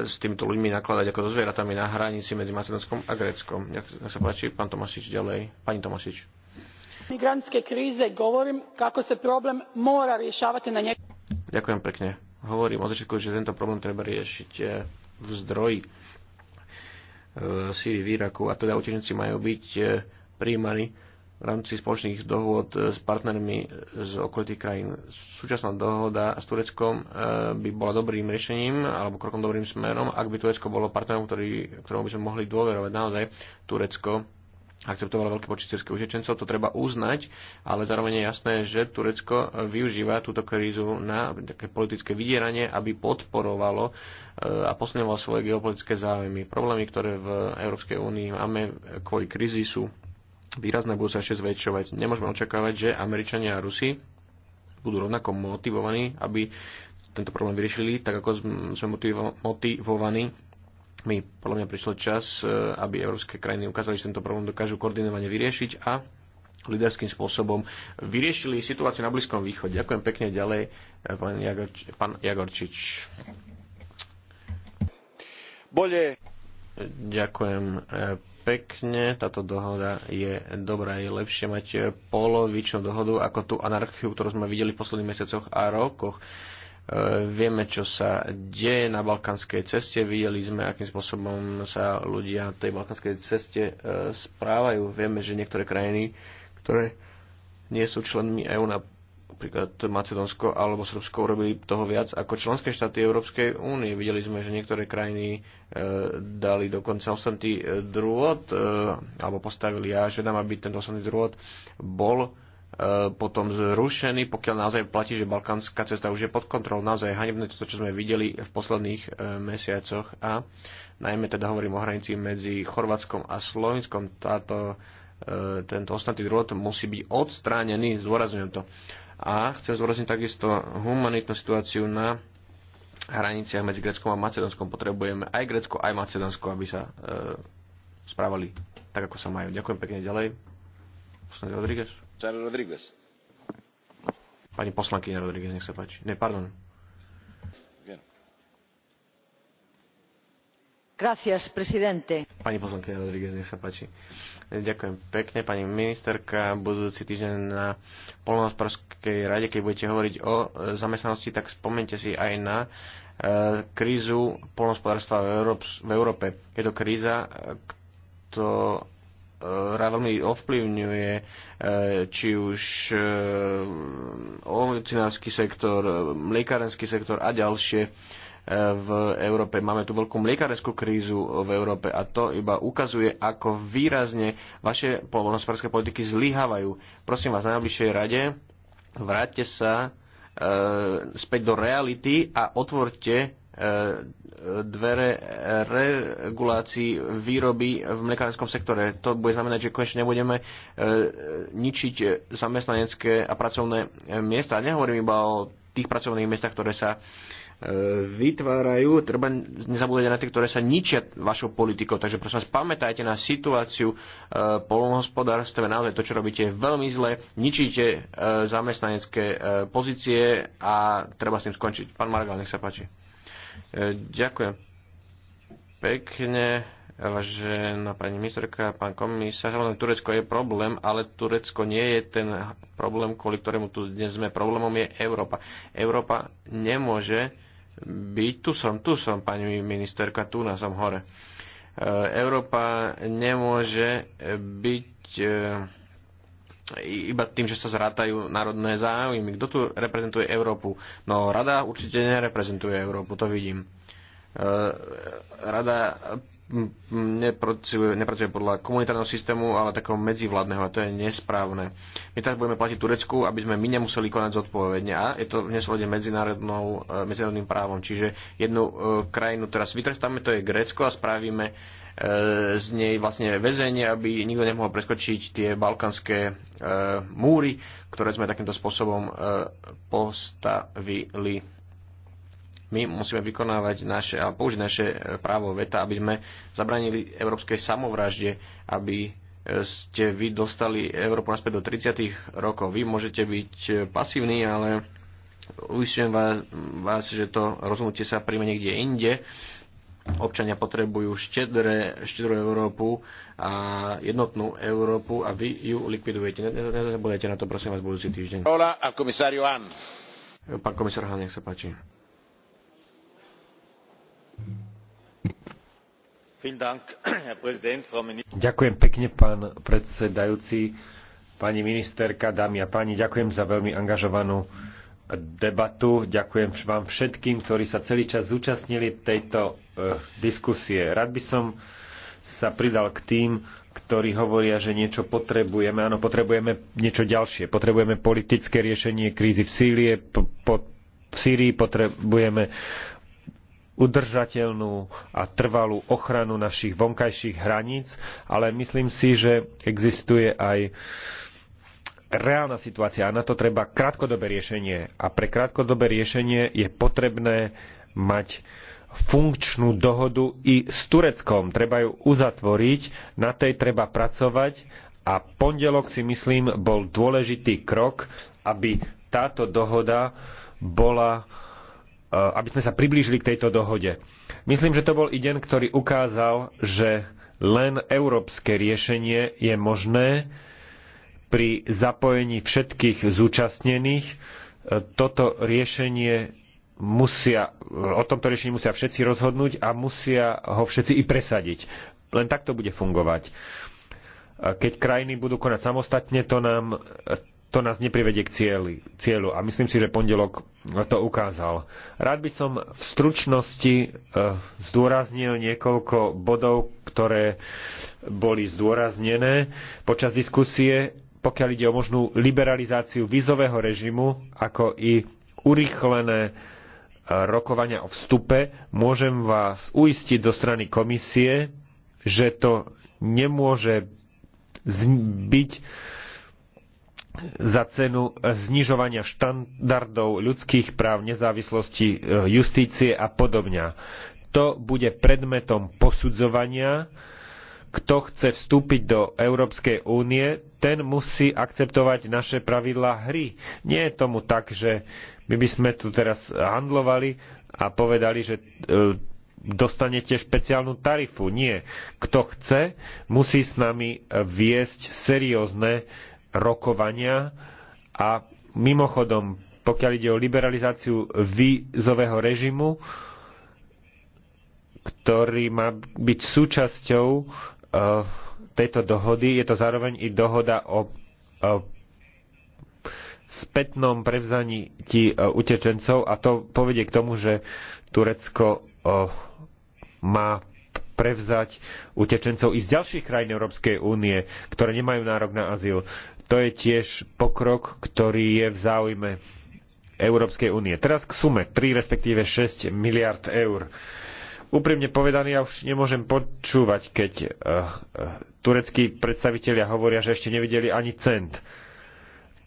s týmito ľuďmi nakladať ako so zvieratami na hranici medzi Macedónskom a Gréckom. Nech, sa páči, pán Tomasič, ďalej. Pani Tomasič. Migrantské kríze, hovorím, ako sa problém mora riešavať na njeg... Ďakujem pekne. Hovorím o začiatku, že tento problém treba riešiť e, v zdroji v Syrii, v Iraku a teda utečenci majú byť e, príjmaní v rámci spoločných dohôd e, s partnermi e, z okolitých krajín. Súčasná dohoda s Tureckom by bola dobrým riešením alebo krokom dobrým smerom, ak by Turecko bolo partnerom, ktorý, ktorému by sme mohli dôverovať. Naozaj Turecko akceptovalo veľký počet sírskych utečencov, to treba uznať, ale zároveň je jasné, že Turecko využíva túto krízu na také politické vydieranie, aby podporovalo e, a posilňovalo svoje geopolitické záujmy. Problémy, ktoré v Európskej únii máme kvôli krízi sú výrazné, budú sa ešte zväčšovať. Nemôžeme očakávať, že Američania a Rusi budú rovnako motivovaní, aby tento problém vyriešili, tak ako sme motivovaní mi podľa mňa prišiel čas, e, aby európske krajiny ukázali, že tento problém dokážu koordinovane vyriešiť a liderským spôsobom vyriešili situáciu na Blízkom východe. Ďakujem pekne ďalej, e, pán, Jagorč, pán Jagorčič. Bolie. Ďakujem e, pekne. Táto dohoda je dobrá. Je lepšie mať polovičnú dohodu ako tú anarchiu, ktorú sme videli v posledných mesiacoch a rokoch. Eh, vieme, čo sa deje na balkánskej ceste, videli sme, akým spôsobom sa ľudia na tej balkánskej ceste eh, správajú. Vieme, že niektoré krajiny, ktoré nie sú členmi EÚ, napríklad Macedónsko alebo Srbsko, urobili toho viac ako členské štáty Európskej únie. Videli sme, že niektoré krajiny e, dali dokonca ostanty drôt, e, alebo postavili ja že nám, aby ten ostanty drôt bol E, potom zrušený, pokiaľ naozaj platí, že balkánska cesta už je pod kontrolou. Naozaj hanebné to, čo sme videli v posledných e, mesiacoch a najmä teda hovorím o hranici medzi Chorvátskom a Slovenskom. Táto, e, tento ostatný druhot musí byť odstránený, zdôrazňujem to. A chcem zdôrazniť takisto humanitnú situáciu na hraniciach medzi Greckom a Macedónskom. Potrebujeme aj Grecko, aj Macedónsko, aby sa e, správali tak, ako sa majú. Ďakujem pekne ďalej. Poslanec Rodríguez. Pani poslankyňa Rodriguez. nech sa páči. Ne, pardon. Gracias, presidente. Pani poslankyňa Rodríguez, nech sa páči. Ďakujem pekne, pani ministerka. Budúci týždeň na Polnohospodárskej rade, keď budete hovoriť o e, zamestnanosti, tak spomente si aj na e, krízu polnohospodárstva v, Európe. Je to kríza, e, ktorá hra e, veľmi ovplyvňuje e, či už e, ovocinársky sektor, mliekarenský sektor a ďalšie v Európe. Máme tu veľkú mliekarenskú krízu v Európe a to iba ukazuje, ako výrazne vaše polnospodárske politiky zlyhávajú. Prosím vás, na najbližšej rade vráťte sa späť do reality a otvorte E, dvere regulácií výroby v mlekárskom sektore. To bude znamenať, že konečne nebudeme e, ničiť zamestnanecké a pracovné miesta. Nehovorím iba o tých pracovných miestach, ktoré sa e, vytvárajú. Treba nezabúdať na tie, ktoré sa ničia vašou politikou. Takže prosím vás, pamätajte na situáciu v polnohospodárstve. Naozaj to, čo robíte, je veľmi zle. Ničíte zamestnanecké pozície a treba s tým skončiť. Pán Margal, nech sa páči. E, ďakujem pekne, vážená pani ministerka, pán komisár. Samozrejme, Turecko je problém, ale Turecko nie je ten problém, kvôli ktorému tu dnes sme. Problémom je Európa. Európa nemôže byť, tu som, tu som, pani ministerka, tu na som hore. E, Európa nemôže byť e, iba tým, že sa zrátajú národné záujmy. Kto tu reprezentuje Európu? No, rada určite nereprezentuje Európu, to vidím. E, rada nepracuje, nepracuje podľa komunitárneho systému, ale takého medzivládneho a to je nesprávne. My teraz budeme platiť Turecku, aby sme my nemuseli konať zodpovedne a je to v nesúlade medzinárodnou, e, medzinárodným právom. Čiže jednu e, krajinu teraz vytrestáme, to je Grécko a spravíme E, z nej vlastne väzenie, aby nikto nemohol preskočiť tie balkanské e, múry, ktoré sme takýmto spôsobom e, postavili. My musíme vykonávať naše, a použiť naše právo veta, aby sme zabranili európskej samovražde, aby ste vy dostali Európu naspäť do 30. rokov. Vy môžete byť pasívni, ale uistujem vás, vás, že to rozhodnutie sa príjme niekde inde občania potrebujú štedré, štedrú Európu a jednotnú Európu a vy ju likvidujete. Nezabudajte na to, prosím vás, budúci týždeň. Hola al komisáriu Han. Pán komisár Han, nech sa páči. Ďakujem pekne, pán predsedajúci, pani ministerka, dámy a páni. Ďakujem za veľmi angažovanú debatu. Ďakujem vám všetkým, ktorí sa celý čas zúčastnili tejto e, diskusie. Rád by som sa pridal k tým, ktorí hovoria, že niečo potrebujeme. Áno, potrebujeme niečo ďalšie. Potrebujeme politické riešenie krízy v Sýrie, po, po, v Sýrii potrebujeme udržateľnú a trvalú ochranu našich vonkajších hraníc, ale myslím si, že existuje aj uh, reálna situácia a na to treba krátkodobé riešenie. A pre krátkodobé riešenie je potrebné mať funkčnú dohodu i s Tureckom. Treba ju uzatvoriť, na tej treba pracovať a pondelok si myslím bol dôležitý krok, aby táto dohoda bola eh, aby sme sa priblížili k tejto dohode. Myslím, že to bol i deň, ktorý ukázal, že len európske riešenie je možné, pri zapojení všetkých zúčastnených. E, toto riešenie musia, o tomto riešení musia všetci rozhodnúť a musia ho všetci i presadiť. Len takto bude fungovať. E, keď krajiny budú konať samostatne, to, nám, to nás neprivedie k cieľi, cieľu. A myslím si, že pondelok to ukázal. Rád by som v stručnosti e, zdôraznil niekoľko bodov, ktoré boli zdôraznené počas diskusie pokiaľ ide o možnú liberalizáciu vízového režimu, ako i urýchlené e, rokovania o vstupe, môžem vás uistiť zo strany komisie, že to nemôže byť za cenu znižovania štandardov ľudských práv, nezávislosti e, justície a podobňa. To bude predmetom posudzovania kto chce vstúpiť do Európskej únie, ten musí akceptovať naše pravidlá hry. Nie je tomu tak, že my by sme tu teraz handlovali a povedali, že e, dostanete špeciálnu tarifu. Nie. Kto chce, musí s nami viesť seriózne rokovania a mimochodom, pokiaľ ide o liberalizáciu vízového režimu, ktorý má byť súčasťou Eh, tejto dohody. Je to zároveň i dohoda o spätnom prevzaní eh, utečencov a to povedie k tomu, že Turecko eh, má prevzať utečencov i z ďalších krajín Európskej únie, ktoré nemajú nárok na azyl. To je tiež pokrok, ktorý je v záujme Európskej únie. Teraz k sume 3, respektíve 6 miliard eur. Uh, Úprimne povedané, ja už nemôžem počúvať, keď uh, uh, tureckí predstavitelia hovoria, že ešte nevideli ani cent.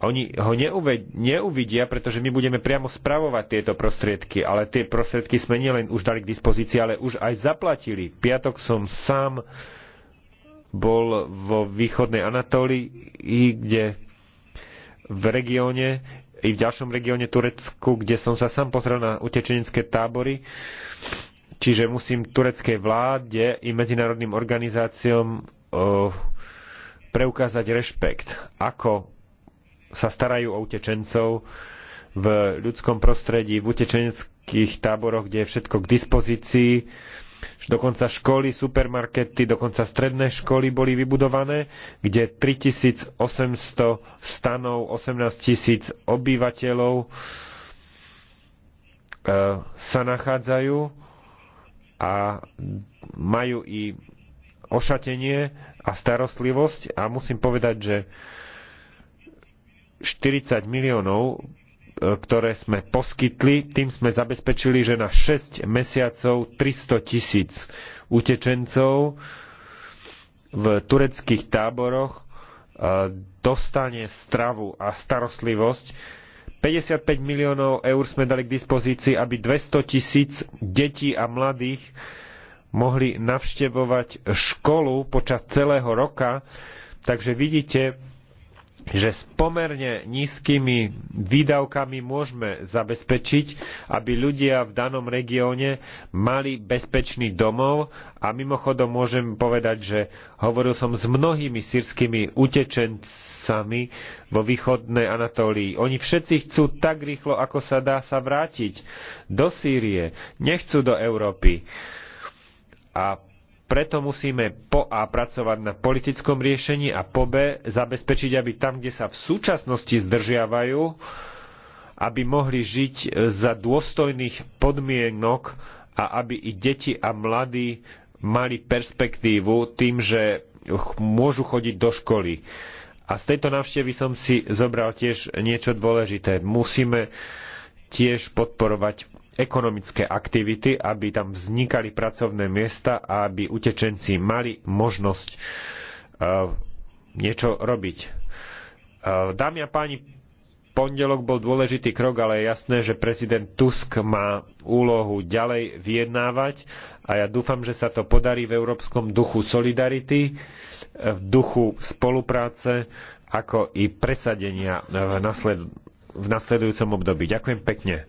Oni ho neuved, neuvidia, pretože my budeme priamo spravovať tieto prostriedky, ale tie prostriedky sme nielen už dali k dispozícii, ale už aj zaplatili. Piatok som sám bol vo východnej Anatólii, kde v regióne i v ďalšom regióne Turecku, kde som sa sám pozrel na utečenecké tábory Čiže musím tureckej vláde i medzinárodným organizáciám eh, preukázať rešpekt, ako sa starajú o utečencov v ľudskom prostredí, v utečeneckých táboroch, kde je všetko k dispozícii. Dokonca školy, supermarkety, dokonca stredné školy boli vybudované, kde 3800 stanov, 18 tisíc obyvateľov eh, sa nachádzajú a majú i ošatenie a starostlivosť a musím povedať, že 40 miliónov, e, ktoré sme poskytli, tým sme zabezpečili, že na 6 mesiacov 300 tisíc utečencov v tureckých táboroch e, dostane stravu a starostlivosť 55 miliónov eur sme dali k dispozícii, aby 200 tisíc detí a mladých mohli navštevovať školu počas celého roka. Takže vidíte, že s pomerne nízkymi výdavkami môžeme zabezpečiť, aby ľudia v danom regióne mali bezpečný domov a mimochodom môžem povedať, že hovoril som s mnohými sírskymi utečencami vo východnej Anatólii. Oni všetci chcú tak rýchlo, ako sa dá sa vrátiť do Sýrie. Nechcú do Európy. A preto musíme po A pracovať na politickom riešení a po B zabezpečiť, aby tam, kde sa v súčasnosti zdržiavajú, aby mohli žiť e, za dôstojných podmienok a aby i deti a mladí mali perspektívu tým, že môžu chodiť do školy. A z tejto návštevy som si zobral tiež niečo dôležité. Musíme tiež podporovať ekonomické aktivity, aby tam vznikali pracovné miesta a aby utečenci mali možnosť uh, niečo robiť. Uh, dámy a páni, pondelok bol dôležitý krok, ale je jasné, že prezident Tusk má úlohu ďalej vyjednávať a ja dúfam, že sa to podarí v európskom duchu solidarity, e, v duchu spolupráce, ako i presadenia v, nasled, v nasledujúcom období. Ďakujem pekne.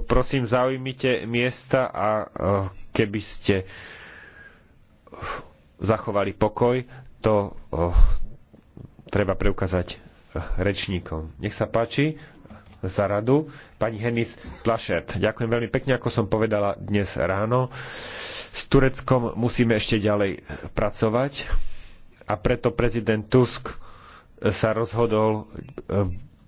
Prosím, zaujmite miesta a e, keby ste zachovali pokoj, to e, treba preukázať e, rečníkom. Nech sa páči za radu pani Henis Plašert. Ďakujem veľmi pekne, ako som povedala dnes ráno. S Tureckom musíme ešte ďalej pracovať a preto prezident Tusk sa rozhodol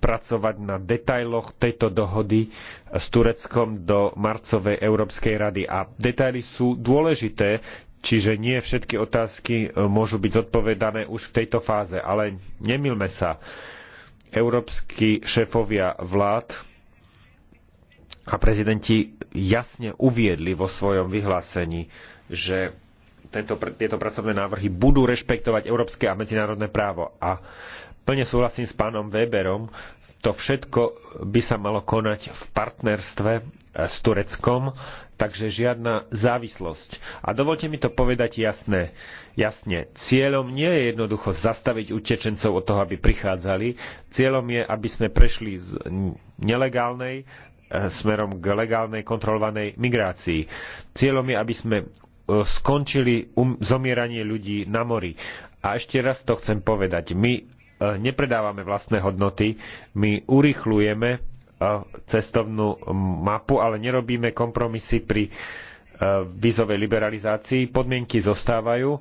pracovať na detailoch tejto dohody s Tureckom do marcovej Európskej rady. A detaily sú dôležité, čiže nie všetky otázky e, môžu byť zodpovedané už v tejto fáze. Ale nemilme sa, európsky šéfovia vlád a prezidenti jasne uviedli vo svojom vyhlásení, že tento, tieto pracovné návrhy budú rešpektovať európske a medzinárodné právo. A Plne súhlasím s pánom Weberom, to všetko by sa malo konať v partnerstve eh, s Tureckom, takže žiadna závislosť. A dovolte mi to povedať jasné. Jasne, cieľom nie je jednoducho zastaviť utečencov od toho, aby prichádzali. Cieľom je, aby sme prešli z nelegálnej eh, smerom k legálnej kontrolovanej migrácii. Cieľom je, aby sme eh, skončili um, zomieranie ľudí na mori. A ešte raz to chcem povedať. My Eh, nepredávame vlastné hodnoty, my urychlujeme eh, cestovnú mapu, ale nerobíme kompromisy pri eh, vízovej liberalizácii. Podmienky zostávajú,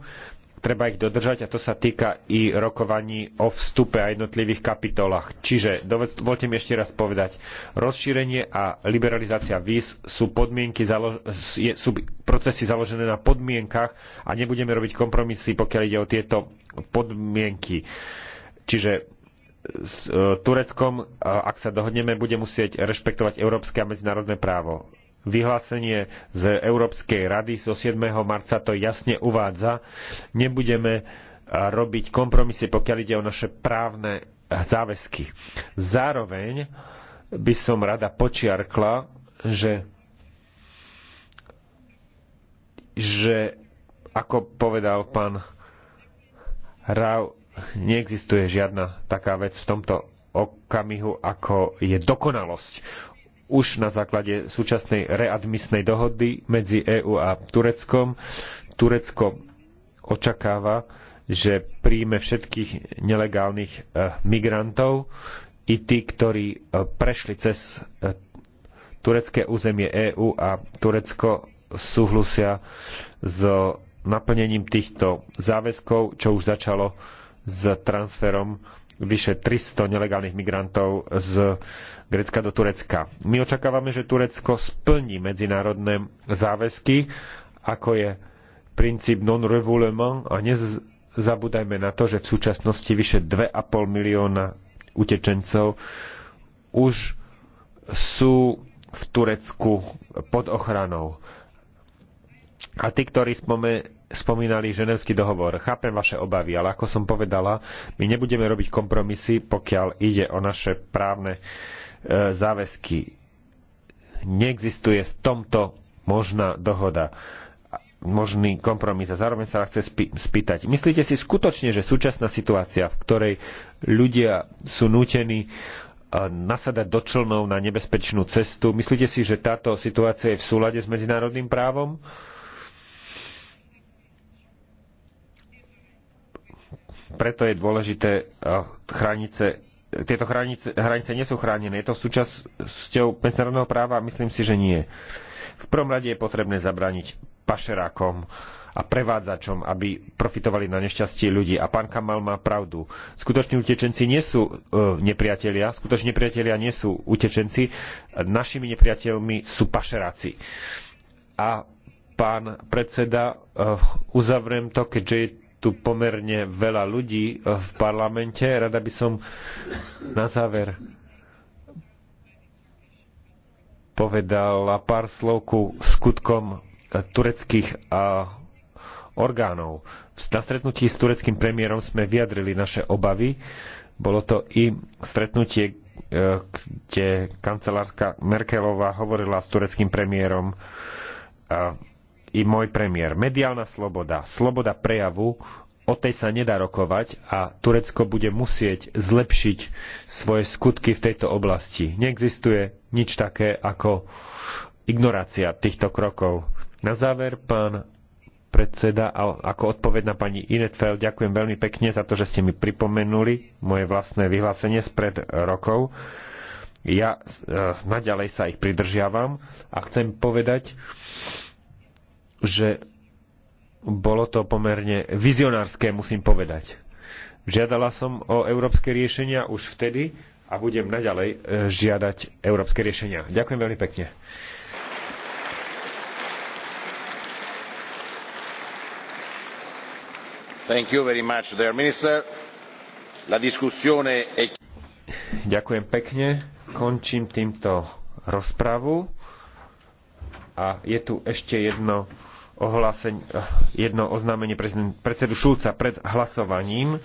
treba ich dodržať a to sa týka i rokovaní o vstupe a jednotlivých kapitolách. Čiže dovolte mi ešte raz povedať, rozšírenie a liberalizácia víz sú, podmienky, sú procesy založené na podmienkach a nebudeme robiť kompromisy, pokiaľ ide o tieto podmienky. Uh, Čiže s e, Tureckom, e, ak sa dohodneme, bude musieť rešpektovať európske a medzinárodné právo. Vyhlásenie z Európskej rady zo 7. marca to jasne uvádza. Nebudeme e, robiť kompromisy, pokiaľ ide o naše právne záväzky. Zároveň by som rada počiarkla, že, že ako povedal pán Rau, neexistuje žiadna taká vec v tomto okamihu, ako je dokonalosť. Už na základe súčasnej readmisnej dohody medzi EÚ a Tureckom, Turecko očakáva, že príjme všetkých nelegálnych e, migrantov, i tí, ktorí e, prešli cez e, turecké územie EÚ a Turecko súhlusia s naplnením týchto záväzkov, čo už začalo s transferom vyše 300 nelegálnych migrantov z Grecka do Turecka. My očakávame, že Turecko splní medzinárodné záväzky, ako je princíp non revoulement a nezabúdajme na to, že v súčasnosti vyše 2,5 milióna utečencov už sú v Turecku pod ochranou. A tí, ktorí spome- spomínali ženevský dohovor. Chápem vaše obavy, ale ako som povedala, my nebudeme robiť kompromisy, pokiaľ ide o naše právne e, záväzky. Neexistuje v tomto možná dohoda možný kompromis. A zároveň sa chce spýtať, myslíte si skutočne, že súčasná situácia, v ktorej ľudia sú nútení e, nasadať do člnov na nebezpečnú cestu, myslíte si, že táto situácia je v súlade s medzinárodným právom? Uh, Preto je dôležité eh, hranice tieto hranice, hranice nie sú chránené. Je to súčasťou medzinárodného práva? Myslím si, že nie. V prvom rade je potrebné zabrániť pašerákom a prevádzačom, aby profitovali na nešťastie ľudí. A pán Kamal má pravdu. Skutoční utečenci nie sú e, nepriatelia, skutoční nepriatelia nie sú utečenci, našimi nepriateľmi sú pašeráci. A pán predseda, e, uzavriem to, keďže je tu pomerne veľa ľudí eh, v parlamente. Rada by som na záver povedala pár slov ku skutkom eh, tureckých eh, orgánov. Na stretnutí s tureckým premiérom sme vyjadrili naše obavy. Bolo to i stretnutie, kde kancelárka Merkelová hovorila s tureckým premiérom i môj premiér. Mediálna sloboda, sloboda prejavu, o tej sa nedá rokovať a Turecko bude musieť zlepšiť svoje skutky v tejto oblasti. Neexistuje nič také ako ignorácia týchto krokov. Na záver, pán predseda, ako odpoved na pani Inetfeld, ďakujem veľmi pekne za to, že ste mi pripomenuli moje vlastné vyhlásenie spred rokov. Ja e, naďalej sa ich pridržiavam a chcem povedať, že bolo to pomerne vizionárske, musím povedať. Žiadala som o európske riešenia už vtedy a budem naďalej e, žiadať európske riešenia. Ďakujem veľmi pekne. Much, è... Ďakujem pekne. Končím týmto rozpravu. A je tu ešte jedno ohlásenie eh, jedno oznámenie predsedu Šulca pred hlasovaním.